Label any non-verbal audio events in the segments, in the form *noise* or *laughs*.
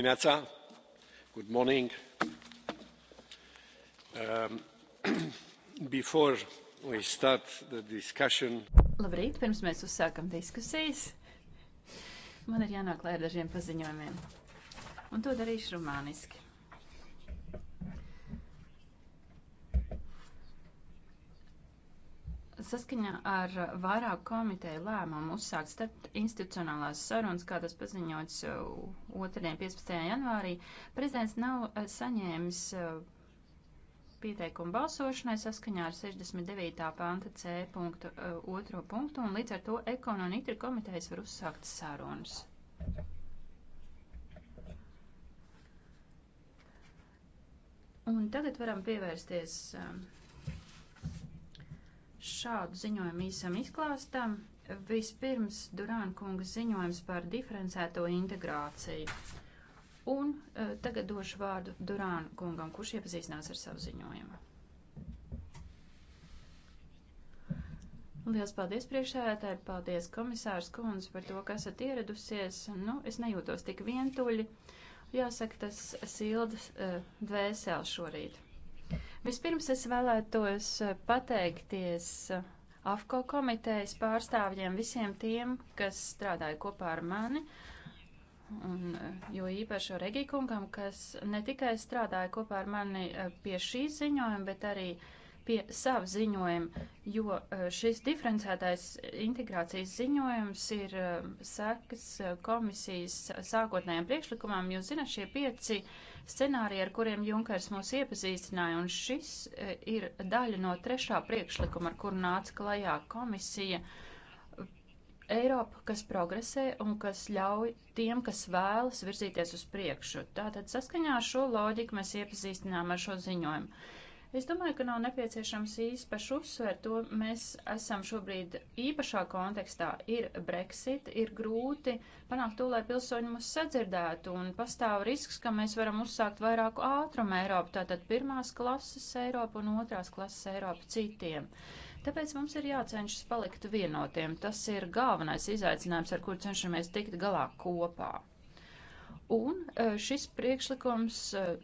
dimineața good morning um, *clears throat* before we start the discussion Labrīt, pirms mēs uzsākam diskusijas, man ir jānāk lai ar dažiem paziņojumiem. Un to darīšu rumāniski. Saskaņā ar vairāku komiteju lēmumu uzsākt starp institucionālās sarunas, kā tas paziņots uh, otrdien 15. janvārī, prezidents nav uh, saņēmis uh, pieteikumu balsošanai saskaņā ar 69. panta C punktu otro punktu, un līdz ar to Ekon un Itri komitejas var uzsākt sarunas. Un tagad varam pievērsties um, šādu ziņojumu īsam izklāstam. Vispirms Durāna kunga ziņojums par diferencēto integrāciju. Un uh, tagad došu vārdu Durāna kungam, kurš iepazīstinās ar savu ziņojumu. Lielas paldies priekšsēdētāji, paldies komisārs kundze par to, ka esat ieradusies. Nu, es nejūtos tik vientuļi. Jāsaka, tas silda uh, e, dvēseli šorīt. Vispirms es vēlētos eh, pateikties eh, AFCO komitejas pārstāvjiem, visiem tiem, kas strādāja kopā ar mani, un eh, jo īpaši Regikungam, kas ne tikai strādāja kopā ar mani pie šī ziņojuma, bet arī pie savu ziņojumu, jo šis diferencētais integrācijas ziņojums ir sekas komisijas sākotnējiem priekšlikumam. Jūs zināt, šie pieci uh, scenāriji, ar kuriem Junkers mūs iepazīstināja, un šis e, ir daļa no trešā priekšlikuma, ar kuru nāca klajā komisija. Eiropa, kas progresē un kas ļauj tiem, kas vēlas virzīties uz priekšu. Tātad saskaņā ar šo loģiku mēs iepazīstinām ar šo ziņojumu. Es domāju, ka nav nepieciešams īpaši uzsvērt to. Mēs esam šobrīd īpašā kontekstā. Ir Brexit, ir grūti panākt to, lai pilsoņi mūs sadzirdētu, un pastāv risks, ka mēs varam uzsākt vairāku ātrumu Eiropu, tātad pirmās klases Eiropu un otrās klases Eiropu citiem. Tāpēc mums ir jācenšas palikt vienotiem. Tas ir galvenais izaicinājums, ar kur cenšamies tikt galā kopā. Un eh, šis priekšlikums eh,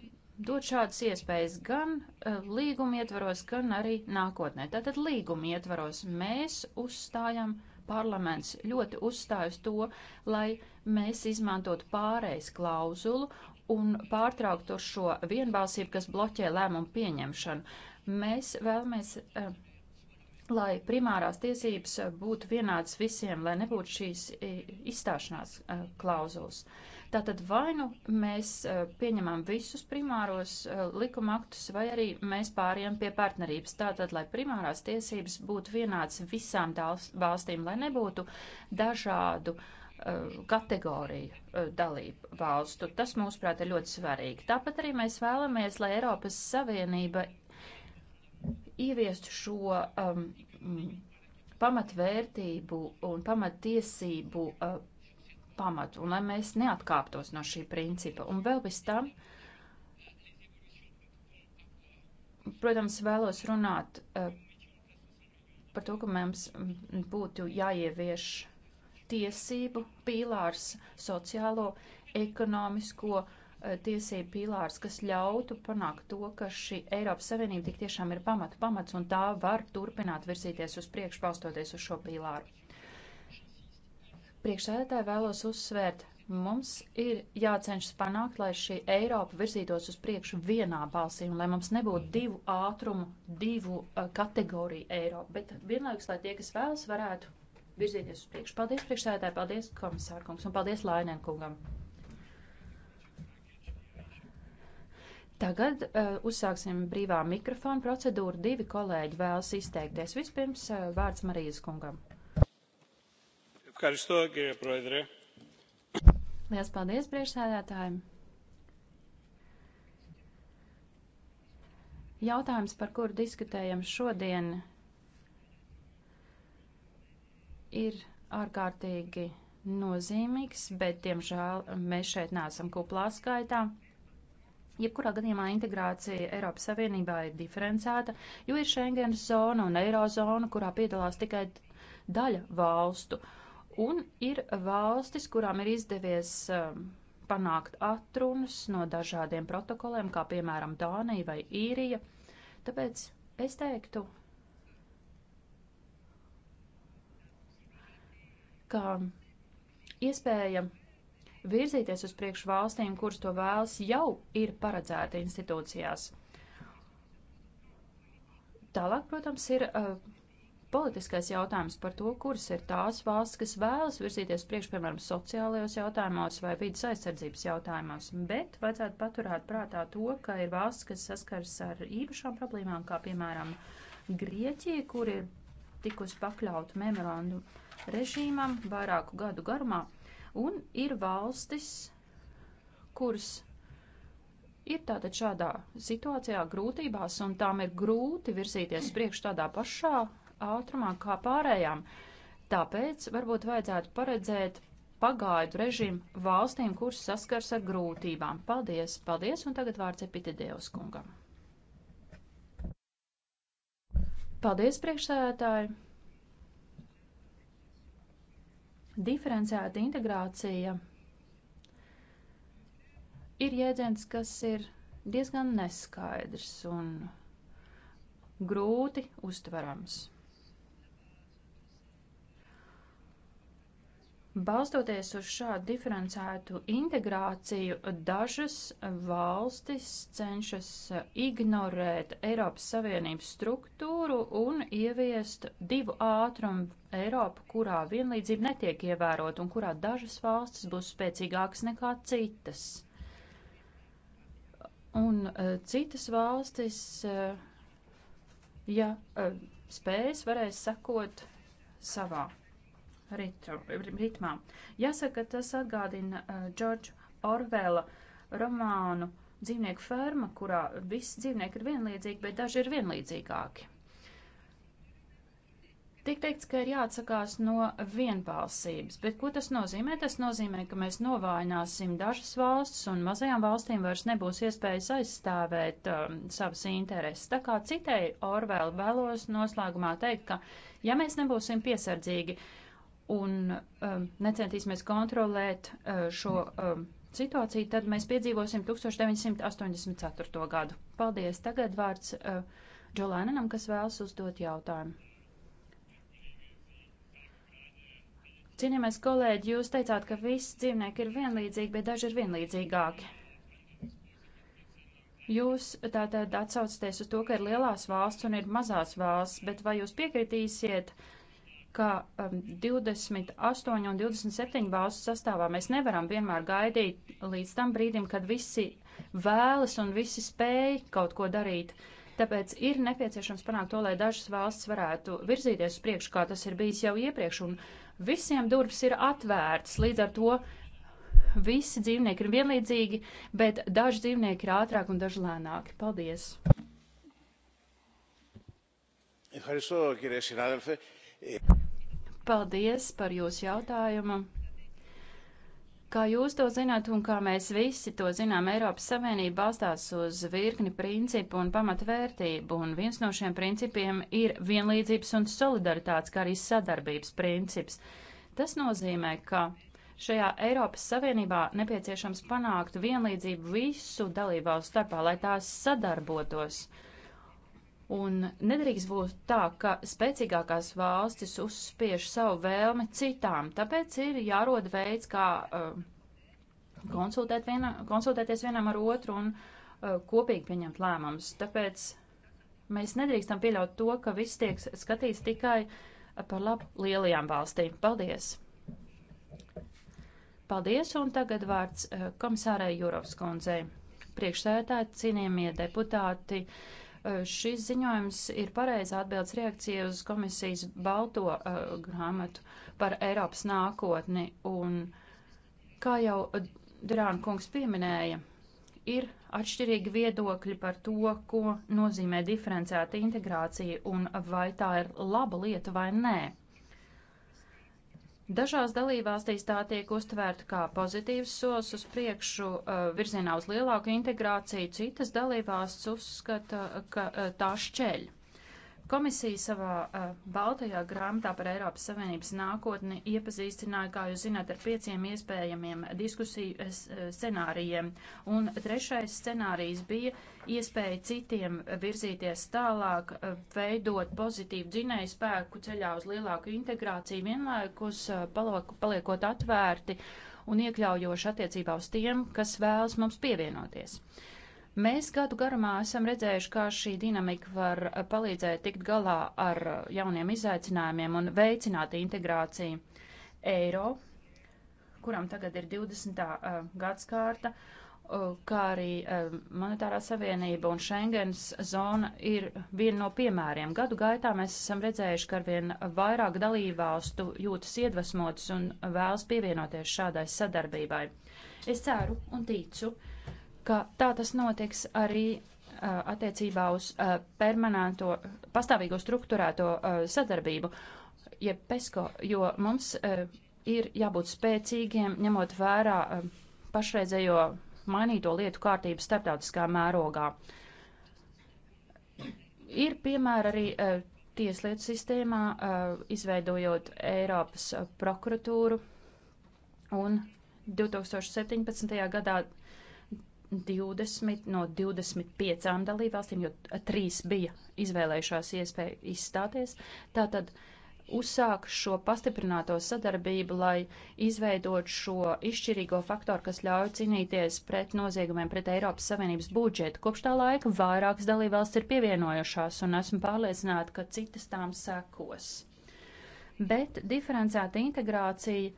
dot šādas iespējas gan uh, līguma ietvaros, gan arī nākotnē. Tātad līguma ietvaros mēs uzstājam, parlaments ļoti uzstāj uz to, lai mēs izmantotu pārējais klauzulu un pārtrauktu šo vienbalsību, kas bloķē lēmumu pieņemšanu. Mēs vēlamies, uh, lai primārās tiesības būtu vienādas visiem, lai nebūtu šīs e, izstāšanās uh, klauzulas. Uh, Tātad vai nu mēs eh, pieņemam visus primāros eh, likuma aktus, vai arī mēs pāriem pie partnerības. Tātad, lai primārās tiesības būtu vienāds visām valstīm, lai nebūtu dažādu uh, kategoriju uh, dalību valstu. Tas, mūsuprāt, ir ļoti svarīgi. Tāpat arī mēs vēlamies, lai Eiropas Savienība ieviestu šo um, ehm, pamatvērtību un pamattiesību uh, pamatu un lai mēs neatkāptos no šī principa. Un vēl bez tam, protams, vēlos runāt eh, par to, ka mums būtu jāievieš tiesību pīlārs, sociālo, ekonomisko eh, tiesību pīlārs, kas ļautu panākt to, ka šī Eiropas Savienība tik tiešām ir pamatu pamats un tā var turpināt virzīties uz priekšu, balstoties uz šo pīlāru. Priekšsēdētāji vēlos uzsvērt, mums ir jācenšas panākt, lai šī Eiropa virzītos uz priekšu vienā balsī un lai mums nebūtu divu ātrumu, divu uh, kategoriju Eiropa, bet vienlaikus, lai tie, kas vēlas, varētu virzīties uz priekšu. Paldies priekšsēdētāji, paldies komisārkungs un paldies Lainēnkungam. Tagad uh, uzsāksim brīvā mikrofona procedūru. Divi kolēģi vēlas izteikties. Vispirms uh, vārds Marijas kungam. Lielas paldies priekšsēdētājiem! Jautājums, par kuru diskutējam šodien, ir ārkārtīgi nozīmīgs, bet, diemžēl, mēs šeit neesam kuplā skaitā. Jebkurā gadījumā integrācija Eiropas Savienībā ir diferencēta, jo ir Schengenas zona un Eirozona, kurā piedalās tikai daļa valstu. Uh, Un ir valstis, kurām ir izdevies um, panākt atrunas no dažādiem protokoliem, kā piemēram Dānija vai Īrija. Tāpēc es teiktu, ka iespēja virzīties uz priekšu valstīm, kuras to vēlas, jau ir paredzēta institūcijās. Tālāk, protams, ir uh, politiskais jautājums par to, kuras ir tās valsts, kas vēlas virzīties priekš, piemēram, sociālajos jautājumos vai vidas aizsardzības jautājumos, bet vajadzētu paturēt prātā to, ka ir valsts, kas saskars ar īpašām problēmām, kā piemēram Grieķija, kur ir tikusi pakļauta memorandu režīmam vairāku gadu garumā, un ir valstis, kuras ir tātad šādā situācijā grūtībās, un tām ir grūti virzīties priekš tādā pašā ātrumā kā pārējām. Tāpēc varbūt vajadzētu paredzēt pagaidu režīmu valstīm, kuras saskars ar grūtībām. Paldies, paldies, un tagad vārds Epitēdevs kungam. Paldies, priekšsēdētāji! Diferenciēta integrācija ir jēdziens, kas ir diezgan neskaidrs un grūti uztverams. Balstoties uz šādu diferencētu integrāciju, dažas valstis cenšas ignorēt Eiropas Savienības struktūru un ieviest divu ātrumu Eiropu, kurā vienlīdzība netiek ievērot un kurā dažas valstis būs spēcīgākas nekā citas. Un uh, citas valstis, uh, ja uh, spējas, varēs sekot savā ritu, ritmā. Jāsaka, tas atgādina uh, Džordžu Orvela romānu Dzīvnieku ferma, kurā visi dzīvnieki ir vienlīdzīgi, bet daži ir vienlīdzīgāki. Tik teikts, ka ir jāatsakās no vienbalsības, bet ko tas nozīmē? Tas nozīmē, ka mēs novājināsim dažas valstis un mazajām valstīm vairs nebūs iespējas aizstāvēt um, savas intereses. Tā kā citēji Orvēl vēlos noslēgumā teikt, ka ja mēs nebūsim piesardzīgi, uh, un um, necentīsimies kontrolēt uh, šo um, situāciju, tad mēs piedzīvosim 1984. gadu. Paldies! Tagad vārds uh, Džolēnenam, kas vēlas uzdot jautājumu. Cienījamais kolēģi, jūs teicāt, ka visi dzīvnieki ir vienlīdzīgi, bet daži ir vienlīdzīgāki. Jūs tātad atsaucaties uz to, ka ir lielās valsts un ir mazās valsts, bet vai jūs piekritīsiet, uh, ka um, 28 un 27 valstu sastāvā mēs nevaram vienmēr gaidīt līdz tam brīdim, kad visi vēlas un visi spēj kaut ko darīt. Tāpēc ir nepieciešams panākt to, lai dažas valsts varētu virzīties uz priekšu, kā tas ir bijis jau iepriekš, un visiem durvis ir atvērts. Līdz ar to visi dzīvnieki ir vienlīdzīgi, bet daži dzīvnieki ir ātrāk un daži lēnāki. Paldies! Ευχαριστώ κύριε συνάδελφε. Paldies par jūsu jautājumu. Kā jūs to zināt un kā mēs visi to zinām, Eiropas Savienība balstās uz virkni principu un pamatvērtību, un viens no šiem principiem ir vienlīdzības un solidaritātes, kā arī sadarbības princips. Tas nozīmē, ka šajā Eiropas Savienībā nepieciešams panākt vienlīdzību visu dalībvalstu starpā, lai tās sadarbotos. Uh, Un nedrīkst būt tā, ka spēcīgākās valstis uzspiež savu vēlmi citām, tāpēc ir jārod veids, kā uh, konsultēt viena, konsultēties vienam ar otru un uh, kopīgi pieņemt lēmumus. Tāpēc mēs nedrīkstam pieļaut to, ka viss tiek skatīts tikai par labu lielajām valstīm. Paldies! Paldies, un tagad vārds uh, komisārai Jurovskundzei. Priekšsētāji, cienījamie deputāti. Uh, Šis ziņojums ir pareiza atbildes reakcija uz komisijas balto uh, grāmatu par Eiropas nākotni, un kā jau Durāna kungs pieminēja, ir atšķirīgi viedokļi par to, ko nozīmē diferenciēta integrācija un vai tā ir laba lieta vai nē. Dažās dalībvalstīs tā tiek uztvērta kā pozitīvs solis uz priekšu uh, virzienā uz lielāku integrāciju, citas dalībvalsts uzskata, ka uh, tā šķeļ. Komisija savā uh, Baltajā grāmatā par Eiropas Savienības nākotni iepazīstināja, kā jūs zināt, ar pieciem iespējamiem diskusiju scenārijiem. Un trešais scenārijs bija iespēja citiem virzīties tālāk, uh, veidot pozitīvu dzinēju spēku ceļā uz lielāku integrāciju, vienlaikus uh, palaku, paliekot atvērti un iekļaujoši attiecībā uz tiem, kas vēlas mums pievienoties. Uh, Mēs gadu garumā esam redzējuši, kā šī dinamika var palīdzēt tikt galā ar jauniem izaicinājumiem un veicināt integrāciju. Eiro, kuram tagad ir 20. Eh, gadskārta, kā arī eh, monetārā savienība un Schengens zona ir viena no piemēriem. Gadu gaitā mēs esam redzējuši, ka arvien vairāk dalībvalstu jūtas iedvesmotas un vēlas pievienoties šādai sadarbībai. Es ceru un ticu, ka ka tā tas notiks arī attiecībā uz permanento, pastāvīgo struktūrēto sadarbību, jeb PESCO, jo mums ir jābūt spēcīgiem, ņemot vērā pašreizējo mainīto lietu kārtību starptautiskā mērogā. Ir piemēra arī tieslietu sistēmā, izveidojot Eiropas prokuratūru un 2017. gadā 20 no 25 dalībvalstīm, jo trīs bija izvēlējušās iespēju izstāties. Tātad uzsāk šo pastiprināto sadarbību, lai izveidot šo izšķirīgo faktoru, kas ļauj cīnīties pret noziegumiem pret Eiropas Savienības budžetu. Kopš tā laika vairākas dalībvalsts ir pievienojušās, un esmu pārliecināta, ka citas tām sekos. Bet diferencēta integrācija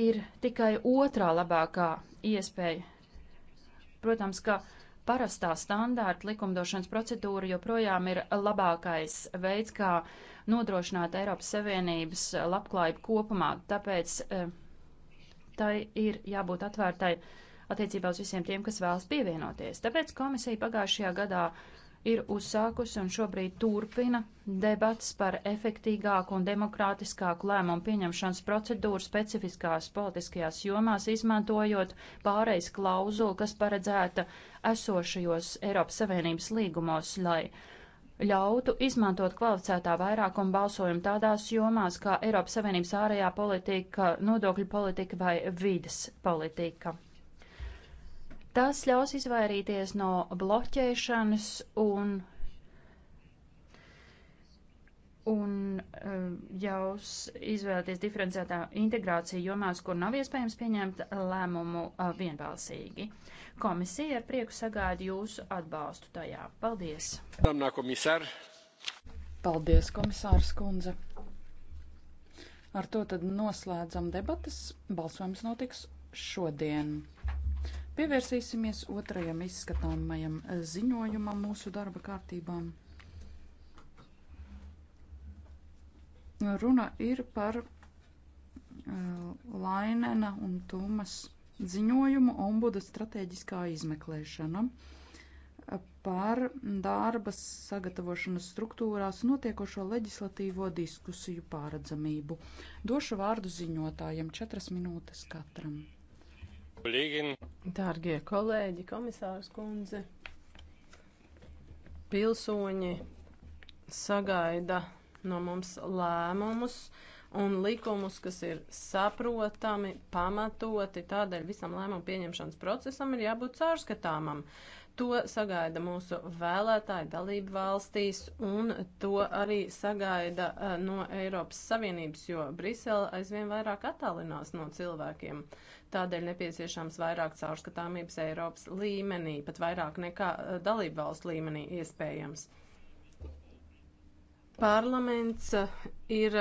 ir tikai otrā labākā iespēja Protams, ka parastā standārta likumdošanas procedūra joprojām ir labākais veids, kā nodrošināt Eiropas Savienības labklājību kopumā. Tāpēc eh, tai ir jābūt atvērtai attiecībā uz visiem tiem, kas vēlas pievienoties. Tāpēc komisija pagājušajā gadā uh, ir uzsākusi un šobrīd turpina debats par efektīgāku un demokrātiskāku lēmumu pieņemšanas procedūru specifiskās politiskajās jomās, izmantojot pārejas klauzulu, kas paredzēta esošajos Eiropas Savienības līgumos, lai ļautu izmantot kvalificētā vairākuma balsojumu tādās jomās kā Eiropas Savienības ārējā politika, nodokļu politika vai vides politika. Tas ļaus izvairīties no bloķēšanas un, un eh, ļaus izvēlēties diferenciētā integrācija jomās, kur nav iespējams pieņemt lēmumu eh, vienbalsīgi. Komisija ar prieku sagāda jūsu atbalstu tajā. Paldies! Paldies, komisārs Kundze! Ar to tad noslēdzam debatas. Balsojums notiks šodien. Pievērsīsimies otrajam izskatāmajam ziņojumam mūsu darba kārtībām. Runa ir par uh, Lainena un Tumas ziņojumu ombuda strateģiskā izmeklēšana uh, par darba sagatavošanas struktūrās notiekošo leģislatīvo diskusiju pāredzamību. Došu vārdu ziņotājiem četras minūtes katram. Dārgie kolēģi, komisārs kundze, pilsoņi sagaida no mums lēmumus un likumus, kas ir saprotami, pamatoti. Tādēļ visam lēmumu pieņemšanas procesam ir jābūt caurskatāmam. To sagaida mūsu vēlētāji dalību valstīs, un to arī sagaida eh, no Eiropas Savienības, jo Brisele aizvien vairāk attālinās no cilvēkiem. Tādēļ nepieciešams vairāk caurskatāmības Eiropas līmenī, pat vairāk nekā eh, dalību valstu līmenī iespējams. Parlaments eh, ir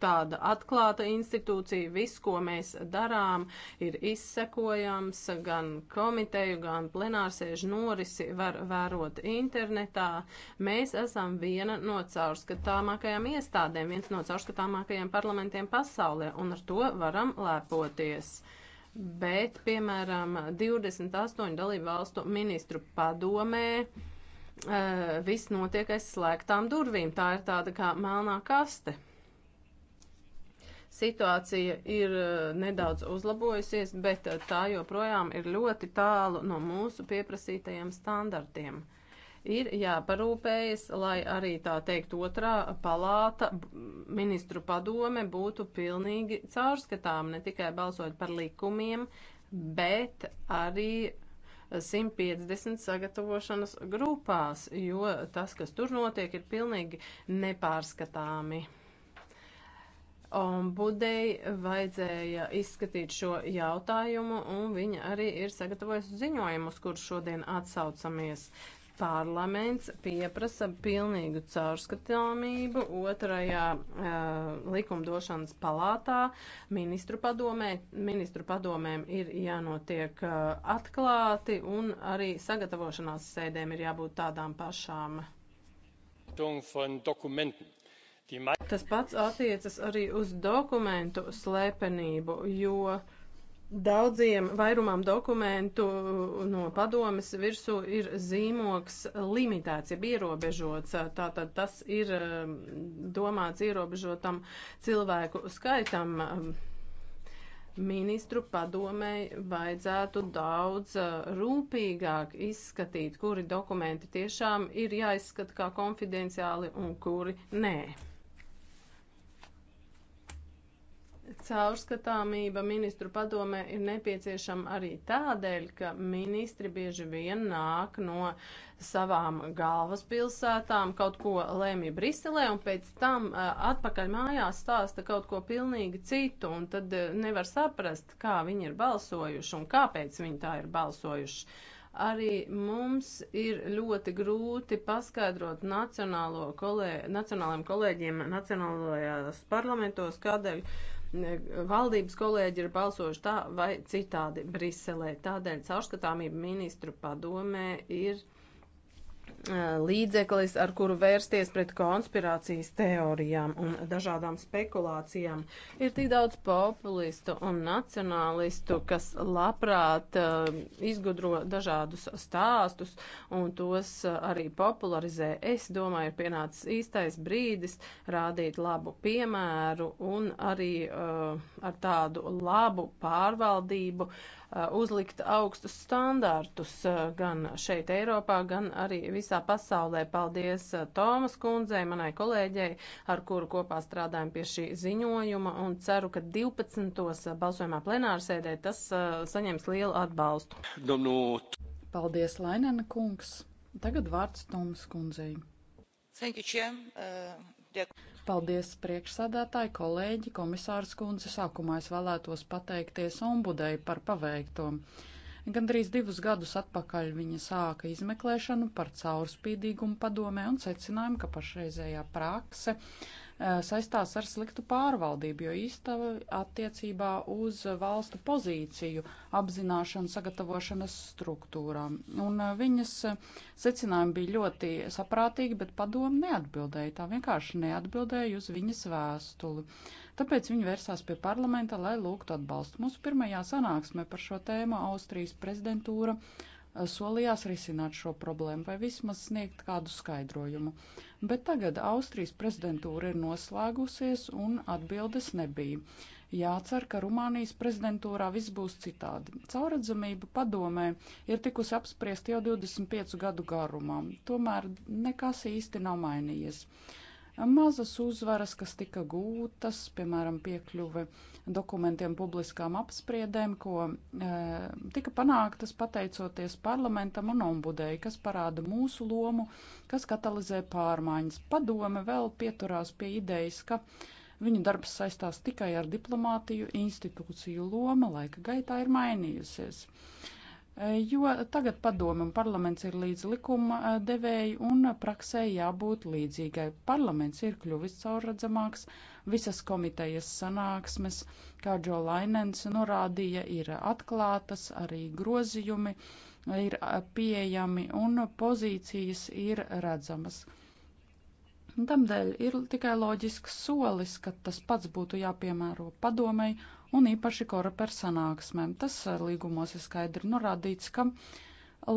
tāda atklāta institūcija. Viss, ko mēs darām, ir izsekojams, gan komiteju, gan plenārsēžu norisi var vērot internetā. Mēs esam viena no caurskatāmākajām iestādēm, viens no caurskatāmākajiem parlamentiem pasaulē, un ar to varam lēpoties. Bet, piemēram, 28 dalību valstu ministru padomē uh, viss notiek aiz slēgtām durvīm. Tā ir tāda kā melnā kaste. Situācija ir eh, nedaudz uzlabojusies, bet eh, tā joprojām ir ļoti tālu no mūsu pieprasītajiem standartiem. Ir jāparūpējas, lai arī tā teikt otrā palāta ministru padome būtu pilnīgi caurskatām, ne tikai balsot par likumiem, bet arī 150 eh, sagatavošanas grupās, jo tas, kas tur notiek, ir pilnīgi nepārskatāmi ombudei vajadzēja izskatīt šo jautājumu, un viņa arī ir sagatavojusi ziņojumus, kurus šodien atsaucamies. Parlaments pieprasa pilnīgu caurskatāmību otrajā uh, likumdošanas palātā. Ministru, padomē, ministru padomēm ir jānotiek uh, atklāti un arī sagatavošanās sēdēm ir jābūt tādām pašām. Von dokumenten Tas pats attiecas arī uz dokumentu slepenību, jo daudziem vairumam dokumentu no padomes virsū ir zīmoks limitāts, jeb ierobežots. Tātad tas ir um, domāts ierobežotam cilvēku skaitam um, ministru padomēji vajadzētu daudz uh, rūpīgāk izskatīt, kuri dokumenti tiešām ir jāizskata kā konfidenciāli un kuri nē. Caurskatāmība ministru padomē ir nepieciešama arī tādēļ, ka ministri bieži vien nāk no savām galvaspilsētām, kaut ko lēmja Briselē un pēc tam uh, atpakaļ mājās stāsta kaut ko pilnīgi citu un tad uh, nevar saprast, kā viņi ir balsojuši un kāpēc viņi tā ir balsojuši. Arī mums ir ļoti grūti paskaidrot kolē, nacionālajiem kolēģiem nacionālajās parlamentos, kādēļ uh, valdības kolēģi ir balsojuši tā vai citādi Briselē. Tādēļ caurskatāmība ministru padomē ir Uh, līdzeklis, ar kuru vērsties pret konspirācijas teorijām un dažādām spekulācijām. Ir tik daudz populistu un nacionālistu, kas labprāt uh, izgudro dažādus stāstus un tos uh, arī popularizē. Es domāju, ir pienācis īstais brīdis rādīt labu piemēru un arī uh, ar tādu labu pārvaldību uh, Uh, uzlikt augstus standārtus uh, gan šeit Eiropā, gan arī visā pasaulē. Paldies uh, Tomas kundzei, manai kolēģei, ar kuru kopā strādājam pie šī ziņojuma un ceru, ka 12. balsojumā plenārsēdē tas saņems lielu atbalstu. Domnot. Paldies, Lainana kungs. Tagad vārds Tomas kundzei. Thank you, Chair. Uh, Paldies priekšsēdētāji, kolēģi, komisārs kundze. Sākumā es vēlētos pateikties ombudei par paveikto. Gandrīz divus gadus atpakaļ viņa sāka izmeklēšanu par caurspīdīgumu padomē un secinājumu, ka pašreizējā prakse Uh, saistās ar sliktu pārvaldību, jo īsta attiecībā uz valstu pozīciju apzināšanu sagatavošanas struktūrām. Un uh, viņas uh, secinājumi bija ļoti saprātīgi, bet padomu neatbildēja. Tā vienkārši neatbildēja uz viņas vēstuli. Tāpēc viņi vērsās pie parlamenta, lai lūgtu atbalstu. Mūsu pirmajā sanāksmē par šo tēmu Austrijas prezidentūra uh, Eh, solījās risināt šo problēmu vai vismaz sniegt kādu skaidrojumu. Bet tagad Austrijas prezidentūra ir noslēgusies un atbildes nebija. Jācer, ka Rumānijas prezidentūrā viss būs citādi. Cauradzamība padomē ir tikusi apspriest jau 25 gadu garumā, tomēr nekas īsti nav mainījies mazas uzvaras, kas tika gūtas, piemēram, piekļuve dokumentiem publiskām apspriedēm, ko e, tika panāktas pateicoties parlamentam un ombudēji, kas parāda mūsu lomu, kas katalizē pārmaiņas. Padome vēl pieturās pie idejas, ka viņu darbs saistās tikai ar diplomātiju, institūciju loma laika gaitā ir mainījusies. E, jo tagad padomi un parlaments ir līdz likuma eh, devēji un praksē jābūt līdzīgai. Parlaments ir kļuvis caurredzamāks, visas komitejas sanāksmes, kā Džo Lainens norādīja, ir atklātas, arī grozījumi ir eh, pieejami un pozīcijas ir redzamas. Tamdēļ ir tikai loģisks solis, ka tas pats būtu jāpiemēro padomei un īpaši kora par sanāksmēm. Tas eh, līgumos ir skaidri norādīts, ka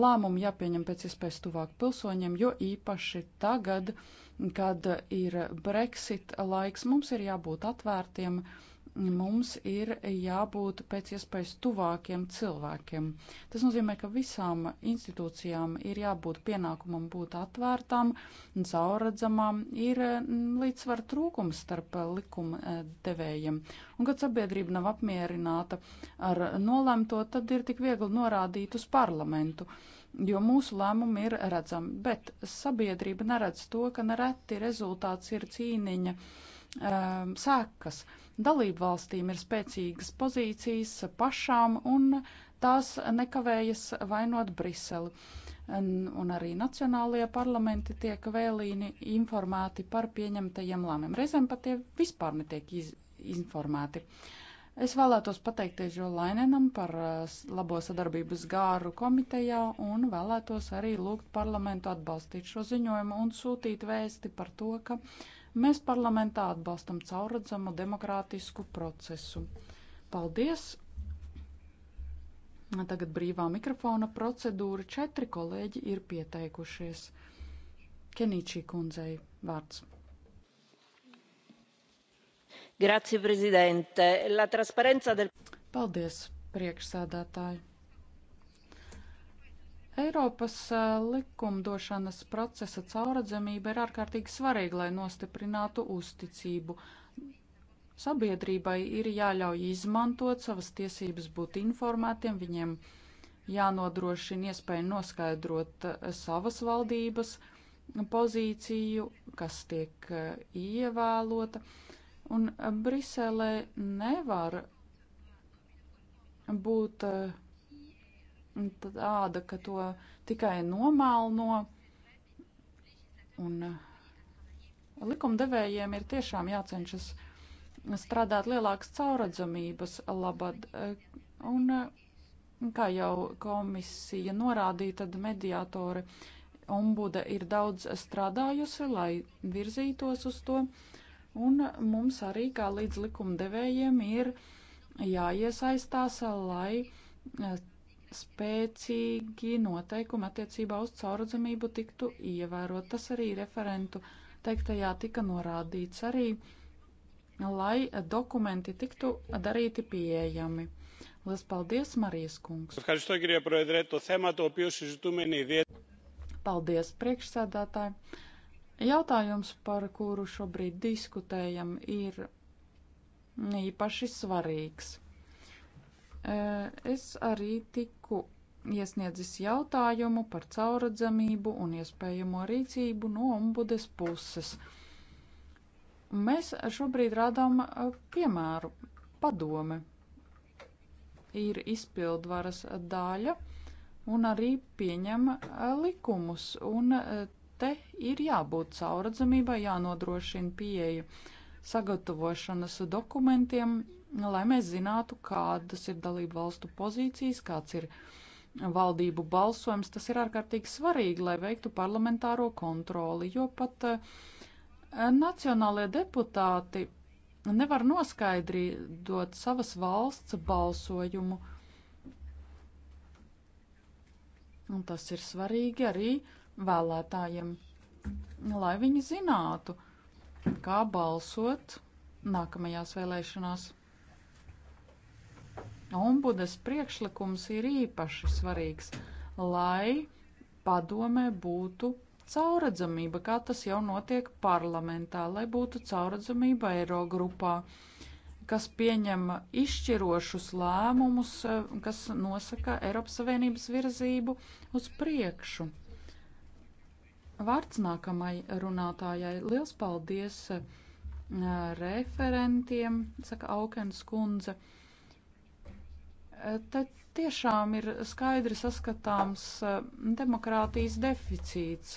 lēmumi jāpieņem pēc iespējas tuvāk pilsoņiem, jo īpaši tagad, kad ir Brexit laiks, mums ir jābūt atvērtiem mums ir jābūt pēc iespējas tuvākiem cilvēkiem. Tas nozīmē, ka visām institūcijām ir jābūt pienākumam būt atvērtām un caurredzamām. Ir mm, līdzsvar trūkums starp eh, likumdevējiem. Un, kad sabiedrība nav apmierināta ar nolemto, tad ir tik viegli norādīt uz parlamentu jo mūsu lēmumi ir redzami, bet sabiedrība neredz to, ka nereti rezultāts ir cīniņa um, sēkas. Uh, Dalību valstīm ir spēcīgas pozīcijas pašām un tās nekavējas vainot Briseli. Un arī nacionālajie parlamenti tiek vēlīni informēti par pieņemtajiem lēmumiem. Reizēm pat tie vispār netiek iz, informēti. Es vēlētos pateikties Jo Lainenam par uh, labo sadarbības gāru komitejā un vēlētos arī lūgt parlamentu atbalstīt šo ziņojumu un sūtīt vēsti par to, ka Mēs parlamentā atbalstam cauradzamu demokrātisku procesu. Paldies! Tagad brīvā mikrofona procedūra. Četri kolēģi ir pieteikušies. Kenīčī kundzei vārds. Grazie, prezidente. La trasparenza del... Paldies, priekšsēdētāji. Eiropas eh, likumdošanas procesa cauradzamība ir ārkārtīgi svarīga, lai nostiprinātu uzticību. Sabiedrībai ir jāļauj izmantot savas tiesības būt informētiem, viņiem jānodrošina iespēja noskaidrot eh, savas valdības pozīciju, kas tiek eh, ievēlota, un Briselē nevar būt uh, tāda, ka to tikai nomalno. Un eh, likumdevējiem ir tiešām jācenšas strādāt lielākas cauradzamības labad. Eh, un, eh, kā jau komisija norādīja, tad mediātori ombuda ir daudz strādājusi, lai virzītos uz to. Un mums arī kā līdz likumdevējiem ir jāiesaistās, lai spēcīgi noteikumi attiecībā uz caurredzamību tiktu ievērot. Tas arī referentu teiktajā tika norādīts arī, lai dokumenti tiktu darīti pieejami. Lielas paldies, Marijas kungs! Paldies, priekšsēdētāji! Jautājums, par kuru šobrīd diskutējam, ir īpaši svarīgs Eh, es arī tiku iesniedzis jautājumu par cauradzamību un iespējamo rīcību no ombudes puses. Mēs šobrīd rādām eh, piemēru padome. Ir izpildvaras daļa un arī pieņem eh, likumus, un te ir jābūt cauradzamībai, jānodrošina pieeja sagatavošanas dokumentiem Nu, lai mēs zinātu, kādas ir dalību valstu pozīcijas, kāds ir valdību balsojums. Tas ir ārkārtīgi svarīgi, lai veiktu parlamentāro kontroli, jo pat eh, nacionālie deputāti nevar noskaidrot savas valsts balsojumu. Un tas ir svarīgi arī vēlētājiem, lai viņi zinātu, kā balsot nākamajās vēlēšanās. Ombudas priekšlikums ir īpaši svarīgs, lai padomē būtu cauradzamība, kā tas jau notiek parlamentā, lai būtu cauradzamība Eirogrupā, kas pieņem izšķirošus lēmumus, eh, kas nosaka Eiropas Savienības virzību uz priekšu. Vārds nākamai runātājai. Liels paldies eh, referentiem, saka Aukens kundze. Eh, tad tiešām ir skaidri saskatāms eh, demokrātijas deficīts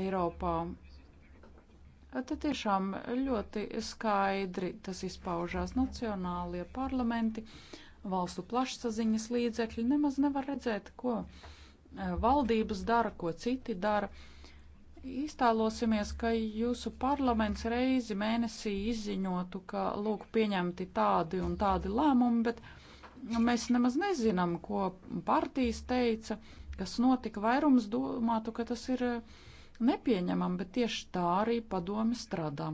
Eiropā. Eh, tad tiešām ļoti skaidri tas izpaužās nacionālie parlamenti, valstu plašsaziņas līdzekļi nemaz nevar redzēt, ko valdības dara, ko citi dara. Iztēlosimies, ka jūsu parlaments reizi mēnesī izziņotu, ka lūk pieņemti tādi un tādi lēmumi, bet Nu, mēs nemaz nezinām, ko partijas teica, kas notika. Vairums domātu, ka tas ir eh, nepieņemam, bet tieši tā arī padome strādā.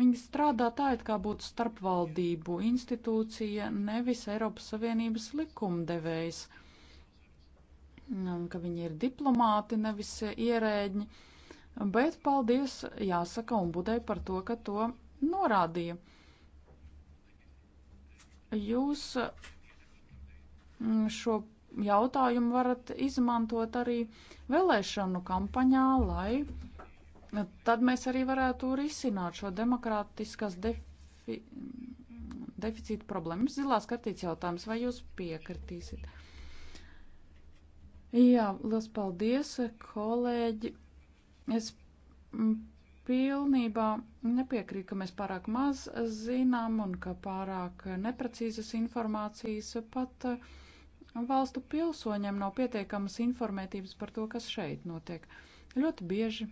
Viņi strādā tā, it kā būtu starpvaldību institūcija, nevis Eiropas Savienības likumdevējs, nu, ka viņi ir diplomāti, nevis eh, ierēģi. Bet paldies, jāsaka, un budai par to, ka to norādīja. Jūs Mm, šo jautājumu varat izmantot arī vēlēšanu kampaņā, lai tad mēs arī varētu risināt šo demokrātiskās defi deficīta problēmas. Zilās kartīts jautājums, vai jūs piekritīsiet? Jā, liels paldies, kolēģi. Es mm, pilnībā nepiekrītu, ka mēs pārāk maz zinām un ka pārāk neprecīzas informācijas pat uh, valstu pilsoņiem nav pietiekamas informētības par to, kas šeit notiek. Ļoti bieži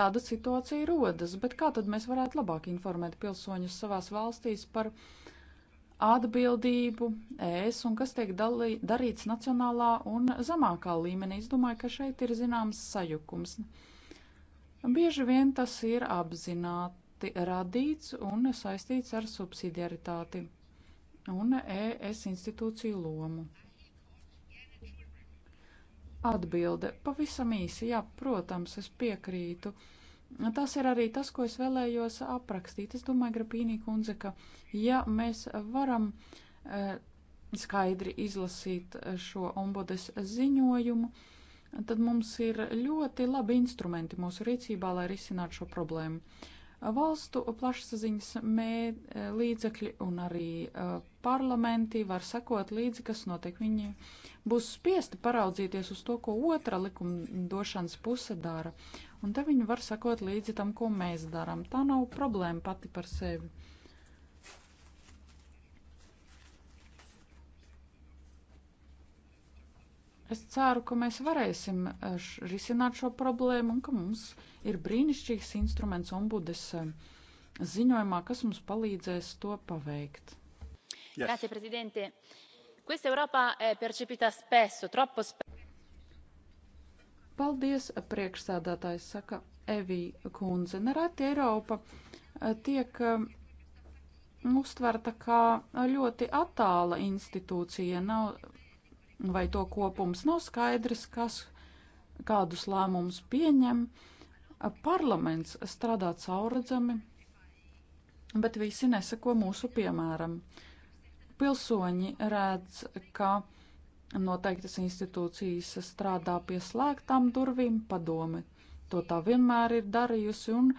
Tāda situācija rodas, bet kā tad mēs varētu labāk informēt pilsoņus savās valstīs par atbildību, ēs un kas tiek dalī, darīts nacionālā un zemākā līmenī? Es domāju, ka šeit ir zināms sajukums. Bieži vien tas ir apzināti proti radīts un saistīts ar subsidiaritāti un ES institūciju lomu. Atbilde pavisam īsi, jā, protams, es piekrītu. Tas ir arī tas, ko es vēlējos aprakstīt. Es domāju, Grapīnī kundze, ka ja mēs varam e, skaidri izlasīt šo ombudes ziņojumu, tad mums ir ļoti labi instrumenti mūsu rīcībā, lai risinātu šo problēmu. Valstu plašsaziņas mē, e, līdzekļi un arī e, parlamenti var sekot līdzi, kas notiek. Viņi būs spiesti paraudzīties uz to, ko otra likumdošanas puse dara. Un te viņi var sekot līdzi tam, ko mēs darām. Tā nav problēma pati par sevi. Es ceru, ka mēs varēsim eh, risināt šo problēmu un ka mums ir brīnišķīgs instruments ombudes eh, ziņojumā, kas mums palīdzēs to paveikt. Yes. Grazie, prezidente. Questa Europa è percepita spesso, troppo spesso. Paldies, priekšsēdētājs saka Evī Kunze. Nereti Eiropa eh, tiek uztverta kā ļoti attāla institūcija, nav vai to kopums nav skaidrs, kas kādus lēmumus pieņem. Parlaments strādā caurredzami, bet visi neseko mūsu piemēram. Pilsoņi redz, ka noteiktas institūcijas strādā pie slēgtām durvīm padome. To tā vienmēr ir darījusi un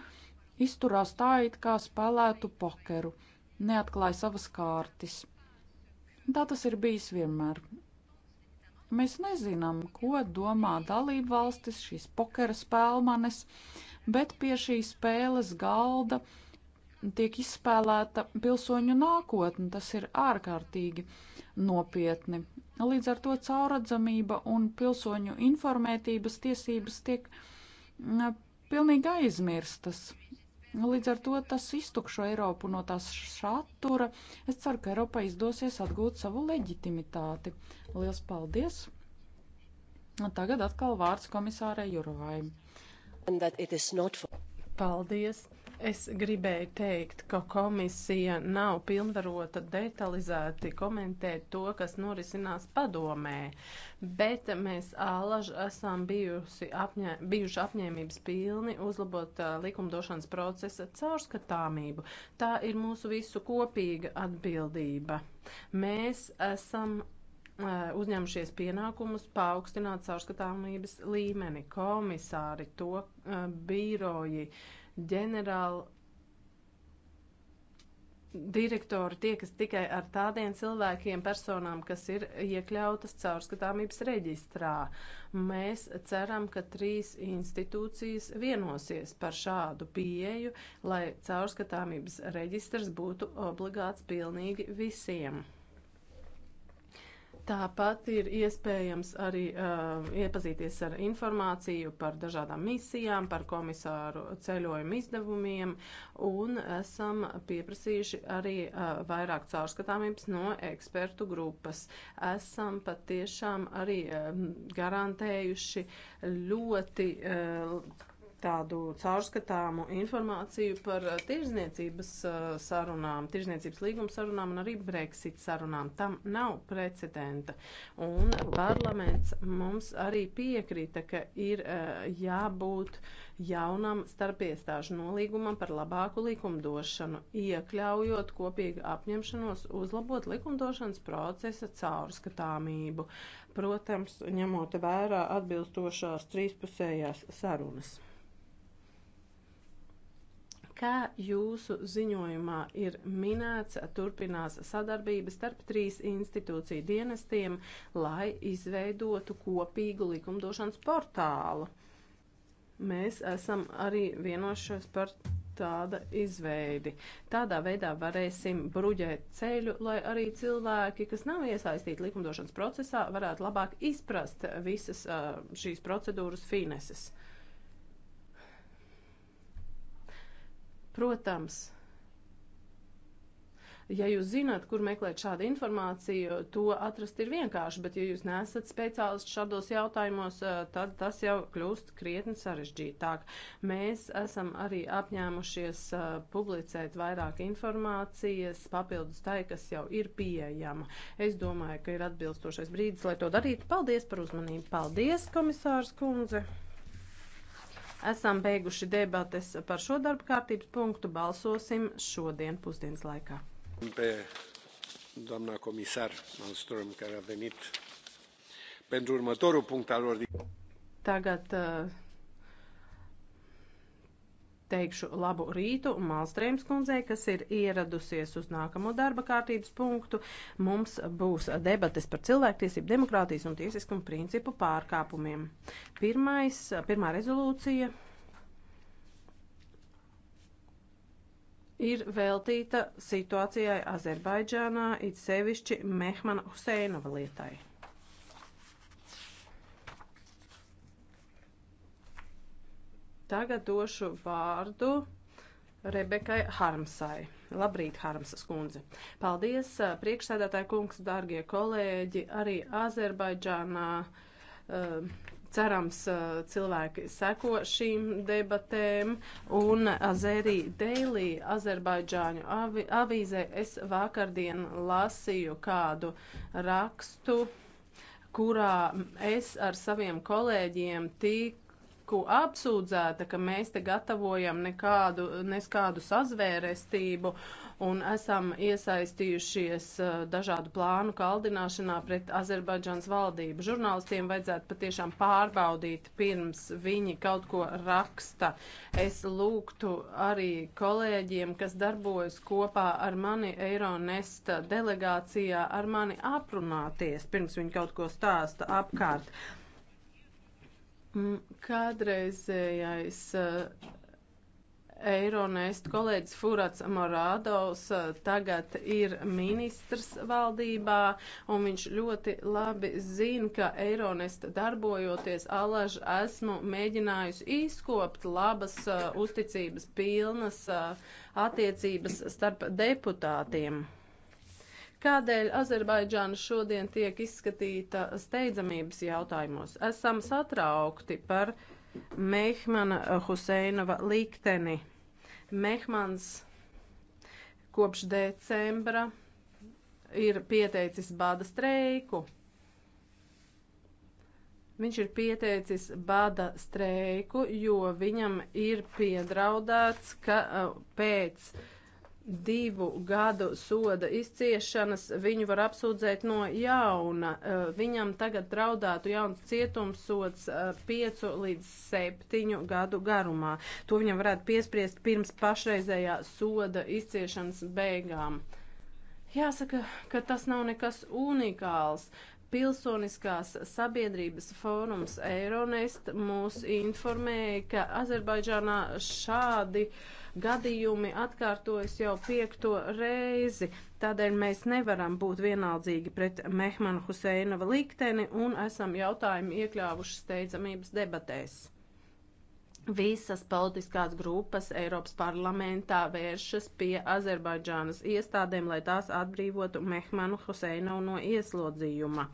izturās tā, it kā spēlētu pokeru, neatklāja savas kārtis. Tā tas ir bijis vienmēr. Mēs nezinām, ko domā dalību valstis, šīs pokera spēlmanes, bet pie šīs spēles galda tiek izspēlēta pilsoņu nākotne. Tas ir ārkārtīgi nopietni. Līdz ar to cauradzamība un pilsoņu informētības tiesības tiek pilnīgi aizmirstas. Līdz ar to tas iztukšo Eiropu no tās šatura. Es ceru, ka Eiropai izdosies atgūt savu leģitimitāti. Lielas paldies! Tagad atkal vārds komisārai Jurovai. For... Paldies! Es gribēju teikt, ka komisija nav pilnvarota detalizēti komentēt to, kas norisinās padomē, bet mēs ālaž esam bijusi apņē, bijuši apņēmības pilni uzlabot uh, likumdošanas procesa caurskatāmību. Tā ir mūsu visu kopīga atbildība. Mēs esam uzņemšies pienākumus paaugstināt caurskatāmības līmeni, komisāri, to biroji, uh, ģenerāli direktori tiekas tikai ar tādiem cilvēkiem, personām, kas ir iekļautas caurskatāmības reģistrā. Mēs ceram, ka trīs institūcijas vienosies par šādu pieeju, lai caurskatāmības reģistrs būtu obligāts pilnīgi visiem. Tāpat ir iespējams arī uh, iepazīties ar informāciju par dažādām misijām, par komisāru ceļojumu izdevumiem, un esam pieprasījuši arī uh, vairāk caurskatāmības no ekspertu grupas. Esam patiešām arī uh, garantējuši ļoti. Uh, tādu caurskatāmu informāciju par eh, tirzniecības eh, sarunām, tirzniecības līguma sarunām un arī Brexit sarunām. Tam nav precedenta. Un parlaments mums arī piekrita, ka ir eh, jābūt jaunam starpiestāžu nolīgumam par labāku likumdošanu, iekļaujot kopīgu apņemšanos uzlabot likumdošanas procesa caurskatāmību, protams, ņemot vērā atbilstošās trīspusējās sarunas. Kā jūsu ziņojumā ir minēts, turpinās sadarbības starp trīs institūciju dienestiem, lai izveidotu kopīgu likumdošanas portālu. Mēs esam arī vienojušies par tāda izveidi. Tādā veidā varēsim bruģēt ceļu, lai arī cilvēki, kas nav iesaistīti likumdošanas procesā, varētu labāk izprast visas šīs procedūras fineses. Protams, ja jūs zināt, kur meklēt šādu informāciju, to atrast ir vienkārši, bet ja jūs nesat speciālists šādos jautājumos, eh, tad tas jau kļūst krietni sarežģītāk. Mēs esam arī apņēmušies eh, publicēt vairāk informācijas papildus tai, kas jau ir pieejama. Es domāju, ka ir atbilstošais brīdis, lai to darītu. Paldies par uzmanību. Paldies, komisārs Kundze! Esam beiguši debates par šo darba kārtības punktu. Balsosim šodien pusdienas laikā. Pe doamna comisar Malmström, care a venit pentru următorul punct al ordinii. Tagad uh, teikšu labu rītu Malstrēms kundzei, kas ir ieradusies uz nākamo darba kārtības punktu. Mums būs debates par cilvēktiesību, demokrātijas un tiesiskumu principu pārkāpumiem. Pirmais, pirmā rezolūcija ir veltīta situācijai Azerbaidžānā, it sevišķi Mehmana Huseinova lietai. Tagad došu vārdu Rebekai Harmsai. Labrīt, Harmsas kundze. Paldies, priekšsēdētāji kungs, dārgie kolēģi, arī Azerbaidžānā. Uh, cerams, cilvēki seko šīm debatēm, un Azerī Daily Azerbaidžāņu avi, avīzē es vakardien lasīju kādu rakstu, kurā es ar saviem kolēģiem tik tiku apsūdzēta, ka mēs te gatavojam nekādu, neskādu sazvērestību un esam iesaistījušies eh, dažādu plānu kaldināšanā pret Azerbaidžāns valdību. Žurnālistiem vajadzētu patiešām pārbaudīt pirms viņi kaut ko raksta. Es lūgtu arī kolēģiem, kas darbojas kopā ar mani Eironesta delegācijā, ar mani aprunāties pirms viņi kaut ko stāsta apkārt. Mm, kādreizējais eh, Eironest kolēģis Furats Morādovs eh, tagad ir ministrs valdībā, un viņš ļoti labi zina, ka Eironest darbojoties alaž esmu mēģinājusi izkopt labas, uh, uzticības pilnas uh, attiecības starp deputātiem. Kādēļ Azerbaidžāna šodien tiek izskatīta steidzamības jautājumos? Esam satraukti par Mehmana Huseinova likteni. Mehmans kopš decembra ir pieteicis bada streiku. Viņš ir pieteicis bada streiku, jo viņam ir piedraudēts, ka eh, pēc uh, divu gadu soda izciešanas viņu var apsūdzēt no jauna. Eh, viņam tagad draudātu jauns cietumsots eh, piecu līdz septiņu gadu garumā. To viņam varētu piespriest pirms pašreizējā soda izciešanas beigām. Jāsaka, ka tas nav nekas unikāls. Pilsoniskās sabiedrības fórums Eironest mūs informēja, ka Azerbaidžānā šādi uh, Gadījumi atkārtojas jau piekto reizi, tādēļ mēs nevaram būt vienaldzīgi pret Mehmanu Huseinova likteni un esam jautājumu iekļāvuši steidzamības debatēs. Visas politiskās grupas Eiropas parlamentā vēršas pie Azerbaidžānas iestādēm, lai tās atbrīvotu Mehmanu Huseinovu no ieslodzījuma.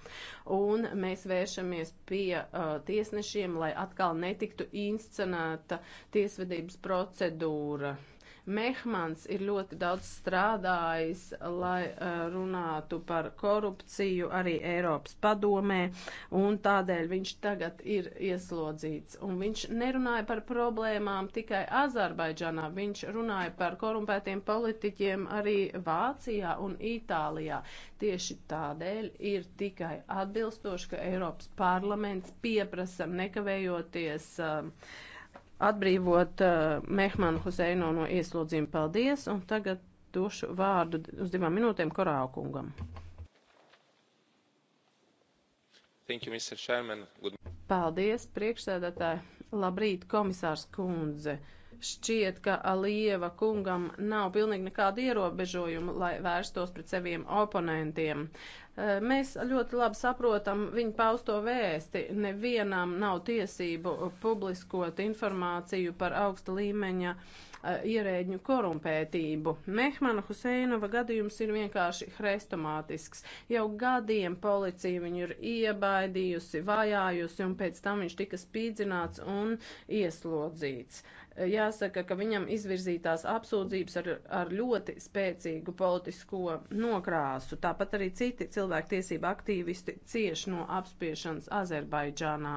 Un mēs vēršamies pie uh, tiesnešiem, lai atkal netiktu inscenēta tiesvedības procedūra. Uh, Mehmans ir ļoti daudz strādājis, lai eh, runātu par korupciju arī Eiropas padomē, un tādēļ viņš tagad ir ieslodzīts. Un viņš nerunāja par problēmām tikai Azerbaidžanā, viņš runāja par korumpētiem politiķiem arī Vācijā un Itālijā. Tieši tādēļ ir tikai atbilstoši, ka Eiropas parlaments pieprasa nekavējoties uh, atbrīvot uh, Mehmanu Huseino no ieslodzījuma. Paldies, un tagad došu vārdu uz divām minūtēm Korākungam. Thank you, Mr. Chairman. Good... Paldies, priekšsēdētāji. Labrīt, komisārs kundze. Šķiet, ka Alieva kungam nav pilnīgi nekāda ierobežojuma, lai vērstos pret saviem oponentiem. Uh, Mēs ļoti labi saprotam viņu pausto vēsti. Nevienam nav tiesību publiskot informāciju par augsta līmeņa eh, ierēģu korumpētību. Mehmana Huseinova gadījums ir vienkārši hrestomātisks. Jau gadiem policija viņu ir iebaidījusi, vajājusi, un pēc tam viņš tika spīdzināts un ieslodzīts. Uh, Jāsaka, ka viņam izvirzītās apsūdzības ar, ar ļoti spēcīgu politisko nokrāsu. Tāpat arī citi cilvēktiesība aktīvisti cieši no apspiešanas Azerbaidžānā.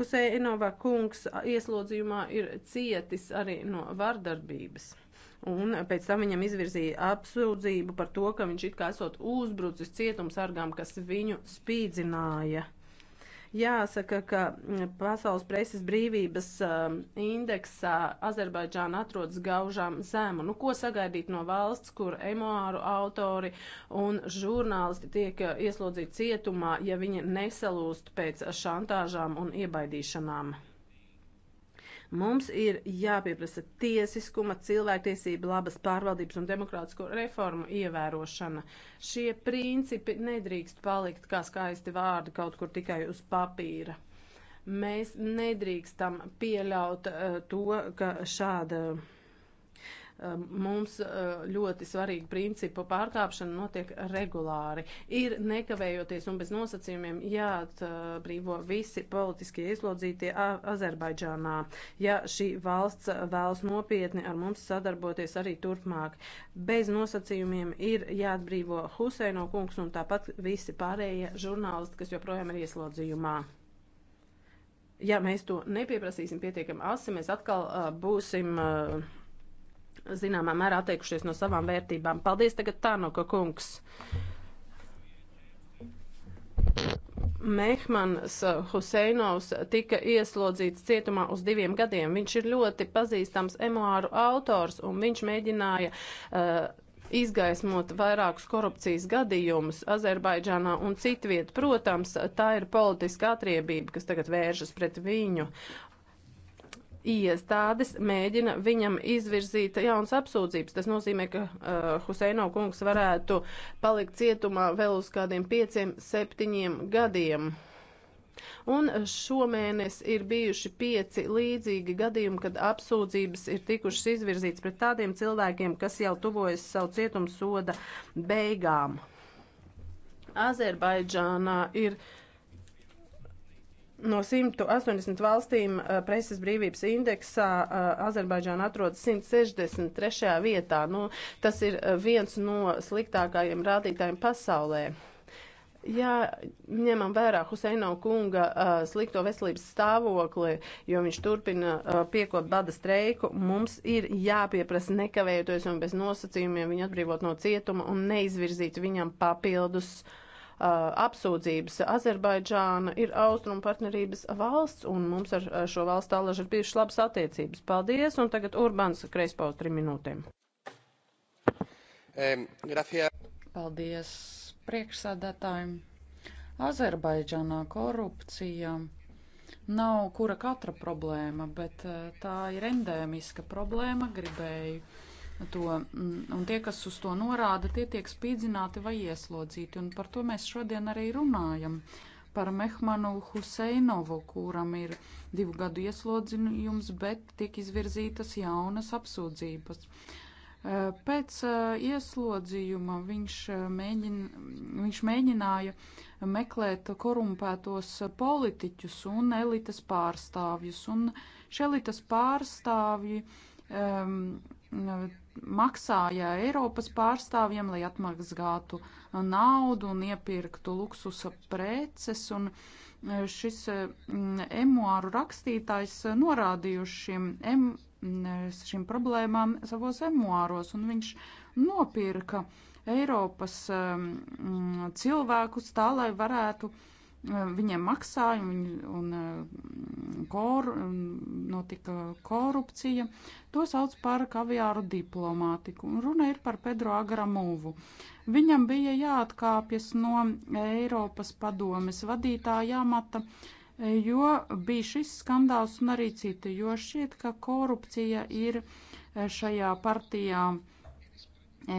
Huseinova kungs ieslodzījumā ir cietis arī no vardarbības un pēc tam viņam izvirzīja apsūdzību par to, ka viņš it kā esot uzbrucis cietumsargām, kas viņu spīdzināja. Jāsaka, ka mm, pasaules preses brīvības um, indeksā Azerbaidžāna atrodas gaužām zemu. Nu, ko sagaidīt no valsts, kur emuāru autori un žurnālisti tiek uh, ieslodzīti cietumā, ja viņi nesalūst pēc šantāžām un iebaidīšanām? Mums ir jāpieprasa tiesiskuma, cilvēktiesība, labas pārvaldības un demokrātisko reformu ievērošana. Šie principi nedrīkst palikt kā skaisti vārdi kaut kur tikai uz papīra. Mēs nedrīkstam pieļaut uh, to, ka šāda. Uh, Ehm, mums eh, ļoti svarīga principu pārkāpšana notiek regulāri. Ir nekavējoties un bez nosacījumiem jāatbrīvo visi politiskie ieslodzītie Azerbaidžānā, ja šī valsts vēlas nopietni ar mums sadarboties arī turpmāk. Bez nosacījumiem ir jāatbrīvo Huseino kungs un tāpat visi pārējie žurnālisti, kas joprojām ir ieslodzījumā ja mēs to nepieprasīsim pietiekami asi, mēs atkal uh, būsim uh, zināmā mērā atteikušies no savām vērtībām. Paldies tagad Tānoka kungs. Mehmans uh, Huseinovs tika ieslodzīts cietumā uz diviem gadiem. Viņš ir ļoti pazīstams emuāru autors, un viņš mēģināja uh, izgaismot vairākus korupcijas gadījumus Azerbaidžānā un citviet. Protams, tā ir politiska atriebība, kas tagad vēršas pret viņu iestādes mēģina viņam izvirzīt jaunas apsūdzības. Tas nozīmē, ka uh, Huseino kungs varētu palikt cietumā vēl uz kādiem pieciem, septiņiem gadiem. Un šomēnes ir bijuši pieci līdzīgi gadījumi, kad apsūdzības ir tikušas izvirzītas pret tādiem cilvēkiem, kas jau tuvojas savu cietumsoda beigām. Azerbaidžānā ir uh, No 180 valstīm eh, preses brīvības indeksā eh, Azerbaidžāna atrodas 163. vietā. Nu, tas ir eh, viens no sliktākajiem rādītājiem pasaulē. Jā, ņemam vērā Huseino kunga uh, slikto veselības stāvokli, jo viņš turpina uh, piekot bada streiku. Mums ir jāpieprasa nekavējoties un bez nosacījumiem viņu atbrīvot no cietuma un neizvirzīt viņam papildus uh, Uh, apsūdzības. Azerbaidžāna ir austrumu partnerības valsts, un mums ar šo valstu tālaži ir bijušas labas attiecības. Paldies, un tagad Urbans Kreispaus trim minūtēm. Paldies priekšsādātājiem. Azerbaidžānā korupcija nav kura katra problēma, bet eh, tā ir endēmiska problēma, gribēju to, mm, un tie, kas uz to norāda, tie tiek spīdzināti vai ieslodzīti, un par to mēs šodien arī runājam. Par Mehmanu Huseinovu, kuram ir divu gadu ieslodzījums, bet tiek izvirzītas jaunas apsūdzības. Eh, pēc eh, ieslodzījuma viņš, eh, mēģin, viņš mēģināja meklēt korumpētos politiķus un elites pārstāvjus, un šie elites pārstāvji um, maksāja Eiropas pārstāvjiem, lai atmaksātu naudu un iepirktu luksusa preces. Un e, šis e, emuāru rakstītājs norādījuši šiem, em, e, šim problēmām savos emuāros, un viņš nopirka Eiropas cilvēkus tā, lai varētu uh, viņiem maksājumi un, un, kor, un notika korupcija. To sauc par kaviāru diplomātiku. Runa ir par Pedro Agramovu. Viņam bija jāatkāpjas no Eiropas padomes vadītāja amata, jo bija šis skandāls un arī citi, jo šķiet, ka korupcija ir šajā partijā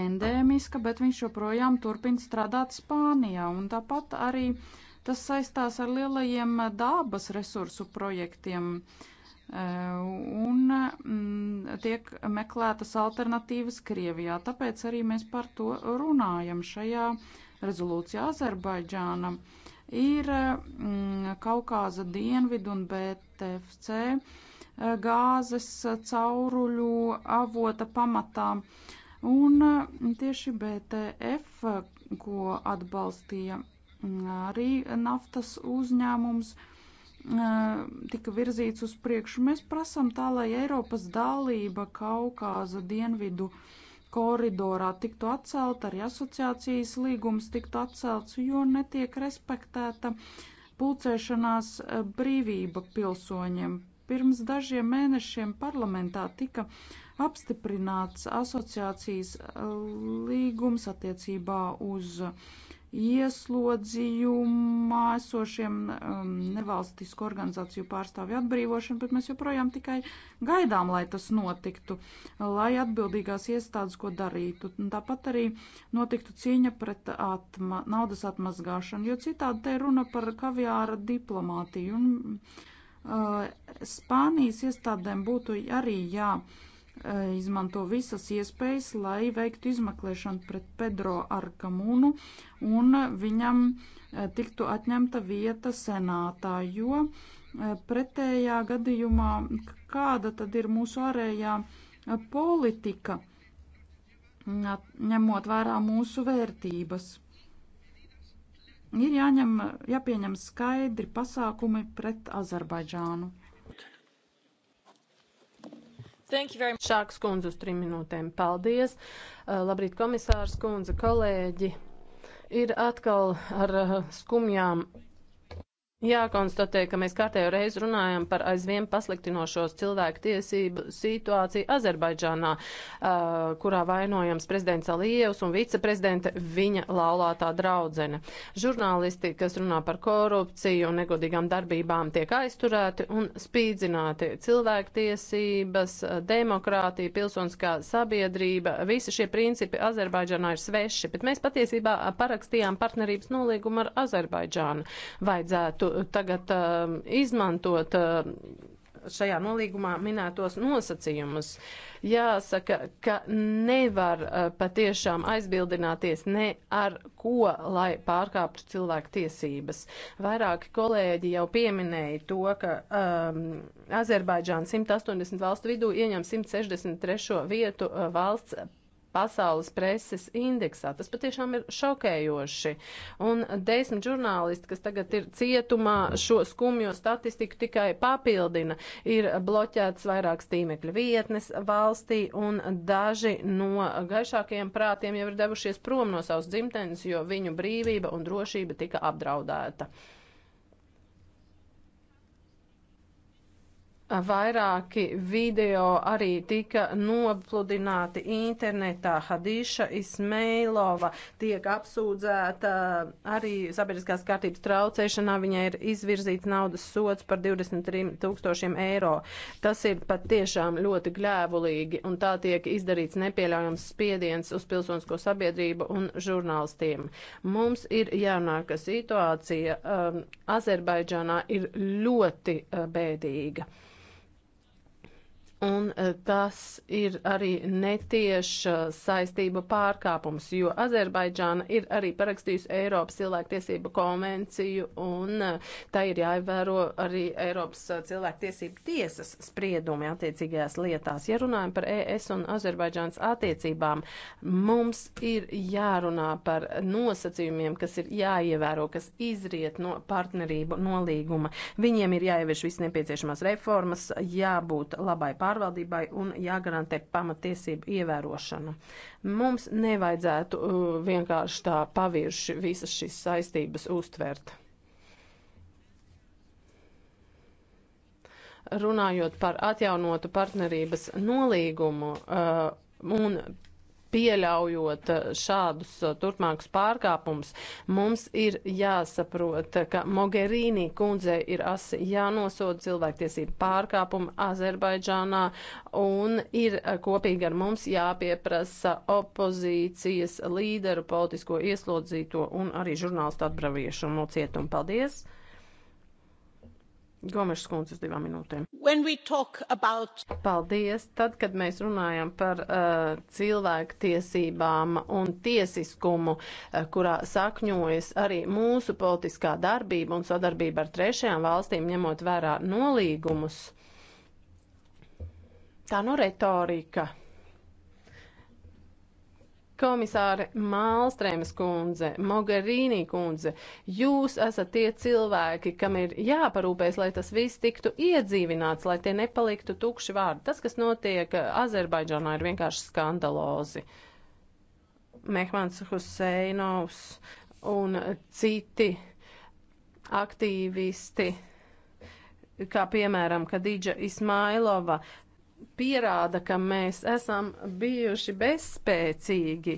endēmiska, bet viņš joprojām turpina strādāt Spānijā. Un tāpat arī uh, Tas saistās ar lielajiem eh, dabas resursu projektiem eh, un mm, tiek meklētas alternatīvas Krievijā. Tāpēc arī mēs par to runājam šajā rezolūcijā Azerbaidžāna. Ir mm, Kaukāza dienvidu un BTFC eh, gāzes cauruļu avota pamatā. Un mm, tieši BTF, ko atbalstīja arī naftas uzņēmums tika virzīts uz priekšu. Mēs prasam tā, lai Eiropas dalība Kaukāza dienvidu koridorā tiktu atcelt, arī asociācijas līgums tiktu atcelts, jo netiek respektēta pulcēšanās brīvība pilsoņiem. Pirms dažiem mēnešiem parlamentā tika apstiprināts asociācijas līgums attiecībā uz uh, ieslodzījumā esošiem um, nevalstisku organizāciju pārstāvju atbrīvošanu, bet mēs joprojām tikai gaidām, lai tas notiktu, lai atbildīgās iestādes ko darītu. Un tāpat arī notiktu cīņa pret atma, naudas atmazgāšanu, jo citādi te runa par kaviāra diplomātiju. Un, uh, Spānijas iestādēm būtu arī jā. Ja, E, izmanto visas iespējas, lai veiktu izmeklēšanu pret Pedro Arkamunu un viņam e, tiktu atņemta vieta senātā, jo e, pretējā gadījumā kāda tad ir mūsu ārējā politika, ņemot vērā mūsu vērtības. Ir jāņem, jāpieņem skaidri pasākumi pret Azerbaidžānu. Šāks kundze uz trim minūtēm. Paldies. Uh, labrīt, komisārs kundze, kolēģi. Ir atkal ar uh, skumjām Jākonstatē, ka mēs kārtējo reizi runājam par aizvien pasliktinošos cilvēku tiesību situāciju Azerbaidžānā, uh, kurā vainojams prezidents Alijevs un viceprezidente viņa laulātā draudzene. Žurnālisti, kas runā par korupciju un negodīgām darbībām, tiek aizturēti un spīdzināti. Cilvēku tiesības, demokrātija, pilsoniskā sabiedrība, visi šie principi Azerbaidžānā ir sveši, bet mēs patiesībā parakstījām partnerības nolīgumu ar Azerbaidžānu. Vajadzētu tagad uh, izmantot uh, šajā nolīgumā minētos nosacījumus. Jāsaka, ka nevar uh, patiešām aizbildināties ne ar ko, lai pārkāptu cilvēku tiesības. Vairāki kolēģi jau pieminēja to, ka um, Azerbaidžāna 180 valstu vidū ieņem 163. vietu uh, valsts pasaules preses indeksā. Tas patiešām ir šokējoši. Un desmit žurnālisti, kas tagad ir cietumā, šo skumjo statistiku tikai papildina. Ir bloķētas vairākas tīmekļa vietnes valstī, un daži no gaišākajiem prātiem jau ir devušies prom no savas dzimtenes, jo viņu brīvība un drošība tika apdraudēta. Vairāki video arī tika nopludināti internetā. Hadīša Ismailova tiek apsūdzēta arī sabiedriskās kārtības traucēšanā. Viņai ir izvirzīts naudas sots par 23 tūkstošiem eiro. Tas ir pat tiešām ļoti gļēvulīgi un tā tiek izdarīts nepieļaujams spiediens uz pilsonsko sabiedrību un žurnālistiem. Mums ir jānāk situācija. Um, Azerbaidžānā ir ļoti uh, bēdīga. Un e, tas ir arī netieša saistība pārkāpums, jo Azerbaidžāna ir arī parakstījusi Eiropas cilvēktiesību konvenciju, un e, tā ir jāievēro arī Eiropas e, cilvēktiesību tiesas spriedumi attiecīgajās lietās. Ja runājam par ES un Azerbaidžānas attiecībām, mums ir jārunā par nosacījumiem, kas ir jāievēro, kas izriet no partnerību nolīguma. Viņiem ir jāievieš viss nepieciešamās reformas, jābūt labai pārējai pārvaldībai un jāgarantē pamatiesību ievērošana. Mums nevajadzētu uh, vienkārši tā pavirši visas šīs saistības uztvert. Runājot par atjaunotu partnerības nolīgumu uh, un pieļaujot eh, šādus eh, turpmākus pārkāpumus, mums ir jāsaprot, eh, ka Mogherīnī kundzei ir asi jānosoda cilvēktiesību pārkāpumu Azerbaidžānā un ir kopīgi ar mums jāpieprasa opozīcijas līderu politisko ieslodzīto un arī žurnālistu atbraviešu no cietuma. Paldies! Gomešs kundzes divām minūtēm. About... Paldies! Tad, kad mēs runājam par uh, cilvēku tiesībām un tiesiskumu, uh, kurā sakņojas arī mūsu politiskā darbība un sadarbība ar trešajām valstīm, ņemot vērā nolīgumus, tā nu retorika Komisāre Mālstrēmas kundze, Mogherīnī kundze, jūs esat tie cilvēki, kam ir jāparūpēs, lai tas viss tiktu iedzīvināts, lai tie nepaliktu tukši vārdi. Tas, kas notiek eh, Azerbaidžānā, ir vienkārši skandalozi. Mehmans Huseinovs un citi aktīvisti kā piemēram Kadīģa Ismailova, pierāda, ka mēs esam bijuši bezspēcīgi.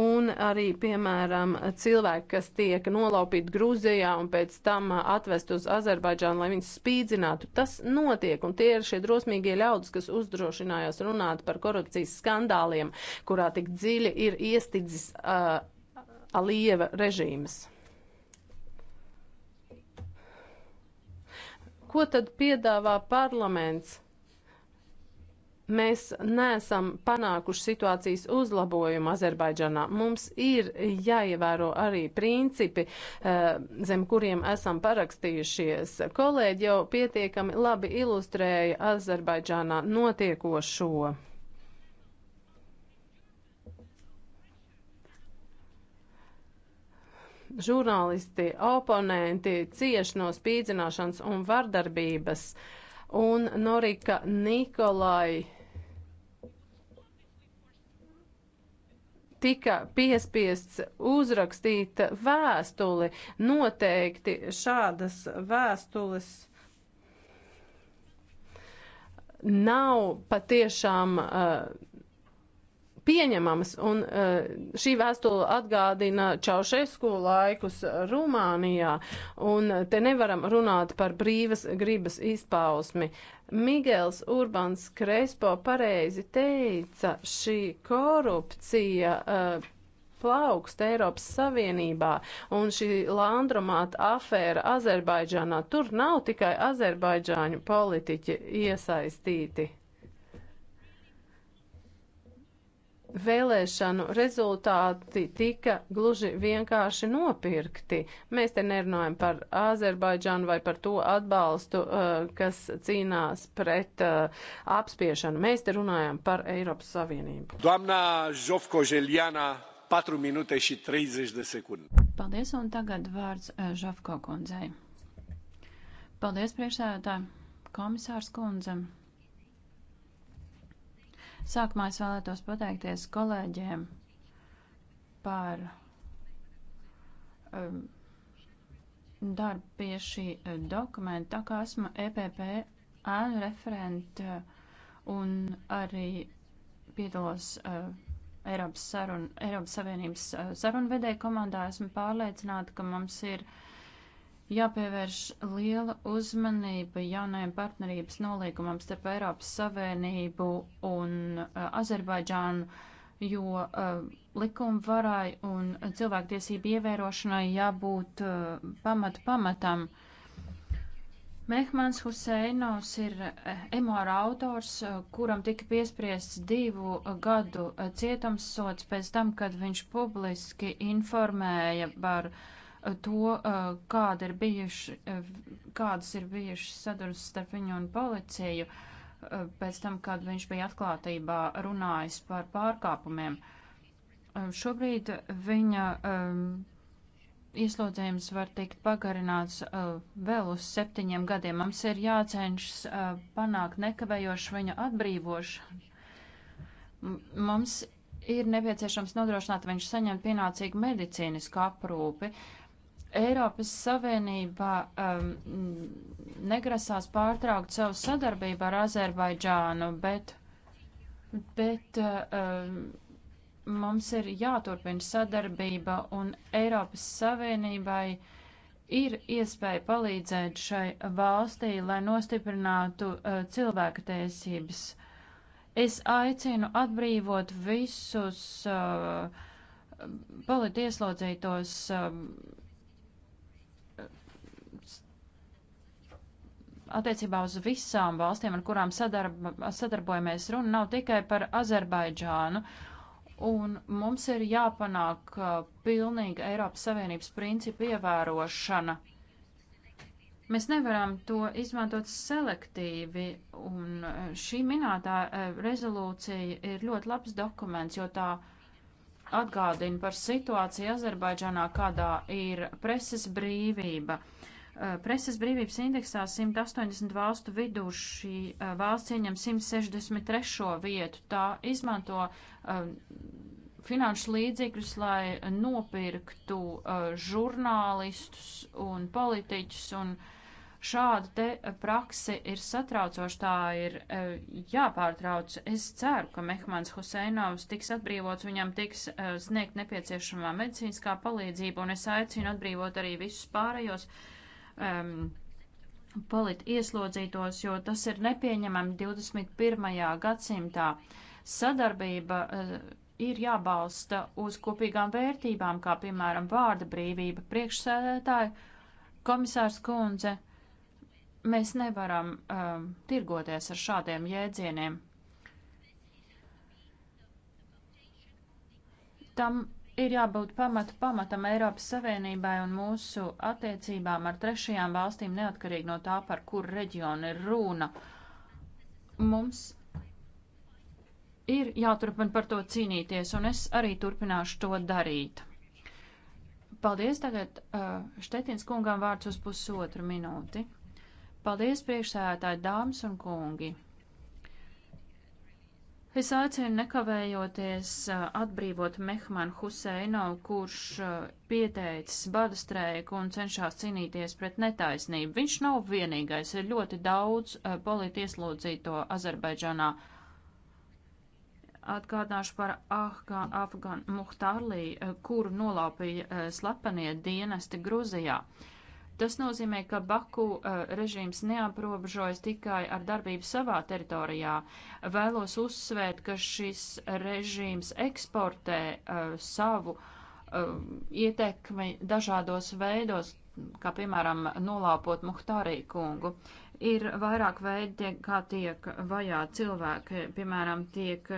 Un arī, piemēram, cilvēki, kas tiek nolaupīti Grūzijā un pēc tam atvest uz Azerbaidžānu, lai viņus spīdzinātu, tas notiek. Un tie ir šie drosmīgie ļaudis, kas uzdrošinājās runāt par korupcijas skandāliem, kurā tik dziļi ir iestidzis uh, Alieva režīms. Ko tad piedāvā parlaments? mēs neesam panākuši situācijas uzlabojumu Azerbaidžanā. Mums ir jāievēro arī principi, eh, zem kuriem esam parakstījušies. Kolēģi jau pietiekami labi ilustrēja Azerbaidžānā notiekošo. Žurnālisti, oponenti cieši no spīdzināšanas un vardarbības. Uh, un Norika Nikolai tika piespiests uzrakstīt vēstuli. Noteikti šādas vēstules nav patiešām uh, pieņemamas. Un eh, šī vēstule atgādina Čaušesku laikus Rumānijā, un eh, te nevaram runāt par brīvas gribas izpausmi. Migels Urbans Krespo pareizi teica, šī korupcija uh, plaukst Eiropas Savienībā, un šī landromāta afēra Azerbaidžānā, tur nav tikai azerbaidžāņu politiķi iesaistīti. Vēlēšanu rezultāti tika gluži vienkārši nopirkti. Mēs te nerunājam par Azerbaidžānu vai par to atbalstu, eh, kas cīnās pret eh, apspiešanu. Mēs te runājam par Eiropas Savienību. Doamna Žofko Željana, 4 minūte și 30 de secunde. Paldies, un tagad vārds Žofko eh, kundzei. Paldies, priekšsēdētāji, komisārs kundzei. Sākumā es vēlētos pateikties kolēģiem par um, darbu pie šī uh, dokumenta, tā kā esmu EPP ēnu referente uh, un arī piedalos uh, Eiropas, sarun, Eiropas Savienības uh, sarunvedēju komandā, esmu pārliecināta, ka mums ir uh, jāpievērš liela uzmanība jaunajam partnerības nolīgumam starp Eiropas Savienību un uh, Azerbaidžānu, jo uh, likumvarai un cilvēktiesību ievērošanai jābūt uh, pamat pamatam. Mehmans Huseinovs ir emora autors, kuram tika piespriests divu gadu cietumsots pēc tam, kad viņš publiski informēja par uh, to, kāda ir bijuši, kādas ir bijušas sadursmes starp viņu un policiju, pēc tam, kad viņš bija atklātībā runājis par pārkāpumiem. Šobrīd viņa ieslodzījums var tikt pagarināts vēl uz septiņiem gadiem. Mums ir jācenšas panākt nekavējoši viņa atbrīvošanu. Mums ir nepieciešams nodrošināt, ka viņš saņem pienācīgu medicīnisku aprūpi. Uh, Eiropas Savienība um, negrasās pārtraukt savu sadarbību ar Azerbaidžānu, bet, bet um, mums ir jāturpina sadarbība un Eiropas Savienībai ir iespēja palīdzēt šai valstī, lai nostiprinātu uh, cilvēka tiesības. Es aicinu atbrīvot visus uh, politieslodzītos. Uh, attiecībā uz visām valstīm, ar kurām sadarb sadarbojamies, runa nav tikai par Azerbaidžānu. Un mums ir jāpanāk uh, pilnīga Eiropas Savienības principu ievērošana. Mēs nevaram to izmantot selektīvi, un uh, šī minētā uh, rezolūcija ir ļoti labs dokuments, jo tā atgādina par situāciju Azerbaidžanā, kādā ir preses brīvība. Uh, Eh, preses brīvības indeksā 180 valstu vidū šī eh, valsts ieņem 163. vietu. Tā izmanto eh, finanšu līdzekļus, lai nopirktu žurnālistus un politiķus un šāda te prakse ir satraucoša, tā ir jāpārtrauc. Es ceru, ka Mehmans Huseinovs tiks atbrīvots, viņam tiks sniegt nepieciešamā medicīniskā palīdzība, un es aicinu atbrīvot arī visus pārējos, uh, um, politi ieslodzītos, jo tas ir nepieņemami 21. gadsimtā. Sadarbība uh, ir jābalsta uz kopīgām vērtībām, kā piemēram vārda brīvība priekšsēdētāji, komisārs kundze. Mēs nevaram um, tirgoties ar šādiem jēdzieniem. Tam ir jābūt pamatu pamatam Eiropas Savienībai un mūsu attiecībām ar trešajām valstīm, neatkarīgi no tā, par kur reģionu ir runa. Mums ir jāturpina par to cīnīties, un es arī turpināšu to darīt. Paldies tagad uh, Štetins kungam vārds uz pusotru minūti. Paldies priekšsēdētāji, dāmas un kungi! Es aicinu nekavējoties atbrīvot Mehmanu Huseinovu, kurš pieteicis bada streiku un cenšas cīnīties pret netaisnību. Viņš nav vienīgais, ir ļoti daudz politi ieslodzīto Azerbaidžanā. Atgādināšu par Afgan, Afgan Muhtārlī, kuru nolāpīja slepenie dienesti Gruzijā. Uh, Tas nozīmē, ka Baku uh, režīms neaprobežojas tikai ar darbību savā teritorijā. Vēlos uzsvērt, ka šis režīms eksportē uh, savu uh, ietekmi dažādos veidos, kā piemēram nolāpot Muhtārī kungu. Ir vairāk veidi, kā tiek vajā cilvēki, piemēram, tiek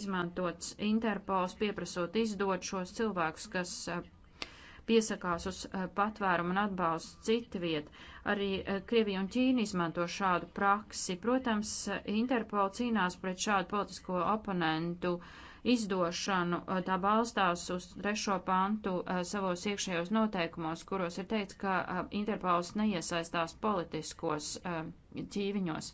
izmantots Interpols, pieprasot izdot šos cilvēkus, kas piesakās uz eh, patvērumu un atbalstu citu vietu. Arī eh, Krievija un Ķīna izmanto šādu praksi. Protams, eh, Interpol cīnās pret šādu politisko oponentu izdošanu, tā balstās uz trešo pantu savos iekšējos noteikumos, kuros ir teikts, ka Interpols neiesaistās politiskos ķīviņos.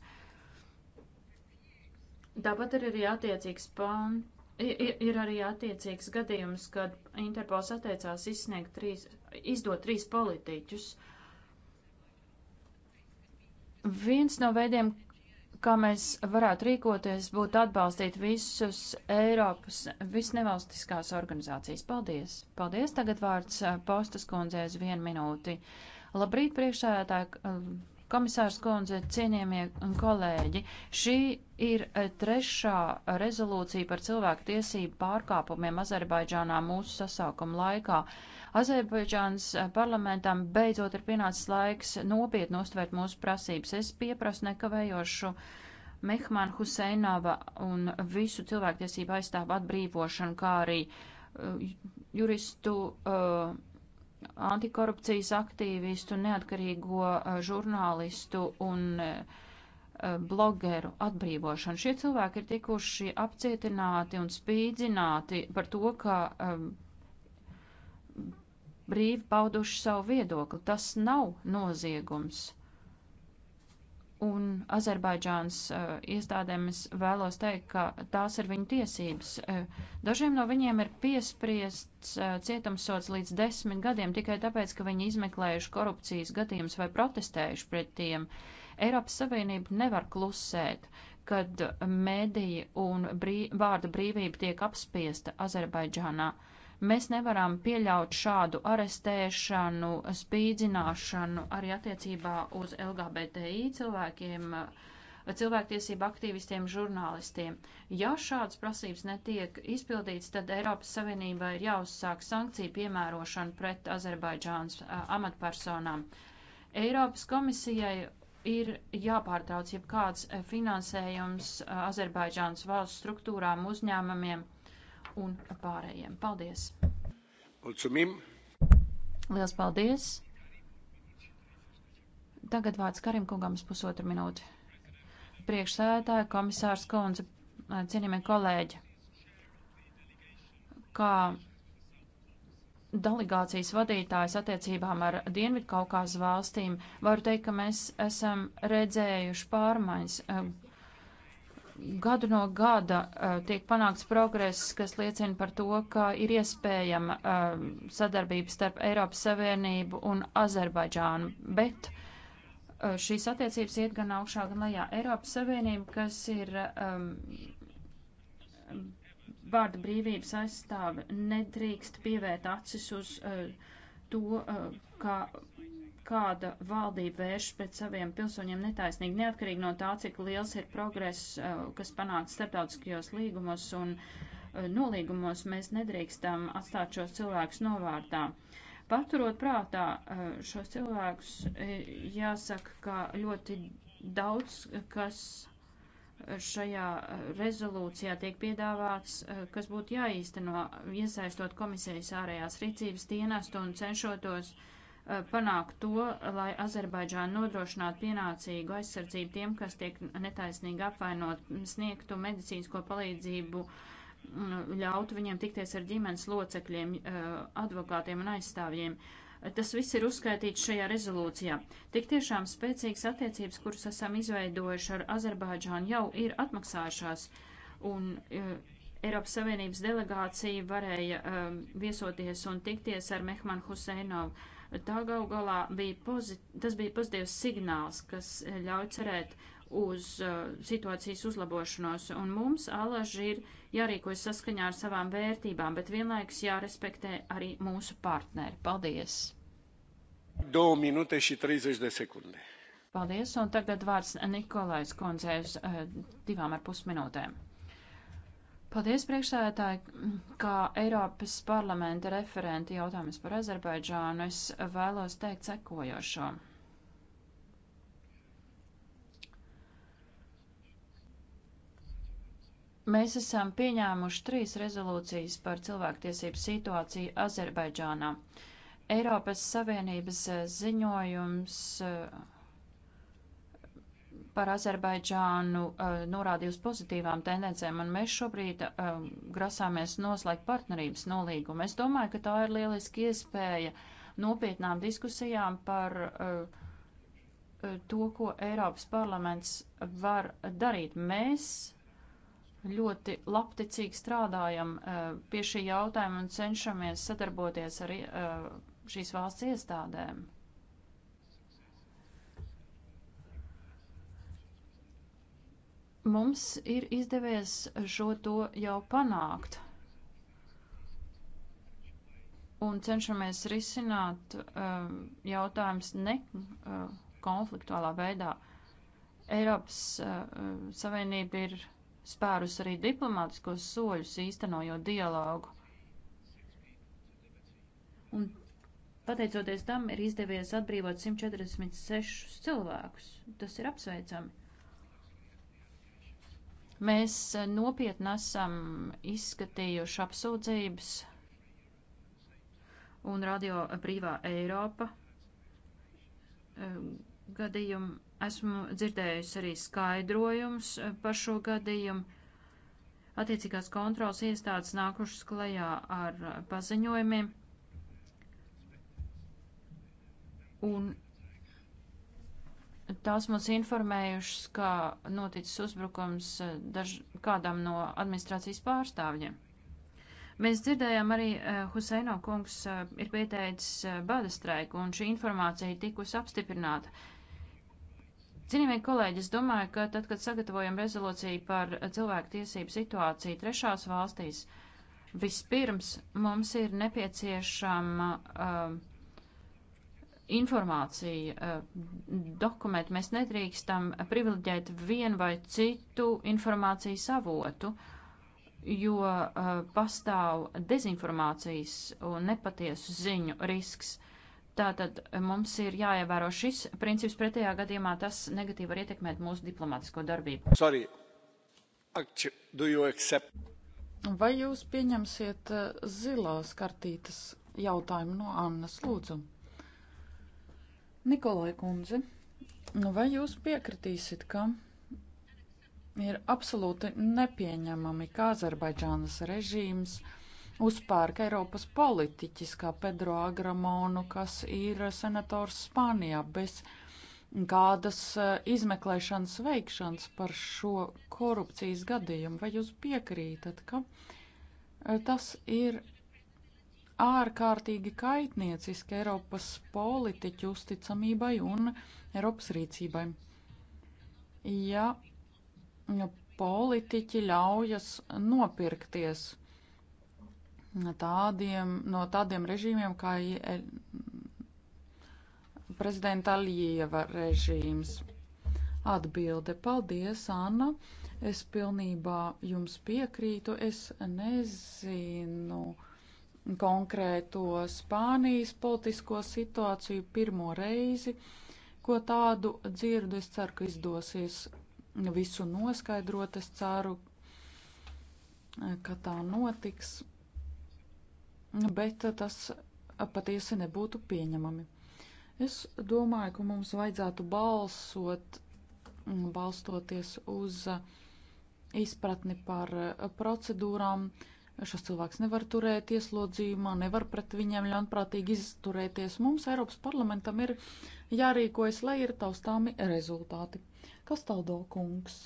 Tāpat ir arī attiecīgs pants ir, ir arī attiecīgs gadījums, kad Interpols atteicās izsniegt trīs, izdot trīs politiķus. Viens no veidiem, kā mēs varētu rīkoties, būtu atbalstīt visus Eiropas visnevalstiskās organizācijas. Paldies! Paldies! Tagad vārds eh, postas kundzēs vienu minūti. Labrīt, priekšsēdētāji! Komisārs kundze, cienījamie kolēģi, šī ir e, trešā rezolūcija par cilvēku tiesību pārkāpumiem Azerbaidžānā mūsu sasaukuma laikā. Azerbaidžānas e, parlamentam beidzot ir pienācis laiks nopietni uztvērt mūsu prasības. Es pieprasu nekavējošu. Mehmāna Huseinava un visu cilvēktiesību aizstāvu atbrīvošanu, kā arī uh, juristu uh, antikorupcijas aktīvistu, neatkarīgo eh, žurnālistu un eh, blogeru atbrīvošanu. Šie cilvēki ir tikuši apcietināti un spīdzināti par to, ka um, brīvi pauduši savu viedokli. Tas nav noziegums un Azerbaidžānas uh, iestādēm es vēlos teikt, ka tās ir viņu tiesības. Uh, dažiem no viņiem ir piespriests uh, cietumsots līdz desmit gadiem tikai tāpēc, ka viņi izmeklējuši korupcijas gadījumus vai protestējuši pret tiem. Eiropas Savienība nevar klusēt, kad mediji un brī vārda brīvība tiek apspiesta Azerbaidžānā. Uh, Mēs nevaram pieļaut šādu arestēšanu, spīdzināšanu arī attiecībā uz LGBTI cilvēkiem, cilvēktiesību aktīvistiem, žurnālistiem. Ja šādas prasības netiek izpildīts, tad Eiropas Savienībā ir jāuzsāk sankciju piemērošana pret Azerbaidžānas amatpersonām. Eiropas komisijai ir jāpārtrauc jebkāds finansējums Azerbaidžānas valsts struktūrām uzņēmumiem un pārējiem. Paldies! Mulțumim! Liels paldies! Tagad vārds Karim kungam uz pusotru minūti. Priekšsēdētāja, komisārs Konze, cienījamie kolēģi, kā delegācijas vadītājs attiecībām ar Dienvidkaukāzu valstīm, varu teikt, ka mēs esam redzējuši pārmaiņas gadu no gada uh, tiek panākts progress, kas liecina par to, ka ir iespējama uh, sadarbība starp Eiropas Savienību un Azerbaidžānu, bet uh, šīs attiecības iet gan augšā, gan lejā. Eiropas Savienība, kas ir um, vārda brīvības aizstāve, nedrīkst pievērt acis uz uh, to, uh, kā kāda valdība vērš pret saviem pilsoņiem netaisnīgi, neatkarīgi no tā, cik liels ir progress, uh, kas panāks starptautiskajos līgumos un uh, nolīgumos, mēs nedrīkstam atstāt šos cilvēkus novārtā. Paturot prātā uh, šos cilvēkus, jāsaka, ka ļoti daudz, kas šajā rezolūcijā tiek piedāvāts, kas būtu jāīsteno, iesaistot komisijas ārējās rīcības dienestu un cenšotos uh, panākt to, lai Azerbaidžāna nodrošinātu pienācīgu aizsardzību tiem, kas tiek netaisnīgi apvainot, sniegtu medicīnisko palīdzību, mm, ļautu viņiem tikties ar ģimenes locekļiem, eh, advokātiem un aizstāvjiem. Tas viss ir uzskaitīts šajā rezolūcijā. Tik tiešām spēcīgas attiecības, kuras esam izveidojuši ar Azerbaidžānu, jau ir atmaksājušās. Un, eh, Eiropas Savienības delegācija varēja um, viesoties un tikties ar Mehmanu Huseinovu. Uh, bet tā gal galā bija pozit, tas bija pozitīvs signāls, kas eh, ļauj cerēt uz uh, situācijas uzlabošanos, un mums alaži ir jārīkojas saskaņā ar savām vērtībām, bet vienlaikus jārespektē arī mūsu partneri. Paldies! 2 minūte și 30 de secunde. Paldies, un tagad vārds Nikolais Konzēvs uh, divām ar pus minūtēm. Paldies, priekšsēdētāji, kā Eiropas parlamenta referenti jautājums par Azerbaidžānu, es vēlos teikt sekojošo. Mēs esam pieņēmuši trīs rezolūcijas par cilvēktiesību situāciju Azerbaidžānā. Eiropas Savienības ziņojums par Azerbaidžānu uh, norādīja uz pozitīvām tendencēm, un mēs šobrīd uh, grasāmies noslēgt partnerības nolīgumu. Es domāju, ka tā ir lieliski iespēja nopietnām diskusijām par uh, to, ko Eiropas parlaments var darīt. Mēs ļoti labticīgi strādājam pie šī jautājuma un cenšamies sadarboties ar šīs valsts iestādēm. Mums ir izdevies šo to jau panākt un cenšamies risināt um, jautājumus ne uh, konfliktuālā veidā. Eiropas uh, Savienība ir spērus arī diplomātiskos soļus īstenojot dialogu. Un pateicoties tam ir izdevies atbrīvot 146 cilvēkus. Tas ir apsveicami. Mēs eh, nopietni esam izskatījuši apsūdzības un radio brīvā Eiropa eh, gadījumu. Esmu dzirdējusi arī skaidrojums eh, par šo gadījumu. Attiecīgās kontrols iestādes nākušas klajā ar paziņojumiem. Un Tās mums informējušas, kā noticis uzbrukums eh, daž, kādam no administrācijas pārstāvjiem. Mēs dzirdējām arī, eh, Huseino kungs eh, ir pieteicis bada streiku, un šī informācija tikus apstiprināta. Cienījamie kolēģi, es domāju, ka tad, kad sagatavojam rezolūciju par cilvēku tiesību situāciju trešās valstīs, vispirms mums ir nepieciešama uh, informācija, eh, dokumenti. Mēs nedrīkstam privileģēt vienu vai citu informācijas avotu, jo eh, pastāv dezinformācijas un nepatiesu ziņu risks. Tātad eh, mums ir jāievēro šis princips, pretējā gadījumā tas negatīvi var ietekmēt mūsu diplomātisko darbību. Sorry. Do you accept? Vai jūs pieņemsiet zilās kartītes jautājumu no Annas lūdzu? Nikolai kundze, nu vai jūs piekritīsit, ka ir absolūti nepieņemami, ka Azerbaidžānas režīms uzpērk Eiropas politiķis kā Pedro Agramonu, kas ir senators Spānijā, bez kādas e, izmeklēšanas veikšanas par šo korupcijas gadījumu? Vai jūs piekrītat, ka e, tas ir ārkārtīgi kaitnieciska Eiropas politiķu uzticamībai un Eiropas rīcībai. Ja politiķi ļaujas nopirkties tādiem, no tādiem režīmiem kā e- prezidenta Alijeva režīms. Atbilde. Paldies, Anna. Es pilnībā jums piekrītu. Es nezinu konkrēto Spānijas politisko situāciju pirmo reizi, ko tādu dzirdu. Es ceru, ka izdosies visu noskaidrot. Es ceru, ka tā notiks. Bet tas patiesi nebūtu pieņemami. Es domāju, ka mums vajadzētu balsot, balstoties uz izpratni par procedūrām, uh, Šis cilvēks nevar turēt ieslodzījumā, nevar pret viņiem ļaunprātīgi izturēties. Mums, Eiropas parlamentam, ir jārīkojas, lai ir taustāmi rezultāti. Kas taldo kungs?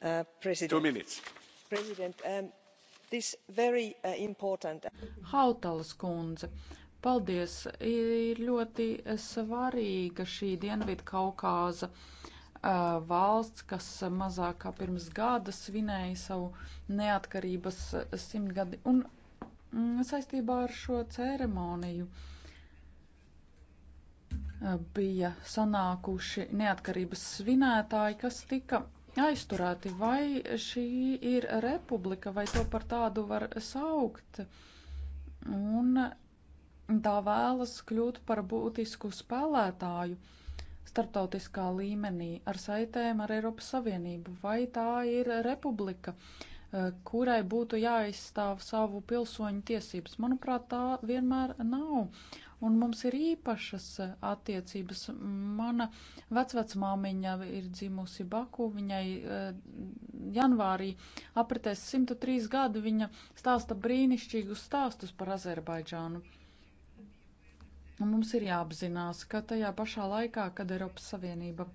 Uh, president. President, um, very, uh, important... Hautalas kundze, paldies! Ir ļoti svarīga šī Dienvidu Kaukāza uh, Uh, valsts, kas mazāk kā pirms gada svinēja savu neatkarības simtgadi. Un mm, saistībā ar šo ceremoniju uh, bija sanākuši neatkarības svinētāji, kas tika aizturēti. Vai šī ir republika, vai to par tādu var saukt? Un tā vēlas kļūt par būtisku spēlētāju starptautiskā līmenī ar saitēm ar Eiropas Savienību, vai tā ir republika, eh, kurai būtu jāizstāv savu pilsoņu tiesības. Manuprāt, tā vienmēr nav. Un mums ir īpašas eh, attiecības. Mana vecvecmāmiņa ir dzimusi Baku, viņai eh, janvārī apritēs 103 gadi, viņa stāsta brīnišķīgus stāstus par Azerbaidžānu. Un nu, mums ir jāapzinās, ka tajā pašā laikā, kad Eiropas Savienība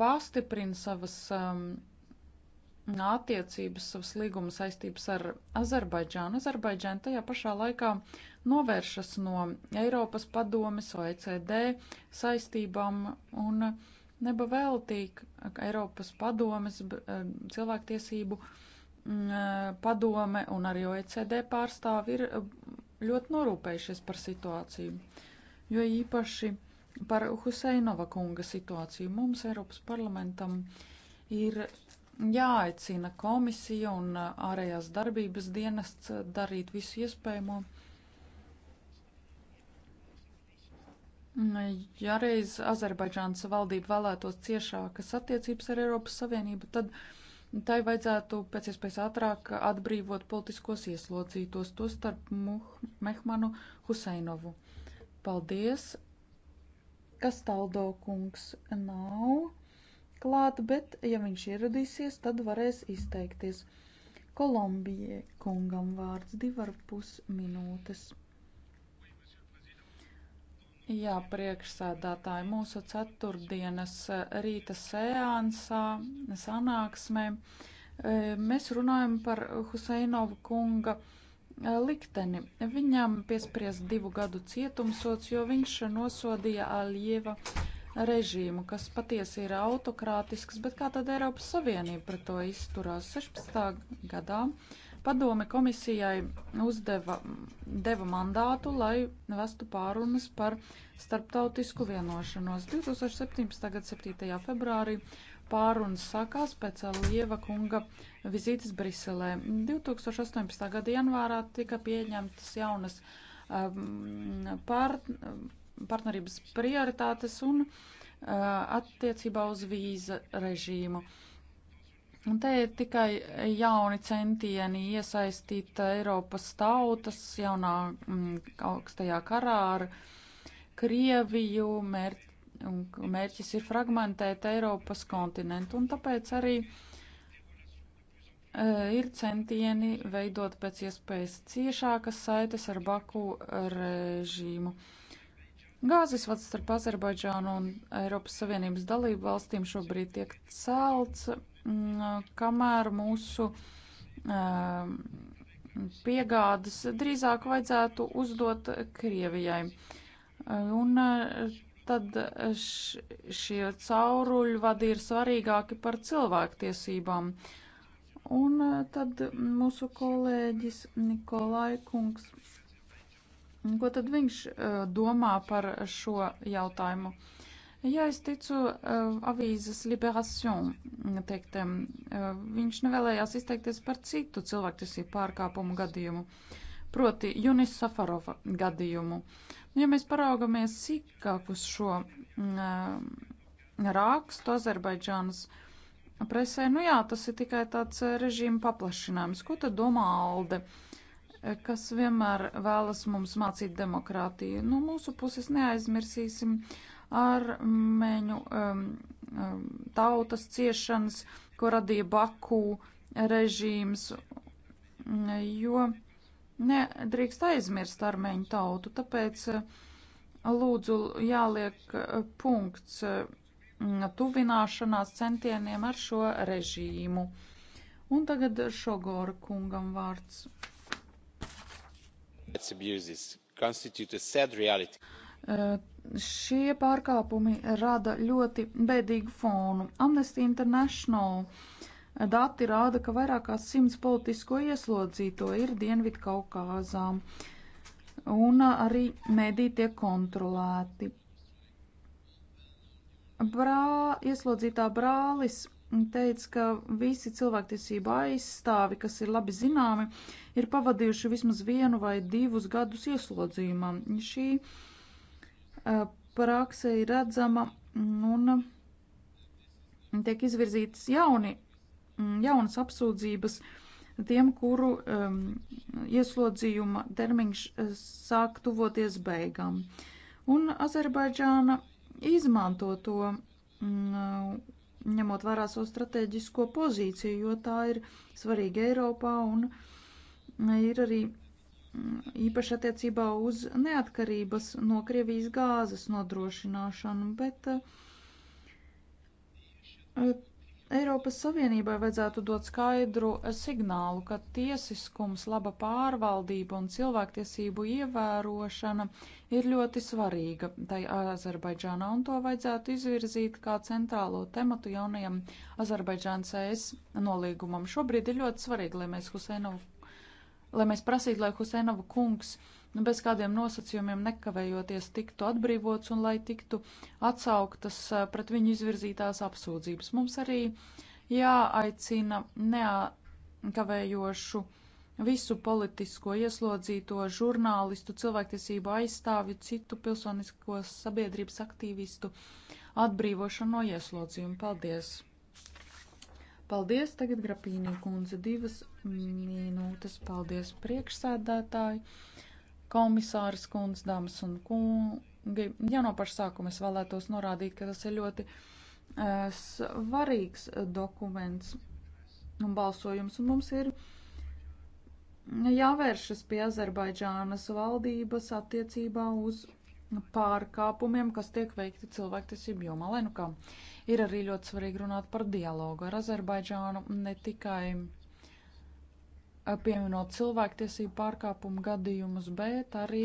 pastiprina savas um, attiecības, savas līguma saistības ar Azerbaidžānu, Azerbaidžāna tajā pašā laikā novēršas no Eiropas padomes OECD saistībām un nebavēltīgi Eiropas padomes um, cilvēktiesību padome un arī OECD pārstāvi ir ļoti norūpējušies par situāciju, jo īpaši par Huseinova kunga situāciju mums Eiropas parlamentam ir jāaicina komisija un ārējās darbības dienests darīt visu iespējamo. Ja reiz Azerbaidžānas valdība vēlētos ciešākas attiecības ar Eiropas Savienību, tad uh, Tai vajadzētu pēc iespējas ātrāk atbrīvot politiskos ieslodzītos, to starp Muh Mehmanu Huseinovu. Paldies, kas taldo kungs nav klāt, bet ja viņš ieradīsies, tad varēs izteikties. Kolumbijai kungam vārds divar pus minūtes. Jā, priekšsēdētāji, mūsu ceturtdienas eh, rīta sēānsā, sanāksmē, eh, mēs runājam par Huseinovu kunga eh, likteni. Viņam piespries divu gadu cietumsots, jo viņš nosodīja Alieva režīmu, kas patiesi ir autokrātisks, bet kā tad Eiropas Savienība pret to izturās 16. gadā? Padome komisijai uzdeva, deva mandātu, lai vestu pārunas par starptautisku vienošanos. 2017. gada 7. februārī pārunas sākās pēc Lieva kunga vizītes Briselē. 2018. gada janvārā tika pieņemtas jaunas um, pār, partnerības prioritātes un uh, attiecībā uz vīza režīmu. Uh, Un te ir tikai jauni centieni iesaistīt Eiropas tautas jaunā m, mm, augstajā karā ar Krieviju. Mēr, mērķis ir fragmentēt Eiropas kontinentu, un tāpēc arī e, ir centieni veidot pēc iespējas ciešākas saites ar Baku režīmu. Gāzes vads starp Azerbaidžānu un Eiropas Savienības dalību valstīm šobrīd tiek celts Mm, kamēr mūsu eh, piegādes drīzāk vajadzētu uzdot Krievijai. Un eh, tad šie cauruļvadi ir svarīgāki par cilvēktiesībām. Un eh, tad mūsu kolēģis Nikolai Kungs. Ko tad viņš domā par šo jautājumu? Jā, es ticu uh, avīzes Liberation mm, teiktam. Uh, eh, viņš nevēlējās izteikties par citu cilvēktiesību pārkāpumu gadījumu, proti Junis Safarova gadījumu. Ja mēs paraugamies sīkāk uz šo uh, mm, eh, rākstu Azerbaidžānas presē, nu jā, tas ir tikai tāds režīma paplašinājums. Ko tad domā Alde? kas vienmēr vēlas mums mācīt demokrātiju. No nu, mūsu puses neaizmirsīsim uh, armēņu um, um, tautas ciešanas, ko radīja Baku režīms, jo nedrīkst aizmirst armēņu tautu, tāpēc uh, lūdzu jāliek uh, punkts uh, tuvināšanās centieniem ar šo režīmu. Un tagad Šogora kungam vārds. Its abuses constitute a sad reality. Uh, Šie pārkāpumi rada ļoti bēdīgu fonu. Amnesty International dati rāda, ka vairāk kā simts politisko ieslodzīto ir Dienvidu Kaukāzā, un arī mediji tiek kontrolēti. Brā, ieslodzītā brālis teica, ka visi cilvēktiesība aizstāvi, kas ir labi zināmi, ir pavadījuši vismaz vienu vai divus gadus ieslodzījumā. Šī Eh, prakse ir redzama un tiek izvirzītas jauni, mm, jaunas apsūdzības tiem, kuru um, ieslodzījuma termiņš eh, sāk tuvoties beigām. Un Azerbaidžāna izmanto to, um, ņemot vērā savu strateģisko pozīciju, jo tā ir svarīga Eiropā un ir arī īpaši attiecībā uz neatkarības no Krievijas gāzes nodrošināšanu, bet eh, Eiropas Savienībai vajadzētu dot skaidru signālu, ka tiesiskums, laba pārvaldība un cilvēktiesību ievērošana ir ļoti svarīga tai Azerbaidžānā, un to vajadzētu izvirzīt kā centrālo tematu jaunajam Azerbaidžānas ES nolīgumam. Šobrīd ir ļoti svarīgi, lai mēs Huseinovu lai mēs prasītu, lai Huseinova kungs nu, bez kādiem nosacījumiem nekavējoties tiktu atbrīvots un lai tiktu atsauktas pret viņu izvirzītās apsūdzības. Mums arī jāaicina neakavējošu visu politisko ieslodzīto žurnālistu, cilvēktiesību aizstāvju, citu pilsonisko sabiedrības aktīvistu atbrīvošanu no ieslodzījuma. Paldies! Paldies! Tagad Grapīnī kundze divas minūtes. Paldies priekšsēdētāji, komisāras kundz, dāmas un kungi. Jau no paša sākuma es vēlētos norādīt, ka tas ir ļoti uh, svarīgs dokuments un balsojums, un mums ir jāvēršas pie Azerbaidžānas valdības attiecībā uz pārkāpumiem, kas tiek veikti cilvēktiesību jomā. Lai nu kā, ir arī ļoti svarīgi runāt par dialogu ar Azerbaidžānu, ne tikai pieminot cilvēktiesību pārkāpumu gadījumus, bet arī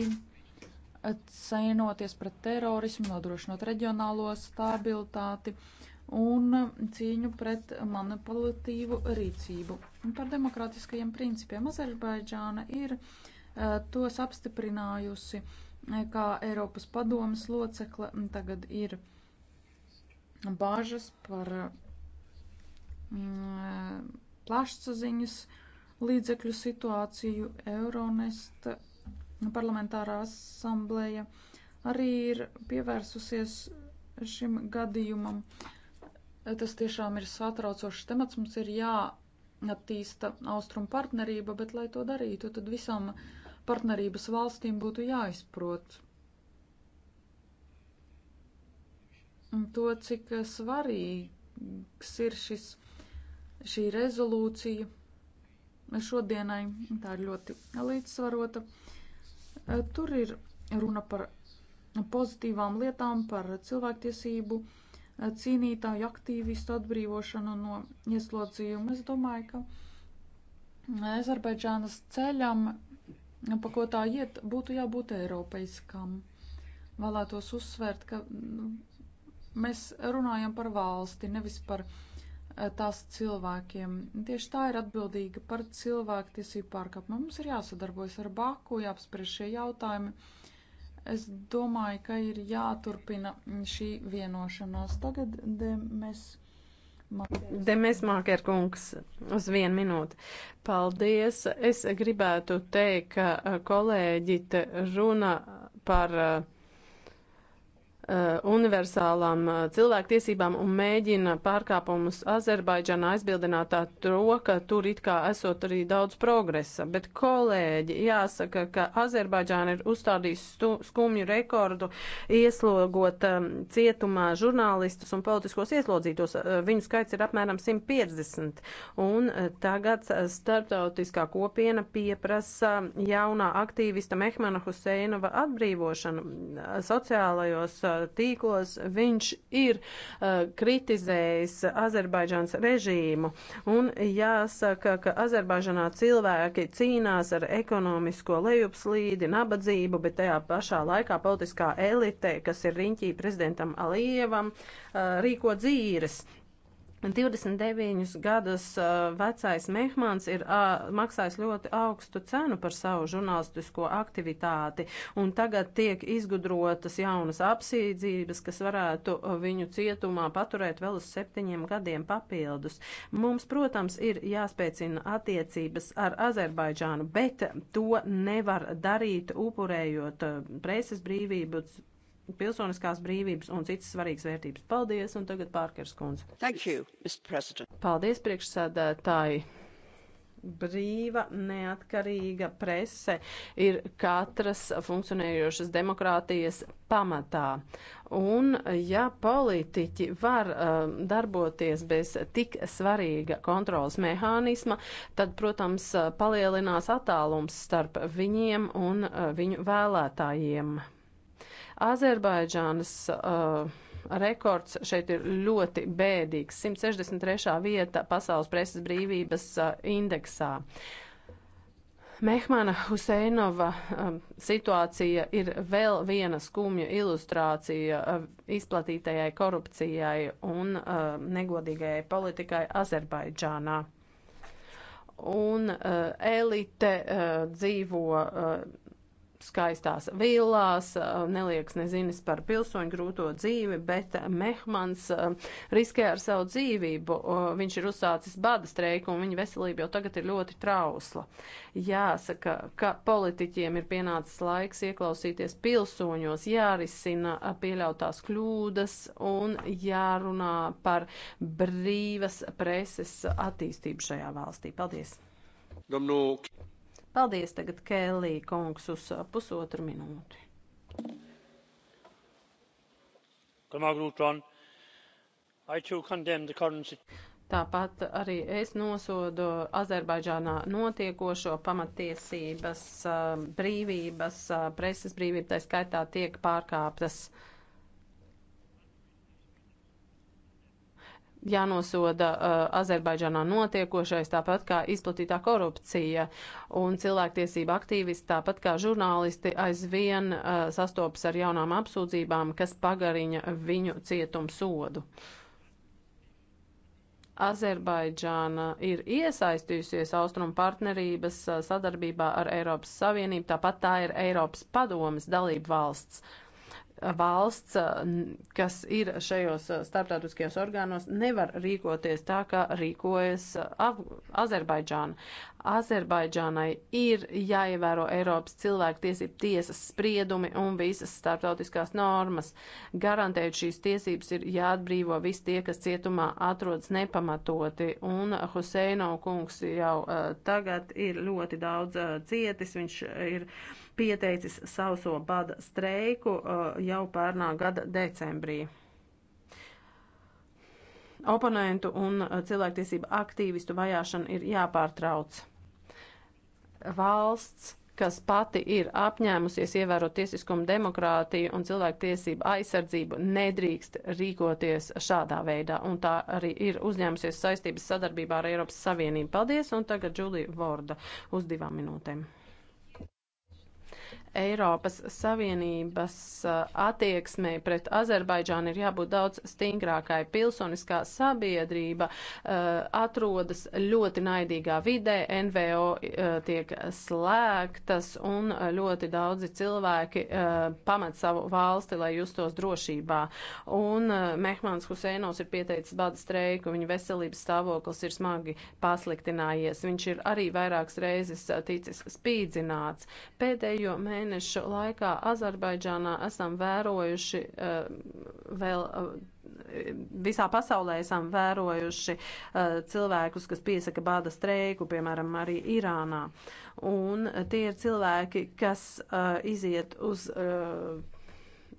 cīnoties pret terorismu, nodrošinot reģionālo stabilitāti un cīņu pret manipulatīvu rīcību. Un par demokrātiskajiem principiem Azerbaidžāna ir tos apstiprinājusi kā Eiropas padomas locekle. Tagad ir bāžas par mm, plašsaziņas. Mm, līdzekļu situāciju. Euronest nu, parlamentārā asambleja arī ir pievērsusies šim gadījumam. Tas tiešām ir satraucošs temats. Mums ir jāattīsta austrumu partnerība, bet, lai to darītu, tad visām partnerības valstīm būtu jāizprot to, cik svarīgs ir šis, šī rezolūcija šodienai. Tā ir ļoti līdzsvarota. Eh, tur ir runa par pozitīvām lietām, par cilvēktiesību eh, cīnītāju aktīvistu atbrīvošanu no ieslodzījuma. Es domāju, ka Azerbaidžānas ceļam, pa ko tā iet, būtu jābūt eiropeiskam. Vēlētos uzsvērt, ka mm, mēs runājam par valsti, nevis par valsti tās cilvēkiem. Tieši tā ir atbildīga par cilvēktiesību pārkāpumu. Mums ir jāsadarbojas ar Baku, jāapspriež šie jautājumi. Es domāju, ka ir jāturpina šī vienošanās. Tagad mēs. Demes Mākerkungs uz vienu minūti. Paldies. Es gribētu teikt, ka kolēģi te runa par uh, Uh, universālām uh, cilvēktiesībām un mēģina pārkāpumus Azerbaidžanā aizbildināt tā to, ka tur it kā esot arī daudz progresa. Bet kolēģi jāsaka, ka Azerbaidžāna ir uzstādījis skumju rekordu ieslogot um, cietumā žurnālistus un politiskos ieslodzītos. Uh, viņu skaits ir apmēram 150. Un tagad starptautiskā kopiena pieprasa jaunā aktīvista Mehmana Huseinova atbrīvošanu sociālajos tīklos viņš ir uh, kritizējis Azerbaidžāns režīmu. Un jāsaka, ka Azerbaidžanā cilvēki cīnās ar ekonomisko lejupslīdi, nabadzību, bet tajā pašā laikā politiskā elite, kas ir riņķī prezidentam Alievam, uh, rīko dzīves. 29 gadus vecais Mehmans ir maksājis ļoti augstu cenu par savu žurnālistisko aktivitāti, un tagad tiek izgudrotas jaunas apsīdzības, kas varētu viņu cietumā paturēt vēl uz septiņiem gadiem papildus. Mums, protams, ir jāspēcina attiecības ar Azerbaidžānu, bet to nevar darīt upurējot preses brīvības pilsoniskās brīvības un citas svarīgas vērtības. Paldies, un tagad Pārkers kundze. Thank you, Mr. President. Paldies, priekšsēdētāji. Brīva, neatkarīga prese ir katras funkcionējošas demokrātijas pamatā. Un, ja politiķi var uh, darboties bez tik svarīga kontrolas mehānisma, tad, protams, palielinās attālums starp viņiem un uh, viņu vēlētājiem. Azerbaidžānas uh, rekords šeit ir ļoti bēdīgs - 163. vieta pasaules preses brīvības uh, indeksā. Mehmana Huseinova um, situācija ir vēl viena skumja ilustrācija uh, izplatītajai korupcijai un uh, negodīgajai politikai Azerbaidžānā. Un uh, elite uh, dzīvo uh, skaistās villās, nelieks nezinis par pilsoņu grūto dzīvi, bet Mehmans riskē ar savu dzīvību. Viņš ir uzsācis bada streiku un viņa veselība jau tagad ir ļoti trausla. Jāsaka, ka politiķiem ir pienācis laiks ieklausīties pilsoņos, jārisina pieļautās kļūdas un jārunā par brīvas preses attīstību šajā valstī. Paldies! Domnul Paldies tagad Kēlī kungs uz uh, pusotru minūti. Tāpat arī es nosodu Azerbaidžānā notiekošo pamatiesības, uh, brīvības, uh, preses brīvība, tā skaitā tiek pārkāptas. jānosoda uh, Azerbaidžanā notiekošais, tāpat kā izplatītā korupcija un cilvēktiesība aktīvisti, tāpat kā žurnālisti aizvien uh, sastopas ar jaunām apsūdzībām, kas pagariņa viņu cietumsodu. Azerbaidžāna ir iesaistījusies austrumu partnerības uh, sadarbībā ar Eiropas Savienību, tāpat tā ir Eiropas padomas dalība valsts. Uh, valsts, eh, kas ir šajos eh, starptautiskajos orgānos, nevar rīkoties tā, kā rīkojas eh, Azerbaidžāna. Azerbaidžānai ir jāievēro Eiropas cilvēktiesību tiesas spriedumi un visas starptautiskās normas. Garantēt šīs tiesības ir jāatbrīvo visi tie, kas cietumā atrodas nepamatoti, un Huseino kungs jau uh, tagad ir ļoti daudz uh, cietis, viņš ir uh, pieteicis sauso bada streiku uh, jau pērnā gada decembrī oponentu un uh, cilvēktiesību aktīvistu vajāšana ir jāpārtrauc. Valsts, kas pati ir apņēmusies ievērot tiesiskumu demokrātiju un cilvēktiesību aizsardzību, nedrīkst rīkoties šādā veidā, un tā arī ir uzņēmusies saistības sadarbībā ar Eiropas Savienību. Paldies, un tagad Džulija Vorda uz divām minūtēm. Eiropas Savienības uh, attieksmei pret Azerbaidžānu ir jābūt daudz stingrākai. Pilsoniskā sabiedrība uh, atrodas ļoti naidīgā vidē, NVO uh, tiek slēgtas un ļoti daudzi cilvēki pamet savu valsti, lai justos drošībā. Un Mehmāns Husēnos ir pieteicis bada streiku, viņa veselības stāvoklis ir smagi pasliktinājies. Viņš ir arī vairākas reizes ticis spīdzināts. Pēdējo mēnesi mēnešu laikā Azerbaidžānā esam vērojuši eh, vēl eh, visā pasaulē esam vērojuši uh, cilvēkus, kas piesaka bāda streiku, piemēram, arī Irānā. Un tie ir cilvēki, kas uh, iziet uz uh,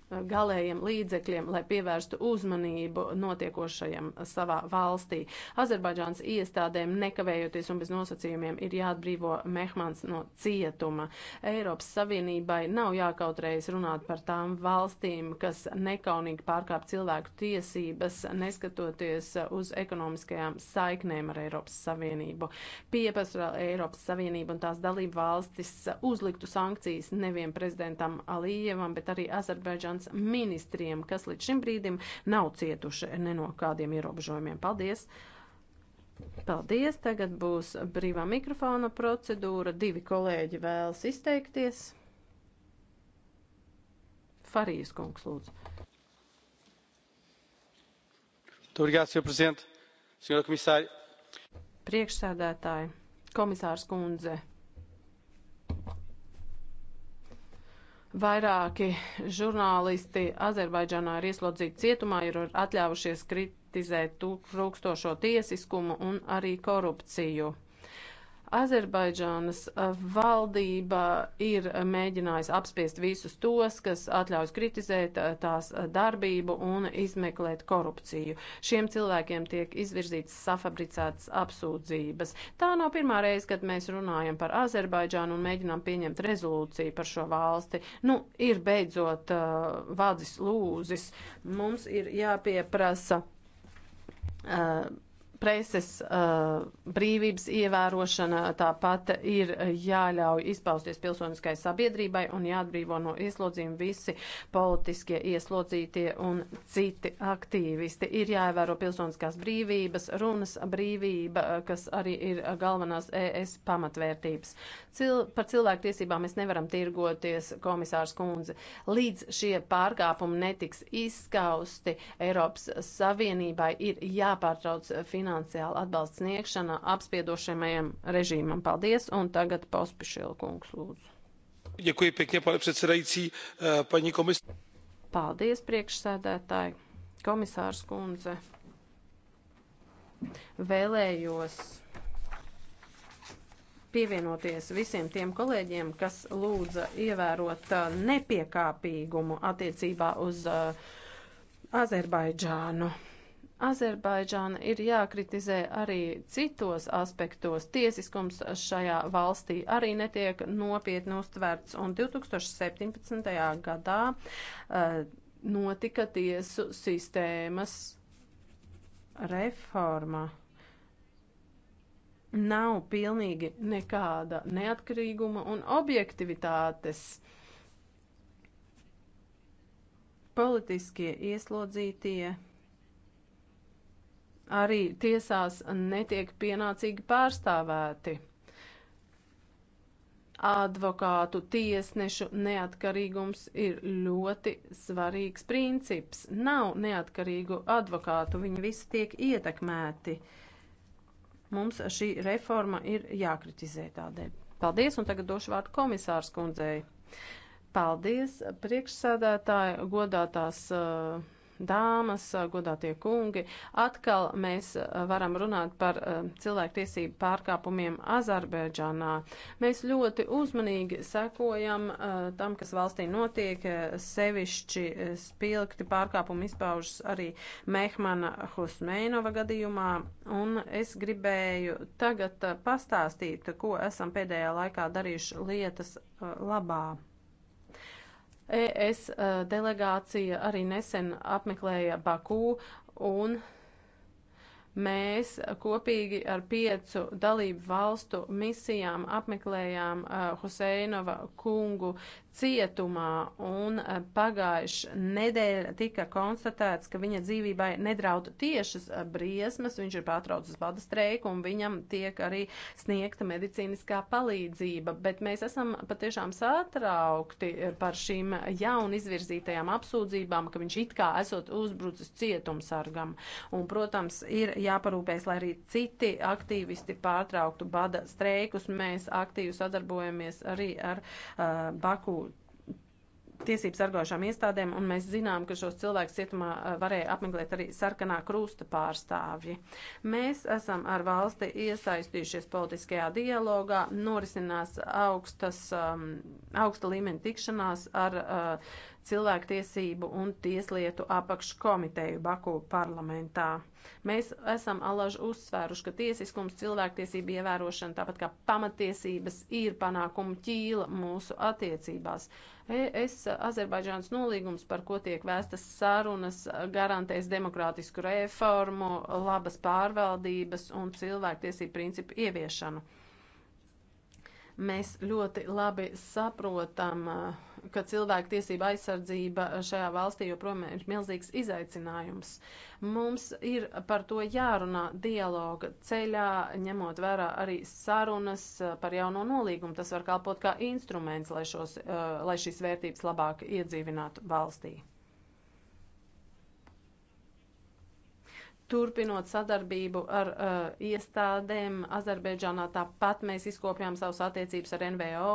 galējiem līdzekļiem, lai pievērstu uzmanību notiekošajam savā valstī. Azerbaidžāns iestādēm nekavējoties un bez nosacījumiem ir jāatbrīvo Mehmans no cietuma. Eiropas Savienībai nav jākautreiz runāt par tām valstīm, kas nekaunīgi pārkāp cilvēku tiesības, neskatoties uz ekonomiskajām saiknēm ar Eiropas Savienību. Piepasra Eiropas Savienību un tās dalību valstis uzliktu sankcijas nevien prezidentam Alijevam, bet arī Azerbaidžāns plāns ministriem, kas līdz šim brīdim nav cietuši ne no kādiem ierobežojumiem. Paldies! Paldies! Tagad būs brīvā mikrofona procedūra. Divi kolēģi vēlas izteikties. Farijas kungs, lūdzu. Turgāt, jau prezident, senjora komisāri. Priekšsēdētāji, komisārs kundze, Vairāki žurnālisti Azerbaidžānā ir ieslodzīti cietumā, ir atļāvušies kritizēt trūkstošo tiesiskumu un arī korupciju. Azerbaidžānas valdība ir mēģinājusi apspiest visus tos, kas atļaujas kritizēt tās darbību un izmeklēt korupciju. Šiem cilvēkiem tiek izvirzītas safabricētas apsūdzības. Tā nav pirmā reize, kad mēs runājam par Azerbaidžānu un mēģinām pieņemt rezolūciju par šo valsti. Nu, ir beidzot uh, vadzis lūzis. Mums ir jāpieprasa. Uh, preses uh, brīvības ievērošana tāpat ir jāļauj izpausties pilsoniskai sabiedrībai un jāatbrīvo no ieslodzījuma visi politiskie ieslodzītie un citi aktīvisti. Ir jāievēro pilsoniskās brīvības, runas brīvība, uh, kas arī ir galvenās ES pamatvērtības. Cil par cilvēktiesībām mēs nevaram tirgoties, komisārs kundze. Līdz šie pārkāpumi netiks izskausti, Eiropas Savienībai ir jāpārtrauc finansējumu finansiāla atbalsta sniegšana apspiedošajam režīmam. Paldies, un tagad Pauspišilkungs lūdzu. Děkuji pěkně, pane předsedající, eh, paní komis. Paldies, priekšsēdētāji, komisārs kundze. Vēlējos pievienoties visiem tiem kolēģiem, kas lūdza ievērot eh, nepiekāpīgumu attiecībā uz eh, Azerbaidžānu. Azerbaidžāna ir jākritizē arī citos aspektos. Tiesiskums šajā valstī arī netiek nopietni uztverts, un 2017. gadā uh, notika tiesu sistēmas reforma. Nav pilnīgi nekāda neatkarīguma un objektivitātes. Politiskie ieslodzītie arī tiesās netiek pienācīgi pārstāvēti. Advokātu tiesnešu neatkarīgums ir ļoti svarīgs princips. Nav neatkarīgu advokātu, viņi visi tiek ietekmēti. Mums šī reforma ir jākritizē tādēļ. Paldies, un tagad došu vārdu komisārs kundzei. Paldies, priekšsēdētāji, godātās. Uh, dāmas, godātie kungi, atkal mēs varam runāt par cilvēktiesību pārkāpumiem Azerbaidžānā. Mēs ļoti uzmanīgi sekojam tam, kas valstī notiek, sevišķi spilgti pārkāpumi izpaužas arī Mehmana Husmeinova gadījumā, un es gribēju tagad pastāstīt, ko esam pēdējā laikā darījuši lietas labā. ES uh, delegācija arī nesen apmeklēja Baku un mēs kopīgi ar piecu dalību valstu misijām apmeklējām uh, Huseinova kungu cietumā, un eh, pagājuši nedēļa tika konstatēts, ka viņa dzīvībai nedraud tiešas eh, briesmas, viņš ir pārtraucis bada streiku, un viņam tiek arī sniegta medicīniskā palīdzība, bet mēs esam patiešām satraukti eh, par šīm jaun izvirzītajām apsūdzībām, ka viņš it kā esot uzbrucis cietumsargam, un, protams, ir jāparūpēs, lai arī citi aktīvisti pārtrauktu bada streikus, mēs aktīvi sadarbojamies arī ar uh, Baku tiesību sargājušām iestādēm, un mēs zinām, ka šos cilvēkus cietumā varēja apmeklēt arī sarkanā krusta pārstāvji. Mēs esam ar valsti iesaistījušies politiskajā dialogā, norisinās augstas, um, augsta līmeņa tikšanās ar uh, cilvēktiesību un tieslietu apakškomiteju Baku parlamentā. Mēs esam alaži uzsvēruši, ka tiesiskums, cilvēktiesība ievērošana, tāpat kā pamatiesības, ir panākumu ķīla mūsu attiecībās. Uh, Es Azerbaidžāns nolīgums, par ko tiek vēstas sarunas, garantēs demokrātisku reformu, labas pārvaldības un cilvēktiesību principu ieviešanu. Mēs ļoti labi saprotam uh, ka cilvēku tiesība aizsardzība šajā valstī joprojām ir milzīgs izaicinājums. Mums ir par to jārunā dialoga ceļā, ņemot vērā arī sarunas eh, par jauno nolīgumu. Tas var kalpot kā instruments, lai, šos, eh, lai šīs vērtības labāk iedzīvinātu valstī. Turpinot sadarbību ar uh, iestādēm Azerbaidžānā, tāpat mēs izkopjām savus attiecības ar NVO,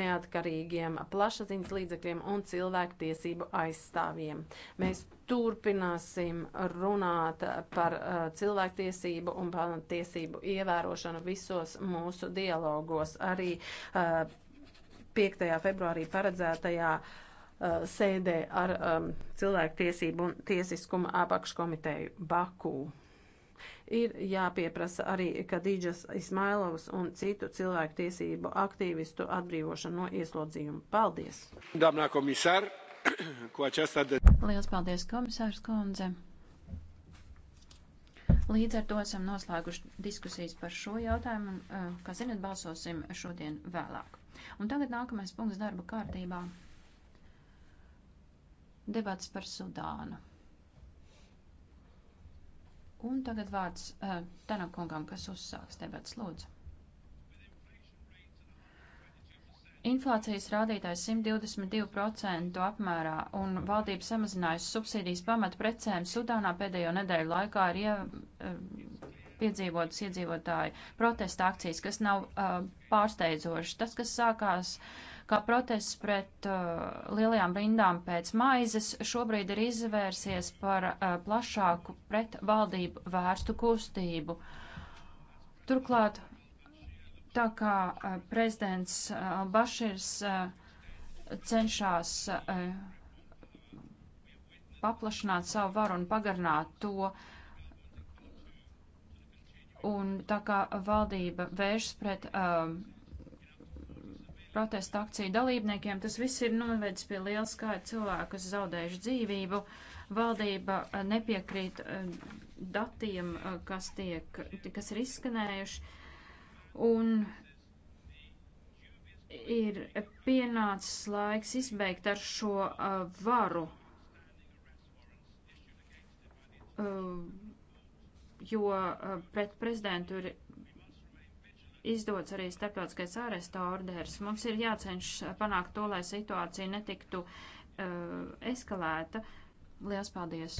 neatkarīgiem plašsaziņas līdzekļiem un cilvēktiesību aizstāvjiem. Mēs turpināsim runāt par uh, cilvēktiesību un tiesību ievērošanu visos mūsu dialogos, arī uh, 5. februārī paredzētajā uh, Uh, sēdē ar um, cilvēktiesību un tiesiskuma apakškomiteju Bakū. Ir jāpieprasa arī Kadīģas Ismailovas un citu cilvēktiesību aktīvistu atbrīvošanu no ieslodzījuma. Paldies! Dāmnā komisār, ko čestāt? Liels paldies, komisārs Kundze! Līdz ar to esam noslēguši diskusijas par šo jautājumu, un, uh, kā zinat, balsosim šodien vēlāk. Un tagad nākamais punkts darba kārtībā debats par Sudānu. Un tagad vārds uh, eh, Tanakungam, kas uzsāks debats, lūdzu. Inflācijas rādītājs 122% apmērā un valdība samazinājusi subsīdijas pamata precēm Sudānā pēdējo nedēļu laikā ir ie, uh, piedzīvotas iedzīvotāju protesta akcijas, kas nav uh, pārsteidzošas. Tas, kas sākās uh, kā protests pret uh, lielajām rindām pēc maizes šobrīd ir izvērsies par uh, plašāku pret valdību vērstu kustību. Turklāt, tā kā uh, prezidents uh, Baširs uh, cenšas uh, paplašināt savu varu un pagarināt to, uh, un tā kā valdība vēršas pret um, uh, protesta akciju dalībniekiem. Tas viss ir novedis pie liela skaita cilvēku, kas zaudējuši dzīvību. Valdība eh, nepiekrīt eh, datiem, eh, kas, tiek, kas ir izskanējuši. Un ir pienācis laiks izbeigt ar šo varu. jo pret prezidentu ir izdots arī starptautiskais āresta orders. Mums ir jācenšas panākt to, lai situācija netiktu uh, eskalēta. Lielas paldies!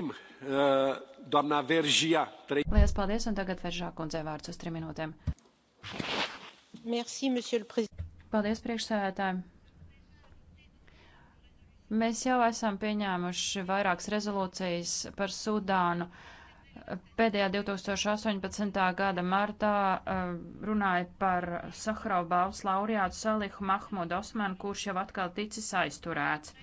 Uh, Lielas paldies, un tagad Veržā kundzei vārds uz trim minūtēm. Merci, paldies, priekšsēdētājiem! Mēs jau esam pieņēmuši vairākas rezolūcijas par Sudānu. Uh, pēdējā 2018. gada martā uh, runāja par Sahraubāvas laureātu Salihu Mahmudu Osmanu, kurš jau atkal ticis aizturēts.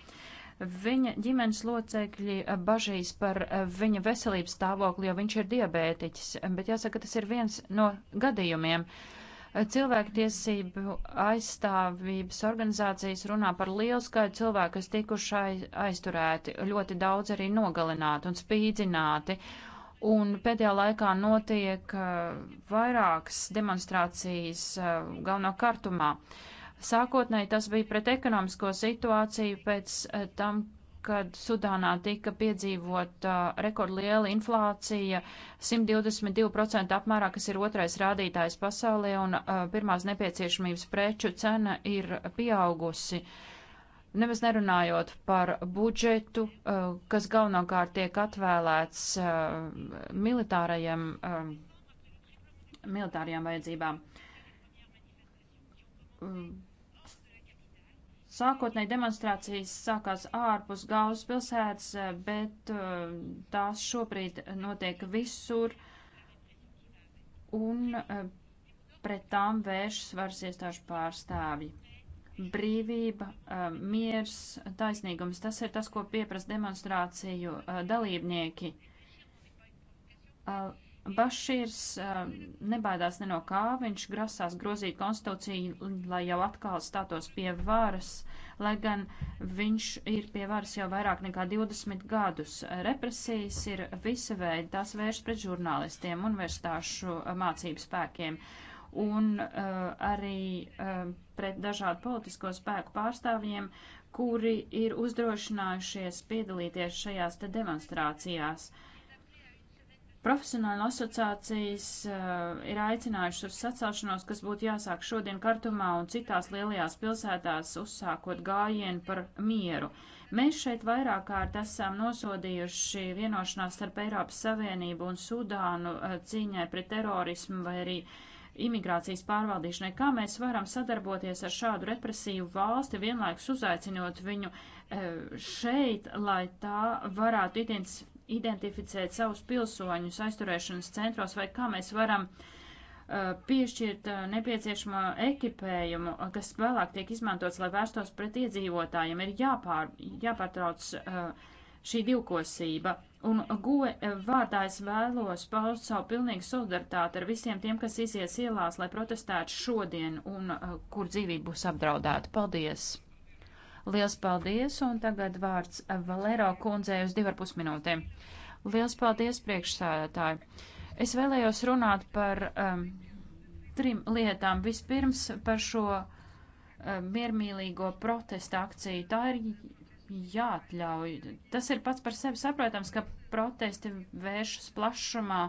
Viņa ģimenes locekļi uh, bažīs par uh, viņa veselības stāvokli, jo viņš ir diabētiķis, bet jāsaka, tas ir viens no gadījumiem. Uh, cilvēktiesību aizstāvības organizācijas runā par lielu skaitu cilvēku, kas tikuši aizturēti, ļoti daudz arī nogalināti un spīdzināti. Uh, Un pēdējā laikā notiek uh, vairākas demonstrācijas uh, galveno kartumā. Sākotnēji tas bija pret ekonomisko situāciju pēc uh, tam, kad Sudānā tika piedzīvota uh, rekordliela inflācija 122% apmērā, kas ir otrais rādītājs pasaulē, un uh, pirmās nepieciešamības preču cena ir pieaugusi. Uh, Nemaz nerunājot par budžetu, eh, kas galvenokārt tiek atvēlēts eh, militārajiem, eh, militārajām vajadzībām. Sākotnēji demonstrācijas sākās ārpus Gauzas pilsētas, bet tās šobrīd notiek visur un pret tām vēršas varas iestāžu pārstāvji brīvība, miers, taisnīgums. Tas ir tas, ko pieprasa demonstrāciju dalībnieki. Bašīrs nebaidās ne no kā, viņš grasās grozīt konstitūciju, lai jau atkal stātos pie varas, lai gan viņš ir pie varas jau vairāk nekā 20 gadus. Represijas ir visa veida, tās vērš pret žurnālistiem, universitāšu mācību spēkiem. Uh, un uh, arī uh, pret dažādu politisko spēku pārstāvjiem, kuri ir uzdrošinājušies piedalīties šajās te demonstrācijās. Profesionāla asociācijas uh, ir aicinājušas uz sacelšanos, kas būtu jāsāk šodien Kartumā un citās lielajās pilsētās, uzsākot gājienu par mieru. Mēs šeit vairāk kārt esam nosodījuši vienošanās starp Eiropas Savienību un Sudānu uh, cīņai pret terorismu vai arī uh, imigrācijas pārvaldīšanai, kā mēs varam sadarboties ar šādu represīvu valsti, vienlaikus uzaicinot viņu eh, šeit, lai tā varētu identificēt savus pilsoņus aizturēšanas centros, vai kā mēs varam eh, piešķirt eh, nepieciešamo ekipējumu, kas vēlāk tiek izmantots, lai vērstos pret iedzīvotājiem, ir jāpār, jāpārtrauc šī divkosība un goe vārdā es vēlos paust savu pilnīgu solidaritāti ar visiem tiem, kas izies ielās, lai protestētu šodien un uh, kur dzīvība būs apdraudēta. Paldies! Liels paldies, un tagad vārds Valero kundzei uz divarpus minūtēm. Liels paldies, priekšsēdētāji! Es vēlējos runāt par um, trim lietām. Vispirms par šo um, miermīlīgo protesta akciju. Tā ir jāatļauj. Tas ir pats par sevi saprotams, ka protesti vēršas plašumā,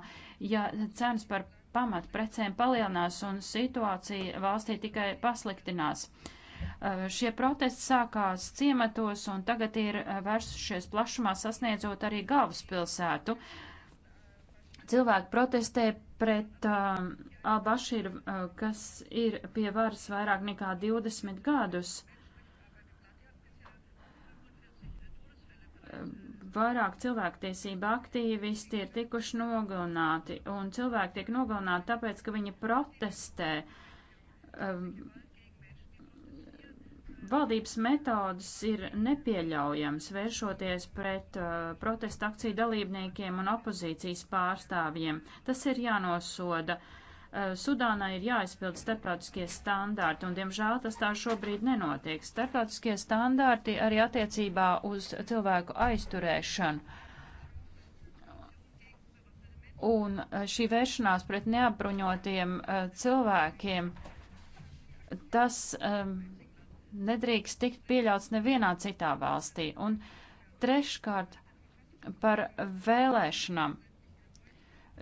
ja cenas par pamatprecēm palielinās un situācija valstī tikai pasliktinās. Šie protesti sākās ciematos un tagad ir vērsušies plašumā, sasniedzot arī galvaspilsētu. Cilvēki protestē pret uh, Albašīru, uh, kas ir pie varas vairāk nekā 20 gadus. vairāk cilvēktiesība aktīvisti ir tikuši nogalināti, un cilvēki tiek nogalināti tāpēc, ka viņi protestē. Um, valdības metodas ir nepieļaujams vēršoties pret uh, protesta akciju dalībniekiem un opozīcijas pārstāvjiem. Tas ir jānosoda. Uh, Eh, Sudānai ir jāizpild starptautiskie standarti, un, diemžēl, tas tā šobrīd nenotiek. Starptautiskie standarti arī attiecībā uz cilvēku aizturēšanu. Un eh, šī vēršanās pret neapbruņotiem eh, cilvēkiem, tas um, nedrīkst tikt pieļauts nevienā citā valstī. Un treškārt par vēlēšanām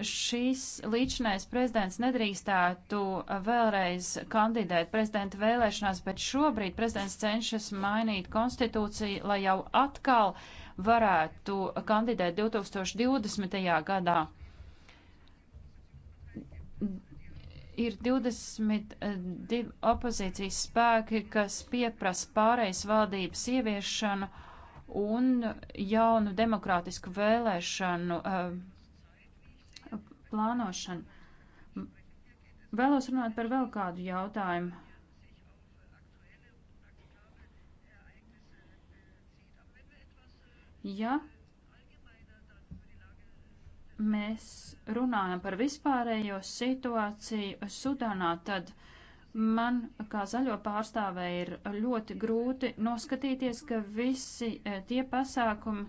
šis līdzinājs prezidents nedrīkstētu vēlreiz kandidēt prezidenta vēlēšanās, bet šobrīd prezidents cenšas mainīt konstitūciju, lai jau atkal varētu kandidēt 2020. gadā. Ir 22 opozīcijas spēki, kas pieprasa pārejas valdības ieviešanu un jaunu demokrātisku vēlēšanu. Uh, plānošanu. Vēlos runāt par vēl kādu jautājumu. Ja mēs runājam par vispārējo situāciju Sudānā, tad man kā zaļo pārstāvē ir ļoti grūti noskatīties, ka visi eh, tie pasākumi,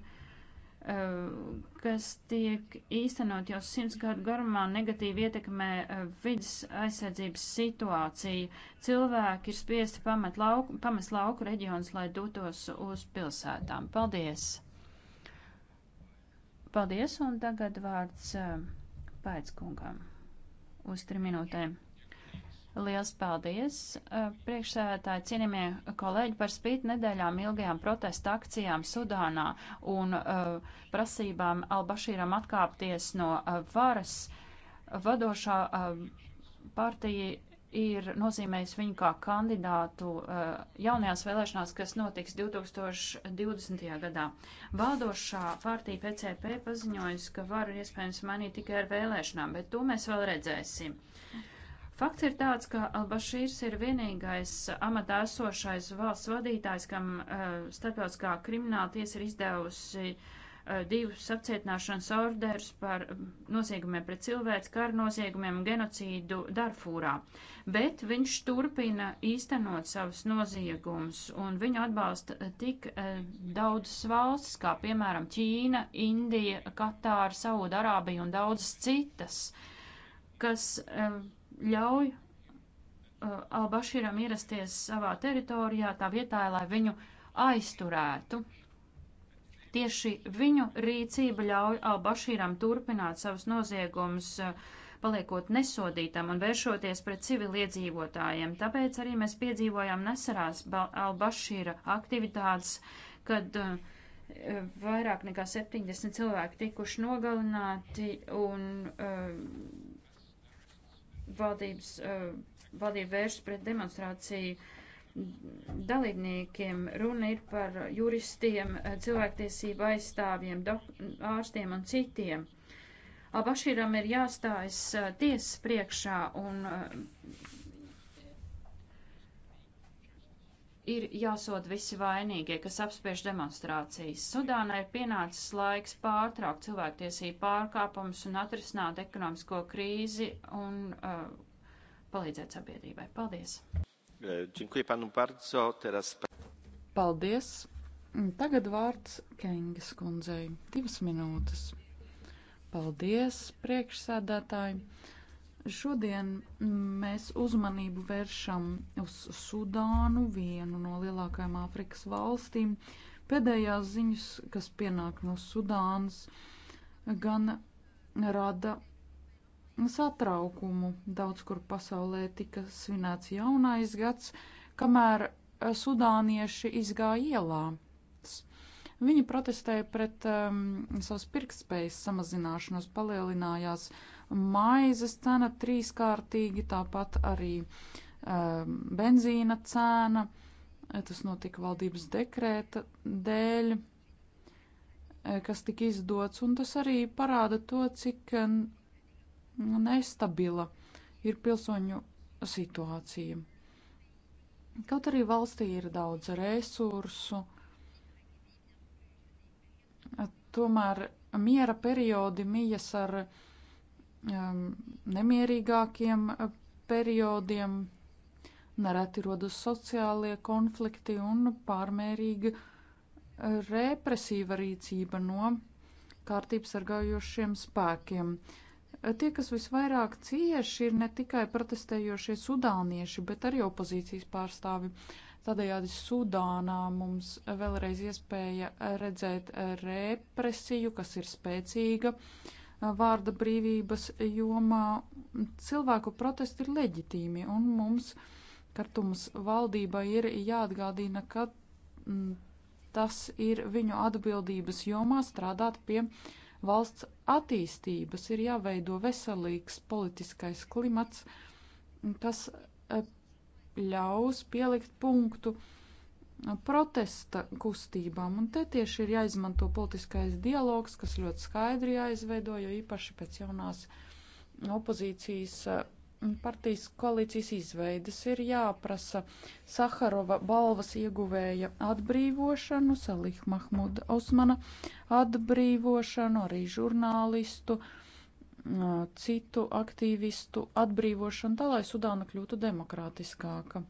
Eh, kas tiek īstenot jau simts gadu garumā, negatīvi ietekmē eh, vidas aizsardzības situāciju. Cilvēki ir spiesti pamet lauku, pamest lauku reģionus, lai dotos uz pilsētām. Paldies! Paldies, un tagad vārds eh, Paits kungam uz trim minūtēm. Liels paldies, priekšsēdētāji, cienījamie kolēģi, par spīti nedēļām ilgajām protesta akcijām Sudānā un uh, prasībām Albašīram atkāpties no uh, varas. Vadošā uh, partija ir nozīmējis viņu kā kandidātu jaunajās vēlēšanās, kas notiks 2020. gadā. Valdošā partija PCP paziņojas, ka varu iespējams mainīt tikai ar vēlēšanām, bet to mēs vēl redzēsim. Uh, Fakts ir tāds, ka Albašīrs ir vienīgais amatā esošais valsts vadītājs, kam uh, starptautiskā krimināla tiesa ir izdevusi uh, divus apcietināšanas orderus par mm, noziegumiem pret cilvēci, kara noziegumiem un genocīdu Darfūrā. Bet viņš turpina īstenot savus noziegumus, un viņu atbalsta eh, tik uh, daudzas valstis, kā piemēram Ķīna, Indija, Katāra, Sauda Arābija un daudzas citas, kas uh, ļauj uh, Albašīram ierasties savā teritorijā tā vietā, lai viņu aizturētu. Tieši viņu rīcība ļauj Albašīram turpināt savus noziegumus, uh, paliekot nesodītam un vēršoties pret civiliedzīvotājiem. Tāpēc arī mēs piedzīvojām nesarās Albašīra aktivitātes, kad uh, vairāk nekā 70 cilvēki tikuši nogalināti un uh, valdības, eh, valdība vēršas pret demonstrāciju dalībniekiem. Runa ir par juristiem, eh, cilvēktiesību aizstāvjiem, ārstiem un citiem. Abašīram ir jāstājas eh, tiesas priekšā un ir jāsod visi vainīgie, kas apspiež demonstrācijas. Sudānai ir pienācis laiks pārtraukt cilvēktiesību pārkāpumus un atrisināt ekonomisko krīzi un uh, palīdzēt sabiedrībai. Paldies! Eh, Paldies! Tagad vārds Kengas kundzei. Divas minūtes. Paldies, priekšsēdētāji! Šodien mm, mēs uzmanību vēršam uz Sudānu, vienu no lielākajām Āfrikas valstīm. Pēdējās ziņas, kas pienāk no Sudānas, gan rada satraukumu. Daudz kur pasaulē tika svinēts jaunais gads, kamēr sudānieši izgāja ielā. Viņi protestēja pret um, savas pirktspējas samazināšanos, palielinājās uh, maizes cena trīskārtīgi, tāpat arī um, benzīna cena. Tas notika valdības dekrēta dēļ, eh, kas tika izdots, un tas arī parāda to, cik nestabila ir pilsoņu situācija. Kaut arī valstī ir daudz resursu, tomēr miera periodi mijas ar uh, um, nemierīgākiem uh, periodiem nereti rodas sociālie konflikti un pārmērīga uh, represīva rīcība no kārtības sargājošiem spēkiem. Uh, tie, kas visvairāk cieši, ir ne tikai protestējošie sudānieši, bet arī opozīcijas pārstāvi. Tādējādi Sudānā mums vēlreiz iespēja redzēt represiju, kas ir spēcīga, uh, vārda brīvības jomā cilvēku protesti ir leģitīmi, un mums, kartums valdībai, ir jāatgādina, ka mm, tas ir viņu atbildības jomā strādāt pie valsts attīstības, ir jāveido veselīgs politiskais klimats, kas eh, ļaus pielikt punktu uh, protesta kustībām. Un te tieši ir jāizmanto politiskais dialogs, kas ļoti skaidri jāizveido, jo īpaši pēc jaunās opozīcijas eh, partijas koalīcijas izveidas ir jāprasa Saharova balvas ieguvēja atbrīvošanu, Salih Mahmuda Osmana atbrīvošanu, arī žurnālistu, eh, citu aktīvistu atbrīvošanu, tā lai Sudāna kļūtu demokrātiskāka.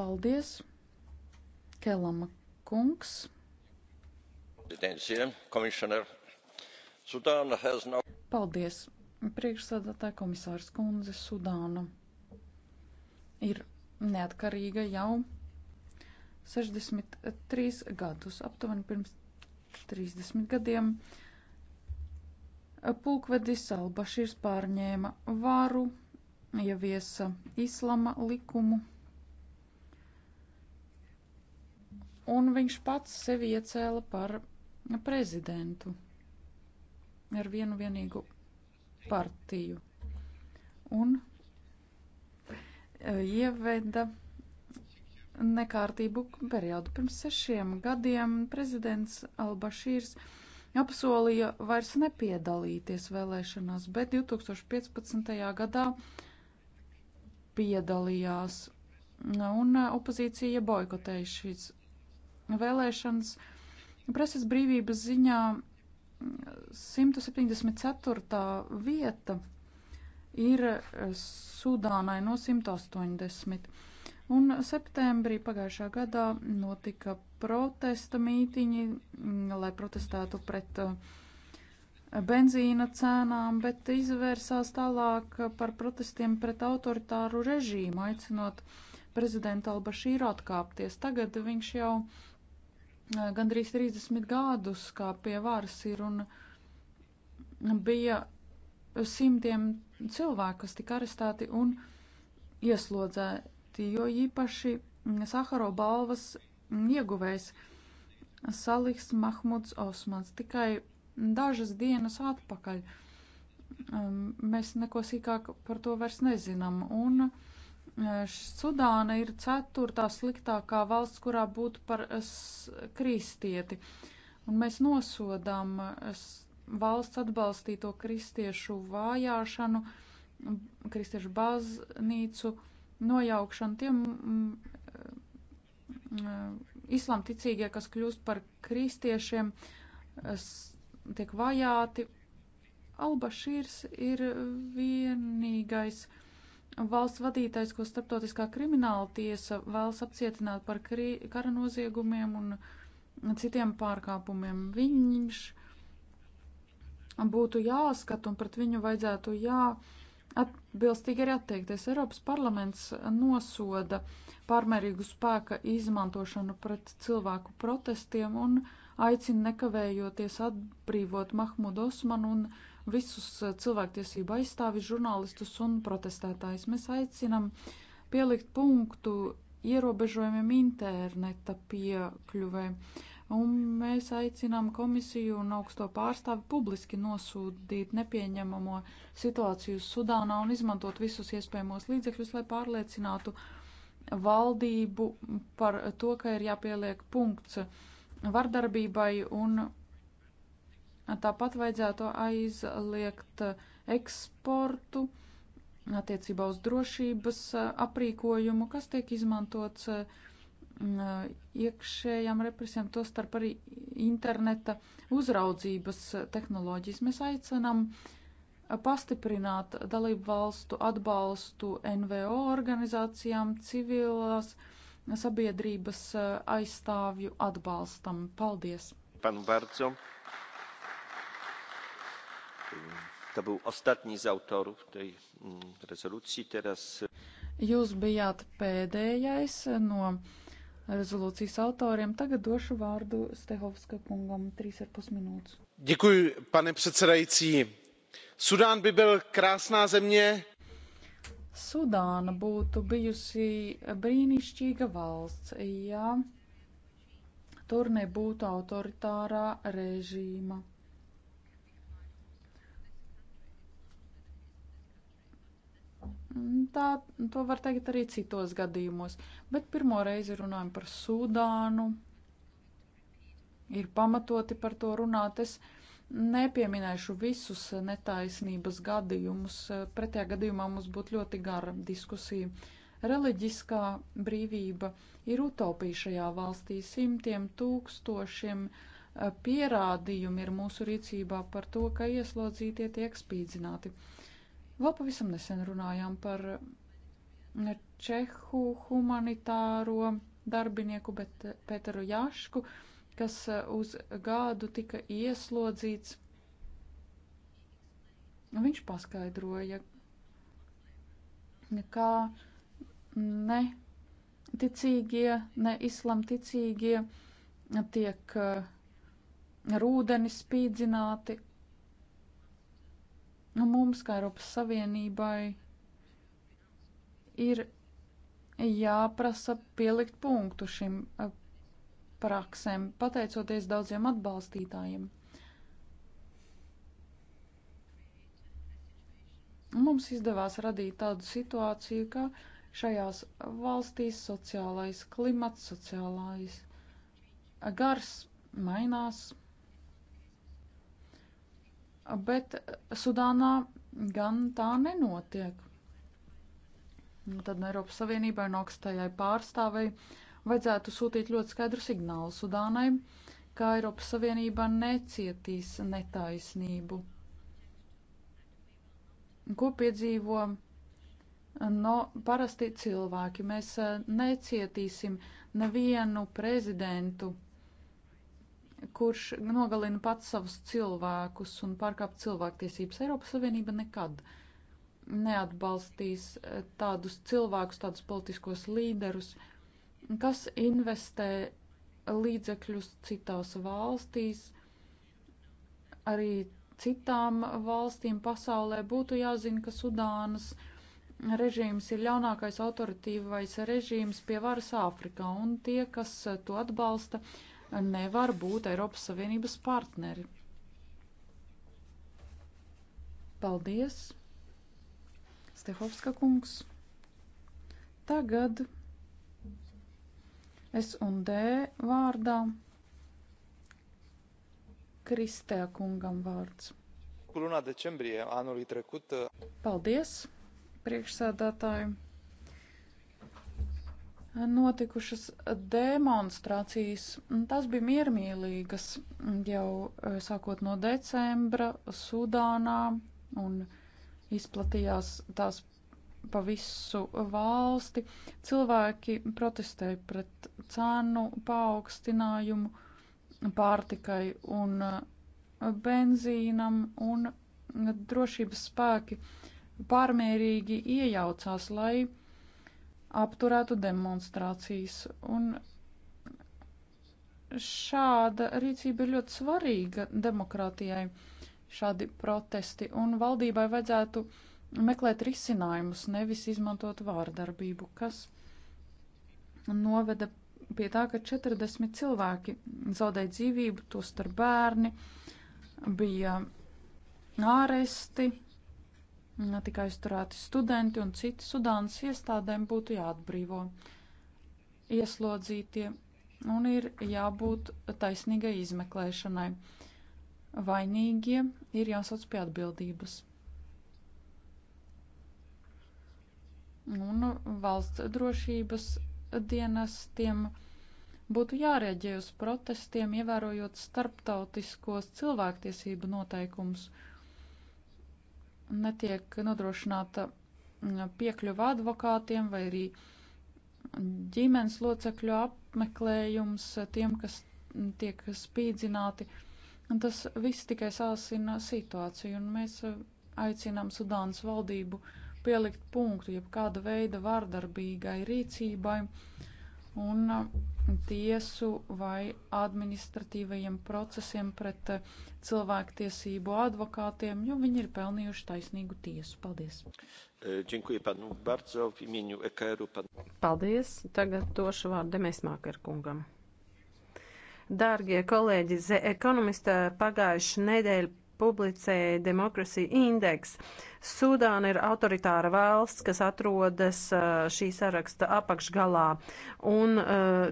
Paldies! Kelama kungs. Paldies, priekšsēdētāja komisārs kundze Sudāna. Ir neatkarīga jau 63 gadus, aptuveni pirms 30 gadiem. Pulkvedis Albašīrs pārņēma varu, ieviesa islama likumu un viņš pats sevi iecēla par prezidentu ar vienu vienīgu partiju un e, ieveda nekārtību periodu. Pirms sešiem gadiem prezidents Albašīrs apsolīja vairs nepiedalīties vēlēšanās, bet 2015. gadā piedalījās un e, opozīcija boikotēja šīs vēlēšanas. Preses brīvības ziņā 174. Mm, vieta ir eh, Sudānai no 180. Un septembrī pagājušā gadā notika protesta mītiņi, mm, lai protestētu pret eh, benzīna cenām, bet izvērsās tālāk par protestiem pret autoritāru režīmu, aicinot prezidentu Albašīru atkāpties. Tagad viņš jau uh, Eh, gandrīz 30 gadus, kā pie varas ir, un bija simtiem cilvēku, kas tika arestēti un ieslodzēti, jo īpaši Saharo balvas ieguvējs Saliks Mahmuds Osmans tikai dažas dienas atpakaļ. Mēs neko sīkāk par to vairs nezinām, un uh, Sudāna ir ceturtā sliktākā valsts, kurā būt par kristieti, un mēs nosodām valsts atbalstīto kristiešu vājāšanu, kristiešu baznīcu nojaukšanu. Tiem islām ticīgie, kas kļūst par kristiešiem, tiek vajāti. Albašīrs ir vienīgais. Uh, Valsts vadītājs, ko starptautiskā krimināla tiesa vēlas apcietināt par kara noziegumiem un citiem pārkāpumiem, viņš būtu jāskat un pret viņu vajadzētu jā. Atbilstīgi arī atteikties. Eiropas parlaments nosoda pārmērīgu spēka izmantošanu pret cilvēku protestiem un aicina nekavējoties atbrīvot Mahmudu Osmanu un uh, visus eh, cilvēktiesību aizstāvis, žurnālistus un protestētājus. Mēs aicinam pielikt punktu ierobežojumiem interneta piekļuvē, un mēs aicinām komisiju un augsto pārstāvi publiski nosūdīt nepieņemamo situāciju Sudānā un izmantot visus iespējamos līdzekļus, lai pārliecinātu valdību par to, ka ir jāpieliek punkts vardarbībai un Tāpat vajadzētu aizliegt eksportu attiecībā uz drošības aprīkojumu, kas tiek izmantots iekšējām represijām, to starp arī interneta uzraudzības tehnoloģijas. Mēs aicinām pastiprināt dalību valstu atbalstu NVO organizācijām, civilās sabiedrības aizstāvju atbalstam. Paldies! Panu Bārcu. To był ostatni z autorów tej mm, rezolucji. Teraz. Jūs bijāt pēdējais no rezolūcijas autoriem. Tagad došu vārdu Stehovska kungam 3,5 minūtes. Děkuji, pane předsedající. Sudán by byl krásná země. Sudāna būtu bijusi brīnišķīga valsts, ja tur nebūtu autoritārā režīma. Tā to var teikt arī citos gadījumos, bet pirmo reizi runājam par Sudānu. Ir pamatoti par to runāt. Es nepieminēšu visus netaisnības gadījumus. Pretējā gadījumā mums būtu ļoti gara diskusija. Reliģiskā brīvība ir utopija šajā valstī. Simtiem tūkstošiem eh, pierādījumi ir mūsu rīcībā par to, ka ieslodzītie tiek spīdzināti. Uh, Vēl pavisam nesen runājām par mm, Čehu humanitāro darbinieku bet, eh, Pēteru Jašku, kas eh, uz gādu tika ieslodzīts. Viņš paskaidroja, kā ne ticīgie, ne islamticīgie tiek eh, rūdeni spīdzināti Nu, mums, kā Eiropas Savienībai, ir jāprasa pielikt punktu šim eh, praksēm, pateicoties daudziem atbalstītājiem. Mums izdevās radīt tādu situāciju, ka šajās valstīs sociālais klimats, sociālais gars mainās, bet Sudānā gan tā nenotiek. Un nu, tad Eiropas Savienībai un augstajai pārstāvei vajadzētu sūtīt ļoti skaidru signālu Sudānai, ka Eiropas Savienība necietīs netaisnību, ko piedzīvo no parasti cilvēki. Mēs eh, necietīsim nevienu prezidentu kurš nogalina pats savus cilvēkus un pārkāp cilvēktiesības. Eiropas Savienība nekad neatbalstīs eh, tādus cilvēkus, tādus politiskos līderus, kas investē līdzekļus citās valstīs, arī citām valstīm pasaulē. Būtu jāzina, ka Sudānas režīms ir ļaunākais autoritīvais režīms pie varas Āfrikā, un tie, kas to atbalsta, uh, nevar būt Eiropas Savienības partneri. Paldies, Stehovska kungs. Tagad S un D vārdā Kristē kungam vārds. Lunā decembrie anului trecut. Paldies, priekšsēdētāji notikušas demonstrācijas. Tas bija miermīlīgas jau eh, sākot no decembra Sudānā un izplatījās tās pa visu valsti. Cilvēki protestēja pret cenu paaugstinājumu pārtikai un eh, benzīnam un drošības spēki pārmērīgi iejaucās, lai apturētu demonstrācijas. Un šāda rīcība ir ļoti svarīga demokrātijai, šādi protesti, un valdībai vajadzētu meklēt risinājumus, nevis izmantot vārdarbību, kas noveda pie tā, ka 40 cilvēki zaudēja dzīvību, tostarp bērni, bija āresti Tika aizturēti studenti un citi Sudānas iestādēm būtu jāatbrīvo ieslodzītie un ir jābūt taisnīgai izmeklēšanai. Vainīgie ir jāsauc pie atbildības. Un valsts drošības dienestiem būtu jārēģē uz protestiem, ievērojot starptautiskos cilvēktiesību noteikumus netiek nodrošināta mm, piekļuva advokātiem vai arī ģimenes locekļu apmeklējums tiem, kas mm, tiek spīdzināti. Un tas viss tikai sāsina situāciju, un mēs eh, aicinām Sudānas valdību pielikt punktu jebkāda veida vārdarbīgai rīcībai un tiesu vai administratīvajiem procesiem pret eh, cilvēktiesību advokātiem, jo viņi ir pelnījuši taisnīgu tiesu. Paldies! E, e Paldies! Tagad došu vārdu Demesmāker kungam. Dārgie kolēģi, The Economist pagājuši nedēļu publicēja Democracy Index. Sudāna ir autoritāra valsts, kas atrodas šī saraksta apakšgalā, un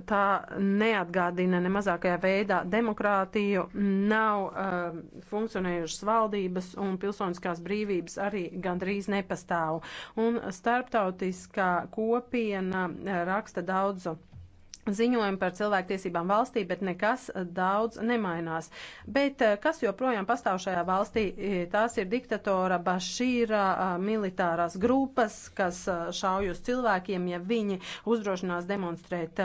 tā neatgādina ne mazākajā veidā demokrātiju, nav funkcionējušas valdības un pilsoniskās brīvības arī gandrīz nepastāv. Un starptautiskā kopiena raksta daudzu ziņojumi par cilvēktiesībām valstī, bet nekas daudz nemainās. Bet eh, kas joprojām pastāv šajā valstī, eh, tās ir diktatora Bašīra eh, militārās grupas, kas šauj uz cilvēkiem, ja viņi uzdrošinās demonstrēt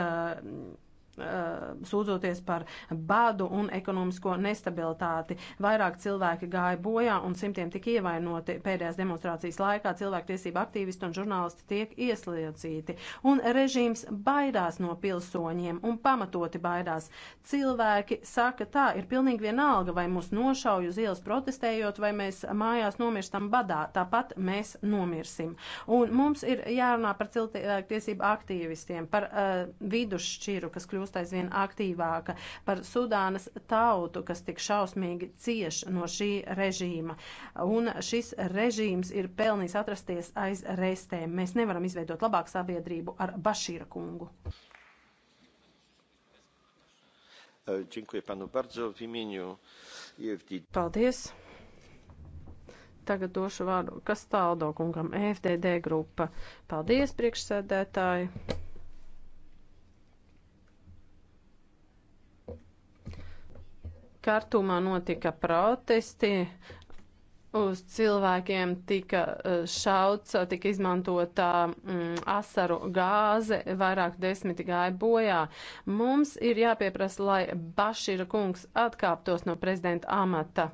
Uh, sūdzoties par badu un ekonomisko nestabilitāti. Vairāk cilvēki gāja bojā un simtiem tika ievainoti pēdējās demonstrācijas laikā. Cilvēktiesība aktīvisti un žurnālisti tiek iesliecīti. Un režīms baidās no pilsoņiem un pamatoti baidās. Cilvēki saka tā, ir pilnīgi vienalga, vai mūs nošauj uz ielas protestējot, vai mēs mājās nomirstam badā. Tāpat mēs nomirsim. Un mums ir jārunā par cilvēktiesību aktīvistiem, par uh, vidusšķiru, kas kļūst kļūst aizvien aktīvāka, par Sudānas tautu, kas tik šausmīgi cieš no šī režīma. Un šis režīms ir pelnījis atrasties aiz restēm. Mēs nevaram izveidot labāku sabiedrību ar Bašīra kungu. Dziękuję panu bardzo w imieniu EFD. Paldies. Tagad došu vārdu Kastaldo kungam, EFDD grupa. Paldies, priekšsēdētāji. Kartumā notika protesti, uz cilvēkiem tika eh, šauts, tika izmantota mm, asaru gāze, vairāk desmiti gāja bojā. Mums ir jāpieprasa, lai Bašīra kungs atkāptos no prezidenta amata.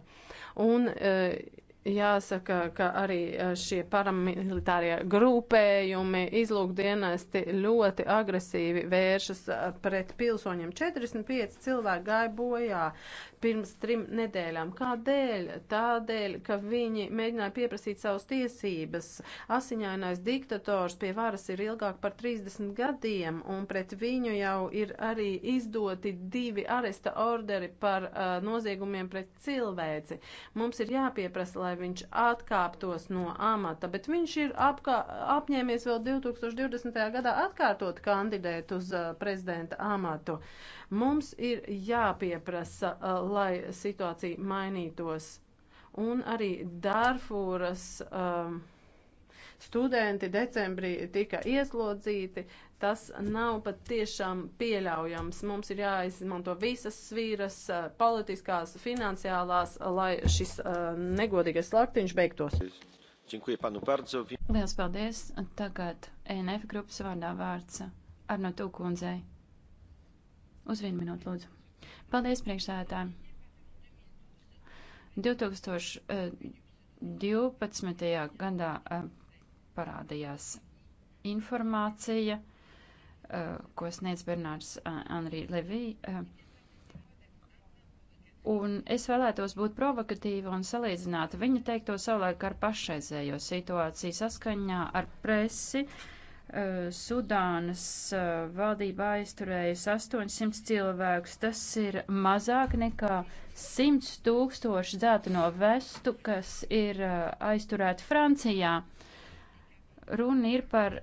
Un, eh, Jāsaka, ka arī eh, šie paramilitārie grupējumi, izlūkdienesti ļoti agresīvi vēršas pret pilsoņiem. 45 cilvēki gāja bojā, pirms trim nedēļām. Kādēļ? Tādēļ, ka viņi mēģināja pieprasīt savas tiesības. Asiņainais diktators pie varas ir ilgāk par 30 gadiem, un pret viņu jau ir arī izdoti divi aresta orderi par uh, noziegumiem pret cilvēci. Mums ir jāpieprasa, lai viņš atkāptos no amata, bet viņš ir apkā, apņēmies vēl 2020. gadā atkārtot kandidēt uz uh, prezidenta amatu. Uh, Mums ir jāpieprasa, uh, lai situācija mainītos. Un arī Dārfūras um, studenti decembrī tika ieslodzīti. Tas nav pat tiešām pieļaujams. Mums ir jāizmanto visas svīras, uh, politiskās, finansiālās, lai šis uh, negodīgais slaktiņš beigtos. Dziękuję panu bardzo. Liels paldies. Tagad ENF grupas vārdā vārds Arno Tūkundzei. Uz vienu minūtu, lūdzu. Paldies, priekšsēdētāji. 2012. Eh, gadā eh, parādījās informācija, eh, ko sniedz Bernārs Anri Levī. Un es vēlētos būt provokatīva un salīdzināt viņa teikto savulaik ar pašreizējo situāciju saskaņā ar presi. Uh, Eh, Sudānas eh, valdība aizturējusi 800 cilvēkus. Tas ir mazāk nekā 100 tūkstoši dzelta no vestu, kas ir eh, aizturēti Francijā. Runa ir par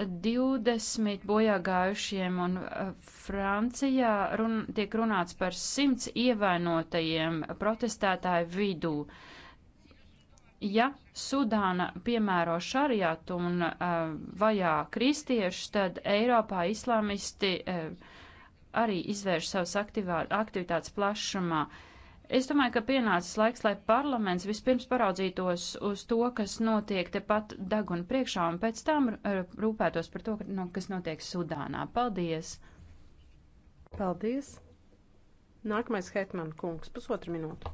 20 bojā gājušiem, un Francijā run, tiek runāts par 100 ievainotajiem protestētāju vidū. Uh, Ja Sudāna piemēro šariatu un uh, vajā kristiešus, tad Eiropā islamisti uh, eh, arī izvērš savas aktivā, aktivitātes plašumā. Es domāju, ka pienācis laiks, lai parlaments vispirms paraudzītos uz to, kas notiek tepat daguna priekšā, un pēc tam eh, rūpētos par to, no, nu, kas notiek Sudānā. Paldies! Paldies! Nākamais Hetman kungs, pusotru minūtu.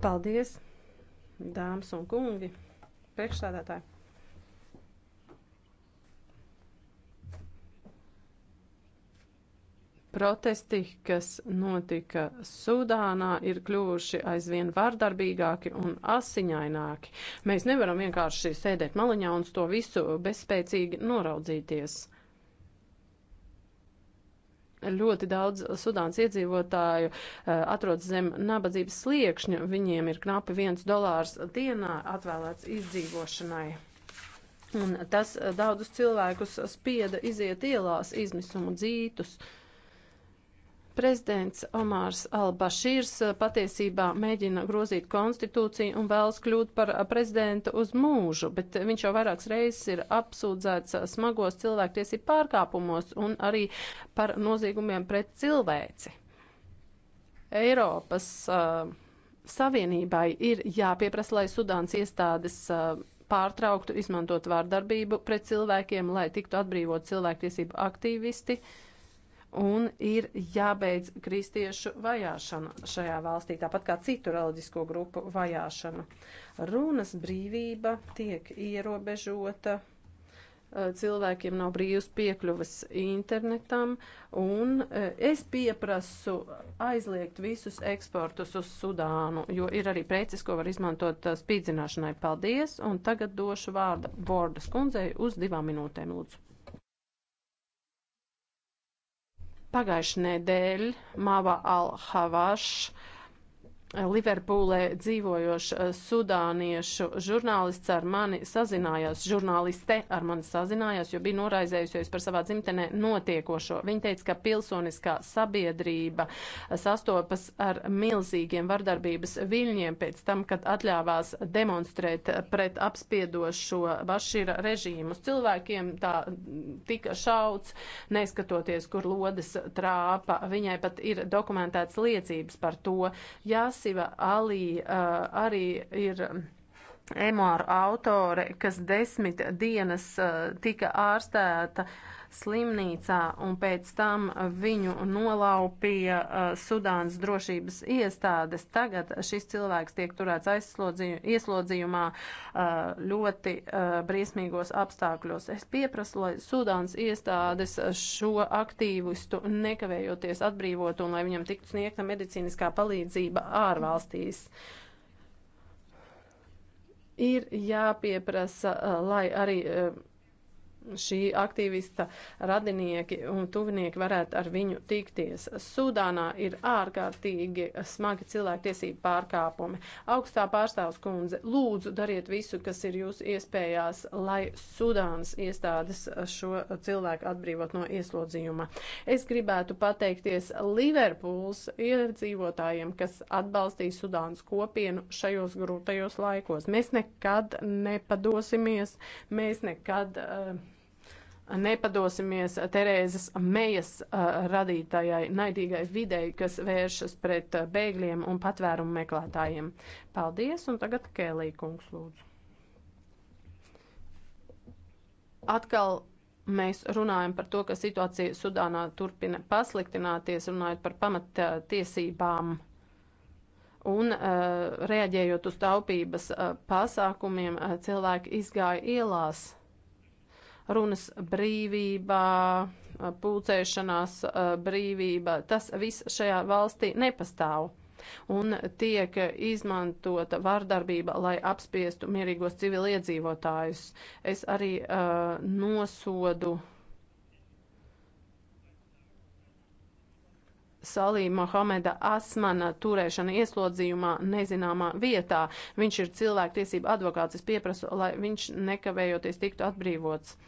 Paldies! dāmas un kungi, priekšstādātāji. Protesti, kas notika Sudānā, ir kļuvuši aizvien vardarbīgāki un asiņaināki. Mēs nevaram vienkārši sēdēt maliņā un uz to visu bezspēcīgi noraudzīties. Ļoti daudz Sudāns iedzīvotāju eh, atrodas zem nabadzības sliekšņa, viņiem ir knapi viens dolārs dienā atvēlēts izdzīvošanai. Un tas eh, daudzus cilvēkus spieda iziet ielās, izmisumu dzītus. Uh, Prezidents Omārs Al-Bašīrs eh, patiesībā mēģina grozīt konstitūciju un vēlas kļūt par eh, prezidentu uz mūžu, bet viņš jau vairākas reizes ir apsūdzēts eh, smagos cilvēktiesību pārkāpumos un arī par noziegumiem pret cilvēci. Eiropas uh, Savienībai ir jāpieprasa, lai Sudāns iestādes uh, pārtrauktu izmantot vārdarbību pret cilvēkiem, lai tiktu atbrīvot cilvēktiesību aktīvisti. Uh, un ir jābeidz kristiešu vajāšana šajā valstī, tāpat kā citu reliģisko grupu vajāšana. Runas brīvība tiek ierobežota, eh, cilvēkiem nav brīvas piekļuvas internetam, un eh, es pieprasu aizliegt visus eksportus uz Sudānu, jo ir arī preces, ko var izmantot eh, spīdzināšanai. Paldies, un tagad došu vārdu Bordas kundzei uz divām minūtēm, lūdzu. Pagājuši nedēļ Mava Al-Havaš Liverpūlē dzīvojošs eh, sudāniešu žurnālists ar mani sazinājās, žurnāliste ar mani sazinājās, jo bija noraizējusies par savā dzimtenē notiekošo. Viņa teica, ka pilsoniskā sabiedrība eh, sastopas ar milzīgiem vardarbības viļņiem pēc tam, kad atļāvās demonstrēt eh, pret apspiedošo Bašīra režīmu. Uz cilvēkiem tā tika šauts, neskatoties, kur lodes trāpa. Viņai pat ir dokumentēts liecības par to. Jās Asiva Alī uh, arī ir emāra autore, kas desmit dienas uh, tika ārstēta uh, slimnīcā, un pēc tam viņu nolaupīja uh, Sudānas drošības iestādes. Tagad šis cilvēks tiek turēts ieslodzījumā uh, ļoti uh, briesmīgos apstākļos. Es pieprasu, lai Sudānas iestādes šo aktīvistu nekavējoties atbrīvotu un lai viņam tiktu sniegta medicīniskā palīdzība ārvalstīs ir jāpieprasa, uh, lai arī uh, šī aktīvista radinieki un tuvinieki varētu ar viņu tikties. Sudānā ir ārkārtīgi smagi cilvēktiesību pārkāpumi. Augstā pārstāvs kundze, lūdzu dariet visu, kas ir jūsu iespējās, lai Sudānas iestādes šo cilvēku atbrīvot no ieslodzījuma. Es gribētu pateikties Liverpools iedzīvotājiem, kas atbalstīja Sudānas kopienu šajos grūtajos laikos. Mēs nekad nepadosimies, mēs nekad uh, nepadosimies Terēzes Mejas uh, radītājai naidīgai videi, kas vēršas pret uh, bēgļiem un patvērumu meklētājiem. Paldies, un tagad Kēlī kungs lūdzu. Atkal mēs runājam par to, ka situācija Sudānā turpina pasliktināties, runājot par pamattiesībām un uh, reaģējot uz taupības uh, pasākumiem, uh, cilvēki izgāja ielās runas brīvībā, pulcēšanās brīvība, tas viss šajā valstī nepastāv. Un tiek izmantota vardarbība, lai apspiestu mierīgos civiliedzīvotājus. Es arī uh, nosodu uh, Salī Mohameda Asmana turēšana ieslodzījumā nezināmā vietā. Viņš ir cilvēktiesība advokāts. Es pieprasu, lai viņš nekavējoties tiktu atbrīvots.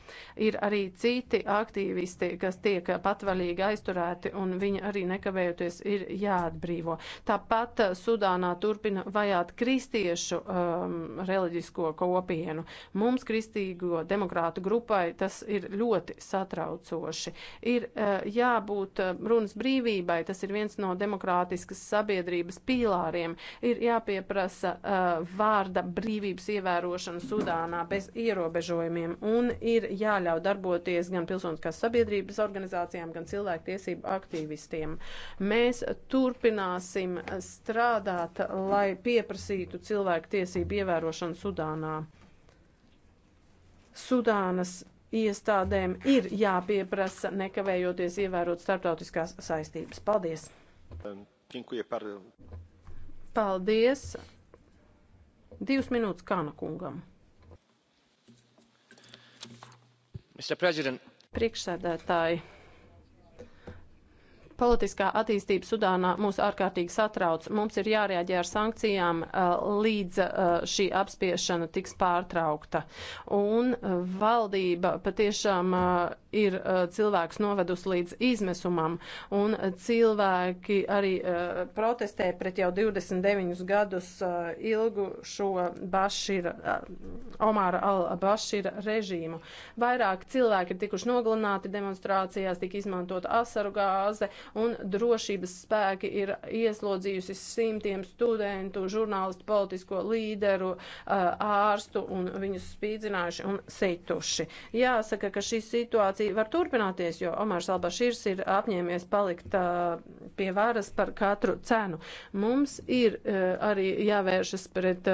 Ir arī citi aktīvisti, kas tiek patvaļīgi aizturēti, un viņi arī nekavējoties ir jāatbrīvo. Tāpat Sudānā turpina vajāt kristiešu um, reliģisko kopienu. Mums, kristīgo demokrātu grupai, tas ir ļoti satraucoši. Ir uh, jābūt uh, runas brīvībai Eiropai. Tas ir viens no demokrātiskas sabiedrības pīlāriem. Ir jāpieprasa uh, vārda brīvības ievērošana Sudānā bez ierobežojumiem un ir jāļauj darboties gan pilsoniskās sabiedrības organizācijām, gan cilvēktiesību aktīvistiem. Mēs turpināsim strādāt, lai pieprasītu cilvēktiesību ievērošanu Sudānā. Sudānas iestādēm ir jāpieprasa nekavējoties ievērot starptautiskās saistības. Paldies! Paldies! Divas minūtes Kāna kungam. Priekšsēdētāji, Politiskā attīstība Sudānā mūs ārkārtīgi satrauc. Mums ir jārēģē ar sankcijām, līdz šī apspiešana tiks pārtraukta. Un valdība patiešām ir uh, cilvēks novedusi līdz izmisumam, un cilvēki arī uh, protestē pret jau 29 gadus uh, ilgu šo Bašira, uh, Omara al-Bašira režīmu. Vairāk cilvēki ir tikuši nogalināti demonstrācijās, tika izmantot asaru gāze, un drošības spēki ir ieslodzījusi simtiem studentu, žurnālistu, politisko līderu, uh, ārstu, un viņus spīdzinājuši un situši. Jāsaka, ka šī situācija situācija var turpināties, jo Omārs Albašīrs ir apņēmies palikt pie varas par katru cenu. Mums ir arī jāvēršas pret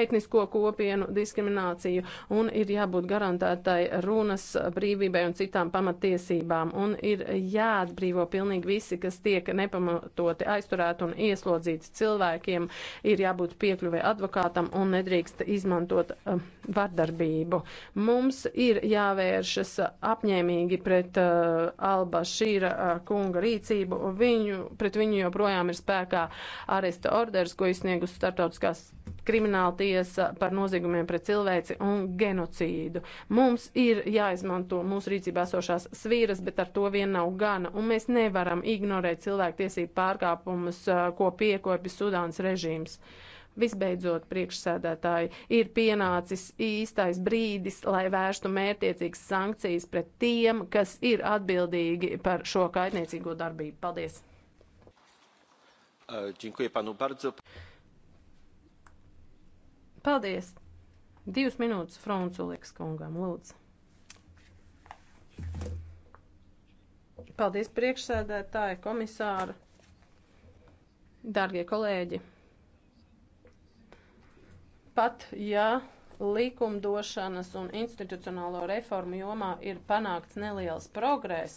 etnisko kopienu diskrimināciju un ir jābūt garantētai runas brīvībai un citām pamatiesībām. Un ir jāatbrīvo pilnīgi visi, kas tiek nepamatoti aizturēti un ieslodzīti cilvēkiem. Ir jābūt piekļuvē advokātam un nedrīkst izmantot vardarbību. Mums ir jāvēršas ap apņēmīgi pret uh, Alba Šīra uh, kunga rīcību. Viņu, pret viņu joprojām ir spēkā aresta orders, ko izsniegus startautiskās krimināla tiesa par noziegumiem pret cilvēci un genocīdu. Mums ir jāizmanto mūsu rīcībā esošās svīras, bet ar to vien nav gana, un mēs nevaram ignorēt cilvēktiesību pārkāpumus, uh, ko piekopja Sudāns režīms. Uh, Visbeidzot, priekšsēdētāji, ir pienācis īstais brīdis, lai vērstu mērtiecīgas sankcijas pret tiem, kas ir atbildīgi par šo kaitniecīgo darbību. Paldies! Uh, dziękuję panu bardzo. Paldies! Divas minūtes Frunzulikas kungam, lūdzu. Paldies priekšsēdētāji, komisāri, dārgie kolēģi! pat ja likumdošanas un institucionālo reformu jomā ir panākts neliels progress,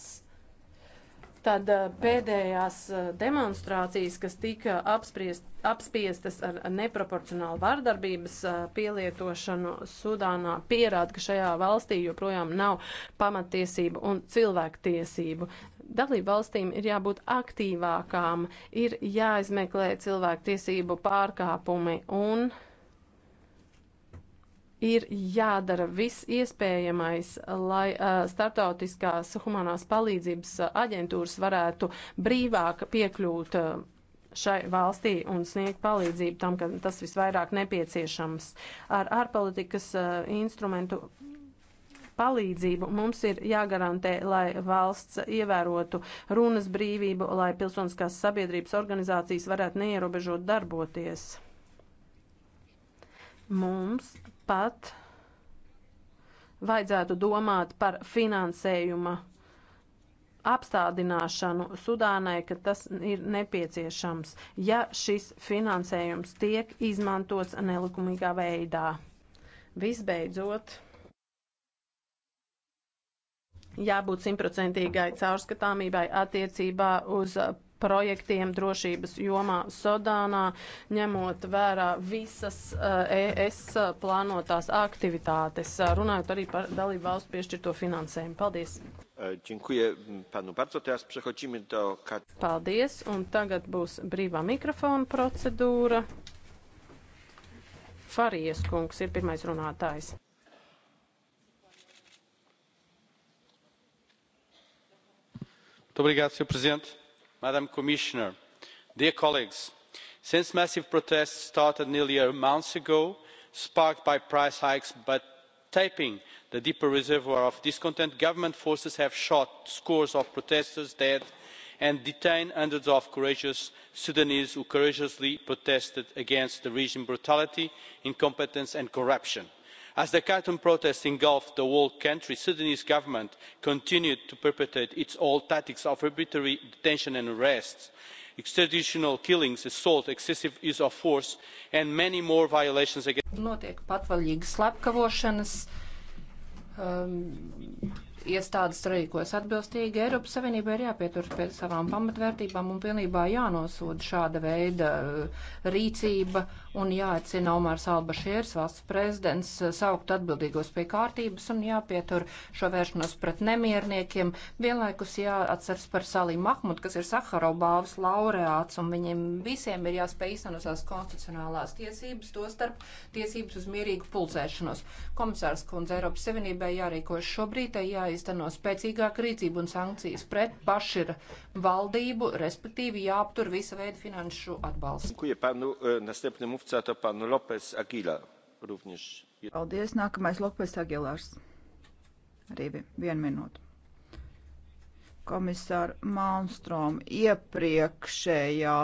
tad eh, pēdējās eh, demonstrācijas, kas tika apspriest, apspiestas ar neproporcionālu vardarbības eh, pielietošanu Sudānā, pierāda, ka šajā valstī joprojām nav pamatiesību un cilvēktiesību. Dalību valstīm ir jābūt aktīvākām, ir jāizmeklē cilvēktiesību pārkāpumi un ir jādara viss iespējamais, lai uh, startautiskās humanās palīdzības aģentūras varētu brīvāk piekļūt uh, šai valstī un sniegt palīdzību tam, kad tas visvairāk nepieciešams. Ar ārpolitikas uh, instrumentu palīdzību mums ir jāgarantē, lai valsts ievērotu runas brīvību, lai pilsoniskās sabiedrības organizācijas varētu neierobežot darboties. Mums Tāpat vajadzētu domāt par finansējuma apstādināšanu Sudānai, ka tas ir nepieciešams, ja šis finansējums tiek izmantots nelikumīgā veidā. Visbeidzot, jābūt simtprocentīgai caurskatāmībai attiecībā uz projektiem drošības jomā Sodānā, ņemot vērā visas ES eh, e plānotās aktivitātes, runājot arī par dalību valstu piešķirto finansējumu. Paldies! Eh, Paldies, un tagad būs brīvā mikrofona procedūra. Farijas kungs ir pirmais runātājs. Muito obrigado, Sr. Presidente madam commissioner dear colleagues since massive protests started nearly a month ago sparked by price hikes but tapping the deeper reservoir of discontent government forces have shot scores of protesters dead and detained hundreds of courageous sudanese who courageously protested against the regime's brutality incompetence and corruption as the khartoum protests engulfed the whole country the sudanese government continued to perpetrate its old tactics of arbitrary detention and arrests extrajudicial killings assault excessive use of force and many more violations against. notiek patvaļīgas slepkavošanas um, iestādes rīkojas atbilstīgi, Eiropas Savienībai ir jāpietur pie savām pamatvērtībām un pilnībā jānosoda šāda veida uh, rīcība un jāicina Omārs Albašieris, valsts prezidents, uh, saukt atbildīgos pie kārtības un jāpietur šo vēršanos pret nemierniekiem. Vienlaikus jāatceras par Salī Mahmud, kas ir Saharo balvas laureāts, un viņiem visiem ir jāspēj īstenot savas konstitucionālās tiesības, to starp tiesības uz mierīgu pulcēšanos. Komisārs kundze Eiropas Savienībai jārīkojas šobrīd, jā jāizteno spēcīgāka rīcība un sankcijas pret pašira valdību, respektīvi jāaptur visa veida finanšu atbalsts. E, Paldies, nākamais Lopes Agilārs. Arī vienu minūtu komisāra Malmstrom iepriekšējā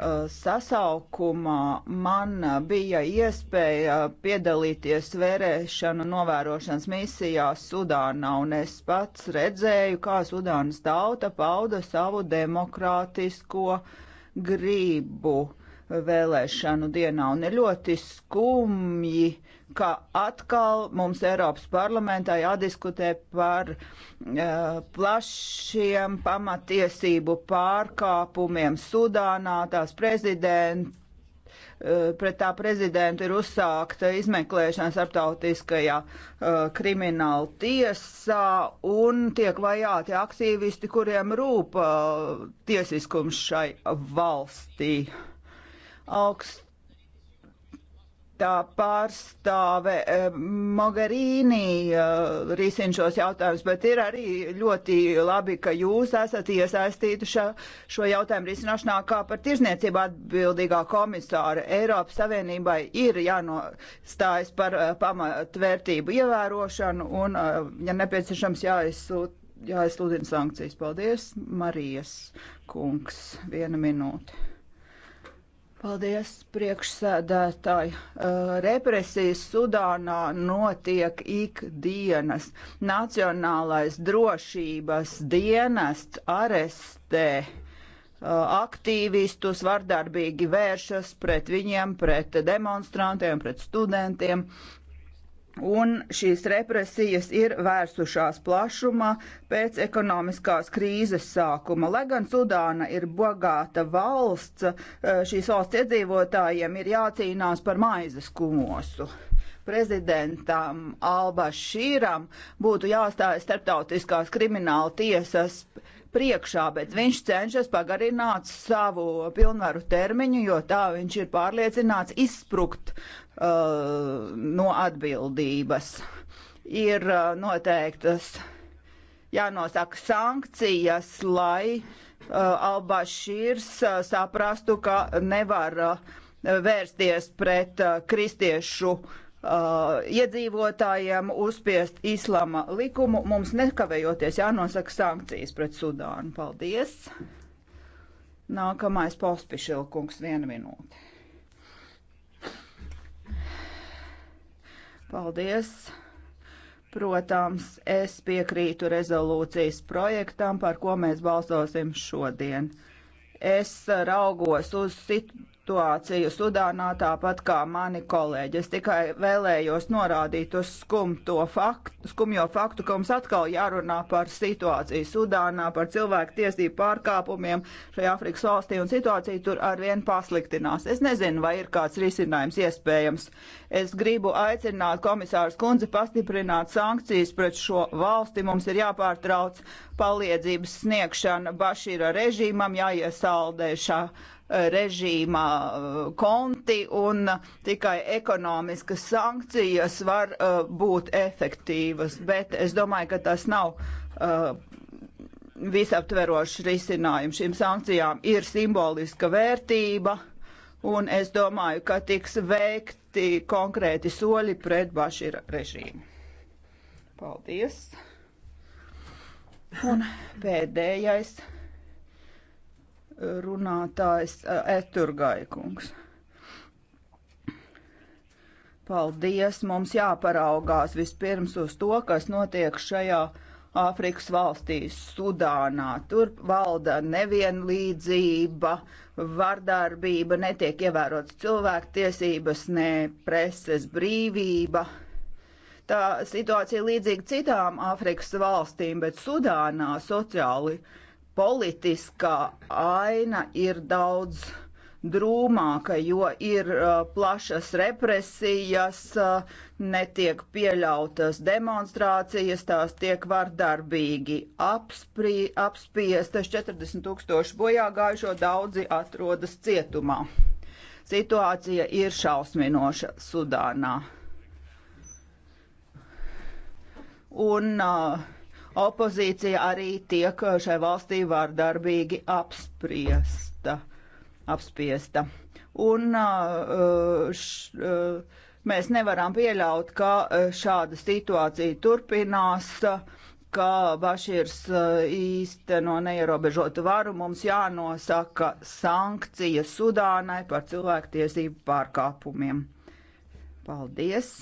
Uh, sasaukumā man bija iespēja piedalīties vērēšanu novērošanas misijā Sudānā, un es pats redzēju, kā Sudānas tauta pauda savu demokrātisko gribu vēlēšanu dienā, un ir ļoti skumji ka atkal mums Eiropas parlamentā jādiskutē par uh, plašiem pamatiesību pārkāpumiem Sudānā, tās prezidenta eh, pret tā prezidentu ir uzsākta izmeklēšana starptautiskajā uh, krimināla tiesā un tiek vajāti aktīvisti, kuriem rūp uh, tiesiskums šai valstī. Augst augstā pārstāve eh, Mogherīnī eh, risina šos jautājumus, bet ir arī ļoti labi, ka jūs esat iesaistīti šo, šo jautājumu risināšanā kā par tirzniecību atbildīgā komisāra. Eiropas Savienībai ir jānostājas par eh, pamatvērtību ievērošanu un, ja nepieciešams, jāizsūt. Jā, es lūdzu sankcijas. Paldies, Marijas kungs. Viena minūte. Paldies, priekšsēdētāji. Eh, represijas Sudānā notiek ikdienas. Nacionālais drošības dienests arestē eh, aktīvistus, vardarbīgi vēršas pret viņiem, pret demonstrantiem, pret studentiem. Un šīs represijas ir vērsušās plašumā pēc ekonomiskās krīzes sākuma. Lai gan Sudāna ir bagāta valsts, eh, šīs valsts iedzīvotājiem ir jācīnās par maizes kumosu. Prezidentam Alba Šīram būtu jāstājas starptautiskās krimināla tiesas uh, priekšā, bet viņš cenšas pagarināt savu pilnvaru termiņu, jo tā viņš ir pārliecināts izsprukt uh, no atbildības. Ir uh, noteiktas jānosaka sankcijas, lai uh, Albašīrs uh, saprastu, ka nevar uh, vērsties pret uh, kristiešu uh, Uh, iedzīvotājiem uzspiest islama likumu. Mums nekavējoties jānosaka sankcijas pret Sudānu. Paldies! Nākamais pospišilkungs viena minūte. Paldies! Protams, es piekrītu rezolūcijas projektam, par ko mēs balsosim šodien. Es raugos uz situāciju situāciju Sudānā, tāpat kā mani kolēģi. Es tikai vēlējos norādīt uz faktu, skumjo faktu, ka mums atkal jārunā par situāciju Sudānā, par cilvēku tiesību pārkāpumiem šajā Afrikas valstī, un situācija tur arvien pasliktinās. Es nezinu, vai ir kāds risinājums iespējams. Es gribu aicināt komisārs kundzi pastiprināt sankcijas pret šo valsti. Mums ir jāpārtrauc palīdzības sniegšana Bašīra režīmam, jāiesaldē šā režīmā eh, konti un tikai ekonomiskas sankcijas var eh, būt efektīvas, bet es domāju, ka tas nav eh, visaptverošs risinājums. Šīm sankcijām ir simboliska vērtība un es domāju, ka tiks veikti konkrēti soļi pret Bašīra režīmu. Paldies! Un pēdējais runātājs Eturgaikungs. Paldies! Mums jāparaugās vispirms uz to, kas notiek šajā Āfrikas valstīs, Sudānā. Tur valda nevienlīdzība, vardarbība, netiek ievērotas cilvēktiesības, ne preses brīvība. Tā situācija līdzīga citām Āfrikas valstīm, bet Sudānā sociāli uh, politiskā aina ir daudz drūmāka, jo ir uh, plašas represijas, uh, netiek pieļautas demonstrācijas, tās tiek vardarbīgi apsprī, apspiestas, 40 tūkstoši bojā gājušo daudzi atrodas cietumā. Situācija ir šausminoša Sudānā. Un uh, opozīcija arī tiek šai valstī vārdarbīgi apspriesta. apspiesta. Un š, mēs nevaram pieļaut, ka šāda situācija turpinās ka Bašīrs īsteno neierobežotu varu mums jānosaka sankcijas Sudānai par cilvēktiesību pārkāpumiem. Paldies!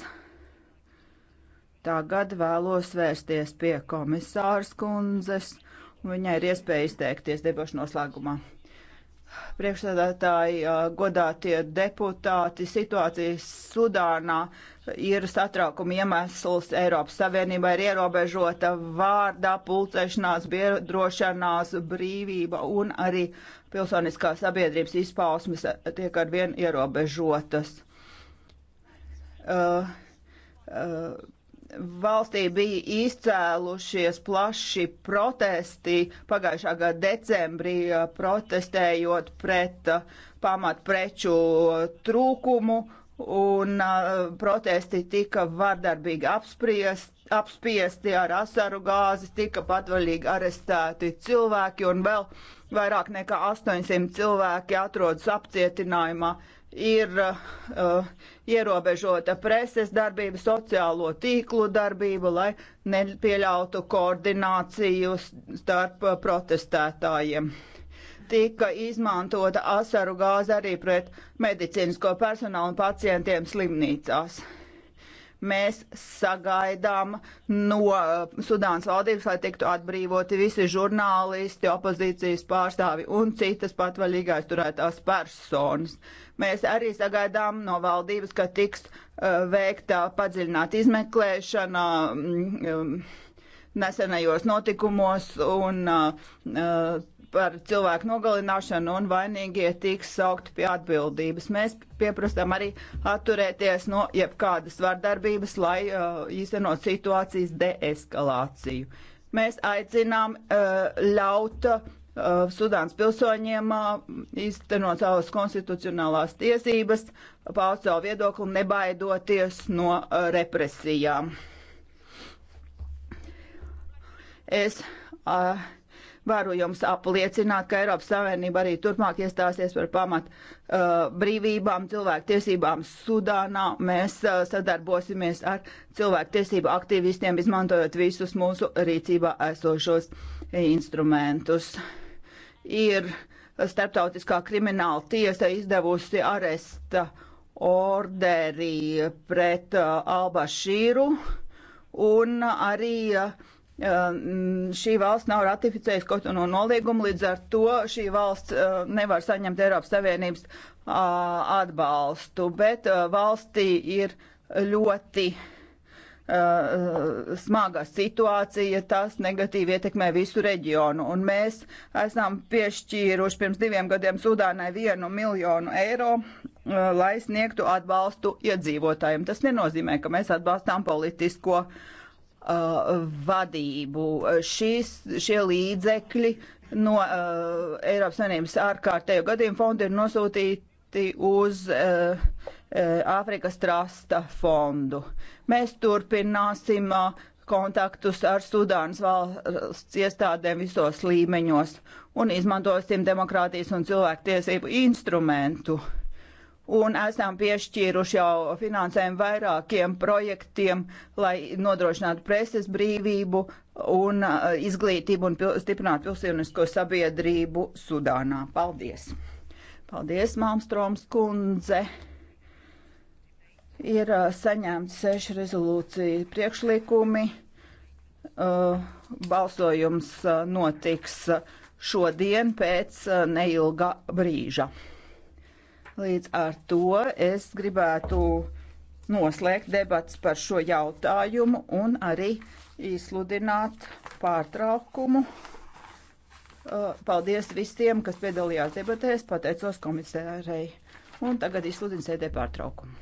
Tagad vēlos vērsties pie komisāras kundzes, un viņai ir iespēja izteikties debašu noslēgumā. Priekšsēdētāji, godātie deputāti, situācijas Sudānā ir satraukuma iemesls Eiropas Savienībai ir ierobežota vārdā, pulcēšanās, biedrošanās, brīvība un arī pilsoniskā sabiedrības izpausmes tiek arvien ierobežotas. Uh, uh, valstī bija izcēlušies plaši protesti pagājušā gada decembrī, eh, protestējot pret eh, pamatpreču eh, trūkumu, un protesti tika vardarbīgi apspriest, apspiesti ar asaru gāzi, tika patvaļīgi arestēti cilvēki, un vēl vairāk nekā 800 cilvēki atrodas apcietinājumā ir uh, ierobežota preses darbība, sociālo tīklu darbība, lai nepieļautu koordināciju starp uh, protestētājiem. Tika izmantota asaru gāze arī pret medicīnisko personālu un pacientiem slimnīcās. Mēs sagaidām no uh, Sudānas valdības, lai tiktu atbrīvoti visi žurnālisti, opozīcijas pārstāvi un citas patvaļīgais turētās personas. Mēs arī sagaidām no valdības, ka tiks uh, veikta padziļināta izmeklēšana. Um, nesenajos notikumos un uh, uh par cilvēku nogalināšanu un vainīgie tiks saukti pie atbildības. Mēs pieprasām arī atturēties no jebkādas vardarbības, lai uh, īstenot situācijas deeskalāciju. Mēs aicinām uh, ļaut uh, Sudāns pilsoņiem uh, īstenot savas konstitucionālās tiesības, paust savu viedokli, nebaidoties no uh, represijām. Es a, uh, Varu jums apliecināt, ka Eiropas Savienība arī turpmāk iestāsies par pamat uh, brīvībām, cilvēktiesībām Sudānā. Mēs uh, sadarbosimies ar cilvēktiesību aktīvistiem, izmantojot visus mūsu rīcībā esošos instrumentus. Ir starptautiskā krimināla tiesa izdevusi aresta orderi pret uh, Albašīru un arī uh, Mm, šī valsts nav ratificējusi kaut no noliegumu, līdz ar to šī valsts nevar saņemt Eiropas Savienības atbalstu, bet valstī ir ļoti smagā situācija, tas negatīvi ietekmē visu reģionu. Un mēs esam piešķīruši pirms diviem gadiem Sudānai vienu miljonu eiro, lai sniegtu atbalstu iedzīvotājiem. Tas nenozīmē, ka mēs atbalstām politisko uh, uh, vadību. Šis, šie līdzekļi no uh, Eiropas Savienības ārkārtējo gadījumu fonda ir nosūtīti uz uh, uh Āfrikas trasta fondu. Mēs turpināsim uh, kontaktus ar Sudānas valsts iestādēm visos līmeņos un izmantosim demokrātijas un cilvēktiesību instrumentu. Uh, un esam piešķīruši jau finansējumu vairākiem projektiem, lai nodrošinātu preses brīvību un uh, izglītību un pil stiprinātu pilsonisko sabiedrību Sudānā. Paldies! Paldies, Malmstroms kundze! Ir uh, saņemts seši rezolūcija priekšlikumi. Uh, balsojums notiks šodien pēc neilga brīža. Līdz ar to es gribētu noslēgt debats par šo jautājumu un arī izsludināt pārtraukumu. Paldies visiem, kas piedalījās debatēs, pateicos komisārei. Un tagad izsludinu sēdē pārtraukumu.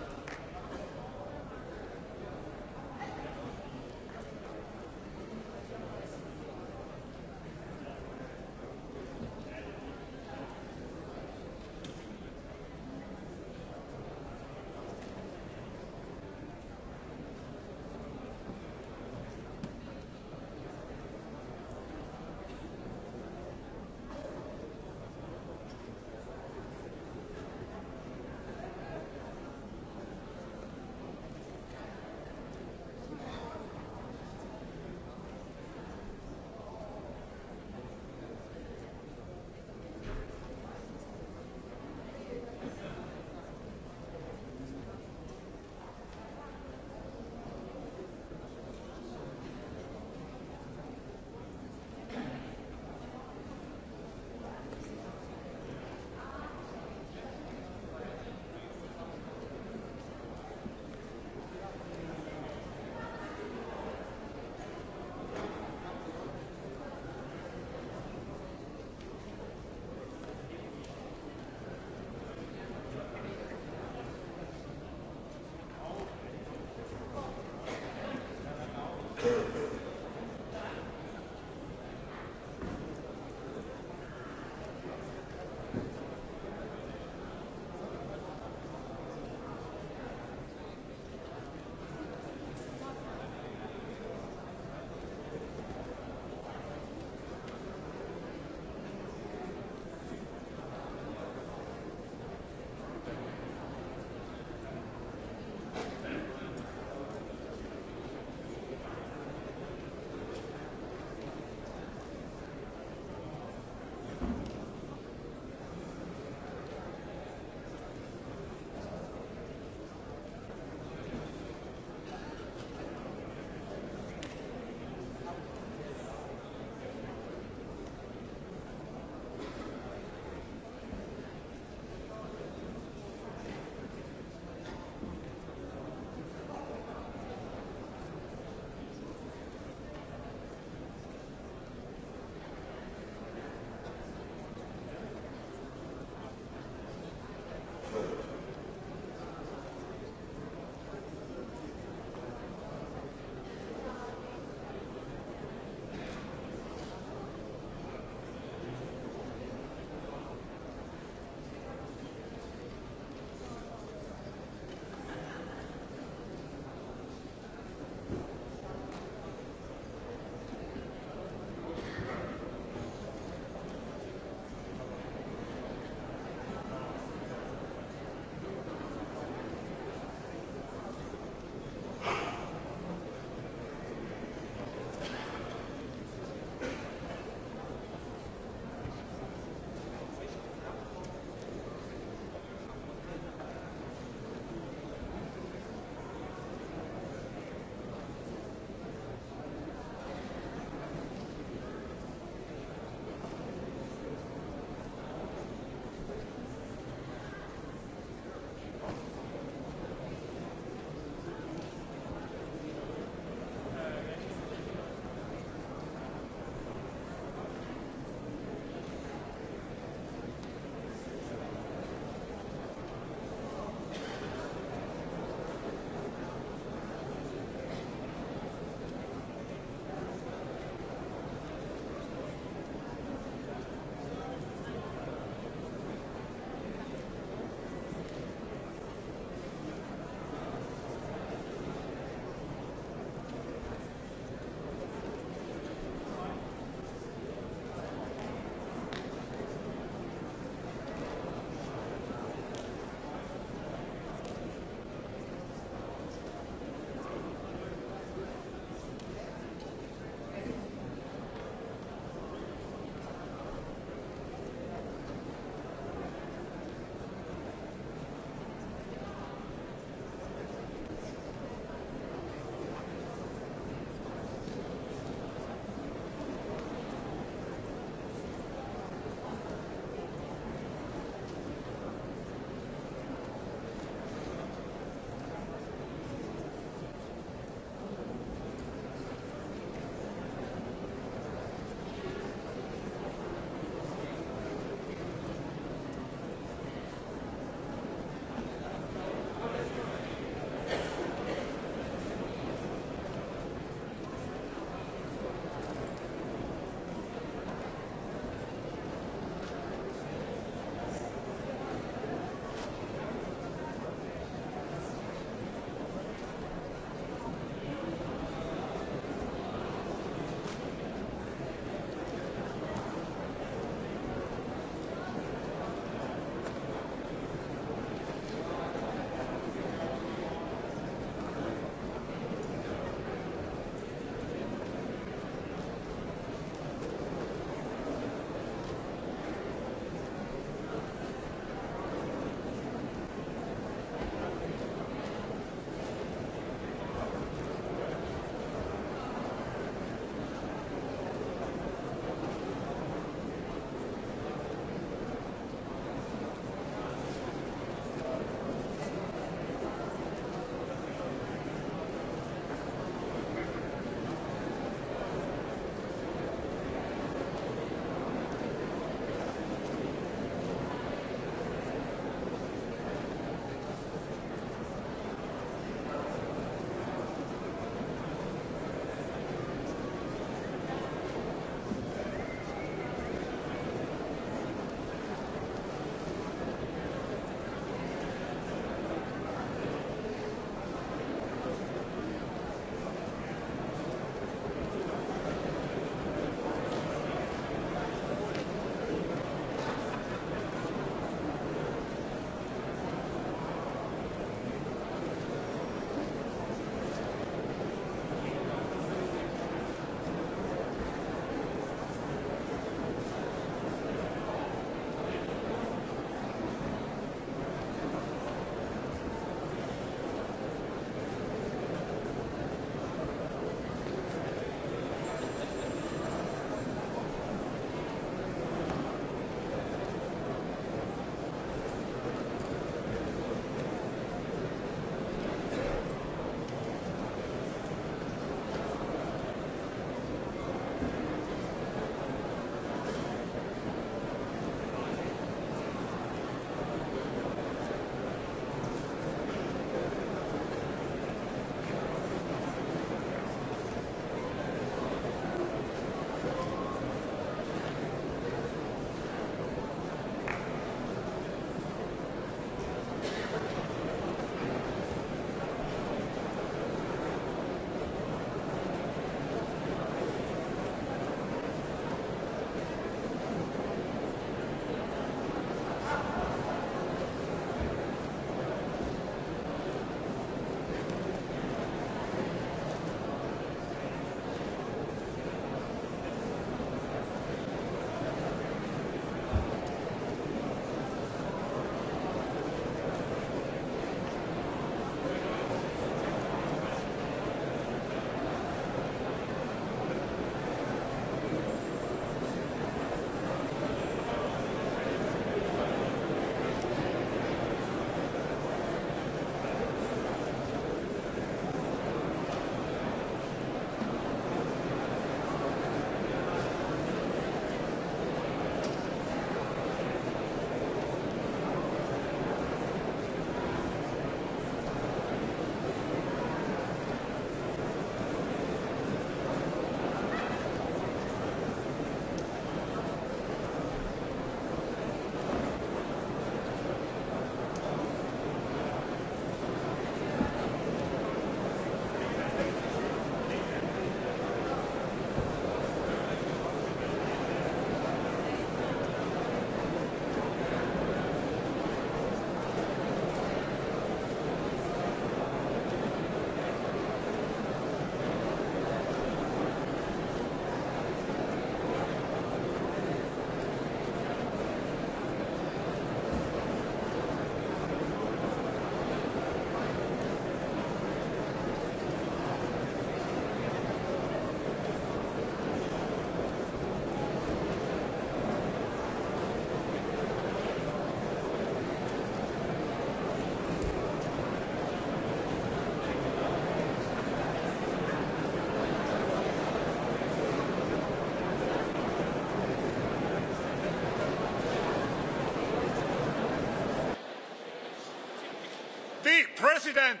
president!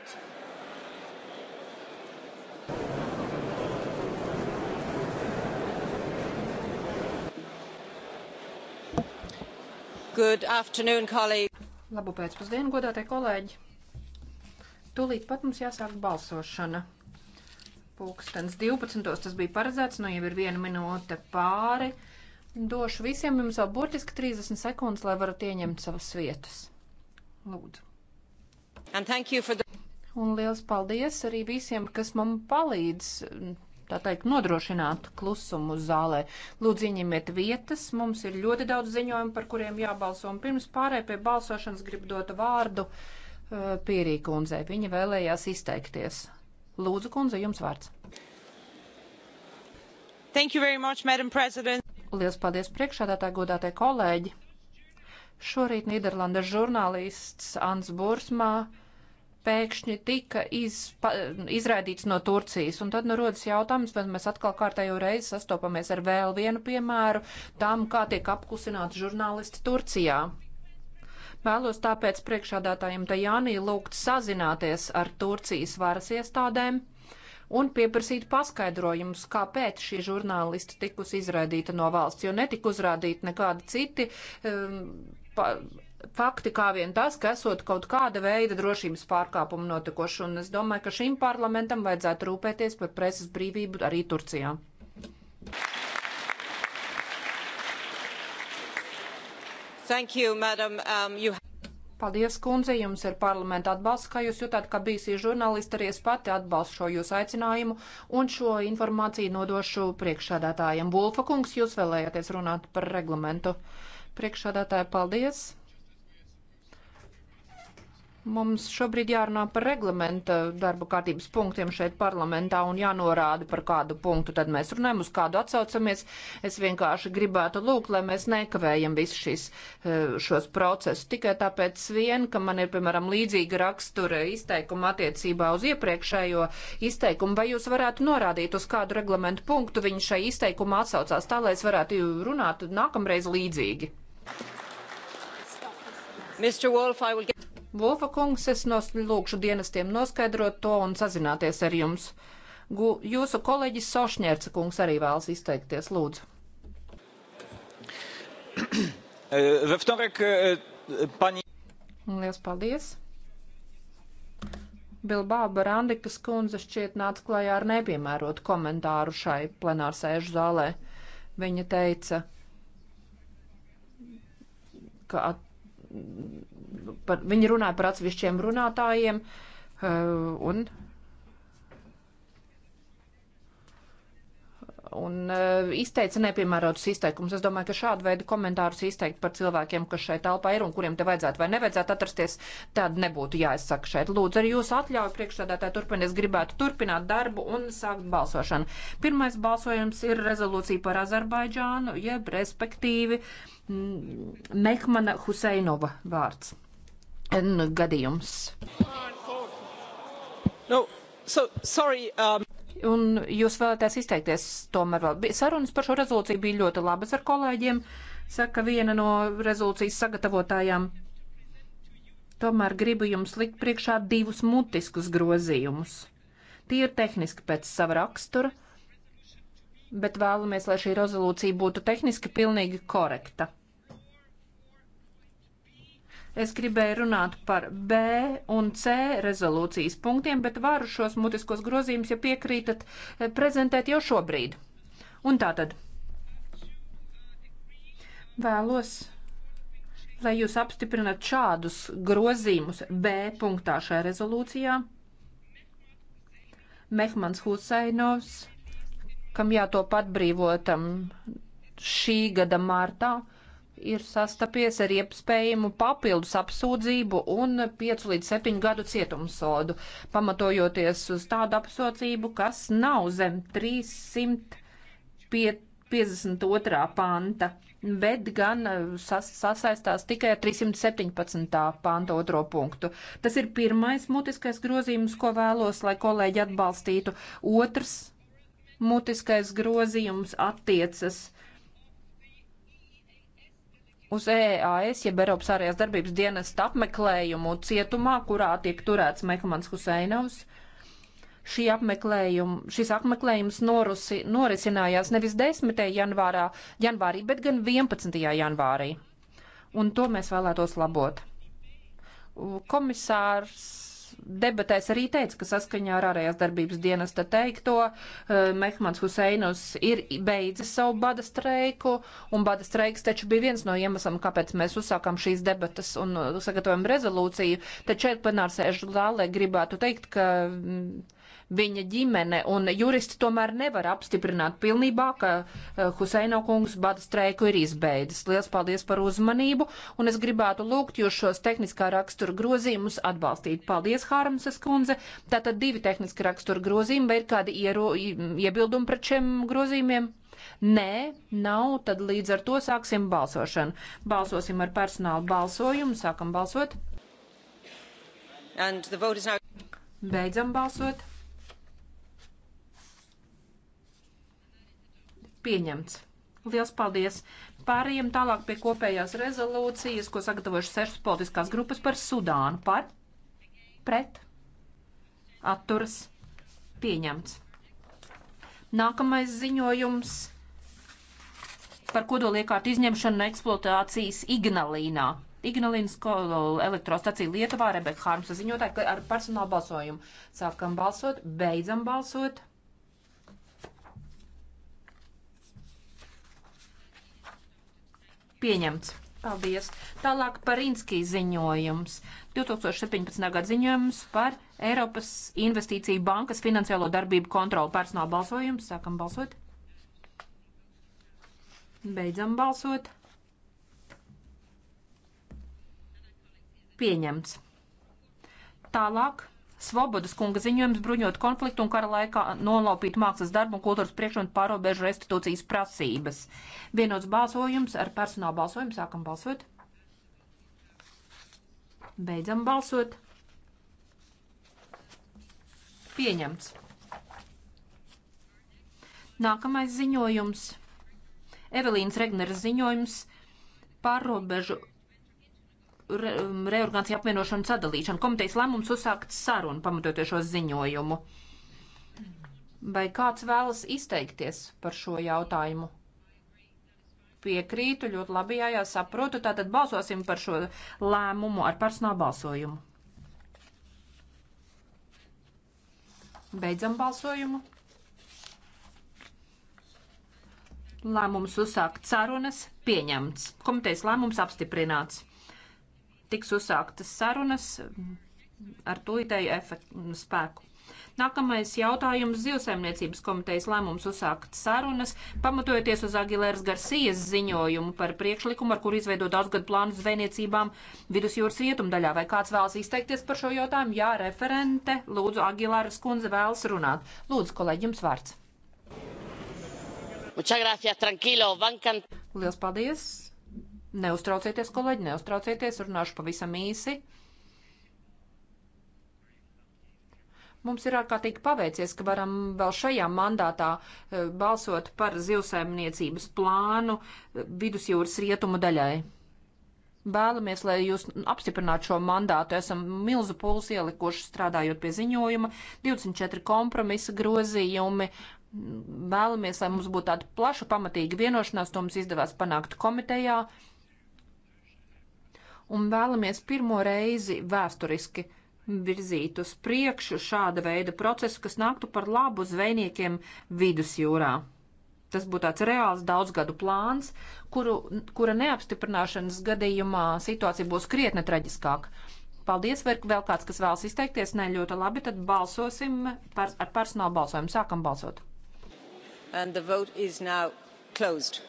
Good afternoon, colleague. Labu pēcpusdienu, godātie kolēģi. Tūlīt pat mums jāsāk balsošana. Pūkstens 12. tas bija paredzēts, nu jau ir viena minūte pāri. Došu visiem jums vēl burtiski 30 sekundes, lai varat ieņemt savas vietas. The... Un liels paldies arī visiem, kas man palīdz, tā teikt, nodrošināt klusumu zālē. Lūdzu, ieņemiet vietas, mums ir ļoti daudz ziņojumu, par kuriem jābalso, un pirms pārējai pie balsošanas grib dot vārdu uh, Pierī kundzei. Viņa vēlējās izteikties. Lūdzu, kundze, jums vārds. Much, Lielas paldies priekšādātāji, godātie kolēģi! Šorīt Nīderlandes žurnālists Ans Bursmā pēkšņi tika iz, pa, izraidīts no Turcijas. Un tad nu rodas jautājums, vai mēs atkal kārtējo reizi sastopamies ar vēl vienu piemēru tam, kā tiek apklusināti žurnālisti Turcijā. Vēlos tāpēc priekšādātājiem Tajānī lūgt sazināties ar Turcijas varas iestādēm un pieprasīt paskaidrojumus, kāpēc šī žurnālisti tikus izraidīta no valsts, jo netika uzrādīti nekādi citi um, pa, fakti kā vien tas, ka esot kaut kāda veida drošības pārkāpumu notikuši, un es domāju, ka šim parlamentam vajadzētu rūpēties par preses brīvību arī Turcijā. Thank you, madam. Um, you... Paldies, kundze, jums ir parlamenta atbalsts, kā jūs jutāt, ka bijusī žurnālisti arī es pati atbalstu šo jūsu aicinājumu un šo informāciju nodošu priekšsādātājiem. Bulfa kungs, jūs vēlējāties runāt par reglamentu. Priekšsādātāja, paldies! Mums šobrīd jārunā par reglamenta darba kārtības punktiem šeit parlamentā un jānorāda, par kādu punktu tad mēs runājam, uz kādu atsaucamies. Es vienkārši gribētu lūgt, lai mēs nekavējam visus šīs, eh, šos procesus. Tikai tāpēc vien, ka man ir, piemēram, līdzīga rakstura izteikuma attiecībā uz iepriekšējo izteikumu, vai jūs varētu norādīt, uz kādu reglamentu punktu viņi šai izteikumā atsaucās, tā lai es varētu runāt nākamreiz līdzīgi. Mr. Wolf, I will get... Volfa kungs, es nos, lūkšu dienestiem noskaidrot to un sazināties ar jums. Gu, jūsu kolēģis Sošņērca kungs arī vēlas izteikties, lūdzu. Eh, we wtorek eh, pani. Lielas paldies. Bilbao Barandikas kundze šķiet nāca klajā ar nepiemērotu komentāru šai plenārsēžu zālē. Viņa teica, ka at par, viņi runāja par atsevišķiem runātājiem, uh, un un eh, izteica nepiemērotus izteikumus. Es domāju, ka šādu veidu komentārus izteikt par cilvēkiem, kas šeit telpā ir un kuriem te vajadzētu vai nevajadzētu atrasties, tad nebūtu jāizsaka šeit. Lūdzu, arī jūs atļauju priekšsēdētāji turpināt. Es gribētu turpināt darbu un sākt balsošanu. Pirmais balsojums ir rezolūcija par Azerbaidžānu, jeb respektīvi mm, Mehmana Huseinova vārds. N gadījums. No, so, sorry, um un jūs vēlaties izteikties tomēr vēl. Sarunas par šo rezolūciju bija ļoti labas ar kolēģiem, saka viena no rezolūcijas sagatavotājām. Tomēr gribu jums likt priekšā divus mutiskus grozījumus. Tie ir tehniski pēc sava rakstura, bet vēlamies, lai šī rezolūcija būtu tehniski pilnīgi korekta. Es gribēju runāt par B un C rezolūcijas punktiem, bet varu šos mutiskos grozījumus, ja piekrītat, eh, prezentēt jau šobrīd. Un tā tad vēlos, lai jūs apstiprinat šādus grozījumus B punktā šajā rezolūcijā. Mehmans Husainovs, kam jātop atbrīvotam šī gada martā ir sastapies ar iespējamu papildus apsūdzību un 5 līdz 7 gadu cietumsodu, pamatojoties uz tādu apsūdzību, kas nav zem 352. panta, bet gan uh, sas sasaistās tikai ar 317. panta otro punktu. Tas ir pirmais mutiskais grozījums, ko vēlos, lai kolēģi atbalstītu. Otrs mutiskais grozījums attiecas uz EAS, jeb Eiropas ārējās darbības dienesta apmeklējumu cietumā, kurā tiek turēts Mekmans Huseinovs. Šī apmeklējuma, šis apmeklējums norusi, norisinājās nevis 10. Janvārā, janvārī, bet gan 11. janvārī. Un to mēs vēlētos labot. Komisārs debatēs arī teica, ka saskaņā ar ārējās darbības dienesta teikto eh, Mehmans Huseinos ir beidzis savu bada streiku, un bada streiks taču bija viens no iemesliem, kāpēc mēs uzsākām šīs debatas un eh, sagatavojam rezolūciju. Taču šeit plenārsēžu zālē gribētu teikt, ka. Mm, viņa ģimene, un juristi tomēr nevar apstiprināt pilnībā, ka eh, Huseino kungs bada streiku ir izbeidzis. Lielas paldies par uzmanību, un es gribētu lūgt jūs šos tehniskā rakstura grozījumus atbalstīt. Paldies, Hārmsas kundze. Tātad divi tehniska rakstura grozījumi, vai ir kādi iero, iebildumi pret šiem grozījumiem? Nē, nav, tad līdz ar to sāksim balsošanu. Balsosim ar personālu balsojumu, sākam balsot. Now... Beidzam balsot. pieņemts. Liels paldies! Pārējiem tālāk pie kopējās rezolūcijas, ko sagatavojuši sešas politiskās grupas par Sudānu. Par? Pret? Atturas? Pieņemts. Nākamais ziņojums par kodoliekārtu izņemšanu no eksploatācijas Ignalīnā. Ignalīnas elektrostaciju Lietuvā Rebeka Hārmsa ziņotāja, ka ar personālu balsojumu sākam balsot, beidzam balsot. Pieņemts. Paldies. Tālāk par Inskī ziņojums. 2017. gada ziņojums par Eiropas Investīciju bankas finansiālo darbību kontroli personāla balsojums. Sākam balsot. Beidzam balsot. Pieņemts. Tālāk Svobodas kunga ziņojums bruņot konfliktu un kara laikā nolaupīt mākslas darbu un kultūras priekšmetu pārobežu restitūcijas prasības. Vienots balsojums ar personālu balsojumu sākam balsot. Beidzam balsot. Pieņemts. Nākamais ziņojums. Evelīnas Regneres ziņojums pārobežu re, um, reorganizācija apvienošanu sadalīšanu. Komitejas lēmums uzsākt sarunu pamatoties šo ziņojumu. Vai kāds vēlas izteikties par šo jautājumu? Piekrītu, ļoti labi, jā, jā, saprotu. Tātad balsosim par šo lēmumu ar personālu balsojumu. Beidzam balsojumu. Lēmums uzsākt sarunas pieņemts. Komitejas lēmums apstiprināts tiks uzsāktas sarunas ar tūlītēju spēku. Nākamais jautājums - Zivsaimniecības komitejas lēmums uzsākt sarunas, pamatojoties uz Agilēras Garcijas ziņojumu par priekšlikumu, ar kur izveido daudzgadu plānu zvejniecībām vidusjūras rietumdaļā. Vai kāds vēlas izteikties par šo jautājumu? Jā, referente, lūdzu, Agilēras kundze vēlas runāt. Lūdzu, kolēģi, jums vārds. Muchas gracias, tranquilo, bankan. Lielas paldies! Neuztraucieties, kolēģi, neuztraucieties, runāšu pavisam īsi. Mums ir ārkārtīgi paveicies, ka varam vēl šajā mandātā eh, balsot par zivsaimniecības plānu eh, vidusjūras rietumu daļai. Vēlamies, lai jūs apstiprinātu šo mandātu. Esam milzu pulsu ielikuši strādājot pie ziņojuma, 24 kompromisa grozījumi. Vēlamies, lai mums būtu tāda plaša, pamatīga vienošanās, to mums izdevās panākt komitejā. Uh, un vēlamies pirmo reizi vēsturiski virzīt uz priekšu šāda veida procesu, kas nāktu par labu zvejniekiem vidusjūrā. Tas būtu tāds reāls daudzgadu plāns, kuru, kura neapstiprināšanas gadījumā situācija būs krietni traģiskāka. Paldies, vai vēl kāds, kas vēlas izteikties? Nē, ļoti labi, tad balsosim par, ar personālu balsojumu. Sākam balsot. And the vote is now closed.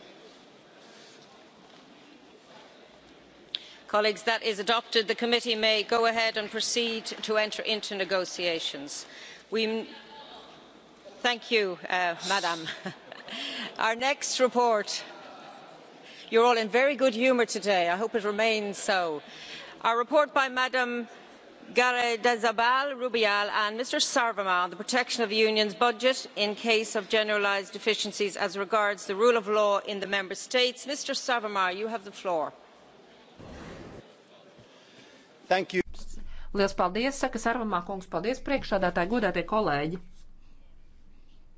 colleagues that is adopted. the committee may go ahead and proceed to enter into negotiations. We... thank you uh, madam. *laughs* our next report you're all in very good humour today i hope it remains so. our report by ms gardiazabal rubial and mr sarvamaa on the protection of the union's budget in case of generalised deficiencies as regards the rule of law in the member states. mr sarvamaa you have the floor. Thank you. Lielas paldies, saka Sarvamā kungs, paldies priekšādātāji, godātie kolēģi.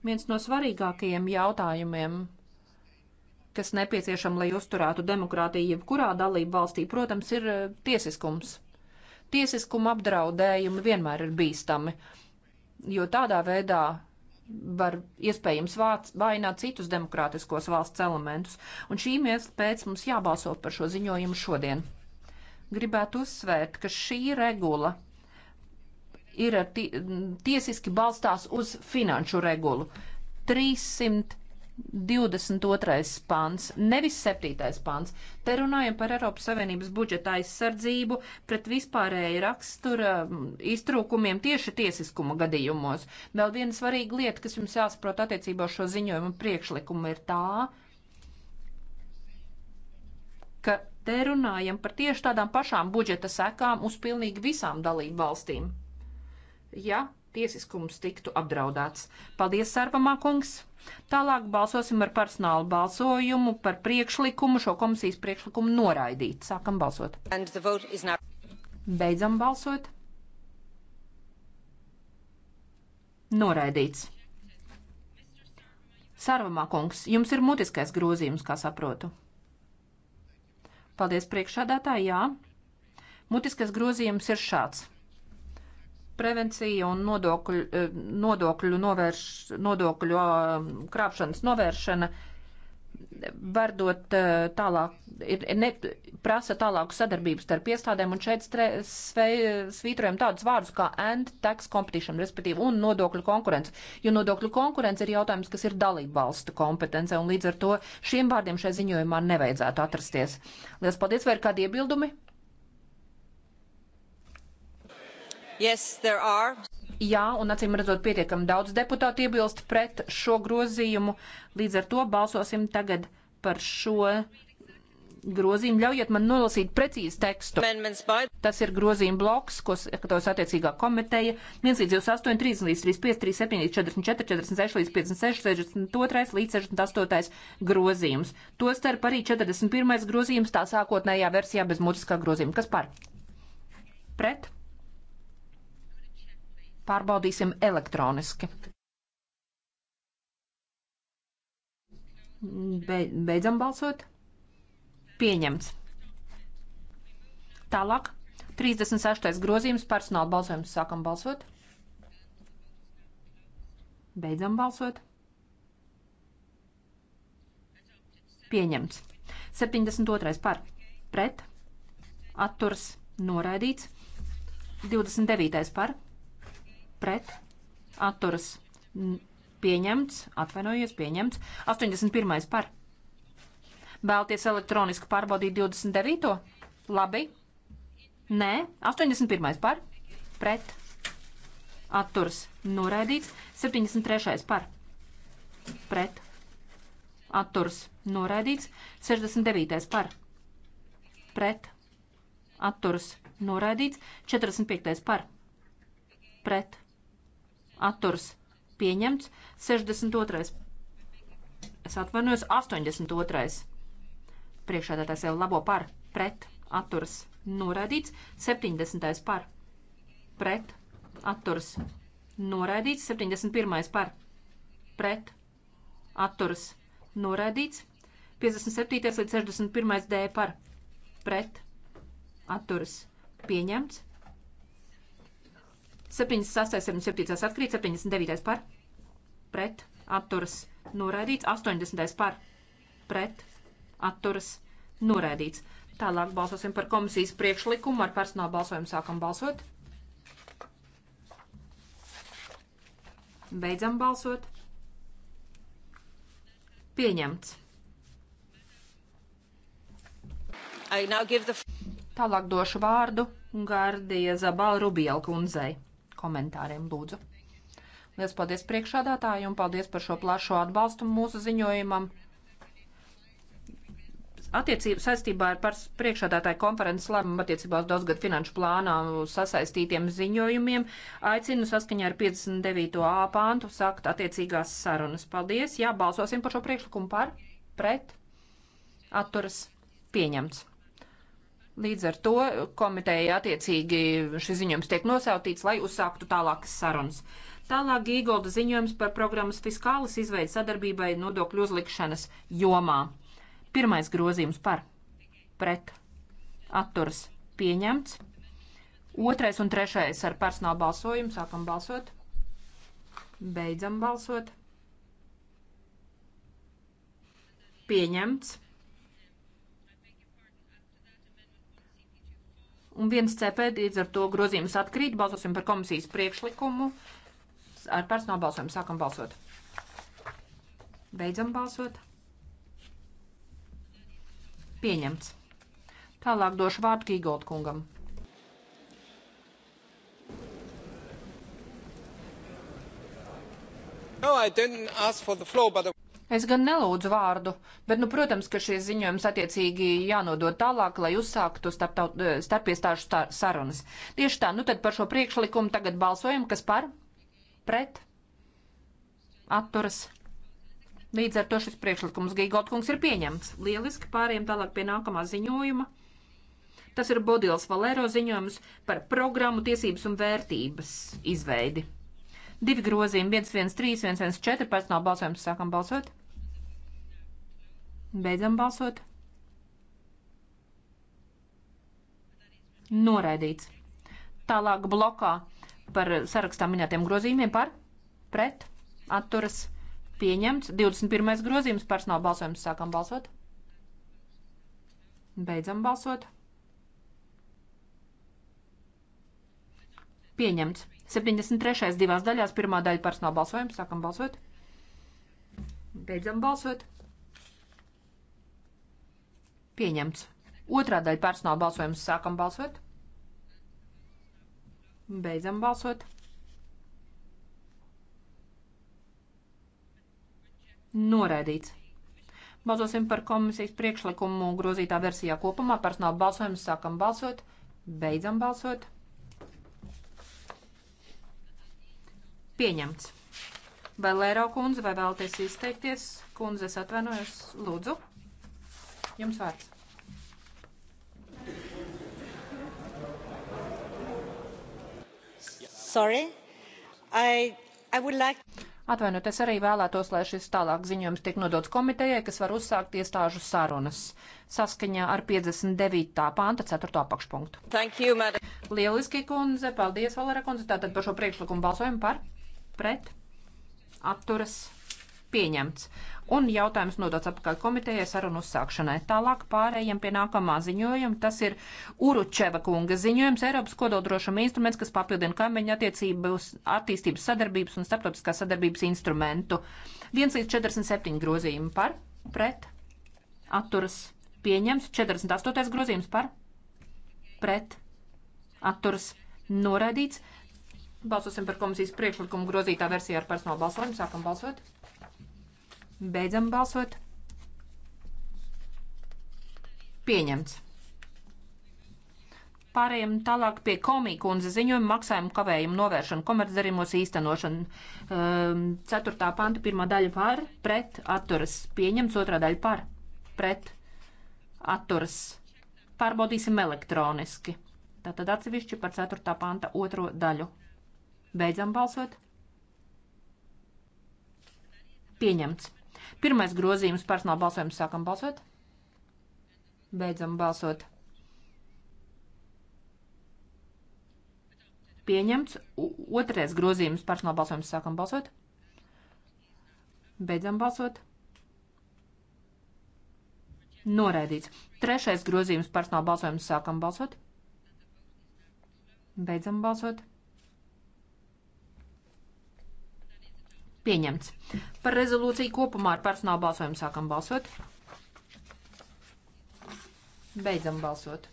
Viens no svarīgākajiem jautājumiem, kas nepieciešama, lai uzturētu demokrātiju jebkurā dalību valstī, protams, ir eh, tiesiskums. Tiesiskuma apdraudējumi vienmēr ir bīstami, jo tādā veidā var iespējams vāc, vainot citus demokrātiskos valsts elementus, un šī iemesla pēc mums jābalso par šo ziņojumu šodien gribētu uzsvērt, ka šī regula ir ti tiesiski balstās uz finanšu regulu. 322. pāns, nevis 7. pāns. Te runājam par Eiropas Savienības budžeta aizsardzību pret vispārēju rakstura mm, iztrūkumiem tieši tiesiskuma gadījumos. Vēl viena svarīga lieta, kas jums jāsaprot attiecībā šo ziņojumu priekšlikumu, ir tā, ka Te runājam par tieši tādām pašām budžeta sekām uz pilnīgi visām dalību valstīm. Ja tiesiskums tiktu apdraudēts. Paldies, Sārpamā kungs! Tālāk balsosim ar personālu balsojumu par priekšlikumu, šo komisijas priekšlikumu noraidīt. Sākam balsot. Not... Beidzam balsot. Noraidīts. Sarvamā kungs, jums ir mutiskais grozījums, kā saprotu. Paldies priekšādātāji, jā. Mutiskais grozījums ir šāds. Prevencija un nodokļu, eh, nodokļu, novērš, nodokļu eh, krāpšanas novēršana var dot eh, tālāk, ir, ne, prasa tālāku sadarbību starp iestādēm, un šeit stre, sve, svītrojam tādus vārdus kā and tax competition, respektīvi, un nodokļu konkurence, jo nodokļu konkurence ir jautājums, kas ir dalība valstu kompetence, un līdz ar to šiem vārdiem šai ziņojumā nevajadzētu atrasties. Lielas paldies, vai ir kādi iebildumi? Yes, there are. Jā, un acīm redzot, pietiekami daudz deputātu iebilst pret šo grozījumu. Līdz ar to balsosim tagad par šo grozījumu. Ļaujiet man nolasīt precīzi tekstu. Tas ir grozījuma bloks, ko skatās attiecīgā komiteja. 1 līdz 28, 3 līdz 35, 37, 44, 46 līdz 56, 62 līdz 68 grozījums. Tostarp arī 41 grozījums tā sākotnējā versijā bez mutiskā grozījuma. Kas par? Pret? Pārbaudīsim elektroniski. Be, beidzam balsot. Pieņemts. Tālāk. 36. grozījums personāla balsojums. Sākam balsot. Beidzam balsot. Pieņemts. 72. par. Pret. Atturs. Noraidīts. 29. par pret atturas pieņemts, atvainojies, pieņemts. 81. par. Vēlties elektroniski pārbaudīt 29. Labi. Nē, 81. par. Pret. Atturas noraidīts. 73. par. Pret. Atturas noraidīts. 69. par. Pret. Atturas noraidīts. 45. par. Pret atturs pieņemts. 62. Es atvainojos, 82. Priekšādātājs jau labo par, pret, atturs noraidīts. 70. par, pret, atturs noraidīts. 71. par, pret, atturs noraidīts. 57. līdz 61. d par, pret, atturs pieņemts. 76, 77 atkrīt, 79 par, pret, atturas, noraidīts, 80 par, pret, atturas, noraidīts. Tālāk balsosim par komisijas priekšlikumu. Ar personālu balsojumu sākam balsot. Beidzam balsot. Pieņemts. The... Tālāk došu vārdu Gardija Zabala Rubiela kundzei komentāriem, lūdzu. Lielas paldies priekšādātāju un paldies par šo plašo atbalstu mūsu ziņojumam. Attiecība saistībā ar priekšādātāju konferences lēmumu attiecībā uz daudzgad finanšu plānā sasaistītiem ziņojumiem aicinu saskaņā ar 59. A pāntu sākt attiecīgās sarunas. Paldies! Jā, balsosim par šo priekšlikumu par, pret, atturas, pieņemts. Līdz ar to komiteja attiecīgi šis ziņojums tiek nosautīts, lai uzsāktu tālākas sarunas. Tālāk Gīgolda ziņojums par programmas fiskālas izveidu sadarbībai nodokļu uzlikšanas jomā. Pirmais grozījums par pret atturas pieņemts. Otrais un trešais ar personālu balsojumu. Sākam balsot. Beidzam balsot. Pieņemts. un viens CP līdz ar to grozījums atkrīt. Balsosim par komisijas priekšlikumu. Ar personālu balsojumu sākam balsot. Beidzam balsot. Pieņemts. Tālāk došu vārdu Kīgold kungam. No, I didn't ask for the floor, but... Es gan nelūdzu vārdu, bet, nu, protams, ka šie ziņojums attiecīgi jānodod tālāk, lai uzsāktu starpiestāžu starp sarunas. Tieši tā, nu tad par šo priekšlikumu tagad balsojam, kas par? Pret? Atturas? Līdz ar to šis priekšlikums Gigotkungs ir pieņemts. Lieliski pāriem tālāk pie nākamā ziņojuma. Tas ir Bodils Valero ziņojums par programmu tiesības un vērtības izveidi. Divi grozījumi, 113, 114, personāla balsojums. Sākam balsot. Beidzam balsot. Noraidīts. Tālāk blokā par sarakstā minētiem grozījumiem par pret atturas pieņemts. 21. grozījums personāla balsojums sākam balsot. Beidzam balsot. Pieņemts. 73. divās daļās, pirmā daļa personāla balsojums, sākam balsot. Beidzam balsot. Pieņemts. Otrā daļa personāla balsojums, sākam balsot. Beidzam balsot. Noraidīts. Balsosim par komisijas priekšlikumu grozītā versijā kopumā. Personāla balsojums sākam balsot. Beidzam balsot. Pieņemts. Vai Lēro kundze, vai vēlties izteikties? Kundze, es atvainojos, lūdzu. Jums vārds. Sorry. I, I would like... Atvainojiet, es arī vēlētos, lai šis tālāk ziņojums tiek nodots komitejai, kas var uzsākt iestāžu sarunas saskaņā ar 59. pānta 4. apakšpunktu. Thank you, madam. Lieliski, kundze, paldies, Valera kundze. Tātad par šo priekšlikumu balsojumu par pret, atturas, pieņemts. Un jautājums nodots apkārt komitejai sarunu uzsākšanai. Tālāk pārējiem pie nākamā ziņojuma. Tas ir Uručeva kunga ziņojums Eiropas kodoldrošuma instruments, kas papildina kaimiņu attiecības, attīstības sadarbības un starptautiskās sadarbības instrumentu. 1 līdz 47 grozījumi par, pret, atturas, pieņems. 48 grozījums par, pret, atturas, noraidīts. Balsosim par komisijas priekšlikumu grozītā versijā ar personālu balsojumu. Sākam balsot. Beidzam balsot. Pieņemts. Pārējiem tālāk pie komīku un ziņojumu maksājumu kavējumu novēršanu komercdarījumos īstenošanu. Ehm, ceturtā panta pirmā daļa par, pret, atturas. Pieņemts otrā daļa par, pret, atturas. Pārbaudīsim elektroniski. Tātad atsevišķi par ceturtā panta otro daļu. Beidzam balsot. Pieņemts. Pirmais grozījums personāla balsojums sākam balsot. Beidzam balsot. Pieņemts. Otrais grozījums personāla balsojums sākam balsot. Beidzam balsot. Noraidīts. Trešais grozījums personāla balsojums sākam balsot. Beidzam balsot. Pieņemts. Par rezolūciju kopumā ar personālu balsojumu sākam balsot. Beidzam balsot.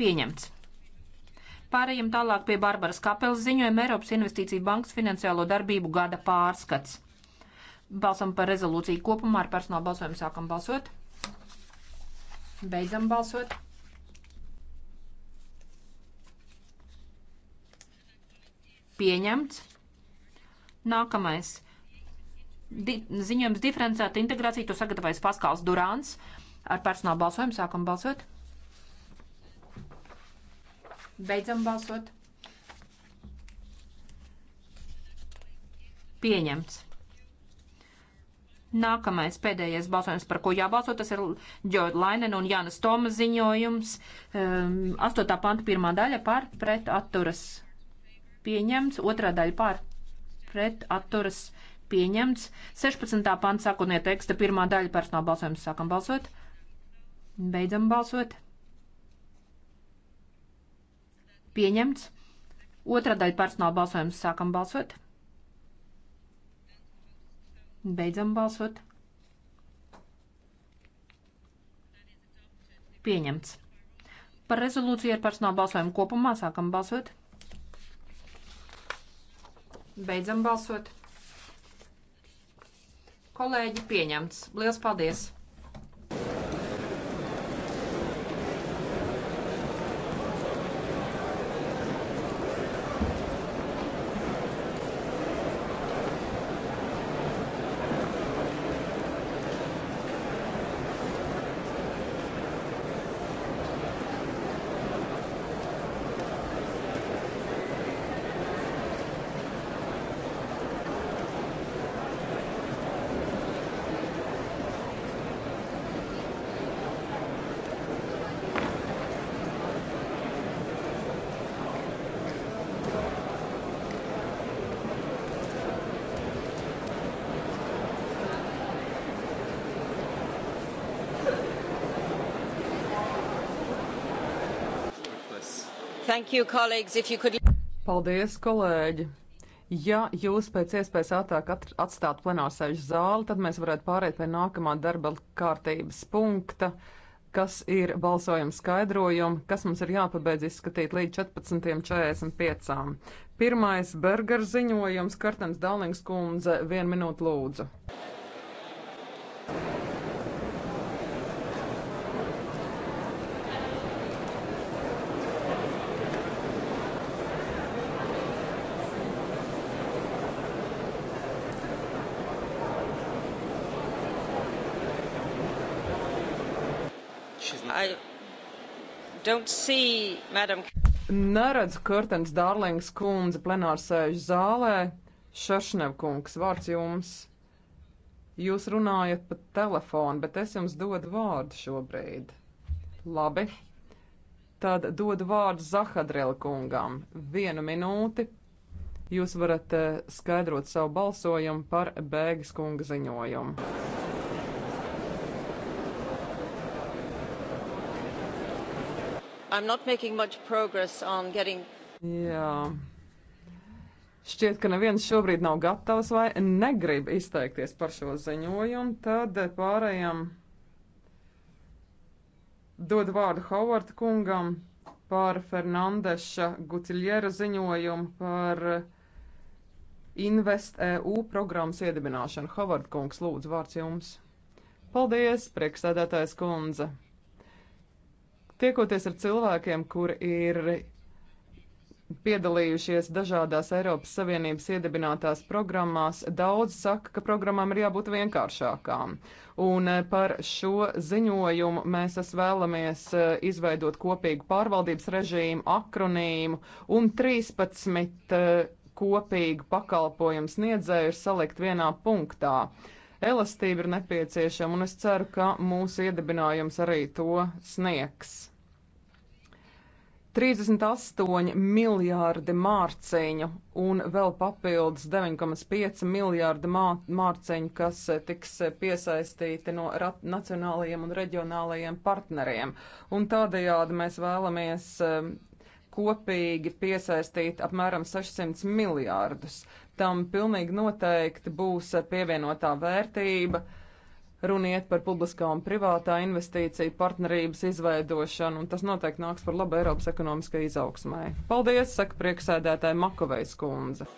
Pieņemts. Pārējiem tālāk pie Barbaras Kapelas ziņojuma Eiropas Investīcija bankas finansiālo darbību gada pārskats. Balsam par rezolūciju kopumā ar personālu balsojumu sākam balsot. Beidzam balsot. Pieņemts. Nākamais. Di ziņojums diferencēta integrācija. To sagatavojas Paskāls Durāns. Ar personālu balsojumu sākam balsot. Beidzam balsot. Pieņemts. Nākamais pēdējais balsojums, par ko jābalso, tas ir Džoda Lainena un Jānas Toma ziņojums. Um, ehm, 8. panta pirmā daļa par pret atturas pieņemts, otrā daļa pār pret atturas pieņemts, 16. pants sākotnē teksta pirmā daļa personāla balsojums sākam balsot, beidzam balsot, pieņemts, otrā daļa personāla balsojums sākam balsot, beidzam balsot, pieņemts. Par rezolūciju ar personāla balsojumu kopumā sākam balsot. Beidzam balsot. Kolēģi pieņemts. Lielas paldies! You, could... Paldies, kolēģi! Ja jūs pēc iespējas ātrāk atstātu plenārsēžu zāli, tad mēs varētu pāriet pie nākamā darba kārtības punkta, kas ir balsojuma skaidrojumi, kas mums ir jāpabeidz izskatīt līdz 14.45. Pirmais burger ziņojums, Kartens Dalnings kundze, vienu minūtu lūdzu. See, Neredzu Kurtens Dārlings kundze plenārsēžu zālē. Šašnev kungs, vārds jums. Jūs runājat pa telefonu, bet es jums dodu vārdu šobrīd. Labi. Tad dodu vārdu Zahadrēla kungam. Vienu minūti. Jūs varat eh, skaidrot savu balsojumu par Bēgas kunga ziņojumu. I'm not making much progress on getting. Jā. Šķiet, ka neviens šobrīd nav gatavs vai negrib izteikties par šo ziņojumu, tad pārējām dod vārdu Hovarda kungam par Fernandeša Gutiljera ziņojumu par Invest EU programmas iedibināšanu. Hovarda kungs, lūdzu, vārds jums. Paldies, priekšsēdētājs kundze! Tiekoties ar cilvēkiem, kur ir piedalījušies dažādās Eiropas Savienības iedibinātās programmās, daudz saka, ka programmām ir jābūt vienkāršākām. Un eh, par šo ziņojumu mēs vēlamies eh, izveidot kopīgu pārvaldības režīmu, akronīmu un 13 eh, kopīgu pakalpojumu sniedzēju ir salikt vienā punktā. Elastība ir nepieciešama, un es ceru, ka mūsu iedibinājums arī to sniegs. 38 miljārdi mārciņu un vēl papildus 9,5 miljārdi mārciņu, kas eh, tiks eh, piesaistīti no nacionālajiem un reģionālajiem partneriem. Un tādējādi mēs vēlamies eh, kopīgi piesaistīt apmēram 600 miljārdus. Tam pilnīgi noteikti būs pievienotā vērtība runiet par publiskā un privātā investīcija partnerības izveidošanu, un tas noteikti nāks par labu Eiropas ekonomiskai izaugsmai. Paldies, saka prieksēdētāja Makovejs kundze.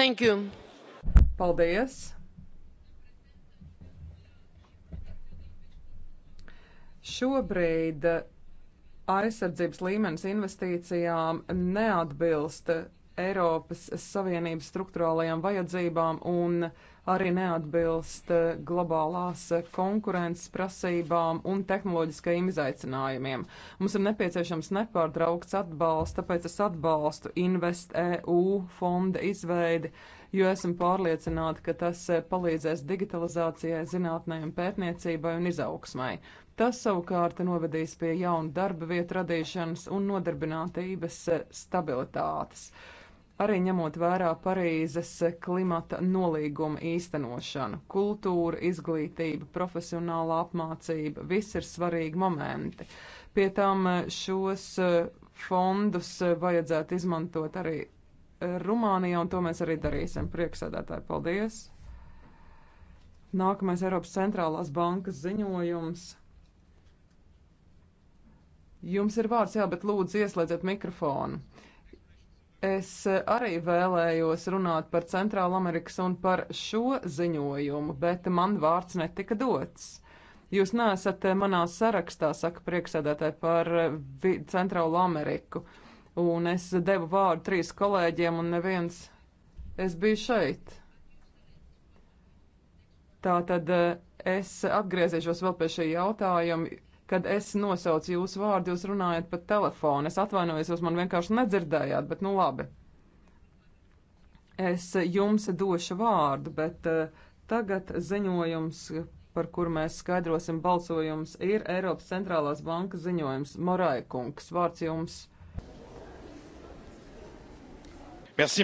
Thank you. Paldies! Šobrīd aizsardzības līmenis investīcijām neatbilst Eiropas Savienības struktūrālajām vajadzībām un arī neatbilst globālās konkurences prasībām un tehnoloģiskajiem izaicinājumiem. Mums ir nepieciešams nepārtraukts atbalsts, tāpēc es atbalstu InvestEU fonda izveidi, uh, jo esam pārliecināti, ka tas eh, palīdzēs digitalizācijai, zinātnē un pētniecībai un izaugsmai. Tas savukārt novedīs pie jaunu darba vietu radīšanas un nodarbinātības eh, stabilitātes arī ņemot vērā Parīzes eh, klimata nolīguma īstenošanu. Kultūra, izglītība, profesionāla apmācība - viss ir svarīgi momenti. Pie tam šos fondus vajadzētu izmantot arī Rumānijā, un to mēs arī darīsim. Prieksēdētāji, paldies! Nākamais Eiropas centrālās bankas ziņojums. Jums ir vārds, jā, bet lūdzu ieslēdziet mikrofonu. Es arī vēlējos runāt par Centrālu Amerikas un par šo ziņojumu, bet man vārds netika dots. Jūs neesat manā sarakstā, saka prieksēdētāji par Centrālu Ameriku. Uh, un es devu vārdu trīs kolēģiem, un neviens. Es biju šeit. Tā tad eh, es atgriezīšos vēl pie šī jautājuma. Kad es nosaucu jūsu vārdu, jūs runājat pa telefonu. Es atvainojos, jūs man vienkārši nedzirdējāt, bet nu labi. Es jums došu vārdu, bet uh, tagad ziņojums, par kuru mēs skaidrosim balsojums, ir Eiropas centrālās bankas ziņojums. Morai kungs, vārds jums. Uh,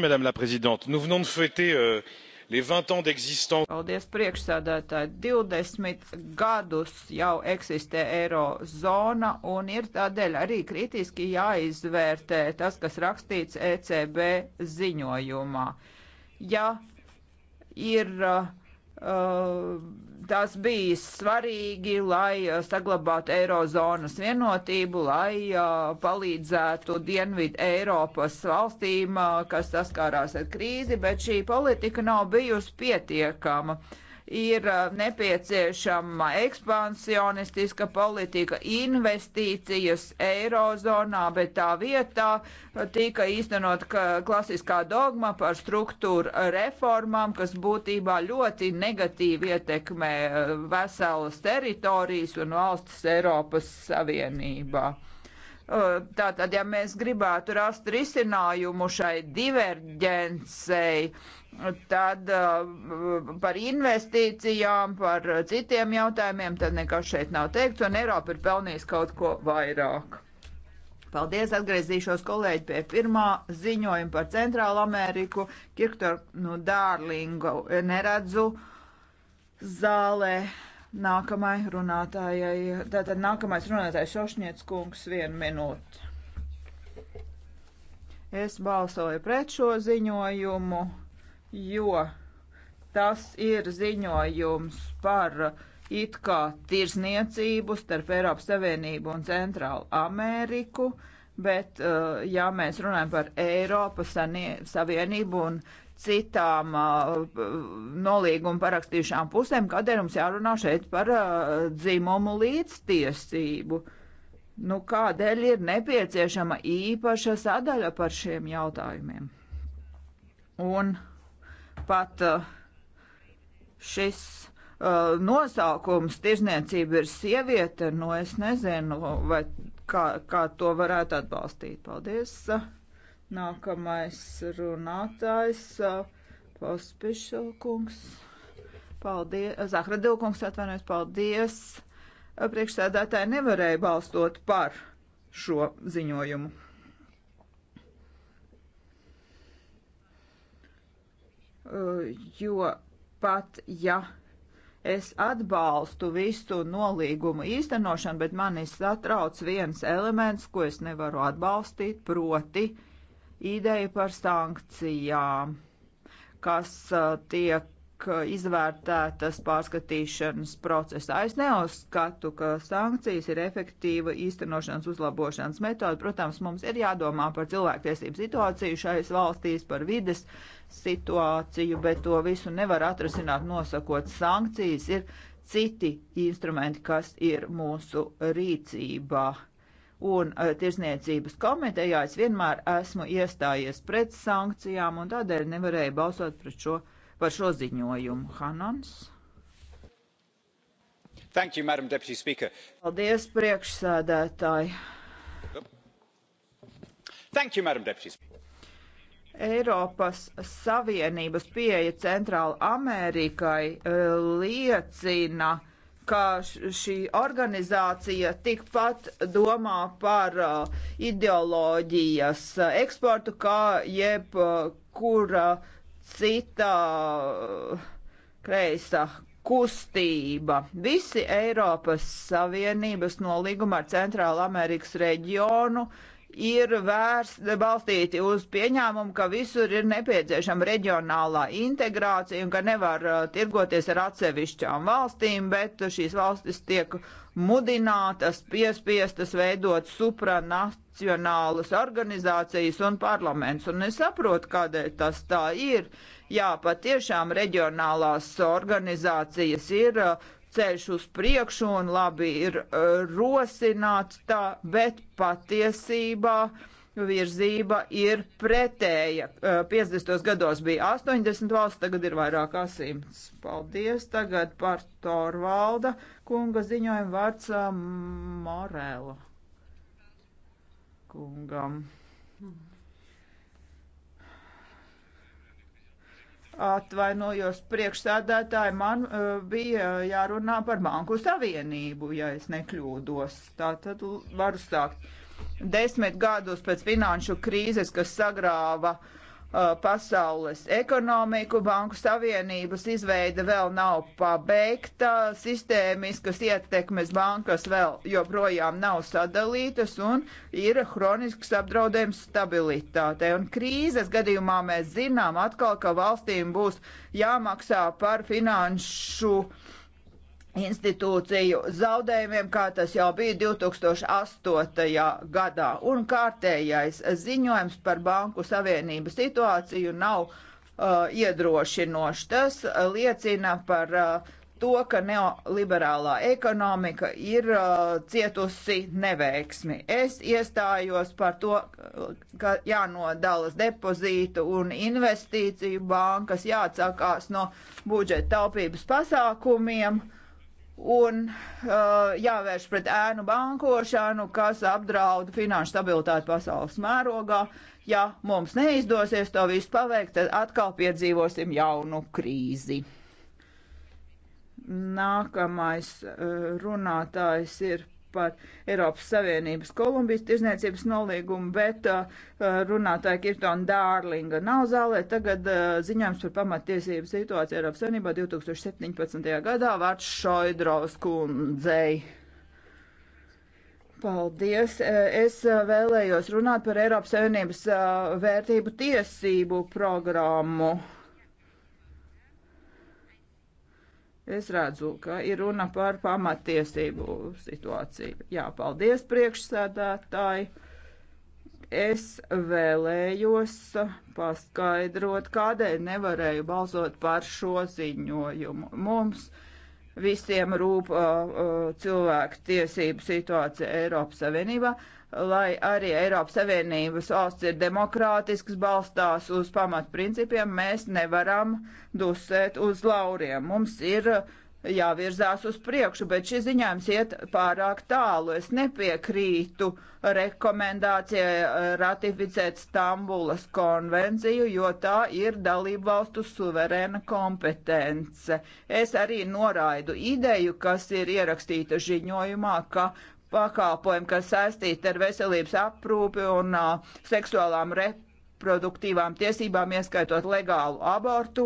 madame la présidente nous venons de fêter euh, les vingt ans d'existence. Paldies priekšsēdētāji. 20 gadus jau eksistē eirozona un ir tādēļ arī kritiski jāizvērtē tas, kas rakstīts ECB ziņojumā. Ja ir uh, Eh, tas bija svarīgi, lai eh, saglabātu Eirozonas vienotību, lai eh, palīdzētu Dienvidu Eiropas valstīm, kas saskārās ar krīzi, bet šī politika nav bijusi pietiekama. Uh, ir nepieciešama ekspansionistiska politika, investīcijas eirozonā, bet tā vietā tika īstenot klasiskā dogma par struktūra reformām, kas būtībā ļoti negatīvi ietekmē veselas teritorijas un valstis Eiropas Savienībā. Tātad, ja mēs gribētu rast risinājumu šai diverģencei, Tad uh, par investīcijām, par citiem jautājumiem, tad nekas šeit nav teikts, un Eiropa ir pelnījusi kaut ko vairāk. Paldies, atgriezīšos kolēģi pie pirmā ziņojuma par Centrālu Ameriku. Kirktor, nu, dārlingu neredzu zālē. Nākamai runātājai, tātad nākamais runātājs Šošņiec kungs vienu minūti. Es balsoju pret šo ziņojumu jo tas ir ziņojums par uh, it kā tirzniecību starp Eiropas Savienību un Centrālu Ameriku, bet uh, ja mēs runājam par Eiropas Savienību un citām uh, nolīgumu parakstījušām pusēm, kādēļ mums jārunā šeit par dzimumu līdztiesību. Nu, kādēļ ir nepieciešama īpaša sadaļa par šiem jautājumiem? Un uh, pat uh, šis uh, nosaukums tirzniecība ir sieviete, nu es nezinu, vai kā, kā to varētu atbalstīt. Paldies! Nākamais runātājs uh, Pospišilkungs. Paldies! Zahradilkungs atvainojas, paldies! Priekšsēdētāji nevarēja balstot par šo ziņojumu. Eh, jo pat ja es atbalstu visu nolīgumu īstenošanu, bet mani satrauc viens elements, ko es nevaru atbalstīt, proti ideja par sankcijām, kas eh, tiek eh, izvērtētas pārskatīšanas procesā. Es neuzskatu, ka sankcijas ir efektīva īstenošanas uzlabošanas metode. Protams, mums ir jādomā par cilvēktiesību situāciju šais valstīs, par vides uh, situāciju, bet to visu nevar atrasināt nosakot sankcijas. Ir citi instrumenti, kas ir mūsu rīcībā. Un eh, tirsniecības komitejā es vienmēr esmu iestājies pret sankcijām un tādēļ nevarēju balsot šo, par šo ziņojumu. Hanans. Thank you, Madam Deputy Speaker. Paldies, priekšsēdētāji. Thank you, Madam Deputy Speaker. Eiropas Savienības pieeja Centrāla Amerikai e, liecina, ka šī organizācija tikpat domā par e, ideoloģijas eksportu kā jebkura e, cita kreisa kustība. Visi Eiropas Savienības nolīguma ar Centrāla Amerikas reģionu uh, ir vērst, balstīti uz pieņēmumu, ka visur ir nepieciešama reģionālā integrācija un ka nevar uh, tirgoties ar atsevišķām valstīm, bet šīs valstis tiek mudinātas, piespiestas veidot supranacionālas organizācijas un parlaments. Un es saprotu, kādēļ tas tā ir. Jā, patiešām reģionālās organizācijas ir uh, ceļš uz priekšu un labi ir e, rosināts tā, bet patiesībā virzība ir pretēja. 50. E, gados bija 80 valsts, tagad ir vairāk kā 100. Paldies. Tagad par Torvalda kunga ziņojumu vārds e, Morela kungam. Mm. Atvainojos priekšsēdētāji, man uh, bija jārunā par Banku Savienību, ja es nekļūdos. Tā tad varu sākt. Desmit gadus pēc finanšu krīzes, kas sagrāva uh, Uh, pasaules ekonomiku. Banku savienības izveida vēl nav pabeigta, sistēmiskas ietekmes bankas vēl joprojām nav sadalītas un ir hronisks apdraudējums stabilitātei. Un krīzes gadījumā mēs zinām atkal, ka valstīm būs jāmaksā par finanšu uh, institūciju zaudējumiem, kā tas jau bija 2008. gadā. Un kārtējais ziņojums par Banku Savienības situāciju nav uh, iedrošinošs. Tas uh, liecina par uh, to, ka neoliberālā ekonomika ir uh, cietusi neveiksmi. Es iestājos par to, ka jānodalas depozītu un investīciju bankas, jāatsakās no budžeta taupības pasākumiem. Uh, un uh, jāvērš pret ēnu bankošanu, kas apdraud finanšu stabilitāti pasaules mērogā. Ja mums neizdosies to visu paveikt, tad atkal piedzīvosim jaunu krīzi. Nākamais uh, runātājs ir par Eiropas Savienības Kolumbijas tirzniecības nolīgumu, bet uh, uh, runātāja Kirtona Dārlinga nav zālē. Tagad uh, ziņojums par pamatiesību situāciju Eiropas Savienībā 2017. gadā vārds Šoidrovs kundzei. Paldies! Uh, es uh, vēlējos runāt par Eiropas Savienības vērtību tiesību programmu. Es redzu, ka ir runa par pamatiesību situāciju. Jā, paldies priekšsēdētāji. Es vēlējos paskaidrot, kādēļ nevarēju balsot par šo ziņojumu. Mums visiem rūp uh, uh cilvēku tiesību situācija Eiropas Savienībā. Uh, lai arī Eiropas Savienības valsts ir demokrātisks, balstās uz pamatprincipiem, mēs nevaram dusēt uz lauriem. Mums ir jāvirzās uz priekšu, bet šis ziņājums iet pārāk tālu. Es nepiekrītu rekomendācijai ratificēt Stambulas konvenciju, jo tā ir dalību valstu suverēna kompetence. Es arī noraidu ideju, kas ir ierakstīta ziņojumā, ka pakalpojumi, kas saistīti ar veselības aprūpi un uh, seksuālām reproduktīvām tiesībām, ieskaitot legālu abortu,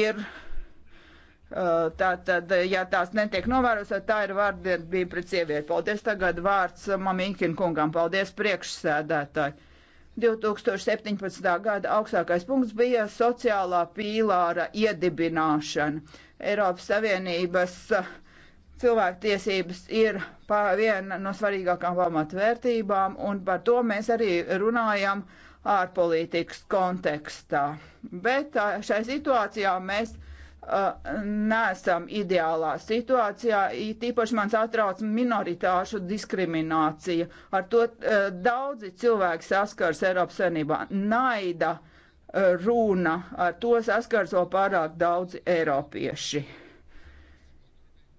ir uh, tātad, ja tās netiek novēros, tad tā ir vārdarbība pret sievieti. Paldies tagad vārds Maminkina kungam. Paldies priekšsēdētāji. 2017. gada augstākais punkts bija sociālā pīlāra iedibināšana. Eiropas Savienības uh, Cilvēktiesības ir viena no svarīgākām pamatvērtībām, un par to mēs arī runājam ārpolitikas kontekstā. Bet šai situācijā mēs uh, neesam ideālā situācijā. Tīpaši man satrauc minoritāšu diskriminācija. Ar to uh, daudzi cilvēki saskars Eiropas Savienībā. Naida uh, runa, ar to saskars vēl pārāk daudzi eiropieši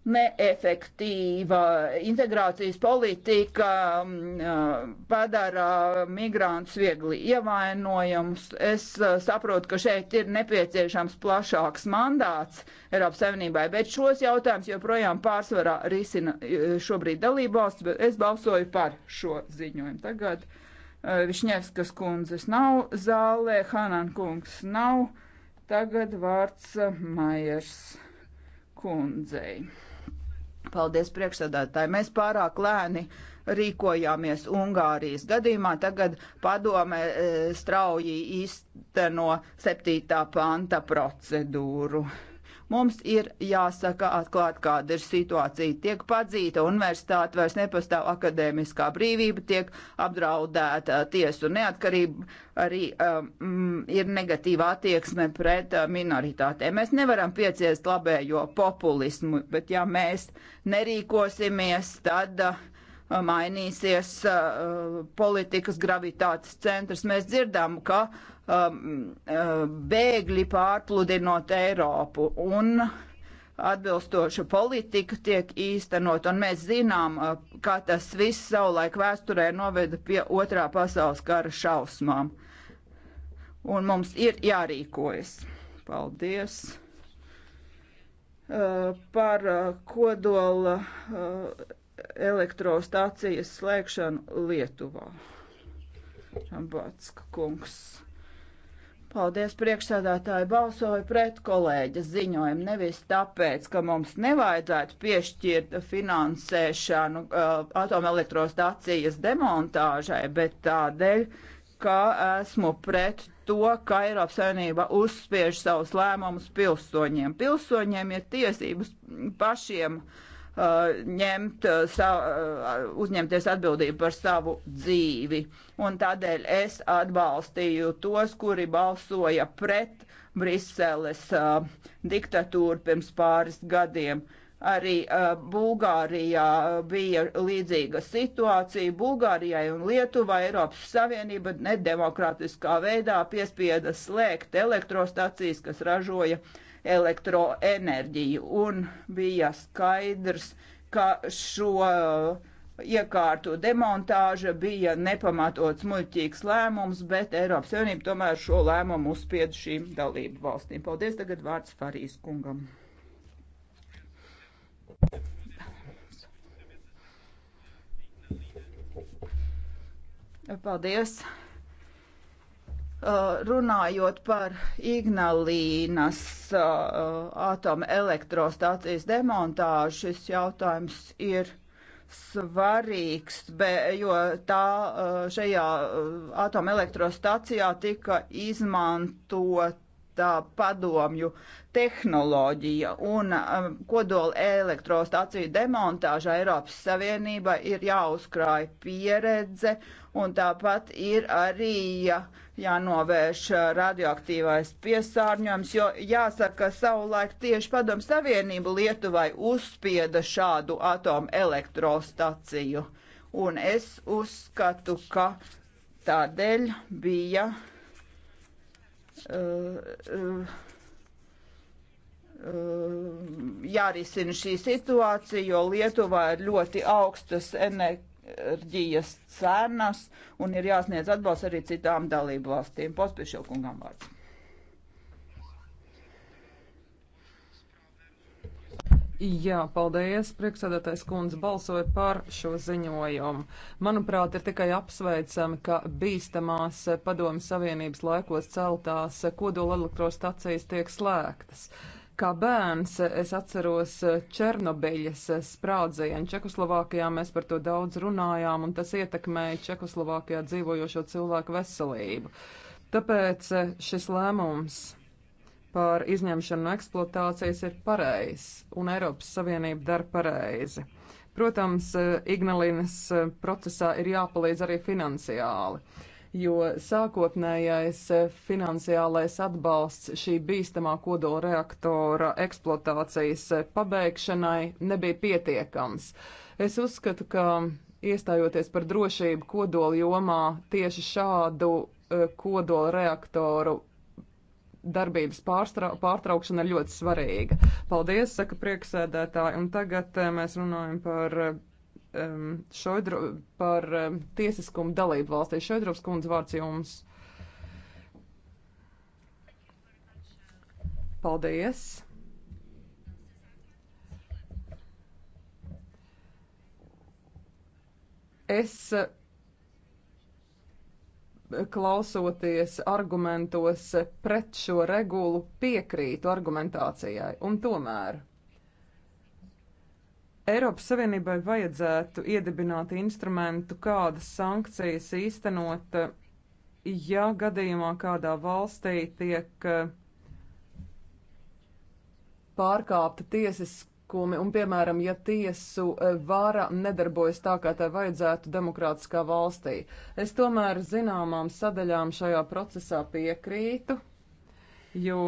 neefektīva integrācijas politika mm, padara migrantus viegli ievainojams. Es saprotu, ka šeit ir nepieciešams plašāks mandāts Eiropas Savienībai, bet šos jautājumus joprojām pārsvarā risina šobrīd dalībvalsts, bet es balsoju par šo ziņojumu. Tagad Višņevskas kundzes nav zālē, Hanan kungs nav. Tagad vārds Majers kundzei. Paldies priekšsēdētāji. Mēs pārāk lēni rīkojāmies Ungārijas gadījumā. Tagad padome e, strauji īsteno septītā panta procedūru. Mums ir jāsaka atklāt, kāda ir situācija. Tiek padzīta universitāte, vairs nepastāv akadēmiskā brīvība, tiek apdraudēta tiesu neatkarība, arī um, ir negatīva attieksme pret uh, minoritātēm. Mēs nevaram pieciest labējo populismu, bet ja mēs nerīkosimies, tad. Uh, mainīsies uh, politikas gravitācijas centrs. Mēs dzirdam, ka um, uh, bēgļi pārpludinot Eiropu un atbilstoša politika tiek īstenot, un mēs zinām, uh, kā tas viss savulaik vēsturē noveda pie otrā pasaules kara šausmām. Un mums ir jārīkojas. Paldies! Par kodola elektrostācijas slēgšanu Lietuvā. Šambatska kungs. Paldies priekšsēdētāji balsoju pret kolēģas ziņojumu, nevis tāpēc, ka mums nevajadzētu piešķirt finansēšanu uh, atomelektrostācijas demontāžai, bet tādēļ, ka esmu pret to, ka Eiropas Savienība uzspiež savus lēmumus pilsoņiem. Pilsoņiem ir tiesības pašiem uh, Uh, ņemt, uh, savu, uh, uzņemties atbildību par savu dzīvi. Un tādēļ es atbalstīju tos, kuri balsoja pret Briseles diktatūru pirms pāris gadiem. Arī Bulgārijā bija līdzīga situācija. Bulgārijai un Lietuvai Eiropas Savienība nedemokrātiskā veidā piespieda slēgt elektrostacijas, kas ražoja uh, elektroenerģiju. Un bija skaidrs, ka šo iekārtu demontāža bija nepamatots muļķīgs lēmums, bet Eiropas Savienība tomēr šo lēmumu uzspied šīm dalību valstīm. Paldies, tagad vārds Farijas kungam. Paldies! Uh, runājot par Ignalīnas uh, atomelektrostācijas demontāžu, šis jautājums ir svarīgs, bet, jo tā uh, šajā atomelektrostacijā tika izmantota padomju tehnoloģija un um, kodola elektrostaciju demontāža Eiropas Savienība ir jāuzkrāja pieredze un tāpat ir arī uh, jānovērš radioaktīvais piesārņojums, jo jāsaka, savulaik tieši Padomu Savienību Lietuvai uzspieda šādu atomu elektrostaciju. Un es uzskatu, ka tādēļ bija. Uh, uh, jārisina šī situācija, jo Lietuvā ir ļoti augstas ener enerģijas cenas un ir jāsniedz atbalsts arī citām dalību valstīm. Pospiešilkungam vārds. Jā, paldies. Priekšsēdētais kundze balsoja par šo ziņojumu. Manuprāt, ir tikai apsveicami, ka bīstamās padomu savienības laikos celtās kodola elektrostacijas tiek slēgtas. Uh, Kā bērns es atceros eh, Černobiļas eh, sprādzienu. Čekoslovākijā mēs par to daudz runājām, un tas ietekmēja Čekoslovākijā dzīvojošo cilvēku veselību. Tāpēc eh, šis lēmums par izņemšanu no eksploatācijas ir pareizs, un Eiropas Savienība dara pareizi. Protams, Ignalinas procesā ir jāpalīdz arī finansiāli jo sākotnējais eh, finansiālais atbalsts šī bīstamā kodolreaktora eksploatācijas eh, pabeigšanai nebija pietiekams. Es uzskatu, ka iestājoties par drošību kodoli jomā tieši šādu eh, kodolreaktoru darbības pārtraukšana ir ļoti svarīga. Paldies, saka prieksēdētāji, un tagad mēs runājam par um, šoidro, par um, tiesiskumu dalību valstī. Šoidrovs kundze vārds jums. Paldies! Es uh, klausoties argumentos pret šo regulu piekrītu argumentācijai, un tomēr Eiropas Savienībai vajadzētu iedibināt instrumentu, kādas sankcijas īstenot, ja gadījumā kādā valstī tiek eh, pārkāpta tiesiskumi, un, piemēram, ja tiesu eh, vara nedarbojas tā, kā tai vajadzētu demokrātiskā valstī. Es tomēr zināmām sadaļām šajā procesā piekrītu, jo,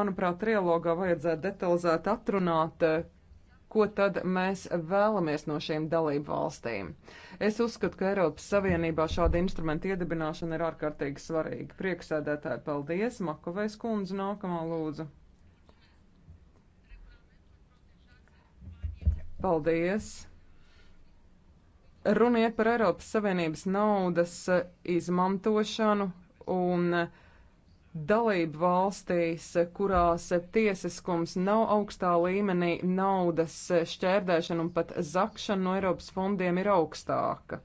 manuprāt, trilogā vajadzētu detalizēt atrunāt, eh, ko tad mēs vēlamies no šīm dalību valstīm. Es uzskatu, ka Eiropas Savienībā šāda instrumenta iedibināšana ir ārkārtīgi svarīga. Prieksēdētāji, paldies! Makovejs kundze nākamā lūdzu. Paldies! Runiet par Eiropas Savienības naudas izmantošanu un uh, Dalību valstīs, kurās tiesiskums nav augstā līmenī, naudas šķērdēšana un pat zakšana no Eiropas fondiem ir augstāka.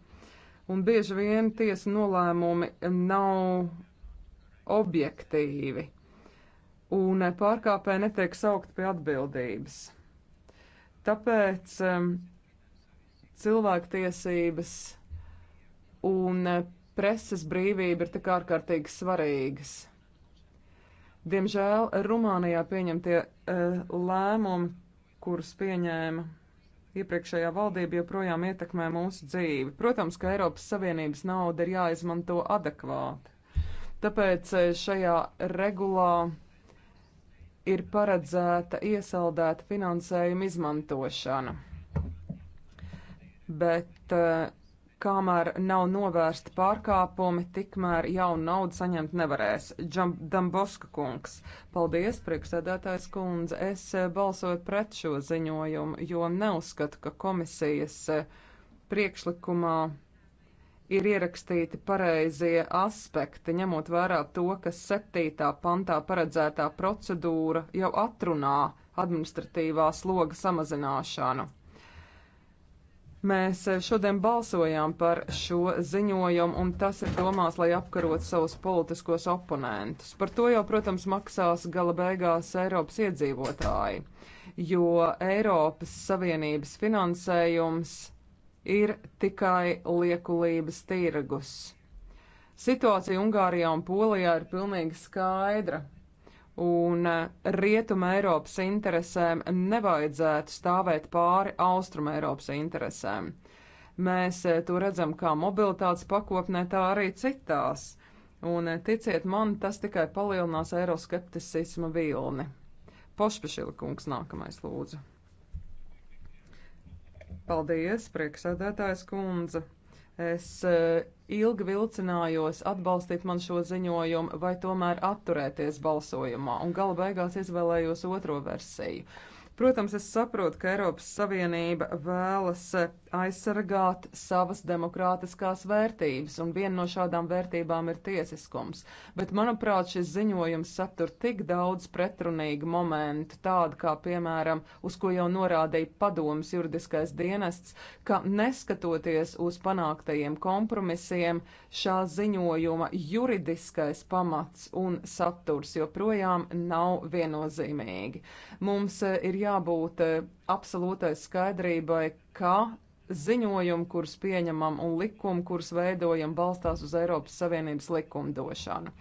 Un bieži vien tiesa nolēmumi nav objektīvi, un pārkāpēji netiek saukt pie atbildības. Tāpēc um, cilvēktiesības un uh, preses brīvība ir tik ārkārtīgi svarīgas. Diemžēl Rumānijā pieņemtie eh, lēmumi, kurus pieņēma iepriekšējā valdība, joprojām ietekmē mūsu dzīvi. Protams, ka Eiropas Savienības nauda ir jāizmanto adekvāti. Tāpēc eh, šajā regulā ir paredzēta iesaldēta finansējuma izmantošana. Bet uh, Kamēr nav novērsti pārkāpumi, tikmēr jaunu naudu saņemt nevarēs. Damboska kungs, paldies, priekšsēdētājs kundze, es e, balsoju pret šo ziņojumu, jo neuzskatu, ka komisijas e, priekšlikumā ir ierakstīti pareizie aspekti, ņemot vērā to, ka 7. pantā paredzētā procedūra jau atrunā administratīvā sloga samazināšanu. Mēs eh, šodien balsojām par šo ziņojumu, un tas ir domās, lai apkarot savus politiskos oponentus. Par to jau, protams, maksās gala beigās Eiropas iedzīvotāji, jo Eiropas Savienības finansējums ir tikai liekulības tirgus. Situācija Ungārijā un Polijā ir pilnīgi skaidra un eh, Rietuma Eiropas interesēm nevajadzētu stāvēt pāri Austruma Eiropas interesēm. Mēs eh, to redzam kā mobilitātes pakopnē, tā arī citās. Un eh, ticiet man, tas tikai palielinās eiroskepticisma vilni. Pošpešilkungs nākamais lūdzu. Paldies, prieksēdētājs kundze. Es eh, ilgi vilcinājos atbalstīt man šo ziņojumu vai tomēr atturēties balsojumā, un gala beigās izvēlējos otro versiju. Protams, es saprotu, ka Eiropas Savienība vēlas aizsargāt savas demokrātiskās vērtības, un viena no šādām vērtībām ir tiesiskums. Bet, manuprāt, šis ziņojums satur tik daudz pretrunīgu momentu, tādu kā, piemēram, uz ko jau norādīja padomas juridiskais dienests, ka neskatoties uz panāktajiem kompromisiem, uh, šā ziņojuma juridiskais pamats un saturs joprojām nav viennozīmīgi. Mums eh, ir jābūt eh, absolūtai skaidrībai, ka ziņojumi, kurus pieņemam un likumi, kurus veidojam, balstās uz Eiropas Savienības likumdošanu.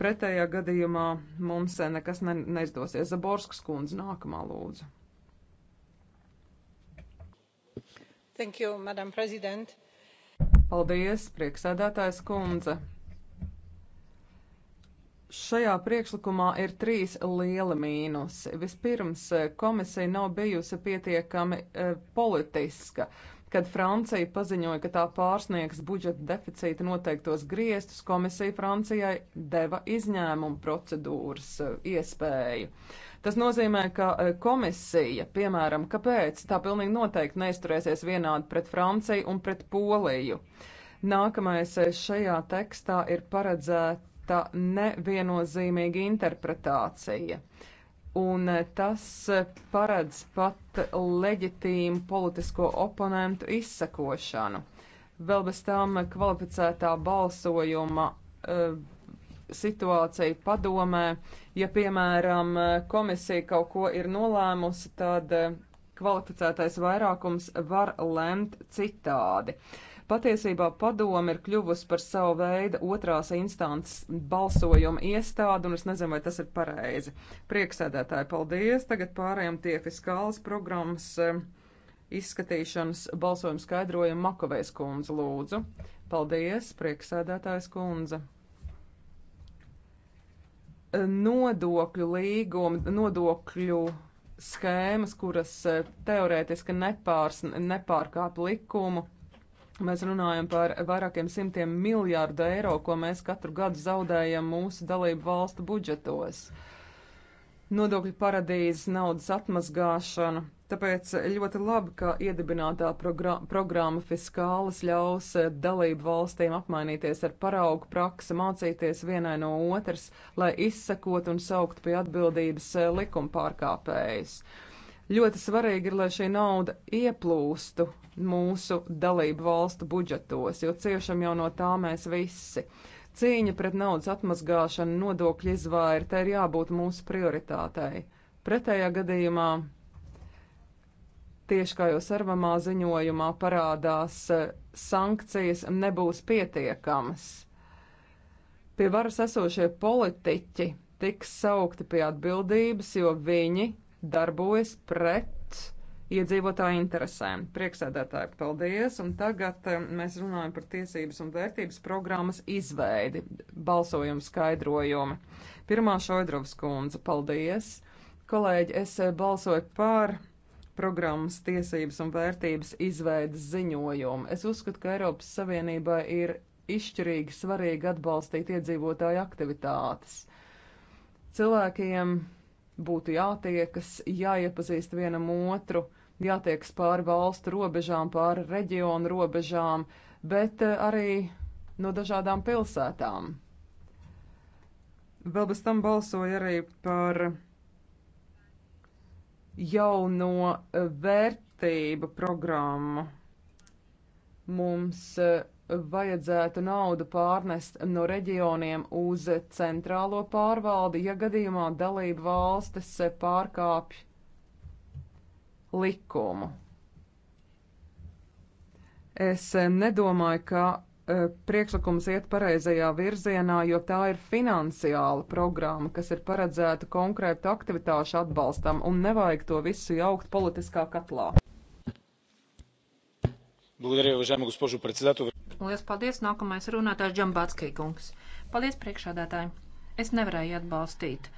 Pretējā gadījumā mums eh, nekas ne, neizdosies. Zaborskas kundze nākamā lūdzu. Thank you, Madam President. Uh, Paldies, prieksēdētājs kundze. Šajā priekšlikumā ir trīs lieli mīnusi. Vispirms, eh, komisija nav bijusi pietiekami e, politiska. E, Kad Francija paziņoja, ka tā pārsniegs budžeta deficīta noteiktos griestus, komisija Francijai deva izņēmumu procedūras eh, iespēju. Tas nozīmē, ka eh, komisija, piemēram, kāpēc tā pilnīgi noteikti neizturēsies vienādi pret Franciju un pret Poliju. Nākamais eh, šajā tekstā ir paredzēta neviennozīmīga interpretācija un eh, tas eh, paredz pat leģitīmu politisko oponentu izsakošanu. Vēl bez tam kvalificētā balsojuma uh, situācija padomē, ja, piemēram, komisija kaut ko ir nolēmusi, tad kvalificētais vairākums var lemt citādi. Uh, Patiesībā padome ir kļuvusi par savu veidu otrās instances balsojuma iestādi, un es nezinu, vai tas ir pareizi. Prieksēdētāji, paldies! Tagad pārējām tie fiskālas programmas eh, izskatīšanas balsojuma skaidrojuma Makovēs kundze lūdzu. Paldies, prieksēdētājs kundze! Eh, nodokļu līgumi, nodokļu schēmas, kuras eh, teorētiski nepārs, nepārkāp likumu. Mēs runājam par vairākiem simtiem miljārdu eiro, ko mēs katru gadu zaudējam mūsu dalību valstu budžetos. Nodokļu paradīzes, naudas atmazgāšana. Tāpēc ļoti labi, ka iedibinātā programma fiskālas ļaus dalību valstīm apmainīties ar paraugu praksi, mācīties vienai no otras, lai izsekot un saukt pie atbildības likuma pārkāpējus. Ļoti svarīgi ir, lai šī nauda ieplūstu mūsu dalību valstu budžetos, jo ciešam jau no tā mēs visi. Cīņa pret naudas atmazgāšanu, nodokļu izvairi, tai ir jābūt mūsu prioritātei. Pretējā gadījumā, tieši kā jau sarvamā ziņojumā parādās, sankcijas nebūs pietiekamas. Pie varas esošie politiķi tiks saukti pie atbildības, jo viņi darbojas pret iedzīvotāju interesēm. Prieksēdētāji, paldies! Un tagad eh, mēs runājam par tiesības un vērtības programmas izveidi, balsojumu skaidrojumu. Pirmā Šoidrovs kundze, paldies! Kolēģi, es eh, balsoju par programmas tiesības un vērtības izveidas ziņojumu. Es uzskatu, ka Eiropas Savienībai ir izšķirīgi svarīgi atbalstīt iedzīvotāju aktivitātes. Cilvēkiem būtu jātiekas, jāiepazīst vienam otru, jātiekas pāri valstu robežām, pāri reģionu robežām, bet eh, arī no dažādām pilsētām. Vēl bez tam balsoja arī par jauno eh, vērtību programmu. Mums eh, vajadzētu naudu pārnest no reģioniem uz centrālo pārvaldi, ja gadījumā dalību valstis pārkāpj likumu. Es nedomāju, ka e, priekšlikums iet pareizajā virzienā, jo tā ir finansiāla programma, kas ir paredzēta konkrētu aktivitāšu atbalstam, un nevajag to visu jaukt politiskā katlā. Благодаря, уважаема госпожо председател. Lielas paldies, nākamais runātājs Džambatskij kungs. Paldies, priekšādātāji. Es nevarēju atbalstīt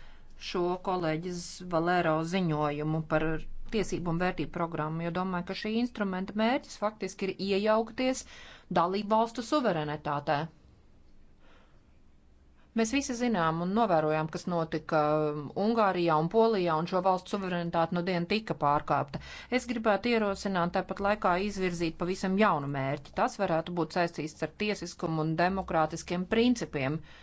šo kolēģis Valero ziņojumu par tiesību un vērtību programmu, jo domāju, ka šī instrumenta mērķis faktiski ir iejaukties dalību valstu suverenitātē. Mēs visi zinām un novērojām, kas notika Ungārijā un Polijā, un šo valstu suverenitāte no diena tika pārkāpta. Es gribētu ierosināt tāpat laikā izvirzīt pavisam jaunu mērķi. Tas varētu būt saistīts ar tiesiskumu un demokrātiskiem principiem. Uh,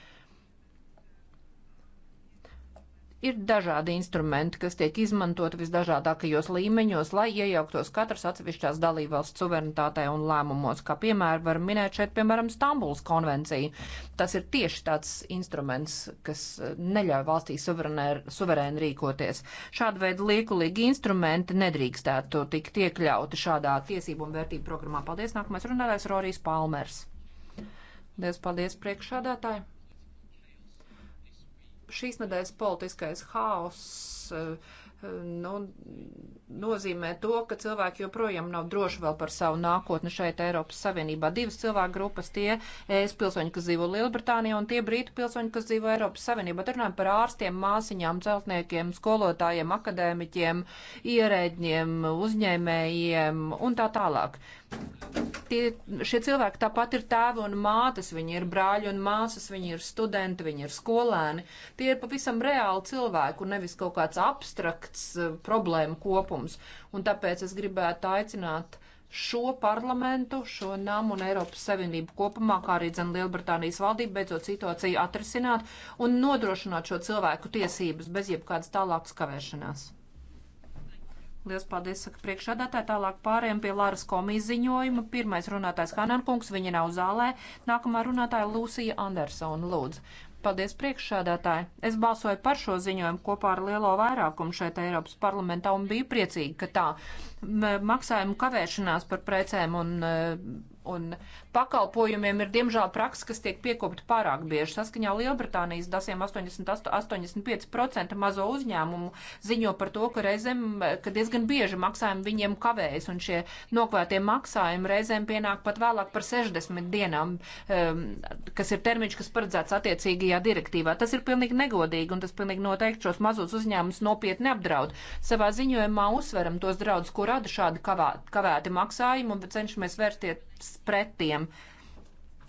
Ir dažādi instrumenti, kas tiek izmantot visdažādākajos līmeņos, lai iejauktos katras atsevišķās dalībvalsts suverenitātē un lēmumos, kā piemēram var minēt šeit, piemēram, Stambuls konvenciju. Tas ir tieši tāds instruments, kas eh, neļauj valstī suverēni rīkoties. Šāda veida liekulīgi instrumenti nedrīkstētu tikt iekļauti šādā tiesību un vērtību programmā. Paldies, nākamais runātājs Rorijas Palmers. Paldies, paldies priekšādātāji! šīs nedēļas politiskais haoss eh, eh, nu, nozīmē to, ka cilvēki joprojām nav droši vēl par savu nākotni šeit Eiropas Savienībā. Divas cilvēku grupas tie es pilsoņi, kas dzīvo Lielbritānijā un tie brītu pilsoņi, kas dzīvo Eiropas Savienībā. Tur runājam par ārstiem, māsiņām, celtniekiem, skolotājiem, akadēmiķiem, ierēģiem, uzņēmējiem un tā tālāk. Tie, šie cilvēki tāpat ir tēvi un mātes, viņi ir brāļi un māsas, viņi ir studenti, viņi ir skolēni. Tie ir pavisam reāli cilvēki un nevis kaut kāds abstrakts eh, problēma kopums. Un tāpēc es gribētu aicināt šo parlamentu, šo namu un Eiropas Savienību kopumā, kā arī dzen Lielbritānijas valdību, beidzot situāciju atrisināt un nodrošināt šo cilvēku tiesības bez jebkādas tālākas kavēšanās. Lielas paldies, saka priekšādātāji. Tālāk pārējiem pie Lāras komijas ziņojuma. Pirmais runātājs Hanankungs, viņa nav zālē. Nākamā runātāja Lūsija Andersona lūdzu. Paldies priekšsādātāji. Es balsoju par šo ziņojumu kopā ar lielo vairākumu šeit Eiropas parlamentā un biju priecīgi, ka tā maksājumu kavēšanās par precēm un, eh, un pakalpojumiem ir diemžēl praksa, kas tiek piekopta pārāk bieži. Saskaņā Lielbritānijas dasiem 88, 85% mazo uzņēmumu ziņo par to, ka reizēm, ka diezgan bieži maksājumi viņiem kavējas, un šie nokvētie maksājumi reizēm pienāk pat vēlāk par 60 dienām, um, kas ir termiņš, kas paredzēts attiecīgajā direktīvā. Tas ir pilnīgi negodīgi, un tas pilnīgi noteikti šos mazos uzņēmumus nopietni apdraud. Savā ziņojumā uzsveram tos draudus, ko rada šādi kavā, kavēti maksājumi, un cenšamies vērsties pret tiem gadiem. Uh,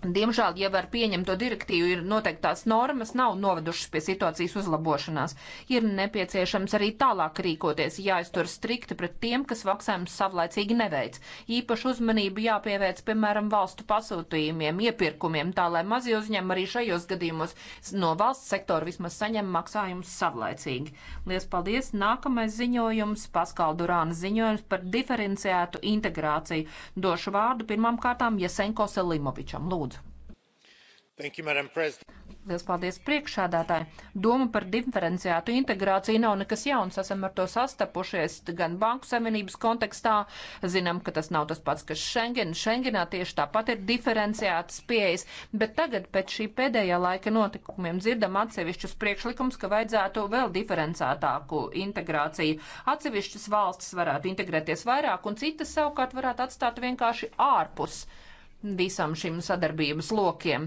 Diemžēl, ja var pieņemt to direktīvu, ir noteiktās normas, nav novedušas pie situācijas uzlabošanās. Ir nepieciešams arī tālāk rīkoties, jāiztur strikti pret tiem, kas maksājumus savlaicīgi neveic. Īpaši uzmanību jāpievērc, piemēram, valstu pasūtījumiem, iepirkumiem, tā lai mazie uzņēmumi arī šajos gadījumos no valsts sektora vismaz saņem maksājumus savlaicīgi. Lies paldies! Nākamais ziņojums, Paskal Durāna ziņojums par diferenciētu integrāciju. Došu vārdu pirmām kārtām Jesenko Selimovičam. Lūdzu! Lielas paldies priekšādātāji. Doma par diferenciētu integrāciju nav nekas jauns. Esam ar to sastapušies gan Banku Savienības kontekstā. Zinām, ka tas nav tas pats, kas Schengen. Schengenā tieši tāpat ir diferenciētas pieejas. Bet tagad pēc šī pēdējā laika notikumiem dzirdam atsevišķus priekšlikums, ka vajadzētu vēl diferencētāku integrāciju. Atsevišķas valstis varētu integrēties vairāk un citas savukārt varētu atstāt vienkārši ārpus. Uh, visam šim sadarbības lokiem.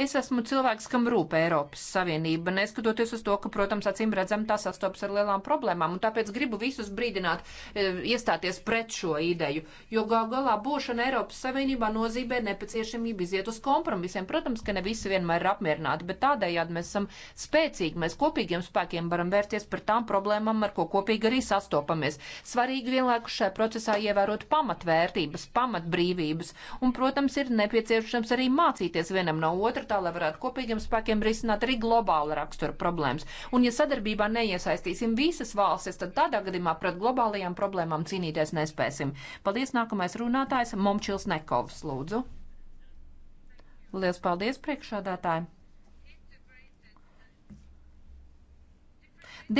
Es esmu cilvēks, kam rūp Eiropas Savienība, neskatoties uz to, ka, protams, acīm redzam, tā sastopas ar lielām problēmām, un tāpēc gribu visus brīdināt e, iestāties pret šo ideju, jo gal galā būšana Eiropas Savienībā nozīmē nepieciešamību iziet uz kompromisiem. Protams, ka ne visi vienmēr ir apmierināti, bet tādējādi mēs esam spēcīgi, mēs kopīgiem spēkiem varam vērsties par tām problēmām, ar ko kopīgi arī sastopamies. Svarīgi vienlaikus šajā procesā ievērot pamatvērtības, pamatbrīvības, un, protams, mums ir nepieciešams arī mācīties vienam no otra, tā lai varētu kopīgiem spēkiem risināt arī globāla rakstura problēmas. Un ja sadarbībā neiesaistīsim visas valstis, tad tādā gadījumā pret globālajām problēmām cīnīties nespēsim. Paldies, nākamais runātājs Momčils Nekovs, lūdzu. Lielas paldies priekšādātājiem!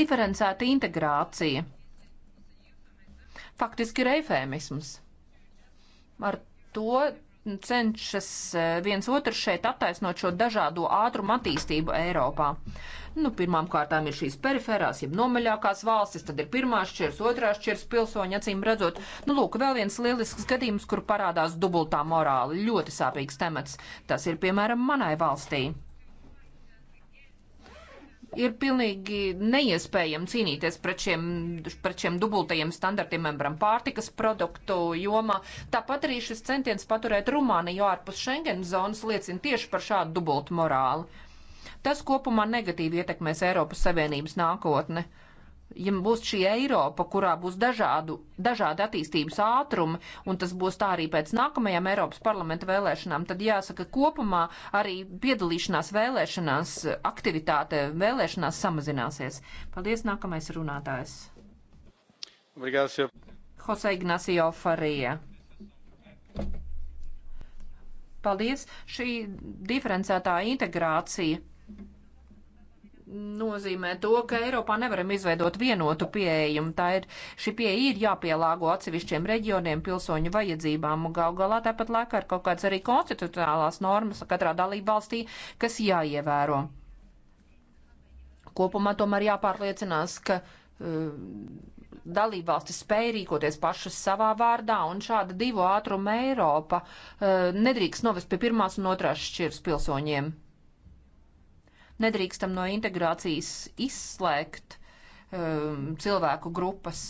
diferencēta integrācija. Faktiski ir eifēmisms. Ar to cenšas e, viens otru šeit attaisnot šo dažādo ātrumu attīstību Eiropā. Nu, pirmām kārtām ir šīs periferās, jeb nomaļākās valstis, tad ir pirmā šķirs, otrā šķirs pilsoņi, acīm redzot. Nu, lūk, vēl viens lielisks gadījums, kur parādās dubultā morāla. Ļoti sāpīgs temats. Tas ir, piemēram, manai valstī ir pilnīgi neiespējami cīnīties pret šiem, pret šiem dubultajiem standartiem, piemēram, pārtikas produktu jomā. Tāpat arī šis centiens paturēt Rumāniju ārpus Schengen zonas liecina tieši par šādu dubultu morāli. Tas kopumā negatīvi ietekmēs Eiropas Savienības nākotni ja būs šī Eiropa, kurā būs dažādu, dažādi attīstības ātrumi, un tas būs tā arī pēc nākamajām Eiropas parlamenta vēlēšanām, tad jāsaka, kopumā arī piedalīšanās vēlēšanās, aktivitāte vēlēšanās samazināsies. Paldies, nākamais runātājs. Obrigācio. Jose Ignacio Farija. Paldies. Šī diferencētā integrācija nozīmē to, ka Eiropā nevaram izveidot vienotu pieejumu. Tā ir, šī pieeja ir jāpielāgo atsevišķiem reģioniem, pilsoņu vajadzībām, un gal galā tāpat laikā ir kaut kāds arī konstitucionālās normas katrā dalība valstī, kas jāievēro. Kopumā tomēr jāpārliecinās, ka uh, dalībvalstis spēja rīkoties pašas savā vārdā, un šāda divu ātruma Eiropa uh, nedrīkst novest pie pirmās un otrās šķiras pilsoņiem. Nedrīkstam no integrācijas izslēgt um, cilvēku grupas.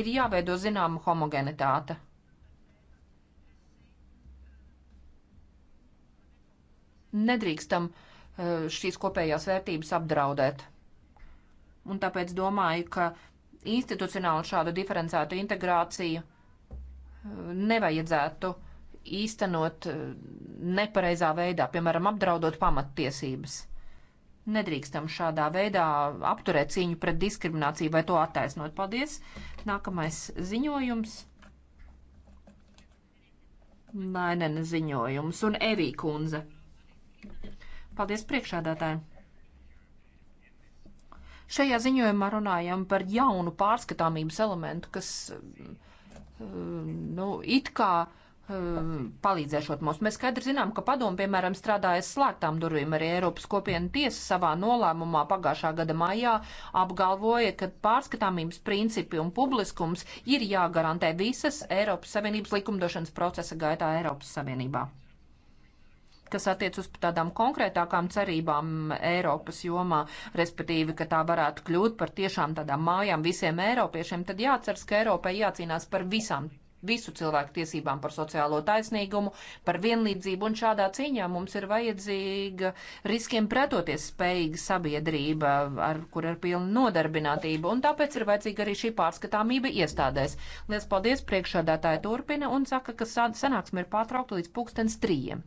Ir jāveido zināma homogenitāte. Nedrīkstam uh, šīs kopējās vērtības apdraudēt. Un tāpēc domāju, ka institucionāli šādu diferencētu integrāciju uh, nevajadzētu īstenot uh, nepareizā veidā, piemēram, apdraudot pamattiesības. Nedrīkstam šādā veidā apturēt cīņu pret diskrimināciju vai to attaisnot. Paldies! Nākamais ziņojums. Nainena ziņojums un Evī kundze. Paldies priekšādātājiem! Šajā ziņojumā runājam par jaunu pārskatāmības elementu, kas, eh, nu, it kā uh, Eh, palīdzēšot mums. Mēs skaidri zinām, ka padomu, piemēram, strādājas slēgtām durvīm arī Eiropas kopiena tiesa savā nolēmumā pagājušā gada maijā apgalvoja, ka pārskatāmības principi un publiskums ir jāgarantē visas Eiropas Savienības likumdošanas procesa gaitā Eiropas Savienībā kas attiec uz tādām konkrētākām cerībām Eiropas jomā, respektīvi, ka tā varētu kļūt par tiešām tādām mājām visiem eiropiešiem, tad jāceras, ka Eiropai jācīnās par visām visu cilvēku tiesībām, par sociālo taisnīgumu, par vienlīdzību, un šādā cīņā mums ir vajadzīga riskiem pretoties spējīga sabiedrība, ar kur ir pilna nodarbinātība, un tāpēc ir vajadzīga arī šī pārskatāmība iestādēs. Lielas paldies, priekšādātāja turpina un saka, ka sanāksme ir pārtraukta līdz pulkstens trījiem.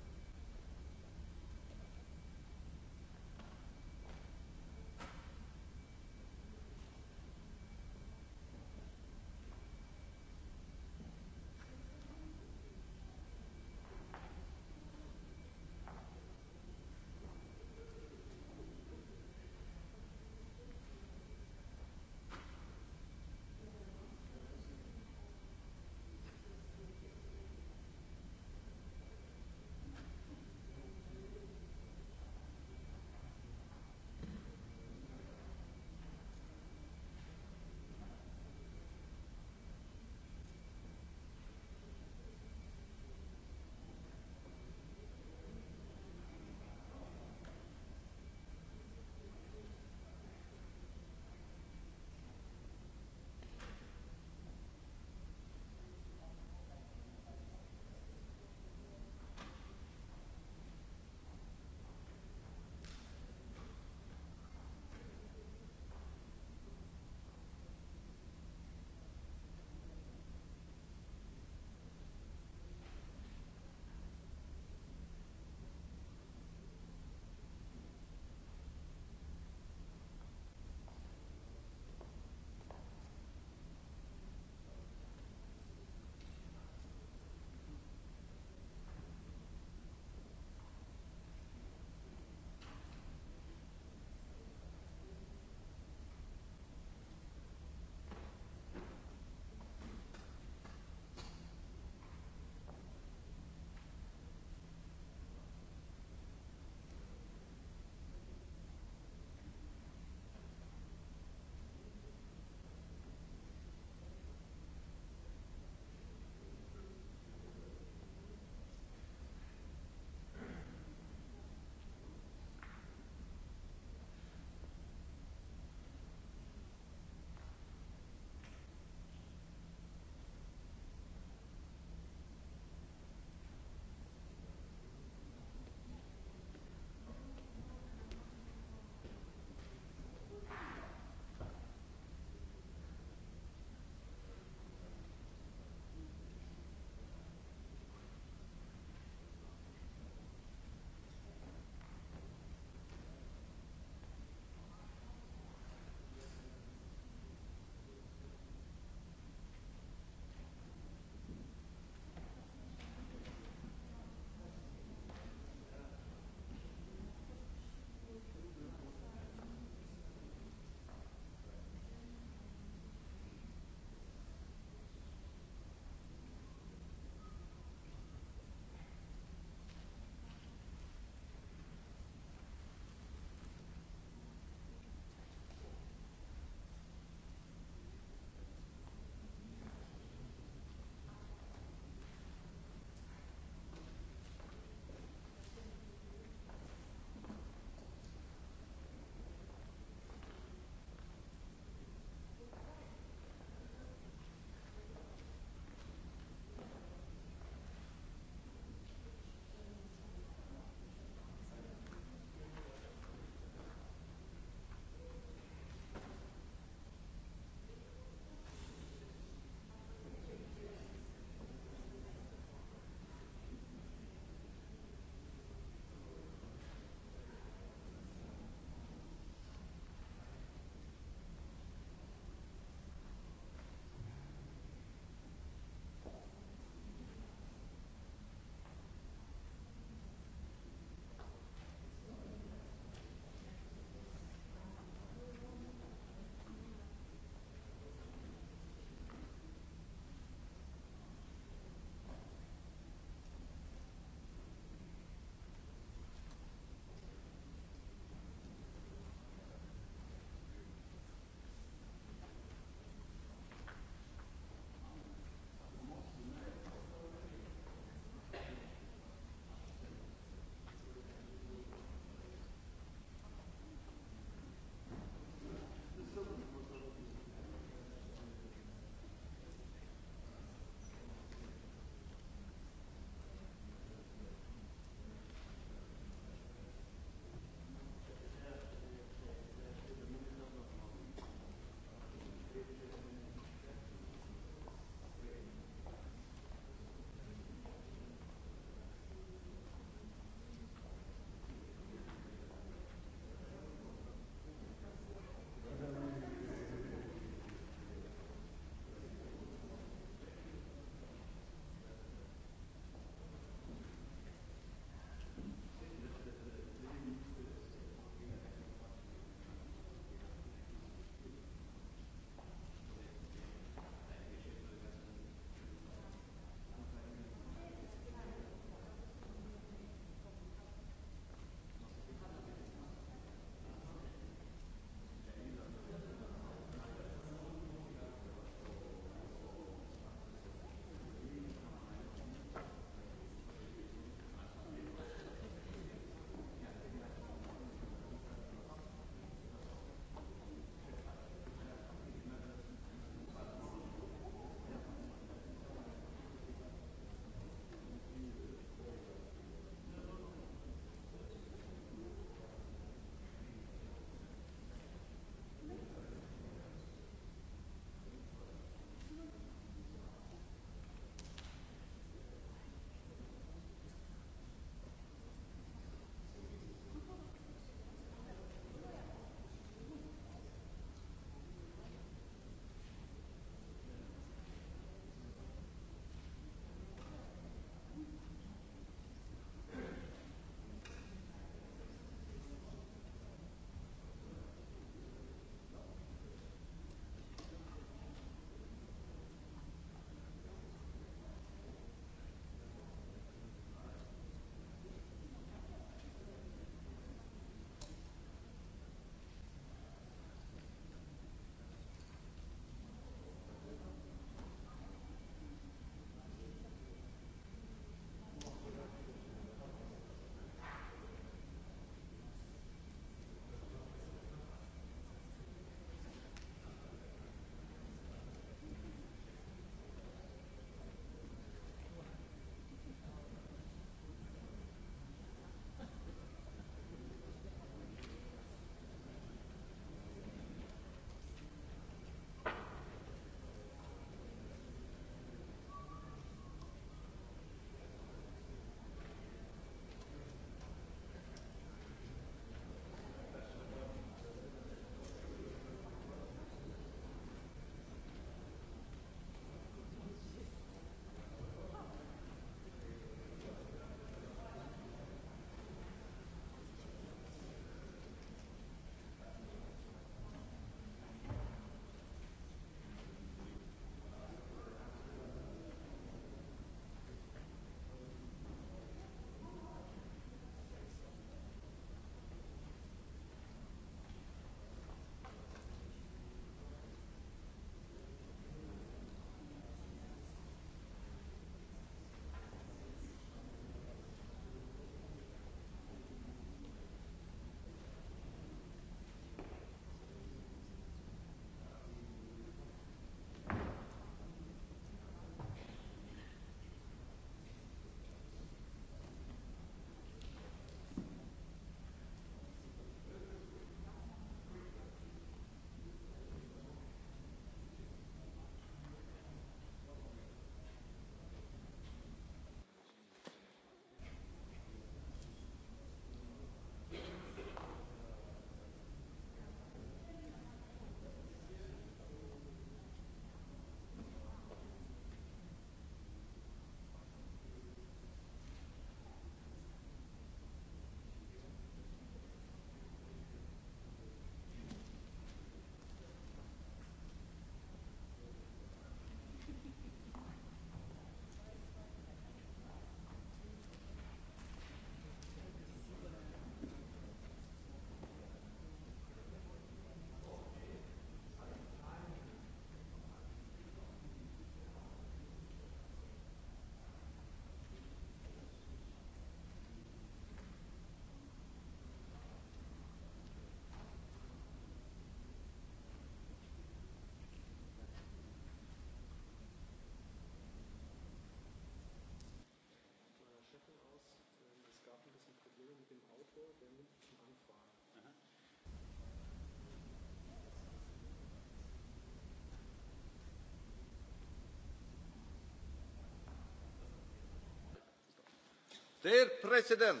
Der Präsident.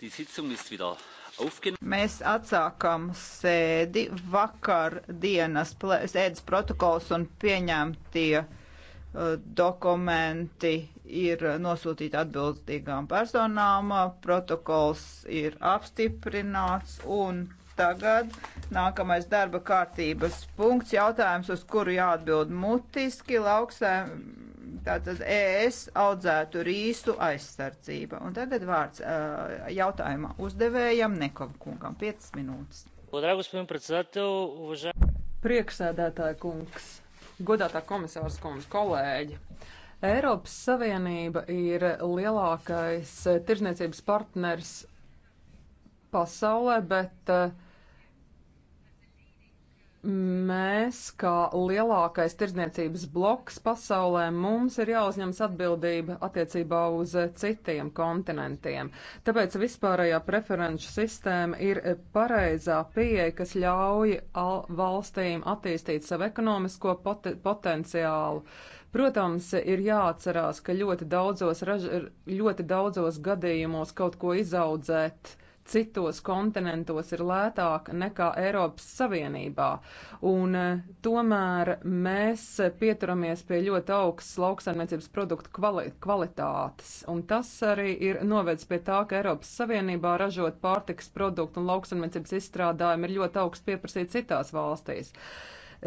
Die Sitzung ist wieder Mēs atsākam sēdi vakar dienas sēdes protokols un pieņemtie uh, dokumenti ir nosūtīti atbildīgām personām. Protokols ir apstiprināts un. Tagad nākamais darba kārtības punkts, jautājums, uz kuru jāatbild mutiski, lauksē, tātad ES audzētu rīsu aizsardzība. Un tagad vārds jautājuma uzdevējam Nekovkungam, 5 minūtes. Prieksēdētāja kungs, godātā komisārs kungs, kolēģi. Eiropas Savienība ir lielākais tirzniecības partners pasaulē, bet uh, Mēs, kā lielākais tirdzniecības bloks pasaulē, mums ir jāuzņemas atbildība attiecībā uz citiem kontinentiem. Tāpēc vispārējā preferenču sistēma ir pareizā pieeja, kas ļauj valstīm attīstīt savu ekonomisko pot potenciālu. Protams, ir jāatcerās, ka ļoti daudzos, raž ļoti daudzos gadījumos kaut ko izaudzēt citos kontinentos ir lētāka nekā Eiropas Savienībā. Un eh, tomēr mēs pieturamies pie ļoti augstas lauksaimniecības produktu kvali kvalitātes. Un tas arī ir novedis pie tā, ka Eiropas Savienībā ražot pārtiks produktu un lauksaimniecības izstrādājumi ir ļoti augsts pieprasīti citās valstīs. Uh,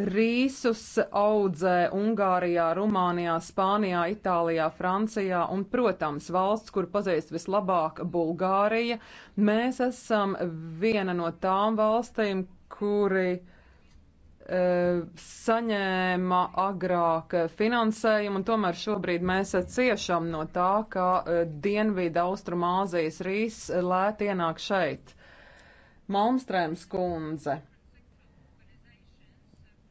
Rīsus audzē Ungārijā, Rumānijā, Spānijā, Itālijā, Francijā un, protams, valsts, kur pazīst vislabāk Bulgārija. Mēs esam viena no tām valstīm, kuri e, saņēma agrāk finansējumu, un tomēr šobrīd mēs ciešam no tā, ka e, Dienvīda Austrumāzijas rīs lēt ienāk šeit. Malmstrēms kundze.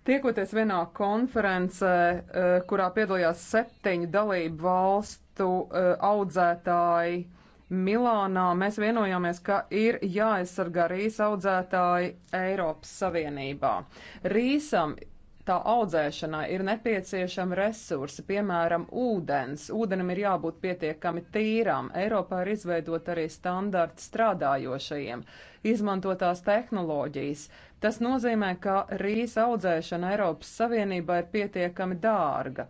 Tiekoties vienā konferencē, eh, kurā piedalījās septiņu dalību valstu eh, audzētāji Milānā, mēs vienojāmies, ka ir jāaizsargā rīs audzētāji Eiropas Savienībā. Rīsam tā audzēšanai ir nepieciešami resursi, piemēram, ūdens. Ūdenim ir jābūt pietiekami tīram. Eiropā ir izveidot arī standarti strādājošajiem, izmantotās tehnoloģijas. Tas nozīmē, ka rīsa audzēšana Eiropas Savienībā ir pietiekami dārga.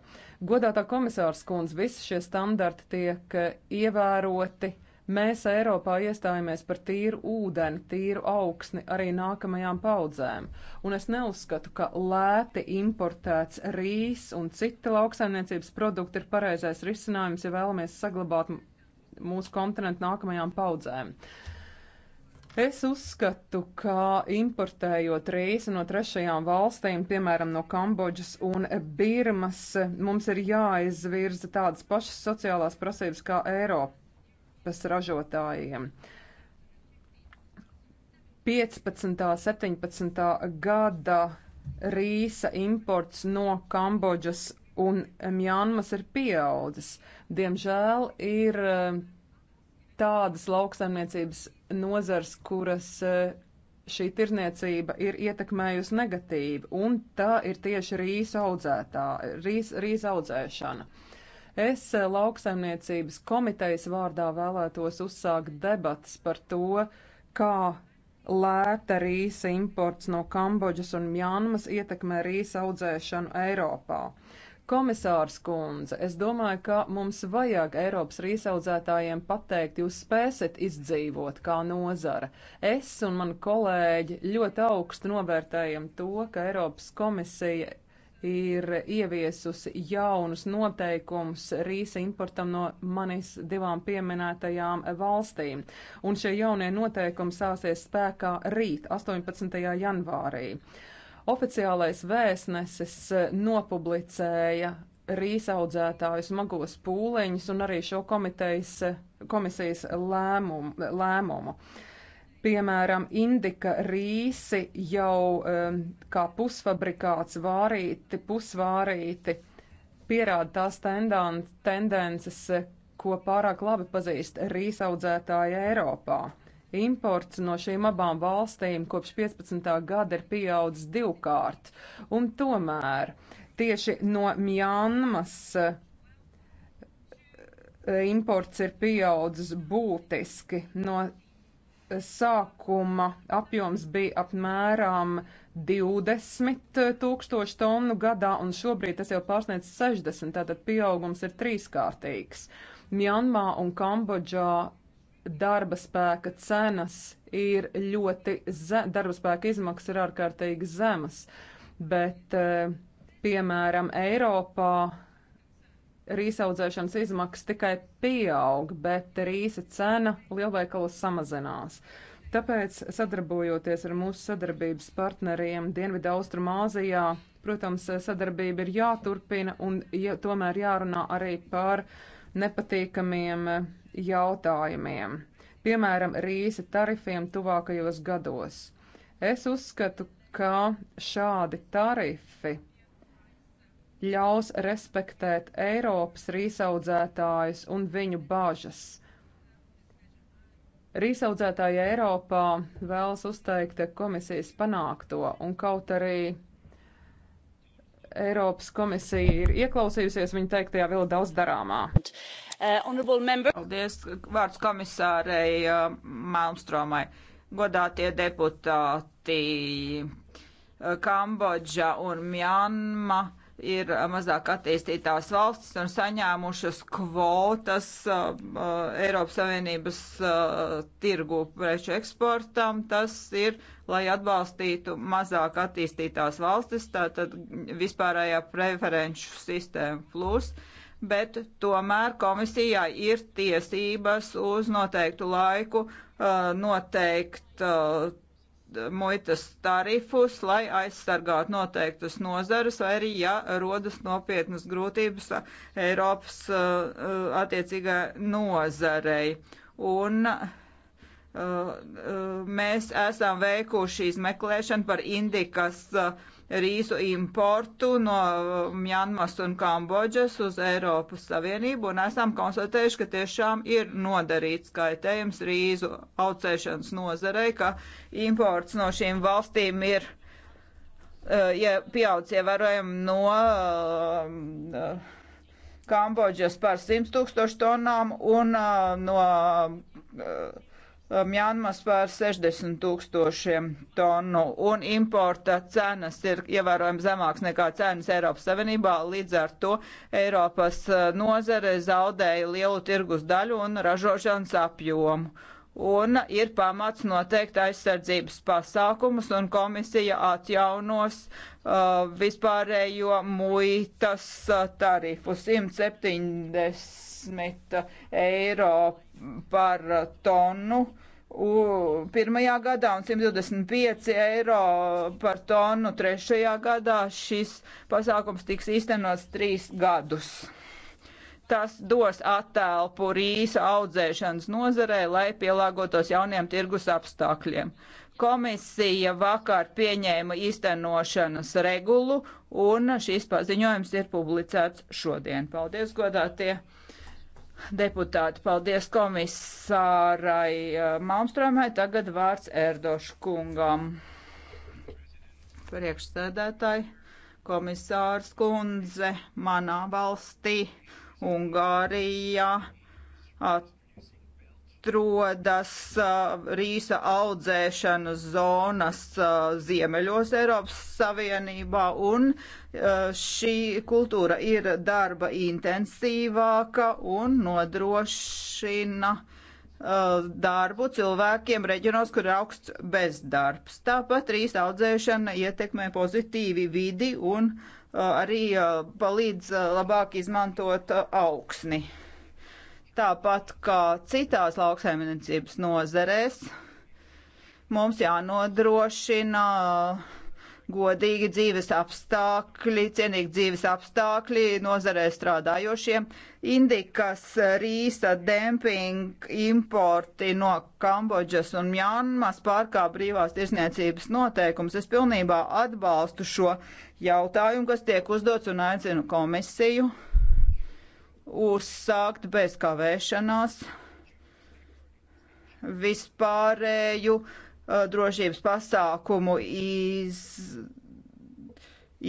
Godātā komisārs kundze, visi šie standarti tiek ievēroti. Mēs Eiropā iestājāmies par tīru ūdeni, tīru augsni arī nākamajām paudzēm, un es neuzskatu, ka lēti importēts rīs un citi lauksaimniecības produkti ir pareizais risinājums, ja vēlamies saglabāt mūsu kontinentu nākamajām paudzēm. Uh, Es uzskatu, ka importējot reisi no trešajām valstīm, piemēram, no Kambodžas un Birmas, mums ir jāizvirza tādas pašas sociālās prasības kā Eiropas ražotājiem. 15. 17. gada rīsa imports no Kambodžas un Mjānmas ir pieaudzis. Diemžēl ir eh, tādas lauksaimniecības nozars, kuras eh, šī tirniecība ir ietekmējusi negatīvi, un tā ir tieši rīsa audzētā, rīs, rīsa audzēšana. Es eh, lauksaimniecības komitejas vārdā vēlētos uzsākt debats par to, kā lēta rīsa imports no Kambodžas un Mjānmas ietekmē rīsa audzēšanu Eiropā. Uh, Komisārs kundze, es domāju, ka mums vajag Eiropas rīsaudzētājiem pateikt, jūs spēsiet izdzīvot kā nozara. Es un mani kolēģi ļoti augstu novērtējam to, ka Eiropas komisija ir ieviesusi jaunus noteikumus rīsa importam no manis divām pieminētajām valstīm. Un šie jaunie noteikumi sāsies spēkā rīt, 18. janvārī. Oficiālais vēstnesis eh, nopublicēja rīsaudzētāju smagos pūliņus un arī šo eh, komisijas lēmumu. lēmumu. Piemēram, indika rīsi jau um, kā pusfabrikāts vārīti, pusvārīti pierāda tās tendences, ko pārāk labi pazīst rīsaudzētāji Eiropā. Imports no šīm abām valstīm kopš 15. gada ir pieaudzis divkārt. Un tomēr tieši no Mjanmas eh, imports ir pieaudzis būtiski. No sākuma apjoms bija apmēram 20 tūkstoši tonu gadā, un šobrīd tas jau pārsniedz 60, tātad pieaugums ir trīskārtīgs. Mjanmā un Kambodžā darba spēka cenas ir ļoti zemas, darba spēka izmaksas ir ārkārtīgi zemas, bet, e, piemēram, Eiropā rīsaudzēšanas izmaksas tikai pieaug, bet rīsa cena lielveikalos samazinās. Tāpēc, sadarbojoties ar mūsu sadarbības partneriem Dienvidu Austrumāzijā, protams, sadarbība ir jāturpina un ja, tomēr jārunā arī par nepatīkamiem jautājumiem, piemēram, rīsa tarifiem tuvākajos gados. Es uzskatu, ka šādi tarifi ļaus respektēt Eiropas rīsaudzētājus un viņu bažas. Rīsaudzētāji Eiropā vēlas uzteikt komisijas panākto, un kaut arī Eiropas komisija ir ieklausījusies, viņa teiktajā vēl daudz darāmā. Uh, Paldies vārds komisārei uh, Malmstromai. Godātie deputāti, uh, Kambodža un Mjanma ir mazāk attīstītās valstis un saņēmušas kvotas uh, Eiropas Savienības uh, tirgu preču eksportam. Tas ir, lai atbalstītu mazāk attīstītās valstis, tātad vispārējā preferenču sistēma plus. Uh, bet tomēr komisijai ir tiesības uz noteiktu laiku uh, noteikt uh, muitas tarifus, lai aizsargātu noteiktas nozares, vai arī, ja rodas nopietnas grūtības uh, Eiropas attiecīgā nozarei. Un mēs esam veikuši izmeklēšanu par Indikas uh, rīsu importu no Mjanmas un Kambodžas uz Eiropas Savienību un esam konstatējuši, ka tiešām ir nodarīts kaitējums rīzu aucēšanas nozarei, ka imports no šīm valstīm ir eh, ja pieaudz ievērojami no uh, Kambodžas par 100 tūkstošu tonām un uh, no uh, Mjānmas pār 60 tūkstošiem tonu, un importa cenas ir ievērojami zemāks nekā cenas Eiropas Savienībā. Līdz ar to Eiropas uh, nozare zaudēja lielu tirgus daļu un ražošanas apjomu. Un ir pamats noteikt aizsardzības pasākumus, un komisija atjaunos uh, vispārējo muitas uh, tarifu 170 eiro par uh, tonu pirmajā gadā un 125 eiro par tonu trešajā gadā. Šis pasākums tiks īstenots trīs gadus. Tas dos attēlpu rīsa audzēšanas nozarē, lai pielāgotos jauniem tirgus apstākļiem. Komisija vakar pieņēma īstenošanas regulu, un šis paziņojums ir publicēts šodien. Paldies, godātie! deputāti. Paldies komisārai eh, Malmstrāmai. Tagad vārds Erdošu kungam. Priekšsēdētāji, komisārs kundze manā valstī, Ungārijā. At atrodas uh, rīsa audzēšanas zonas uh, ziemeļos Eiropas Savienībā, un uh, šī kultūra ir darba intensīvāka un nodrošina darbu cilvēkiem reģionos, kur ir augsts bezdarbs. Tāpat rīsa audzēšana ietekmē pozitīvi vidi un arī palīdz labāk izmantot augsni. Tāpat kā citās lauksaimniecības nozarēs, mums jānodrošina godīgi dzīves apstākļi, cienīgi dzīves apstākļi nozarē strādājošiem. Indikas rīsa demping importi no Kambodžas un Mjanmas pārkā brīvās tirsniecības noteikums. Es pilnībā atbalstu šo jautājumu, kas tiek uzdots un aicinu komisiju uzsākt bez kavēšanās vispārēju uh, drošības pasākumu iz,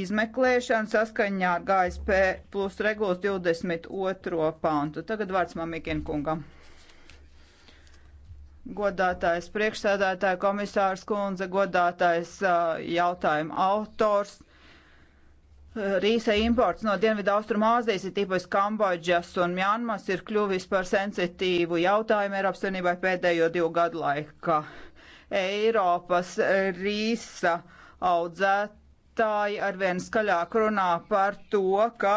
izmeklēšanu saskaņā ar GSP plus regulas 22. pantu. Tagad vārds Mamikin kungam. Godātais priekšsēdētāja komisārs kundze, godātais uh, jautājuma autors Rīsa imports no Dienvidu Austrumāzijas, ir tīpaši Kambodžas un Mjanmas, ir kļuvis par sensitīvu jautājumu Eiropas Savienībai pēdējo divu gadu laikā. Eiropas rīsa audzētāji arvien skaļāk runā par to, ka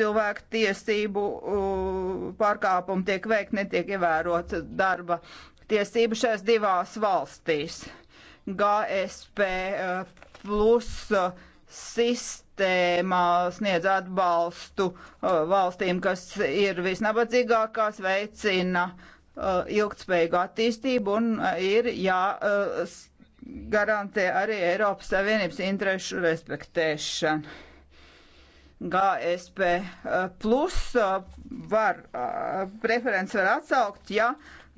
cilvēku tiesību uh, pārkāpumi tiek veikt, netiek ievērot darba tiesību šajās divās valstīs. GSP uh, plus uh, sistēma sistēma sniedz atbalstu uh, valstīm, kas ir visnabadzīgākās, veicina uh, ilgtspējīgu attīstību un uh, ir jāgarantē arī Eiropas Savienības interešu respektēšana. GSP plus var, preferences var atsaukt, ja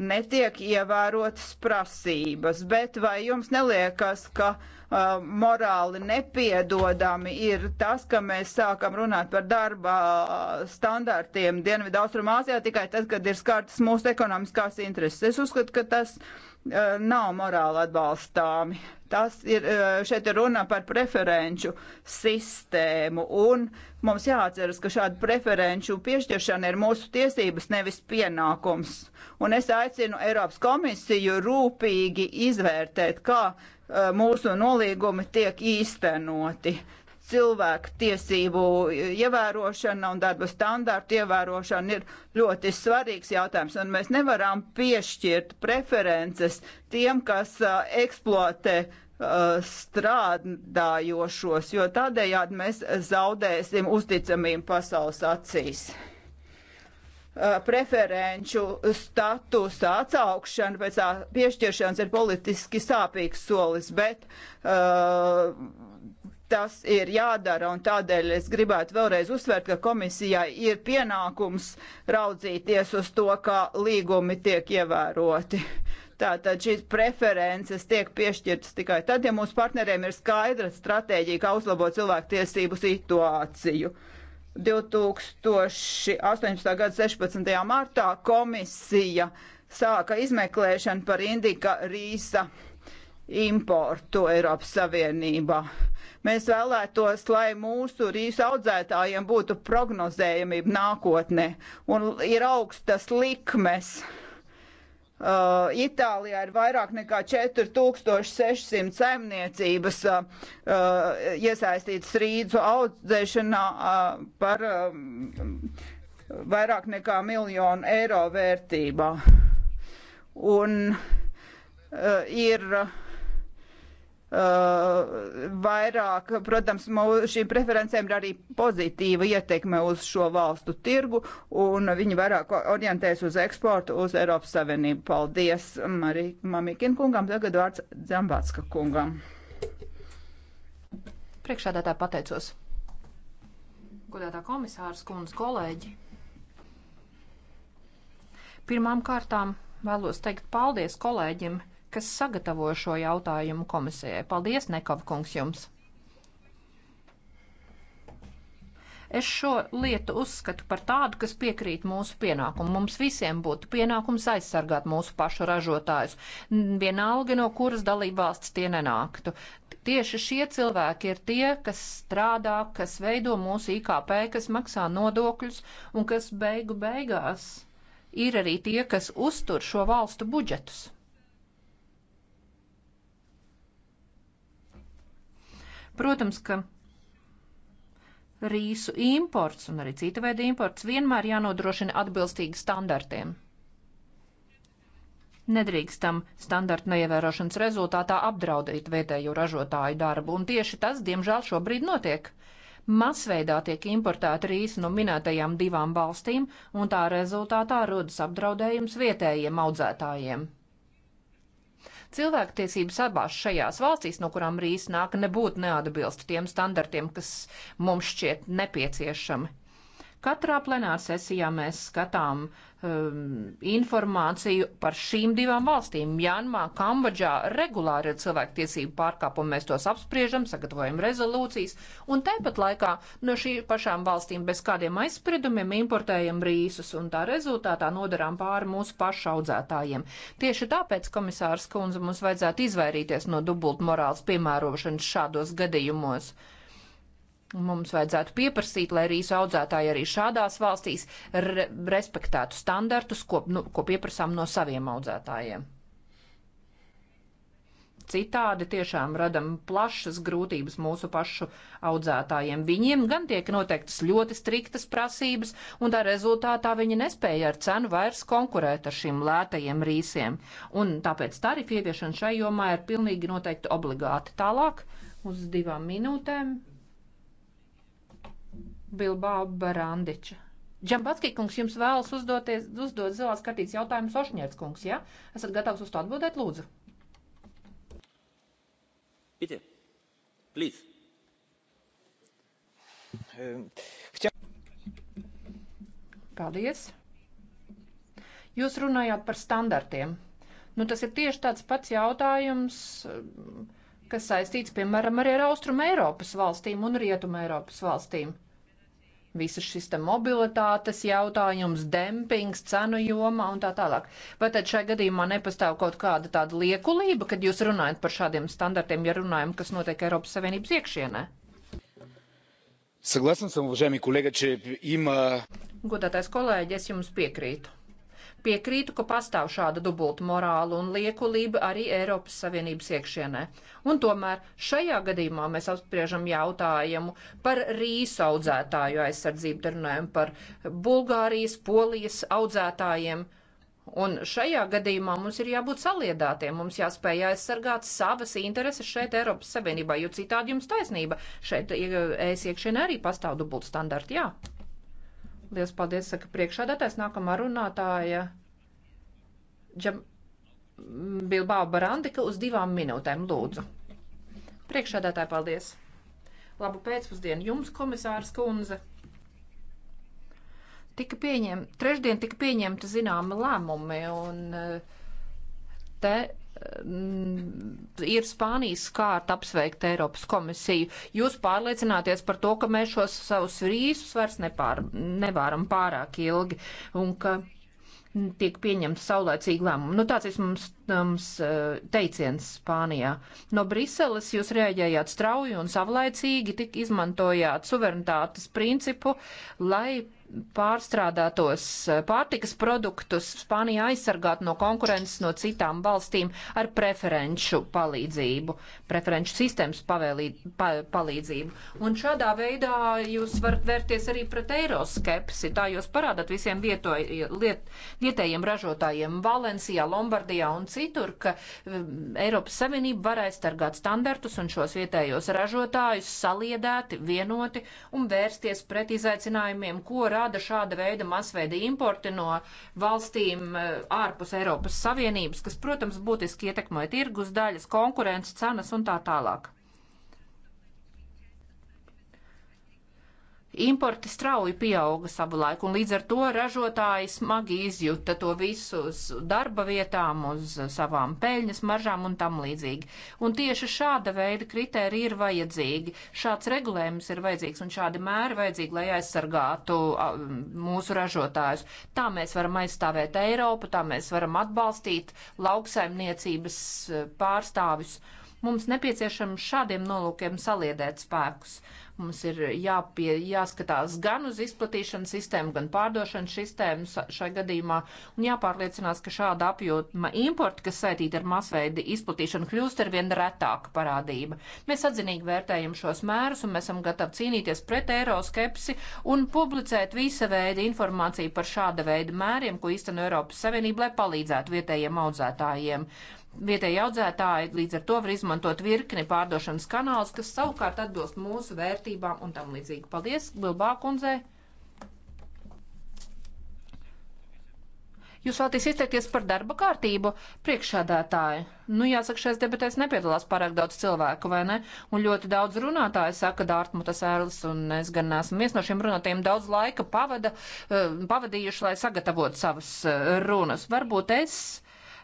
netiek ievērotas prasības, bet vai jums neliekas, ka uh, uh, morāli nepiedodami ir tas, ka mēs sākam runāt par darba uh, standartiem Dienvidu Austrumāzijā tikai tad, kad ir skartas mūsu ekonomiskās intereses. Es uzskatu, ka tas uh, nav morāli atbalstāmi. Tas ir, uh, šeit ir runa par preferenču sistēmu un mums jāatceras, ka šāda preferenču piešķiršana ir mūsu tiesības, nevis pienākums. Un es aicinu Eiropas komisiju rūpīgi izvērtēt, kā Eh, mūsu nolīgumi tiek īstenoti. Cilvēku tiesību ievērošana un darba standārtu ievērošana ir ļoti svarīgs jautājums, un mēs nevaram piešķirt preferences tiem, kas eh, eksploatē eh, strādājošos, jo tādējādi mēs zaudēsim uzticamību pasaules acīs. Eh, preferenču statusa atsaukšana pēc tā piešķiršanas ir politiski sāpīgs solis, bet uh, tas ir jādara, un tādēļ es gribētu vēlreiz uzsvērt, ka komisijai ir pienākums raudzīties uz to, kā līgumi tiek ievēroti. Tātad šīs preferences tiek piešķirtas tikai tad, ja mūsu partneriem ir skaidra stratēģija, kā uzlabot cilvēku tiesību situāciju. Uh, 2018. gada 16. martā komisija sāka izmeklēšanu par indika rīsa importu Eiropas Savienībā. Mēs vēlētos, lai mūsu rīsu audzētājiem būtu prognozējamība nākotnē un ir augstas likmes Uh, Itālijā ir vairāk nekā 4600 saimniecības uh, uh, iesaistītas rīdzu audzēšanā uh, par uh, vairāk nekā miljonu eiro vērtībā. Un uh, ir uh, Uh, vairāk, protams, šīm preferencēm ir arī pozitīva ietekme uz šo valstu tirgu, un viņi vairāk orientēs uz eksportu uz Eiropas Savienību. Paldies arī Mamikin kungam, tagad vārds Dzambātska kungam. Priekšādātā pateicos. Godātā komisārs kundz kolēģi. Pirmām kārtām vēlos teikt paldies kolēģim kas sagatavo šo jautājumu komisijai. Paldies, Nekov kungs, jums! Es šo lietu uzskatu par tādu, kas piekrīt mūsu pienākumu. Mums visiem būtu pienākums aizsargāt mūsu pašu ražotājus, vienalga no kuras dalībvalsts tie nenāktu. Tieši šie cilvēki ir tie, kas strādā, kas veido mūsu IKP, kas maksā nodokļus un kas beigu beigās ir arī tie, kas uztur šo valstu budžetus. Protams, ka rīsu imports un arī cita veida imports vienmēr jānodrošina atbilstīgi standartiem. Nedrīkstam standartu neievērošanas rezultātā apdraudīt vietējo ražotāju darbu, un tieši tas, diemžēl, šobrīd notiek. Masveidā tiek importēta rīsa no minētajām divām valstīm, un tā rezultātā rodas apdraudējums vietējiem audzētājiem. Cilvēktiesības abās šajās valstīs, no kurām rīs nāk, nebūtu neatbilst tiem standartiem, kas mums šķiet nepieciešami. Katrā plenārsesijā mēs skatām um, informāciju par šīm divām valstīm. Janmā, Kambodžā regulāri ir cilvēktiesību pārkāpumi, mēs tos apspriežam, sagatavojam rezolūcijas, un tāpat laikā no šī pašām valstīm bez kādiem aizspridumiem importējam rīsus, un tā rezultātā nodarām pāri mūsu pašu audzētājiem. Tieši tāpēc, komisārs Kunze, mums vajadzētu izvairīties no dubult morāls piemērošanas šādos gadījumos. Thank you Mums vajadzētu pieprasīt, lai rīsu audzētāji arī šādās valstīs re respektētu standartus, ko, nu, ko pieprasām no saviem audzētājiem. Citādi tiešām radam plašas grūtības mūsu pašu audzētājiem. Viņiem gan tiek noteiktas ļoti striktas prasības, un tā rezultātā viņi nespēja ar cenu vairs konkurēt ar šiem lētajiem rīsiem. Un tāpēc tarifu ieviešana šai jomā ir pilnīgi noteikti obligāti. Tālāk uz divām minūtēm Bilbao Barandiča. Džambatskī kungs, jums vēlas uzdoties, uzdot zilās kartītes jautājumu Sošņērts kungs, ja? Esat gatavs uz to atbildēt, lūdzu? Bitte. Please. Ehm, Paldies. Jūs runājāt par standartiem. Nu, tas ir tieši tāds pats jautājums, ehm, kas saistīts, piemēram, arī ar Austrum Eiropas valstīm un Rietum Eiropas valstīm. Visas šis te mobilitātes jautājums, dempings, cenu joma un tā tālāk. Vai tad šajā gadījumā nepastāv kaut kāda tāda liekulība, kad jūs runājat par šādiem standartiem, ja runājam, kas notiek Eiropas Savienības iekšienē? Saglāsam, уважаеми колега, че има... Godātais kolēģi, es jums piekrītu. Piekrītu, ka pastāv šāda dubulta morāla un liekulība arī Eiropas Savienības iekšienē. Un tomēr šajā gadījumā mēs apspriežam jautājumu par rīsu audzētāju aizsardzību, runājam par Bulgārijas, Polijas audzētājiem. Un šajā gadījumā mums ir jābūt saliedātiem, mums jāspēj aizsargāt savas intereses šeit Eiropas Savienībā, jo citādi jums taisnība. Šeit es iekšienē arī pastāv dubultstandarti, jā. Lielas paldies, saka priekšādātais. Nākamā runātāja Džam... Bilbao Barandika uz divām minūtēm lūdzu. Priekšādātāji, paldies. Labu pēcpusdienu jums, komisārs Kunze. Tika pieņem, trešdien tika pieņemta zināma lēmumi un eh, te Ehm, ir Spānijas kārta apsveikt Eiropas komisiju. Jūs pārliecināties par to, ka mēs šos savus rīsus vairs nepār, nevaram pārāk ilgi un ka tiek pieņemts saulēcīgi lēmumi. Nu, tāds ir mums, mums ehm, teiciens Spānijā. No Briseles jūs reaģējāt strauji un savlaicīgi, tik izmantojāt suverenitātes principu, lai pārstrādātos eh, pārtikas produktus Spānijā aizsargāt no konkurences no citām valstīm ar preferenču palīdzību, preferenču sistēmas pavēlī, pa, palīdzību. Un šādā veidā jūs varat vērties arī pret eiroskepsi, tā jūs parādāt visiem vieto, liet, vietējiem ražotājiem Valencijā, Lombardijā un citur, ka mm, Eiropas Savienība var aizsargāt standartus un šos vietējos ražotājus saliedēti, vienoti un vērsties pret izaicinājumiem, ko rada rada šāda veida masveida importi no valstīm eh, ārpus Eiropas Savienības, kas, protams, būtiski ietekmē tirgus daļas, konkurences cenas un tā tālāk. Importi strauji pieauga savulaik, un līdz ar to ražotāji smagi izjuta to visu uz darba vietām, uz savām peļņas maržām un tam līdzīgi. Un tieši šāda veida kritērija ir vajadzīgi, šāds regulējums ir vajadzīgs un šādi mēri vajadzīgi, lai aizsargātu mūsu ražotājus. Tā mēs varam aizstāvēt Eiropu, tā mēs varam atbalstīt lauksaimniecības e, pārstāvis. Mums nepieciešams šādiem nolūkiem saliedēt spēkus Mums ir jāpie, jāskatās gan uz izplatīšanas sistēmu, gan pārdošanas sistēmu šai gadījumā, un jāpārliecinās, ka šāda apjoma importa, kas saistīta ar masveida izplatīšanu, kļūst ar vien retāka parādība. Mēs atzinīgi vērtējam šos mērus, un mēs esam gatavi cīnīties pret eiroskepsi un publicēt visa veida informāciju par šāda veida mēriem, ko īsteno Eiropas Savienība, lai palīdzētu vietējiem audzētājiem. Uh, Vietēji audzētāji līdz ar to var izmantot virkni pārdošanas kanāls, kas savukārt atbilst mūsu vērtībām un tam līdzīgi. Paldies, Bilbā kundzei! Jūs vēlaties izteikties par darba kārtību priekšādātāju? Nu, jāsaka, šajās debatēs nepiedalās pārāk daudz cilvēku, vai ne? Un ļoti daudz runātāju saka Dārtmutas ērlis, un es gan esmu viens no šiem runātājiem daudz laika pavada, eh, pavadījuši, lai sagatavotu savas eh, runas. Varbūt es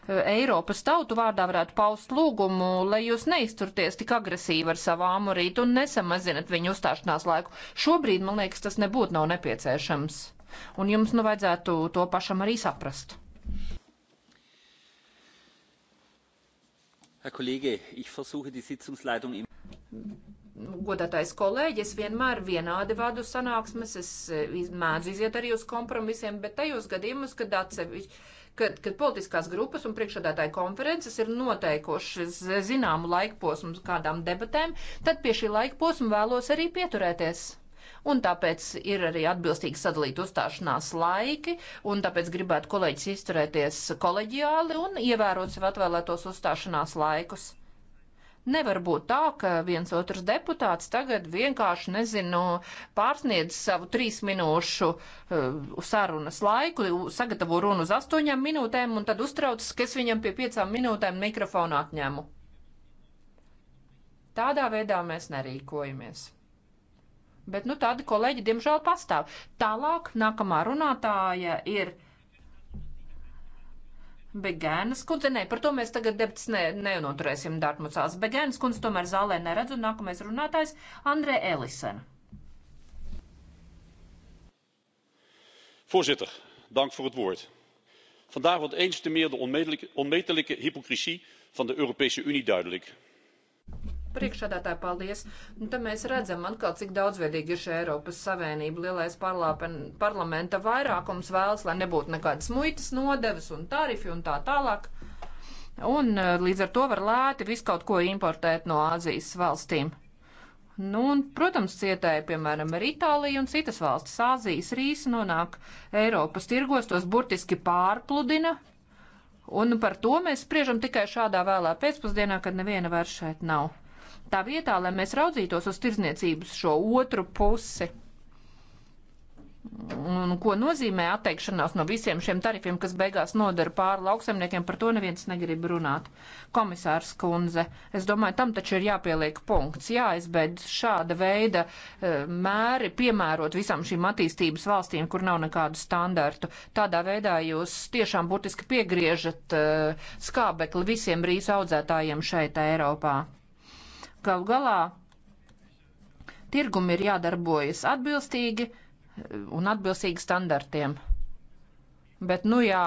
Eiropas tautu vārdā varētu paust lūgumu, lai jūs neizturties tik agresīvi ar savu amorītu un nesamazinat viņu uzstāšanās laiku. Šobrīd, man liekas, tas nebūtu nav nepieciešams. Un jums nu vajadzētu to pašam arī saprast. Herr Kollege, ich versuche die Sitzungsleitung im godātais kolēģi, es vienmēr vienādi vadu sanāksmes, es eh, mēdzu iziet arī uz kompromisiem, bet tajos gadījumos, kad atsevišķi kad, kad politiskās grupas un priekšsēdētāja konferences ir noteikušas zināmu laikposmu kādām debatēm, tad pie šī laikposma vēlos arī pieturēties un tāpēc ir arī atbilstīgi sadalīti uzstāšanās laiki, un tāpēc gribētu kolēģis izturēties koleģiāli un ievērot sev atvēlētos uzstāšanās laikus. Nevar būt tā, ka viens otrs deputāts tagad vienkārši, nezinu, pārsniedz savu trīs minūšu uh, sarunas laiku, sagatavo runu uz astoņām minūtēm un tad uztraucas, ka es viņam pie piecām minūtēm mikrofonu atņemu. Tādā veidā mēs nerīkojamies. Bet, nu, tādi kolēģi, diemžēl, pastāv. Tālāk, nākamā runātāja ir. Begēnas kundze, nē, par to mēs tagad debatas ne, nenoturēsim Dārtmucās. Begēnas kundze tomēr zālē neredz, un nākamais runātājs Andrē Elisena. Voorzitter, dank voor het woord. Vandaag wordt eens te meer de onmetelijke hypocrisie van de Europese Unie duidelijk priekšādātāji, paldies. Nu, tad mēs redzam atkal, cik daudzveidīgi ir šī Eiropas Savienība. Lielais parlamenta vairākums vēlas, lai nebūtu nekādas muitas nodevas un tarifi un tā tālāk. Un eh, līdz ar to var lēti visu kaut ko importēt no Āzijas valstīm. Nu, un, protams, cietēja, piemēram, arī Itālija un citas valstis. Āzijas rīsi nonāk Eiropas tirgos, tos burtiski pārpludina, Un par to mēs spriežam tikai šādā vēlā pēcpusdienā, kad neviena vairs šeit nav. Tā vietā, lai mēs raudzītos uz tirzniecības šo otru pusi. Un, ko nozīmē atteikšanās no visiem šiem tarifiem, kas beigās nodara pāri lauksemniekiem, par to neviens negrib runāt. Komisārs Kunze, es domāju, tam taču ir jāpieliek punkts, jāizbeidz šāda veida eh, mēri piemērot visam šīm attīstības valstīm, kur nav nekādu standartu. Tādā veidā jūs tiešām burtiski piegriežat eh, skābekli visiem rīsa audzētājiem šeit Eiropā. Gal galā tirgumi ir jādarbojas atbilstīgi eh, un atbilstīgi standartiem. Bet, nu jā,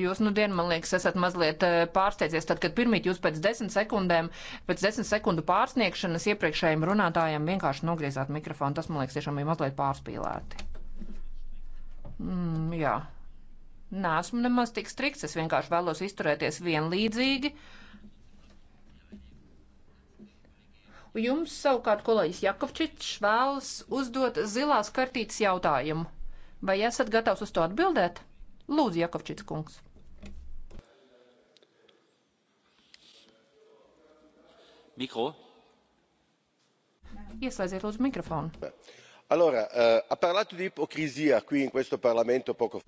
Jūs, nu, dien, man liekas, esat mazliet eh, pārsteidzies, tad, kad pirmīt jūs pēc desmit sekundēm, pēc desmit sekundu pārsniegšanas iepriekšējiem runātājiem vienkārši nogriezāt mikrofonu. Tas, man liekas, tiešām bija mazliet pārspīlēti. Mm, jā. Nē, esmu nemaz tik strikts, es vienkārši vēlos izturēties vienlīdzīgi. Uh, Jums savukārt kolēģis Jakovčičs vēlas uzdot zilās kartītes jautājumu. Vai esat gatavs uz to atbildēt? Lūdzu, Jakovčičs kungs. Mikro. Ieslēdziet lūdzu mikrofonu. Allora, uh, ha parlato di ipocrisia qui in questo Parlamento poco fa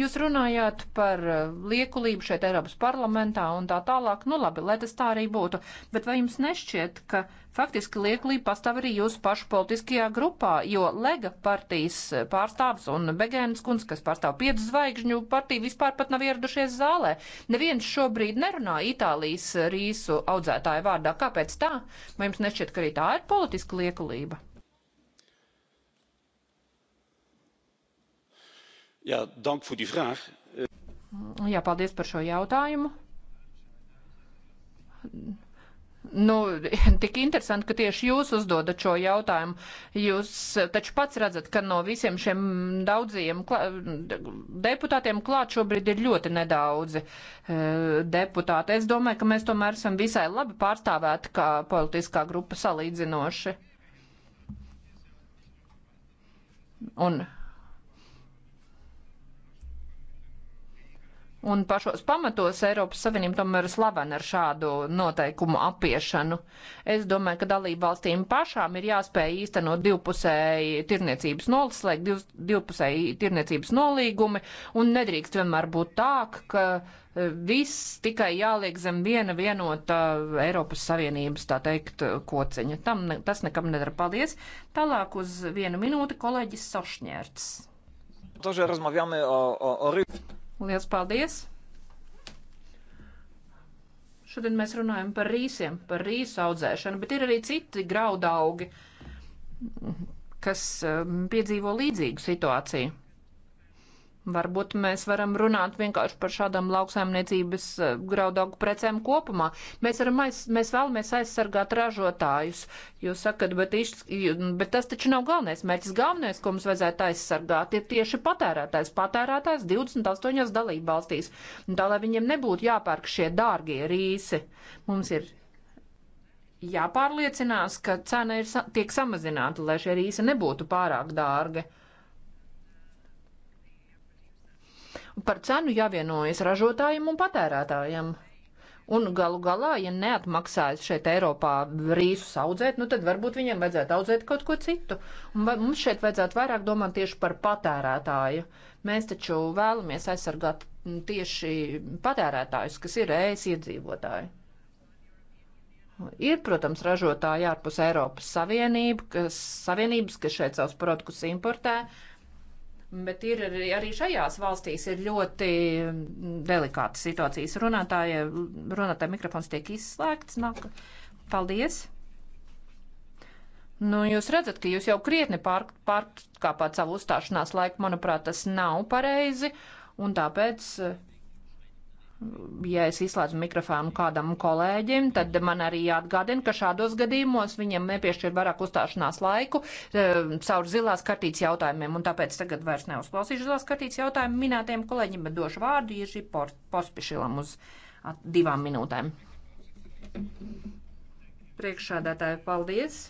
Jūs runājāt par uh, liekulību šeit Eiropas parlamentā un tā tālāk. Nu labi, lai tas tā arī būtu. Bet vai jums nešķiet, ka faktiski liekulība pastāv arī jūsu pašu politiskajā grupā, jo Lega partijas uh, pārstāvs un Begēnas kunds, kas pārstāv piecu zvaigžņu partiju, vispār pat nav ieradušies zālē. Neviens šobrīd nerunā Itālijas uh, rīsu audzētāju vārdā. Kāpēc tā? Vai jums nešķiet, ka arī tā ir politiska liekulība? Jā, dank for die vraag. Mm, Jā, paldies par šo jautājumu. Nu, *laughs* tik interesanti, ka tieši jūs uzdodat šo jautājumu. Jūs eh, taču pats redzat, ka no visiem šiem daudziem klā, deputātiem klāt šobrīd ir ļoti nedaudzi e, eh, deputāti. Es domāju, ka mēs tomēr esam visai labi pārstāvēti kā politiskā grupa salīdzinoši. Un Un pašos pamatos Eiropas Savienība tomēr slavena ar šādu noteikumu apiešanu. Es domāju, ka dalību valstīm pašām ir jāspēj īstenot divpusēji tirniecības nolislēgt, div, divpusēji tirniecības nolīgumi, un nedrīkst vienmēr būt tā, ka e, viss tikai jāliek zem viena vienota Eiropas Savienības, tā teikt, kociņa. Tam ne, tas nekam nedara. Paldies. Tālāk uz vienu minūti kolēģis Sošņērts. To, že rozmawiamy o, o, o rynku. Lielas paldies! Šodien mēs runājam par rīsiem, par rīsu audzēšanu, bet ir arī citi graudaugi, kas eh, piedzīvo līdzīgu situāciju. Varbūt mēs varam runāt vienkārši par šādām lauksaimniecības eh, graudaugu precēm kopumā. Mēs, aiz, mēs vēlamies aizsargāt ražotājus. Jūs sakat, bet, iš, bet tas taču nav galvenais mērķis. Galvenais, ko mums vajadzētu aizsargāt, ir tieši patērētājs. Patērētājs 28 dalību valstīs. Tā, lai viņiem nebūtu jāpērk šie dārgie rīsi. Mums ir jāpārliecinās, ka cena ir, tiek samazināta, lai šie rīsi nebūtu pārāk dārgi. Par cenu jāvienojas ražotājiem un patērētājiem. Un galu galā, ja neatmaksājas šeit Eiropā rīsus audzēt, nu tad varbūt viņiem vajadzētu audzēt kaut ko citu. Un vai, mums šeit vajadzētu vairāk domāt tieši par patērētāju. Mēs taču vēlamies aizsargāt mm, tieši patērētājus, kas ir ēs iedzīvotāji. Ir, protams, ražotāji ārpus Eiropas Savienība, kas, Savienības, kas šeit savus produktus importē, uh, Bet ir arī, arī šajās valstīs ir ļoti mm, delikāta situācijas. Runātāja, runātāja mikrofons tiek izslēgts. Nāk. Paldies! Nu, jūs redzat, ka jūs jau krietni pār, pārkāpāt savu uzstāšanās laiku. Manuprāt, tas nav pareizi. Un tāpēc ja es izslēdzu mikrofonu kādam kolēģim, tad man arī jāatgādina, ka šādos gadījumos viņam nepiešķir vairāk uzstāšanās laiku e, caur zilās kartītes jautājumiem, un tāpēc tagad vairs neuzklausīšu zilās kartītes jautājumu minētiem kolēģim, bet došu vārdu Irži Pospišilam uz divām minūtēm. Priekšādātāji, paldies!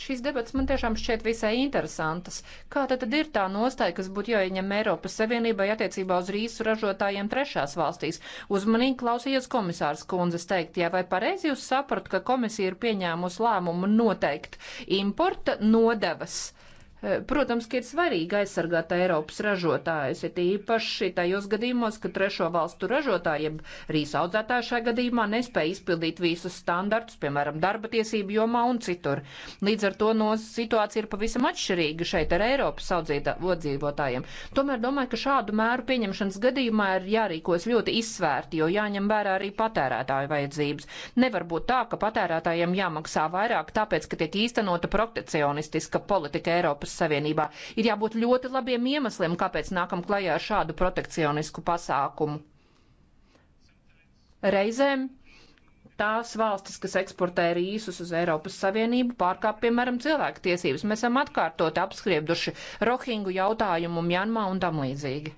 Šīs debats man tiešām šķiet visai interesantas. Kā tad, tad ir tā nostāja, kas būtu jāieņem Eiropas Savienībai attiecībā uz rīsu ražotājiem trešās valstīs? Uzmanīgi klausījos komisārs kundzes teikt, jā, vai pareizi jūs sapratu, ka komisija ir pieņēmusi lēmumu noteikt importa nodevas. Uh, Eh, protams, ka ir svarīgi aizsargāt Eiropas ražotājus, ir īpaši tajos gadījumos, ka trešo valstu ražotāji, rīsaudzētāji šajā gadījumā nespēja izpildīt visus standartus, piemēram, darba tiesību jomā un citur. Līdz ar to no situācija ir pavisam atšķirīga šeit ar Eiropas audzīvotājiem. Tomēr domāju, ka šādu mēru pieņemšanas gadījumā ir jārīkos ļoti izsvērti, jo jāņem vērā arī patērētāju vajadzības. Nevar būt tā, ka patērētājiem jāmaksā vairāk, tāpēc, ka tiek īstenota protekcionistiska politika Eiropas Eiropas Savienībā. Ir jābūt ļoti labiem iemesliem, kāpēc nākam klajā ar šādu protekcionisku pasākumu. Reizēm tās valstis, kas eksportē rīsus uz Eiropas Savienību, pārkāp, piemēram, cilvēku tiesības. Mēs esam atkārtot apskrieduši rohingu jautājumu Mjanmā un tam līdzīgi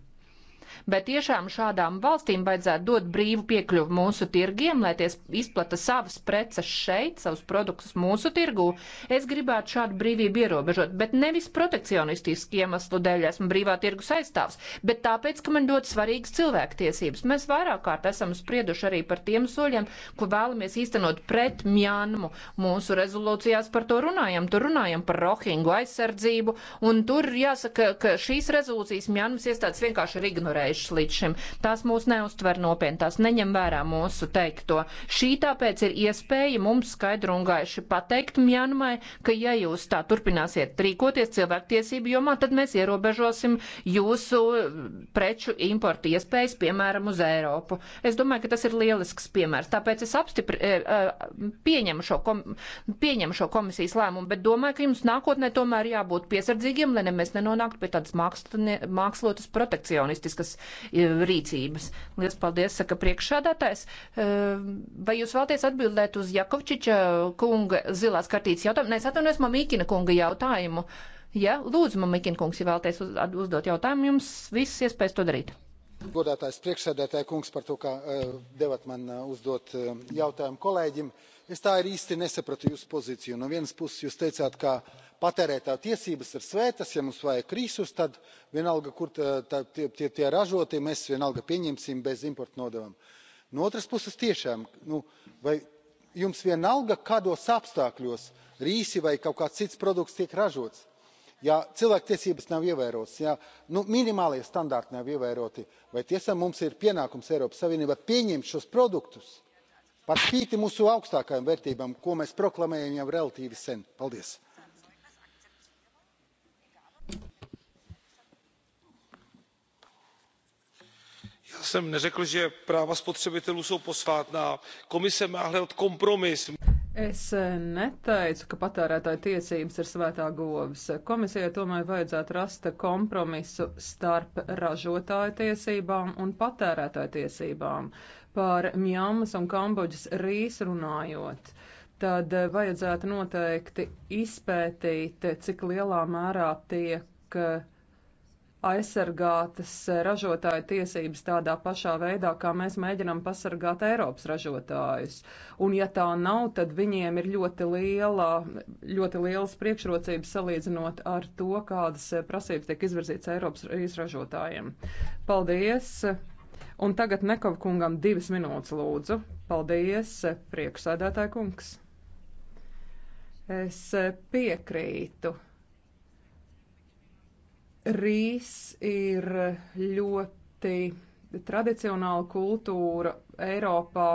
bet tiešām šādām valstīm vajadzētu dot brīvu piekļuvu mūsu tirgiem, lai tie izplata savas preces šeit, savus produktus mūsu tirgū. Es gribētu šādu brīvību ierobežot, bet nevis protekcionistisku iemeslu dēļ esmu brīvā tirgus aizstāvs, bet tāpēc, ka man ļoti svarīgas cilvēktiesības. Mēs vairāk kārt esam sprieduši arī par tiem soļiem, ko vēlamies īstenot pret Mjānmu. Mūsu rezolūcijās par to runājam. Tur runājam par rohingu aizsardzību, un tur jāsaka, ka šīs rezolūcijas Mjānmas iestādes vienkārši ir ignorējušas dzirdējuši līdz šim. Tās mūs neustver nopietni, tās neņem vērā mūsu teikto. Šī tāpēc ir iespēja mums skaidru un gaiši pateikt Mjanmai, ka ja jūs tā turpināsiet rīkoties cilvēktiesību jomā, tad mēs ierobežosim jūsu preču importu iespējas, piemēram, uz Eiropu. Es domāju, ka tas ir lielisks piemērs. Tāpēc es apstipri, e, e, pieņemu, šo kom, pieņemu šo komisijas lēmumu, bet domāju, ka jums nākotnē tomēr jābūt piesardzīgiem, lai ne mēs nenonāktu pie tādas mākslotas protekcionistiskas Eh, rīcības. Lielas paldies, saka priekšādātājs. Eh, vai jūs vēlaties atbildēt uz Jakovčiča kunga zilās kartītes jautājumu? Nē, es atvainojos Mamīkina kunga jautājumu. Ja, lūdzu, Mamīkina kungs, ja vēlaties uzdot jautājumu, jums viss iespējas to darīt godātais priekšsēdētāja kungs par to ka eh, devat man uzdot jautājumu kolēģim es tā ir īsti nesapratu jūsu pozīciju. no vienas puses jūs teicāt ka patērētāju tiesības ir svētas ja mums vajag rīsus tad vienalga kur tie ražoti mēs vienalga pieņemsim bez importa nodevām. no otras puses tiešām nu, vai jums vienalga kādos apstākļos rīsi vai kaut kāds cits produkts tiek ražots? ja cilvēktiesības nav ievērotas ja nu, minimālie standarti nav ievēroti vai tiešām mums ir pienākums eiropas savienībā pieņemt šos produktus par spīti mūsu augstākajām vērtībām ko mēs proklamējam jau relatīvi sen. paldies! já jsem neřekl že práva spotřebitelů jsou posvátná. komise má hledat kompromis. Es eh, neteicu, ka patērētāja tiesības ir svētā govs. Komisijai tomēr vajadzētu rast kompromisu starp ražotāja tiesībām un patērētāja tiesībām. Par Mjamas un Kambodžas rīsu runājot, tad eh, vajadzētu noteikti izpētīt, eh, cik lielā mērā tiek eh, aizsargātas ražotāju tiesības tādā pašā veidā, kā mēs mēģinām pasargāt Eiropas ražotājus. Un ja tā nav, tad viņiem ir ļoti, liela, ļoti lielas priekšrocības salīdzinot ar to, kādas prasības tiek izvirzītas Eiropas ražotājiem. Paldies! Un tagad Nekov kungam divas minūtes lūdzu. Paldies, priekšsēdētāja kungs. Es piekrītu. Rīs ir ļoti tradicionāla kultūra Eiropā,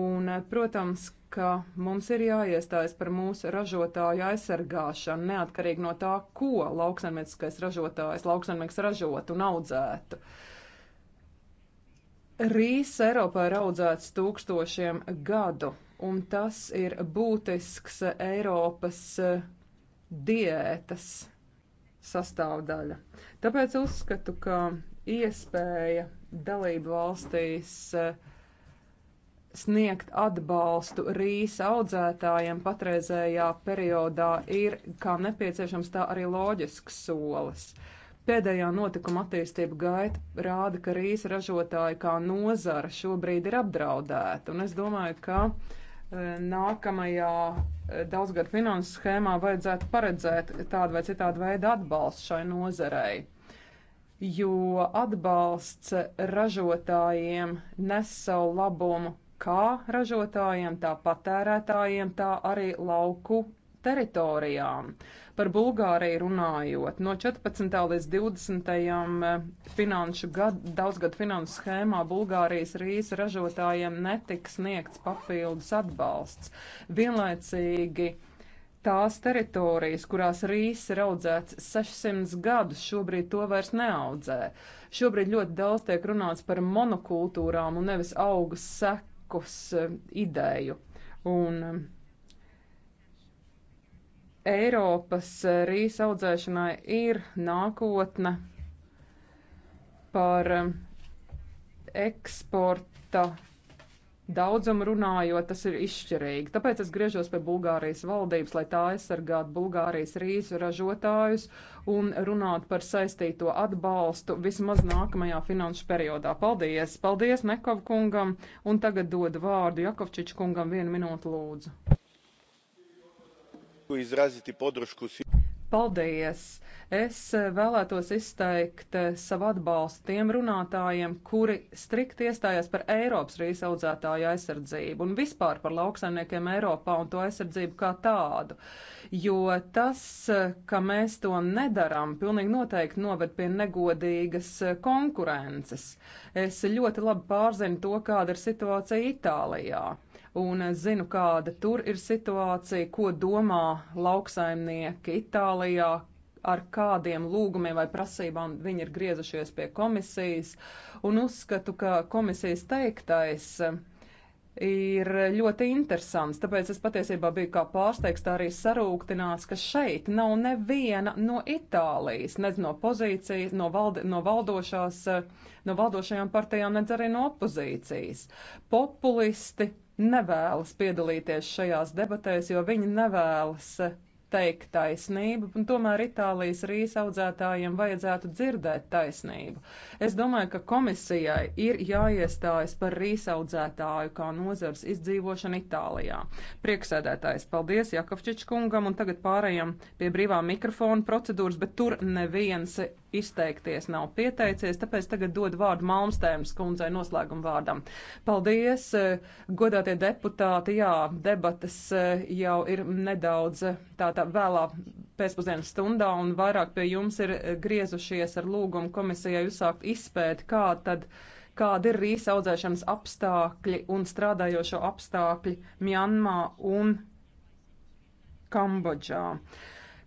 un, protams, ka mums ir jāiestājas par mūsu ražotāju aizsargāšanu, neatkarīgi no tā, ko lauksaimnieciskais ražotājs, lauksaimnieks ražotu un audzētu. Uh, Rīs Eiropā ir audzēts tūkstošiem gadu, un tas ir būtisks Eiropas eh, diētas sastāvdaļa. Tāpēc uzskatu, ka iespēja dalību valstīs eh, sniegt atbalstu rīsa audzētājiem patreizējā periodā ir kā nepieciešams tā arī loģisks solis. Uh, Pēdējā notikuma attīstība gaita rāda, ka rīsa ražotāji kā nozara šobrīd ir apdraudēta, un es domāju, ka e, nākamajā e, daudzgad finanses schēmā vajadzētu paredzēt tādu vai citādu veidu atbalstu šai nozarei, jo atbalsts ražotājiem nes savu labumu kā ražotājiem, tā patērētājiem, tā arī lauku teritorijām. Uh, Par Bulgāriju runājot, no 14. līdz 20. Eh, finanšu gad, daudzgadu finanšu schēmā Bulgārijas rīsa ražotājiem netiks sniegts papildus atbalsts. Vienlaicīgi tās teritorijas, kurās rīs ir audzēts 600 gadus, šobrīd to vairs neaudzē. Šobrīd ļoti daudz tiek runāts par monokultūrām un nevis augas sekus eh, ideju. Un Eiropas eh, rīsa audzēšanai ir nākotne par eh, eksporta daudzumu runājot, tas ir izšķirīgi. Tāpēc es griežos pie Bulgārijas valdības, lai tā aizsargātu Bulgārijas rīsu ražotājus un runātu par saistīto atbalstu vismaz nākamajā finanšu periodā. Paldies! Paldies Nekov kungam! Un tagad dodu vārdu Jakovčič kungam vienu minūtu lūdzu izraziti podršku. Paldies! Es eh, vēlētos izteikt eh, savu atbalstu tiem runātājiem, kuri strikt iestājās par Eiropas rīsaudzētāju aizsardzību un vispār par lauksaimniekiem Eiropā un to aizsardzību kā tādu. Jo tas, eh, ka mēs to nedaram, pilnīgi noteikti noved pie negodīgas konkurences. Es ļoti labi pārzinu to, kāda ir situācija Itālijā un zinu, kāda tur ir situācija, ko domā lauksaimnieki Itālijā, ar kādiem lūgumiem vai prasībām viņi ir griezušies pie komisijas, un uzskatu, ka komisijas teiktais ir ļoti interesants, tāpēc es patiesībā biju kā pārsteigts, tā arī sarūktināts, ka šeit nav neviena no Itālijas, nedz no pozīcijas, no, valdi, no valdošās, no valdošajām partijām, nedz arī no opozīcijas. Populisti nevēlas piedalīties šajās debatēs, jo viņi nevēlas teikt taisnību, un tomēr Itālijas rīs audzētājiem vajadzētu dzirdēt taisnību. Es domāju, ka komisijai ir jāiestājas par rīs audzētāju kā nozars izdzīvošanu Itālijā. Prieksēdētājs, paldies Jakovčič kungam, un tagad pārējām pie brīvā mikrofona procedūras, bet tur neviens izteikties nav pieteicies, tāpēc tagad dod vārdu Malmstēmas kundzei noslēguma vārdam. Paldies, eh, godātie deputāti, jā, debatas eh, jau ir nedaudz eh, tā tā vēlā pēcpusdienas stundā un vairāk pie jums ir griezušies ar lūgumu komisijai uzsākt izpēti, kā tad kāda ir rīsa audzēšanas apstākļi un strādājošo apstākļi Mjanmā un Kambodžā. Uh,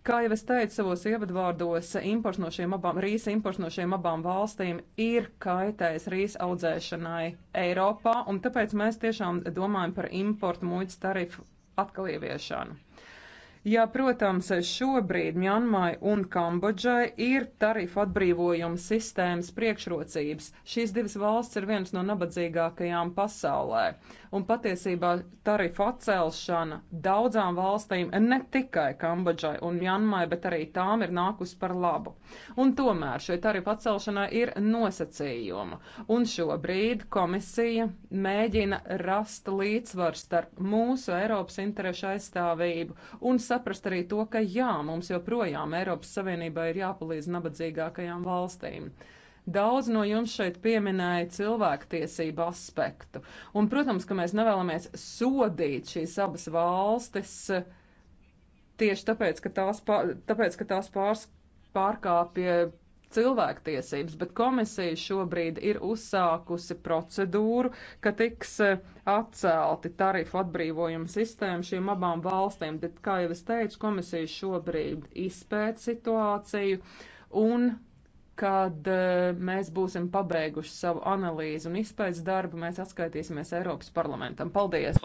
Kā jau es teicu savos ievadvārdos, imports no šiem abām, rīsa imports no šiem abām valstīm ir kaitējis rīsa audzēšanai Eiropā, un tāpēc mēs tiešām domājam par importu muitas tarifu atkal ieviešanu. Jā, protams, šobrīd Mjanmai un Kambodžai ir tarifu atbrīvojuma sistēmas priekšrocības. Šīs divas valsts ir vienas no nabadzīgākajām pasaulē. Un patiesībā tarifu atcelšana daudzām valstīm, ne tikai Kambodžai un Mjanmai, bet arī tām ir nākus par labu. Un tomēr šai tarifu atcelšanai ir nosacījumi. Un šobrīd komisija mēģina rast līdzsvaru starp mūsu Eiropas interešu aizstāvību un saprast arī to, ka jā, mums joprojām Eiropas Savienībā ir jāpalīdz nabadzīgākajām valstīm. Daudz no jums šeit pieminēja cilvēktiesību aspektu. Un, protams, ka mēs nevēlamies sodīt šīs abas valstis tieši tāpēc, ka tās, pār, tāpēc, ka tās pārs, pārkāpja cilvēktiesības, bet komisija šobrīd ir uzsākusi procedūru, ka tiks eh, atcelti tarifu atbrīvojumu sistēmu šīm abām valstīm, bet, kā jau es teicu, komisija šobrīd izpēt situāciju un kad e, mēs būsim pabeiguši savu analīzi un izpējas darbu, mēs atskaitīsimies Eiropas parlamentam. Paldies!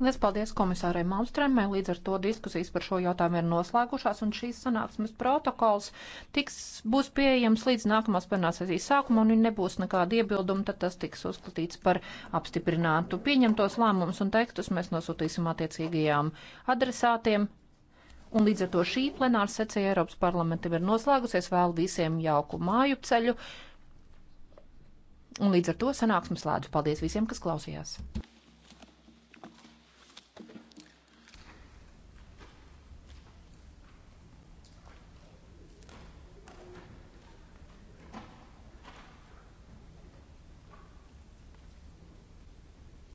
Lies paldies komisārai Malmstrēmai, līdz ar to diskusijas par šo jautājumu ir noslēgušās, un šīs sanāksmes protokols tiks, būs pieejams līdz nākamās plenārsesijas sākuma, un, ja nebūs nekāda iebilduma, tad tas tiks uzskatīts par apstiprinātu. Pieņemtos lēmumus un tekstus mēs nosūtīsim attiecīgajām adresātiem. Un līdz ar to šī plenāra sesija Eiropas parlamentam ir noslēgusies. Vēl visiem jauku māju ceļu. Un līdz ar to sanāksmes slēdzu. Paldies visiem, kas klausījās!